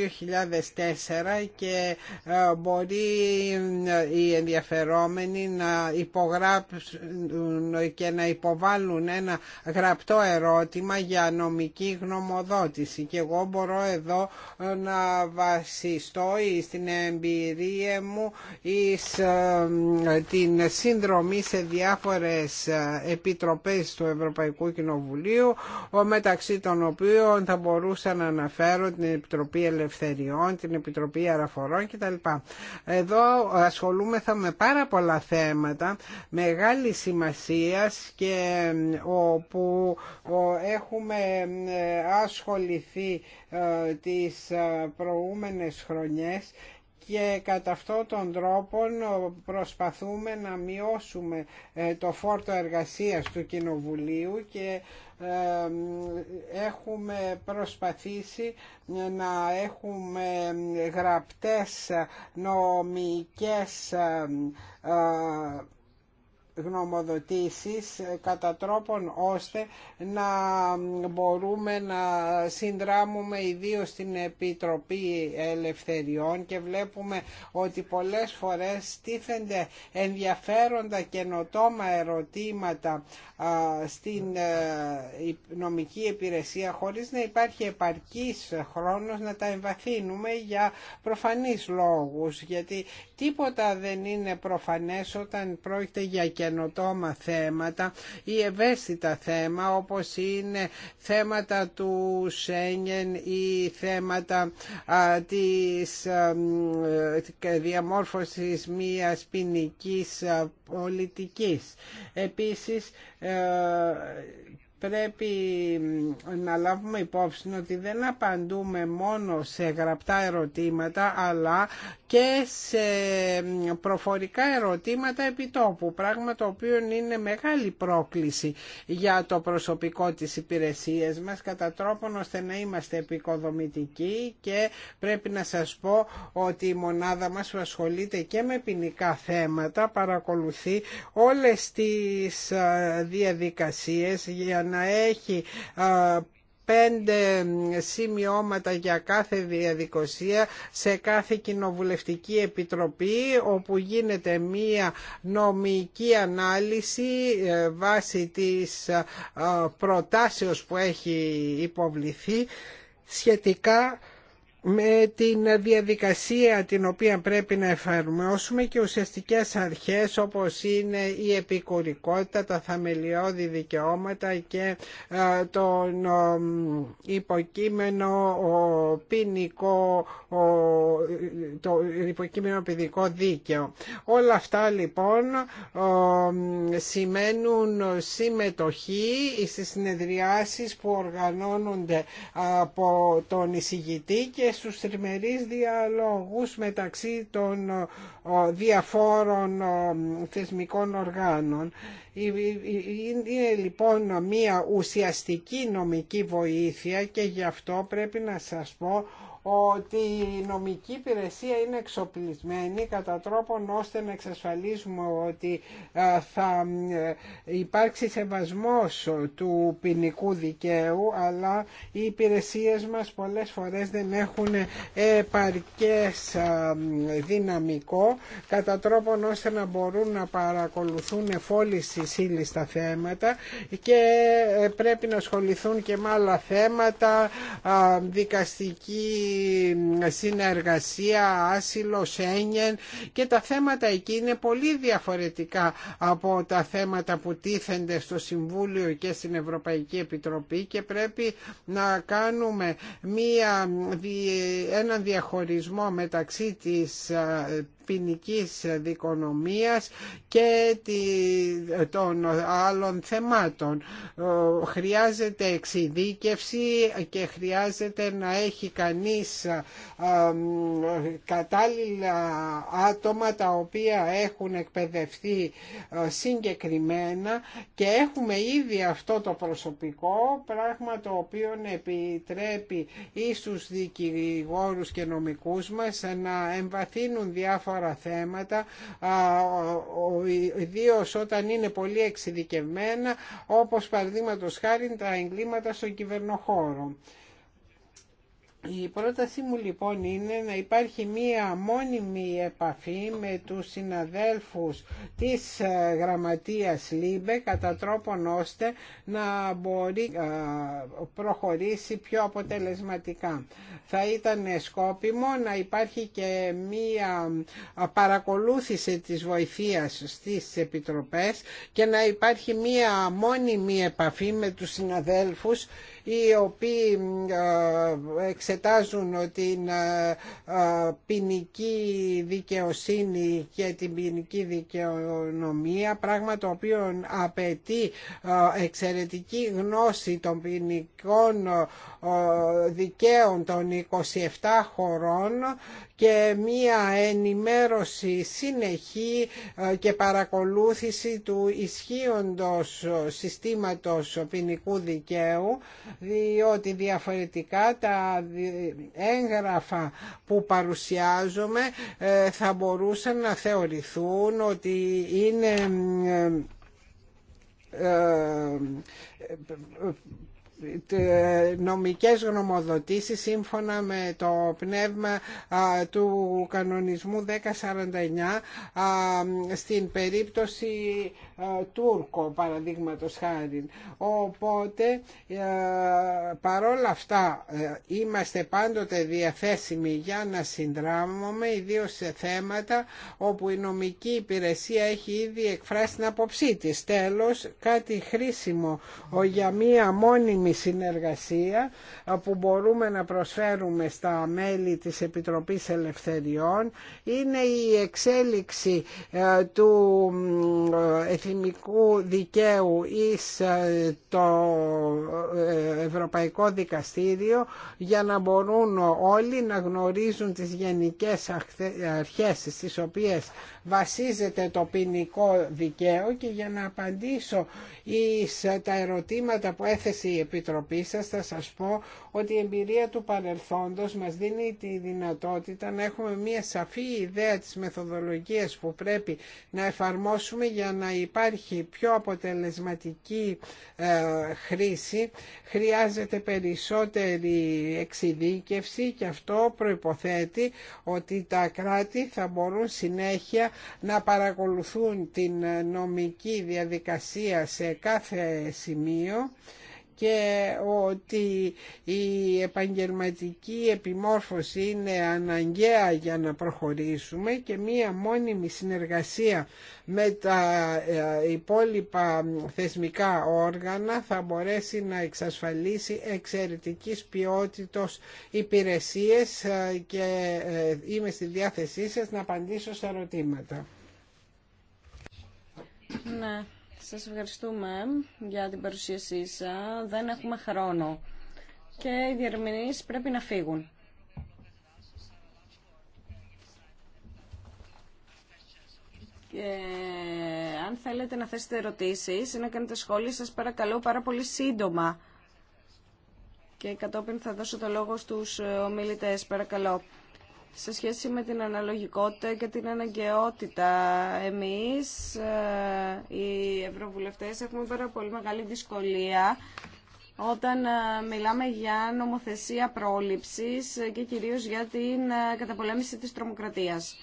2004 και μπορεί οι ενδιαφερόμενοι να υπογράψουν και να υποβάλουν ένα γραπτό το ερώτημα για νομική γνωμοδότηση και εγώ μπορώ εδώ ε, να βασιστώ στην εμπειρία μου εις ε, την σύνδρομη σε διάφορες ε, επιτροπές του Ευρωπαϊκού Κοινοβουλίου μεταξύ των οποίων θα μπορούσα να αναφέρω την Επιτροπή Ελευθεριών, την Επιτροπή Αραφορών κτλ. Εδώ ασχολούμεθα με πάρα πολλά θέματα μεγάλη σημασίας και όπου έχουμε ε, ασχοληθεί ε, τις ε, προηγούμενες χρονιές και κατά αυτόν τον τρόπο προσπαθούμε να μειώσουμε το φόρτο εργασίας του Κοινοβουλίου και έχουμε προσπαθήσει να έχουμε γραπτές νομικές γνωμοδοτήσεις ε, κατά τρόπον ώστε να μπορούμε να συνδράμουμε ιδίω στην Επιτροπή Ελευθεριών και βλέπουμε ότι πολλές φορές στήθενται ενδιαφέροντα καινοτόμα ερωτήματα στην ε, νομική υπηρεσία χωρίς να υπάρχει επαρκής χρόνος να τα εμβαθύνουμε για προφανείς λόγους γιατί τίποτα δεν είναι προφανές όταν πρόκειται για καινοτόμα θέματα ή ευαίσθητα θέματα όπως είναι θέματα του Σέγγεν ή θέματα της ε, διαμόρφωσης μιας ποινική πολιτικής. Επίσης ε, πρέπει να λάβουμε υπόψη ότι δεν απαντούμε μόνο σε γραπτά ερωτήματα αλλά και σε προφορικά ερωτήματα επιτόπου, πράγμα το οποίο είναι μεγάλη πρόκληση για το προσωπικό της υπηρεσίας μας, κατά τρόπον ώστε να είμαστε επικοδομητικοί και πρέπει να σας πω ότι η μονάδα μας που ασχολείται και με ποινικά θέματα παρακολουθεί όλες τις ε, διαδικασίες για να έχει ε, πέντε σημειώματα για κάθε διαδικασία σε κάθε κοινοβουλευτική επιτροπή όπου γίνεται μία νομική ανάλυση ε, βάσει της ε, ε, προτάσεως που έχει υποβληθεί σχετικά με την διαδικασία την οποία πρέπει να εφαρμόσουμε και ουσιαστικές αρχές όπως είναι η επικουρικότητα, τα θαμελιώδη δικαιώματα και ε, τον ε, υποκείμενο ποινικό, το υποκείμενο ποινικό δίκαιο. Όλα αυτά λοιπόν σημαίνουν συμμετοχή στις συνεδριάσεις που οργανώνονται από τον εισηγητή και στους τριμερείς διαλόγους μεταξύ των διαφόρων θεσμικών οργάνων. Είναι λοιπόν μία ουσιαστική νομική βοήθεια και γι' αυτό πρέπει να σας πω ότι η νομική υπηρεσία είναι εξοπλισμένη κατά τρόπον ώστε να εξασφαλίσουμε ότι θα ε, υπάρξει σεβασμός του ποινικού δικαίου αλλά οι υπηρεσίες μας πολλές φορές δεν έχουν επαρκές δυναμικό κατά τρόπον ώστε να μπορούν να παρακολουθούν εφόλης τη θέματα και ε, πρέπει να ασχοληθούν και με άλλα θέματα δικαστική συνεργασία, άσυλο, Σένιεν και τα θέματα εκεί είναι πολύ διαφορετικά από τα θέματα που τίθενται στο Συμβούλιο και στην Ευρωπαϊκή Επιτροπή και πρέπει να κάνουμε μία, έναν διαχωρισμό μεταξύ της ε, ποινική δικονομίας και των άλλων θεμάτων. Χρειάζεται εξειδίκευση και χρειάζεται να έχει κανείς κατάλληλα άτομα τα οποία έχουν εκπαιδευτεί συγκεκριμένα και έχουμε ήδη αυτό το προσωπικό πράγμα το οποίο επιτρέπει ίσους δικηγόρους και νομικούς μας να εμβαθύνουν διάφορα διάφορα θέματα, ιδίω όταν είναι πολύ εξειδικευμένα, όπως παραδείγματο χάρη τα εγκλήματα στον κυβερνοχώρο. Η πρότασή μου λοιπόν είναι να υπάρχει μία μόνιμη επαφή με τους συναδέλφους της ε, γραμματείας ΛΥΜΠΕ κατά τρόπον ώστε να μπορεί ε, προχωρήσει πιο αποτελεσματικά. Θα ήταν σκόπιμο να υπάρχει και μία ε, παρακολούθηση της βοηθείας στις επιτροπές και να υπάρχει μία μόνιμη επαφή με τους συναδέλφους οι οποίοι ε, εξετάζουν την ε, ε, ποινική δικαιοσύνη και την ποινική δικαιονομία, πράγμα το οποίο απαιτεί εξαιρετική γνώση των ποινικών δικαίων των 27 χωρών και μία ενημέρωση συνεχή και παρακολούθηση του ισχύοντος συστήματος ποινικού δικαίου διότι διαφορετικά τα έγγραφα που παρουσιάζουμε θα μπορούσαν να θεωρηθούν ότι είναι ε, ε, νομικές γνωμοδοτήσεις σύμφωνα με το πνεύμα του κανονισμού 1049 στην περίπτωση Τούρκο παραδείγματος χάρη. Οπότε παρόλα αυτά ε, είμαστε πάντοτε διαθέσιμοι για να συνδράμουμε ιδίως σε θέματα όπου η νομική υπηρεσία έχει ήδη εκφράσει την απόψή της. Τέλος, κάτι χρήσιμο για μία μόνιμη συνεργασία που μπορούμε να προσφέρουμε στα μέλη της Επιτροπής Ελευθεριών είναι η εξέλιξη ε, του ε, εθνικού δικαίου εις ε, το Ευρωπαϊκό Δικαστήριο για να μπορούν όλοι να γνωρίζουν τις γενικές αρχές στις οποίες βασίζεται το ποινικό δικαίου και για να απαντήσω εις τα ερωτήματα που έθεσε η Επιτροπή Επιτροπή θα σας πω ότι η εμπειρία του παρελθόντος μας δίνει τη δυνατότητα να έχουμε μια σαφή ιδέα της μεθοδολογίας που πρέπει να εφαρμόσουμε για να υπάρχει πιο αποτελεσματική ε, χρήση. Χρειάζεται περισσότερη εξειδίκευση και αυτό προϋποθέτει ότι τα κράτη θα μπορούν συνέχεια να παρακολουθούν την νομική διαδικασία σε κάθε σημείο και ότι η επαγγελματική επιμόρφωση είναι αναγκαία για να προχωρήσουμε και μία μόνιμη συνεργασία με τα ε, υπόλοιπα θεσμικά όργανα θα μπορέσει να εξασφαλίσει εξαιρετικής ποιότητος υπηρεσίες ε, και ε, είμαι στη διάθεσή σας να απαντήσω σε ερωτήματα. Ναι. Σας ευχαριστούμε για την παρουσίασή σας. Δεν έχουμε χρόνο και οι διερμηνείς πρέπει να φύγουν. Και αν θέλετε να θέσετε ερωτήσεις ή να κάνετε σχόλια, σας παρακαλώ πάρα πολύ σύντομα. Και κατόπιν θα δώσω το λόγο στους ομιλητές. Παρακαλώ σε σχέση με την αναλογικότητα και την αναγκαιότητα. Εμείς, ε, οι Ευρωβουλευτές, έχουμε πάρα πολύ μεγάλη δυσκολία όταν ε, μιλάμε για νομοθεσία πρόληψης και κυρίως για την ε, καταπολέμηση της τρομοκρατίας.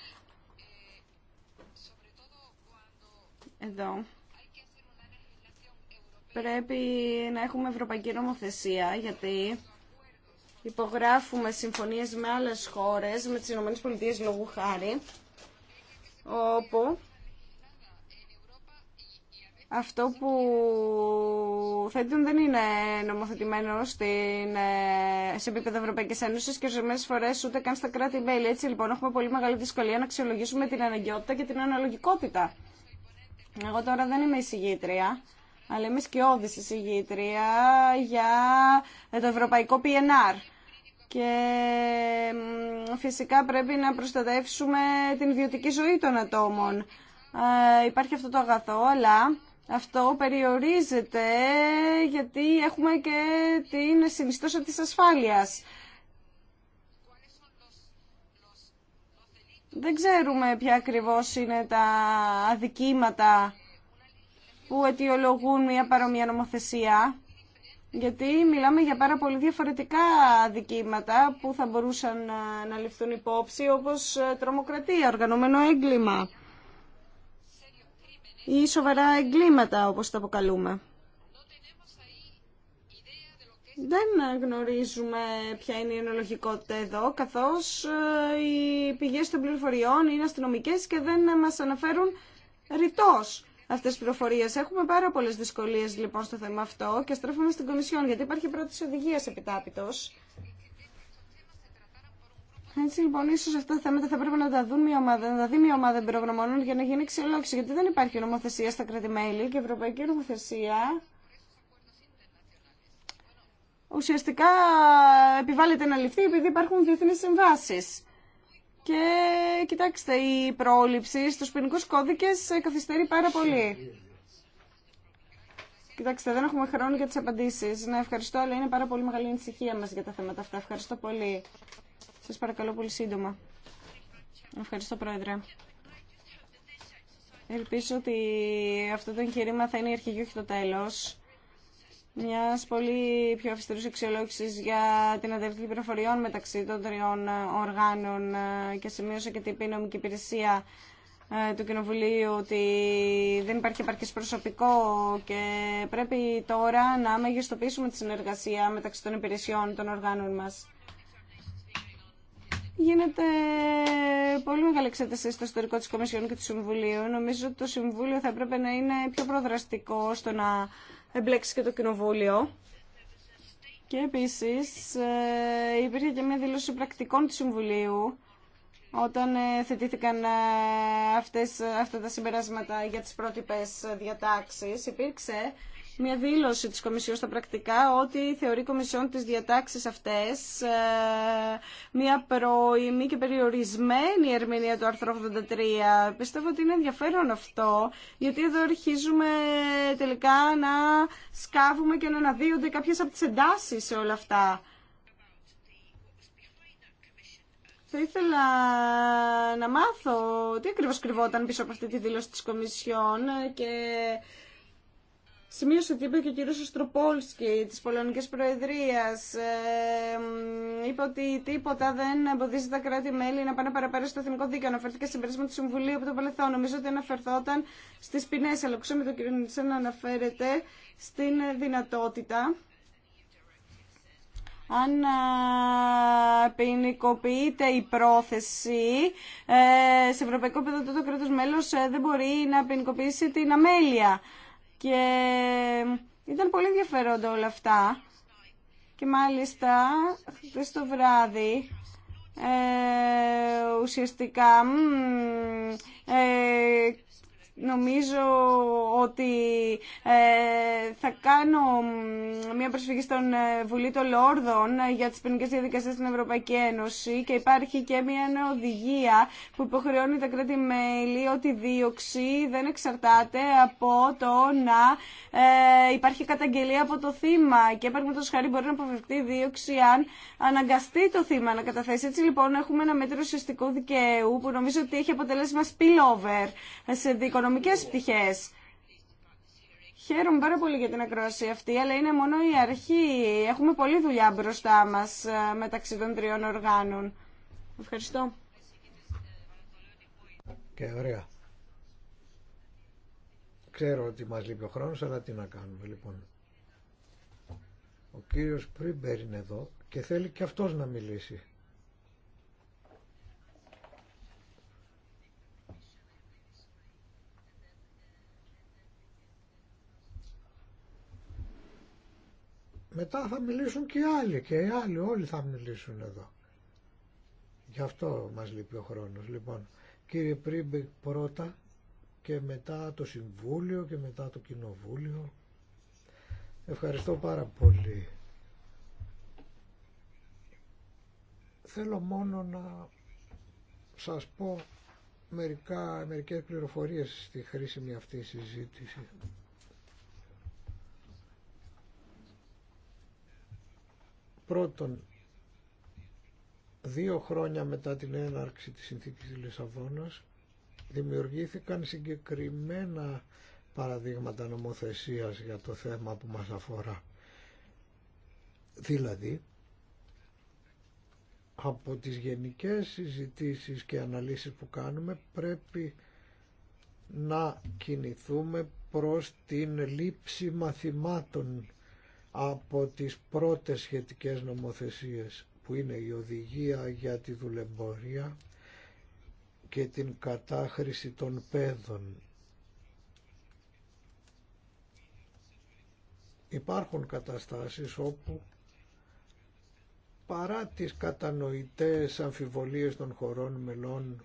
Εδώ πρέπει να έχουμε ευρωπαϊκή νομοθεσία γιατί υπογράφουμε συμφωνίες με άλλες χώρες, με τις Πολιτείες λόγου χάρη, όπου αυτό που θέτουν δεν είναι νομοθετημένο στην, ε, σε επίπεδο Ευρωπαϊκής Ένωσης και ορισμένε φορές ούτε καν στα κράτη-μέλη. Έτσι λοιπόν έχουμε πολύ μεγάλη δυσκολία να αξιολογήσουμε την αναγκαιότητα και την αναλογικότητα. Εγώ τώρα δεν είμαι εισηγήτρια, αλλά είμαι σκιώδης εισηγήτρια για το Ευρωπαϊκό PNR και φυσικά πρέπει να προστατεύσουμε την ιδιωτική ζωή των ατόμων. Υπάρχει αυτό το αγαθό, αλλά αυτό περιορίζεται γιατί έχουμε και την συνιστόσα της ασφάλειας. Δεν ξέρουμε ποια ακριβώς είναι τα αδικήματα που αιτιολογούν μια παρόμοια νομοθεσία γιατί μιλάμε για πάρα πολύ διαφορετικά δικήματα που θα μπορούσαν ε, να ληφθούν υπόψη, όπως ε, τρομοκρατία, οργανωμένο έγκλημα ή σοβαρά εγκλήματα, όπως τα αποκαλούμε. Δεν γνωρίζουμε ποια είναι η ενολογικότητα εδώ, καθώς ε, οι πηγές των πληροφοριών είναι αστυνομικές και δεν μας αναφέρουν ρητός αυτέ τι πληροφορίε. Έχουμε πάρα πολλέ δυσκολίε λοιπόν στο θέμα αυτό και στρέφουμε στην Κομισιόν γιατί υπάρχει πρώτη οδηγία επιτάπητο. Έτσι λοιπόν, ίσω αυτά τα θέματα θα πρέπει να τα δουν μια ομάδα, να τα δει μια ομάδα εμπειρογνωμόνων για να γίνει εξελόξη. Γιατί δεν υπάρχει νομοθεσία στα κρατη και η ευρωπαϊκή νομοθεσία ουσιαστικά επιβάλλεται να ληφθεί επειδή υπάρχουν διεθνεί συμβάσει. Και κοιτάξτε, η πρόληψη στους ποινικού κώδικες καθυστερεί πάρα πολύ. Κοιτάξτε, δεν έχουμε χρόνο για τις απαντήσεις. Να ευχαριστώ, αλλά είναι πάρα πολύ μεγάλη ανησυχία μας για τα θέματα αυτά. Ευχαριστώ πολύ. Σας παρακαλώ πολύ σύντομα. Ευχαριστώ, Πρόεδρε. Ελπίζω ότι αυτό το εγχειρήμα θα είναι η αρχή όχι το τέλος μια πολύ πιο αυστηρού αξιολόγηση για την αδερφή πληροφοριών μεταξύ των τριών ε, οργάνων ε, και σημείωσε και την επίνομικη υπηρεσία ε, του Κοινοβουλίου ότι δεν υπάρχει επαρκή προσωπικό και πρέπει τώρα να μεγιστοποιήσουμε τη συνεργασία μεταξύ των υπηρεσιών των οργάνων μας. Γίνεται πολύ μεγάλη εξέταση στο ιστορικό της Κομισιόν και του Συμβουλίου. Νομίζω ότι το Συμβούλιο θα έπρεπε να είναι πιο προδραστικό στο να εμπλέξει και το Κοινοβούλιο. Και επίσης ε, υπήρχε και μια δηλώση πρακτικών του Συμβουλίου όταν ε, θετήθηκαν ε, αυτές, αυτά τα συμπεράσματα για τις πρότυπες διατάξεις. Υπήρξε μια δήλωση της Κομισιόν στα πρακτικά ότι θεωρεί η Κομισιόν τις διατάξεις αυτές ε, μια προημή και περιορισμένη ερμηνεία του άρθρου 83. Πιστεύω ότι είναι ενδιαφέρον αυτό, γιατί εδώ αρχίζουμε τελικά να σκάβουμε και να αναδύονται κάποιες από τις εντάσεις σε όλα αυτά. Θα ήθελα να μάθω τι ακριβώς κρυβόταν πίσω από αυτή τη δήλωση της Κομισιόν και Σημείωσε ότι είπε και ο κύριο Στροπόλσκι τη Πολωνική προεδρία. Ε, είπε ότι τίποτα δεν εμποδίζει τα κράτη-μέλη να πάνε παραπέρα στο εθνικό δίκαιο. Αναφέρθηκε σε συμπέρασμα του Συμβουλίου από το Παλαιθόν. Νομίζω ότι αναφερθόταν στι ποινέ. αλλά ξέρω με τον κύριο Νιτσέ να αναφέρεται στην δυνατότητα αν ποινικοποιείται η πρόθεση ε, σε ευρωπαϊκό επίπεδο, το κράτος μέλος ε, δεν μπορεί να ποινικοποιήσει την αμέλεια. Και ήταν πολύ ενδιαφέροντα όλα αυτά. Και μάλιστα, χθες το βράδυ, ε, ουσιαστικά ε, Νομίζω ότι ε, θα κάνω μια προσφυγή στον ε, Βουλή των Λόρδων ε, για τις ποινικές διαδικασίες στην Ευρωπαϊκή Ένωση και υπάρχει και μια νέα οδηγία που υποχρεώνει τα κράτη-μέλη ότι η δίωξη δεν εξαρτάται από το να υπάρχει καταγγελία από το θύμα και παραδείγματος χάρη μπορεί να αποφευκτεί η δίωξη αν αναγκαστεί το θύμα να καταθέσει. Έτσι λοιπόν έχουμε ένα μέτρο ουσιαστικού δικαίου που νομίζω ότι έχει αποτελέσμα spillover σε δίκο οικονομικές πτυχές. Χαίρομαι πάρα πολύ για την ακρόαση αυτή, αλλά είναι μόνο η αρχή. Έχουμε πολλή δουλειά μπροστά μας ε, μεταξύ των τριών οργάνων. Ευχαριστώ. Και ωραία. Ξέρω ότι μας λείπει ο χρόνος, αλλά τι να κάνουμε λοιπόν. Ο κύριος Πρίμπερ είναι εδώ και θέλει και αυτός να μιλήσει. μετά θα μιλήσουν και οι άλλοι και οι άλλοι όλοι θα μιλήσουν εδώ. Γι' αυτό μας λείπει ο χρόνος. Λοιπόν, κύριε Πρίμπη πρώτα και μετά το Συμβούλιο και μετά το Κοινοβούλιο. Ευχαριστώ πάρα πολύ. Θέλω μόνο να σας πω μερικά, μερικές πληροφορίες στη χρήσιμη αυτή συζήτηση. Πρώτον, δύο χρόνια μετά την έναρξη της συνθήκης της Λισαβόνας δημιουργήθηκαν συγκεκριμένα παραδείγματα νομοθεσίας για το θέμα που μας αφορά. Δηλαδή, από τις γενικές συζητήσεις και αναλύσεις που κάνουμε πρέπει να κινηθούμε προς την λήψη μαθημάτων από τις πρώτες σχετικές νομοθεσίες που είναι η οδηγία για τη δουλεμπορία και την κατάχρηση των παιδών. Υπάρχουν καταστάσεις όπου παρά τις κατανοητές αμφιβολίες των χωρών μελών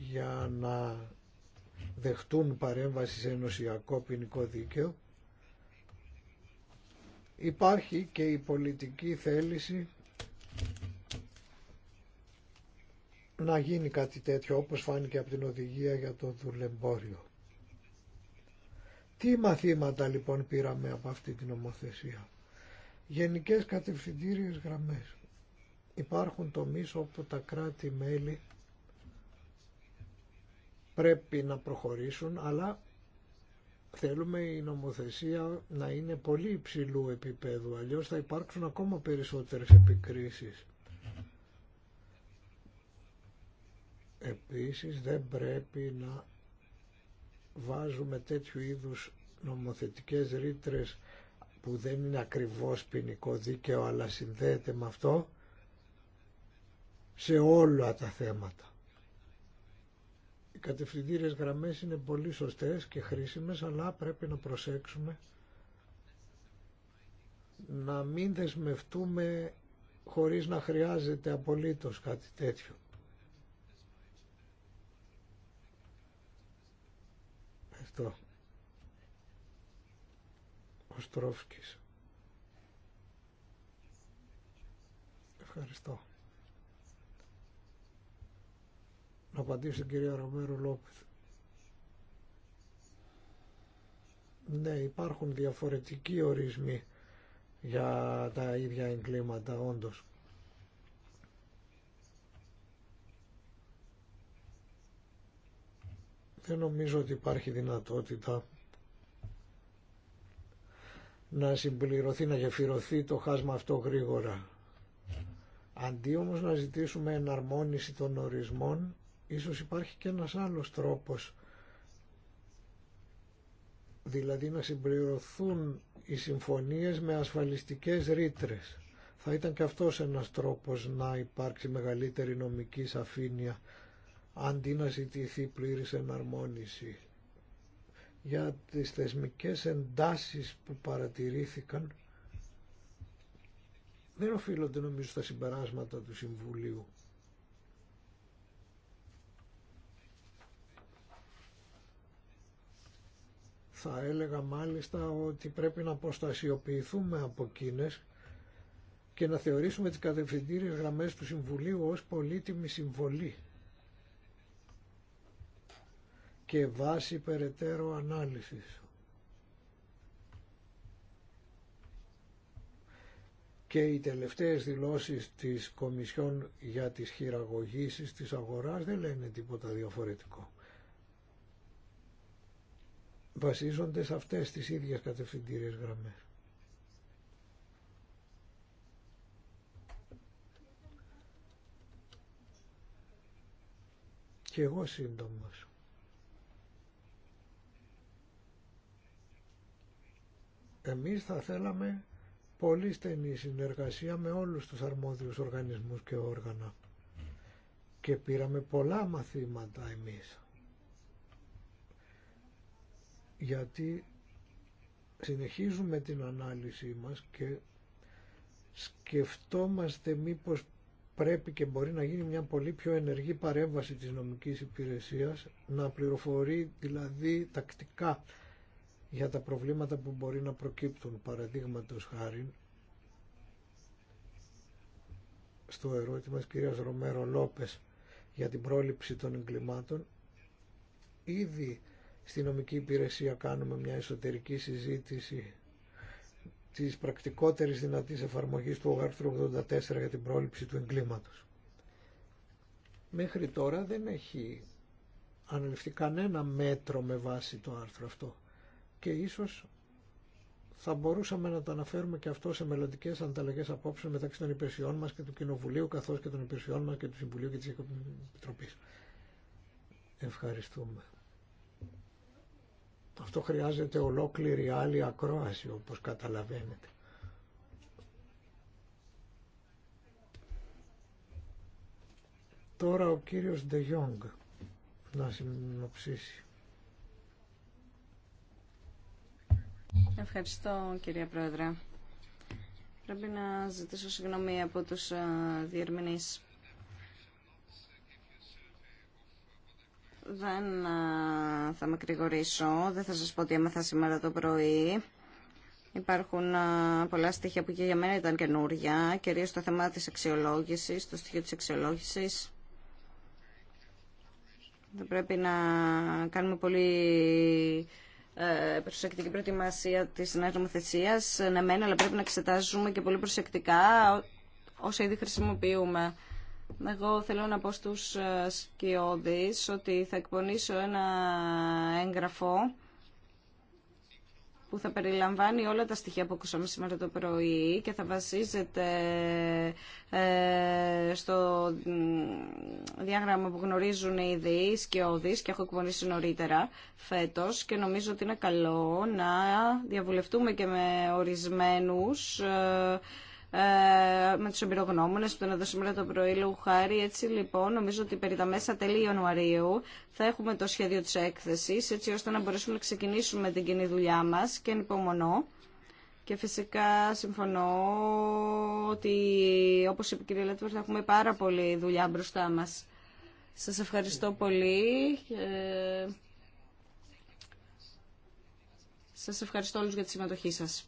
για να δεχτούν παρέμβαση σε ενωσιακό ποινικό δίκαιο, Υπάρχει και η πολιτική θέληση να γίνει κάτι τέτοιο όπως φάνηκε από την οδηγία για το δουλεμπόριο. Τι μαθήματα λοιπόν πήραμε από αυτή την νομοθεσία. Γενικές κατευθυντήριες γραμμές. Υπάρχουν τομείς όπου τα κράτη-μέλη πρέπει να προχωρήσουν αλλά θέλουμε η νομοθεσία να είναι πολύ υψηλού επίπεδου, αλλιώς θα υπάρξουν ακόμα περισσότερες επικρίσεις. Επίσης δεν πρέπει να βάζουμε τέτοιου είδους νομοθετικές ρήτρε που δεν είναι ακριβώς ποινικό δίκαιο αλλά συνδέεται με αυτό σε όλα τα θέματα. Οι κατευθυντήριες γραμμές είναι πολύ σωστές και χρήσιμες, αλλά πρέπει να προσέξουμε να μην δεσμευτούμε χωρίς να χρειάζεται απολύτως κάτι τέτοιο. Αυτό. Ο Στρόφκης. Ευχαριστώ. να απαντήσω στην κυρία Ραμέρο Ναι, υπάρχουν διαφορετικοί ορισμοί για τα ίδια εγκλήματα, όντως. Δεν νομίζω ότι υπάρχει δυνατότητα να συμπληρωθεί, να γεφυρωθεί το χάσμα αυτό γρήγορα. Αντί όμως να ζητήσουμε εναρμόνιση των ορισμών, Ίσως υπάρχει και ένας άλλος τρόπος, δηλαδή να συμπληρωθούν οι συμφωνίες με ασφαλιστικές ρήτρε. Θα ήταν και αυτός ένας τρόπος να υπάρξει μεγαλύτερη νομική σαφήνεια αντί να ζητηθεί πλήρης εναρμόνιση. Για τις θεσμικές εντάσεις που παρατηρήθηκαν δεν οφείλονται νομίζω στα συμπεράσματα του Συμβουλίου. Θα έλεγα μάλιστα ότι πρέπει να αποστασιοποιηθούμε από εκείνες και να θεωρήσουμε τις κατευθυντήριες γραμμές του Συμβουλίου ως πολύτιμη συμβολή και βάση περαιτέρω ανάλυσης. Και οι τελευταίες δηλώσεις της Κομισιόν για τις χειραγωγήσεις της αγοράς δεν λένε τίποτα διαφορετικό βασίζονται σε αυτές τις ίδιες κατευθυντήριες γραμμές. Και εγώ σύντομος. Εμείς θα θέλαμε πολύ στενή συνεργασία με όλους τους αρμόδιους οργανισμούς και όργανα. Και πήραμε πολλά μαθήματα εμείς γιατί συνεχίζουμε την ανάλυση μας και σκεφτόμαστε μήπως πρέπει και μπορεί να γίνει μια πολύ πιο ενεργή παρέμβαση της νομικής υπηρεσίας, να πληροφορεί δηλαδή τακτικά για τα προβλήματα που μπορεί να προκύπτουν, παραδείγματος χάρη, στο ερώτημα της κυρίας Ρομέρο Λόπες για την πρόληψη των εγκλημάτων, ήδη στη νομική υπηρεσία κάνουμε μια εσωτερική συζήτηση της πρακτικότερης δυνατής εφαρμογής του άρθρου 84 για την πρόληψη του εγκλήματος. Μέχρι τώρα δεν έχει αναλυφθεί κανένα μέτρο με βάση το άρθρο αυτό και ίσως θα μπορούσαμε να το αναφέρουμε και αυτό σε μελλοντικέ ανταλλαγέ απόψεων μεταξύ των υπηρεσιών μα και του Κοινοβουλίου, καθώ και των υπηρεσιών μα και του Συμβουλίου και τη Επιτροπή. Ευχαριστούμε. Αυτό χρειάζεται ολόκληρη άλλη ακρόαση όπως καταλαβαίνετε. Τώρα ο κύριος Ντε να συνοψίσει. Ευχαριστώ κυρία Πρόεδρε. Πρέπει να ζητήσω συγγνώμη από τους ε, διερμηνείς Δεν θα με κρηγορήσω, δεν θα σας πω τι έμαθα σήμερα το πρωί. Υπάρχουν πολλά στοιχεία που και για μένα ήταν καινούρια, κυρίως το θέμα της αξιολόγησης, το στοιχείο της αξιολόγησης. Θα πρέπει να κάνουμε πολύ ε, προσεκτική προετοιμασία της νέας νομοθεσίας, ναι μένω, αλλά πρέπει να εξετάζουμε και πολύ προσεκτικά όσα ήδη χρησιμοποιούμε. Εγώ θέλω να πω στους ε, σκιώδεις ότι θα εκπονήσω ένα έγγραφο που θα περιλαμβάνει όλα τα στοιχεία που ακούσαμε σήμερα το πρωί και θα βασίζεται ε, στο διάγραμμα που γνωρίζουν ήδη οι σκιώδεις και έχω εκπονήσει νωρίτερα φέτος και νομίζω ότι είναι καλό να διαβουλευτούμε και με ορισμένους ε, ε, με του εμπειρογνώμονε που τον σήμερα το πρωί λόγου χάρη. Έτσι λοιπόν νομίζω ότι περί τα μέσα τέλη Ιανουαρίου θα έχουμε το σχέδιο τη έκθεση έτσι ώστε να μπορέσουμε να ξεκινήσουμε την κοινή δουλειά μα και ανυπομονώ. Και φυσικά συμφωνώ ότι όπω είπε η κυρία Λέτβερ θα έχουμε πάρα πολλή δουλειά μπροστά μα. Σα ευχαριστώ πολύ. Ε, σας ευχαριστώ όλους για τη συμμετοχή σας.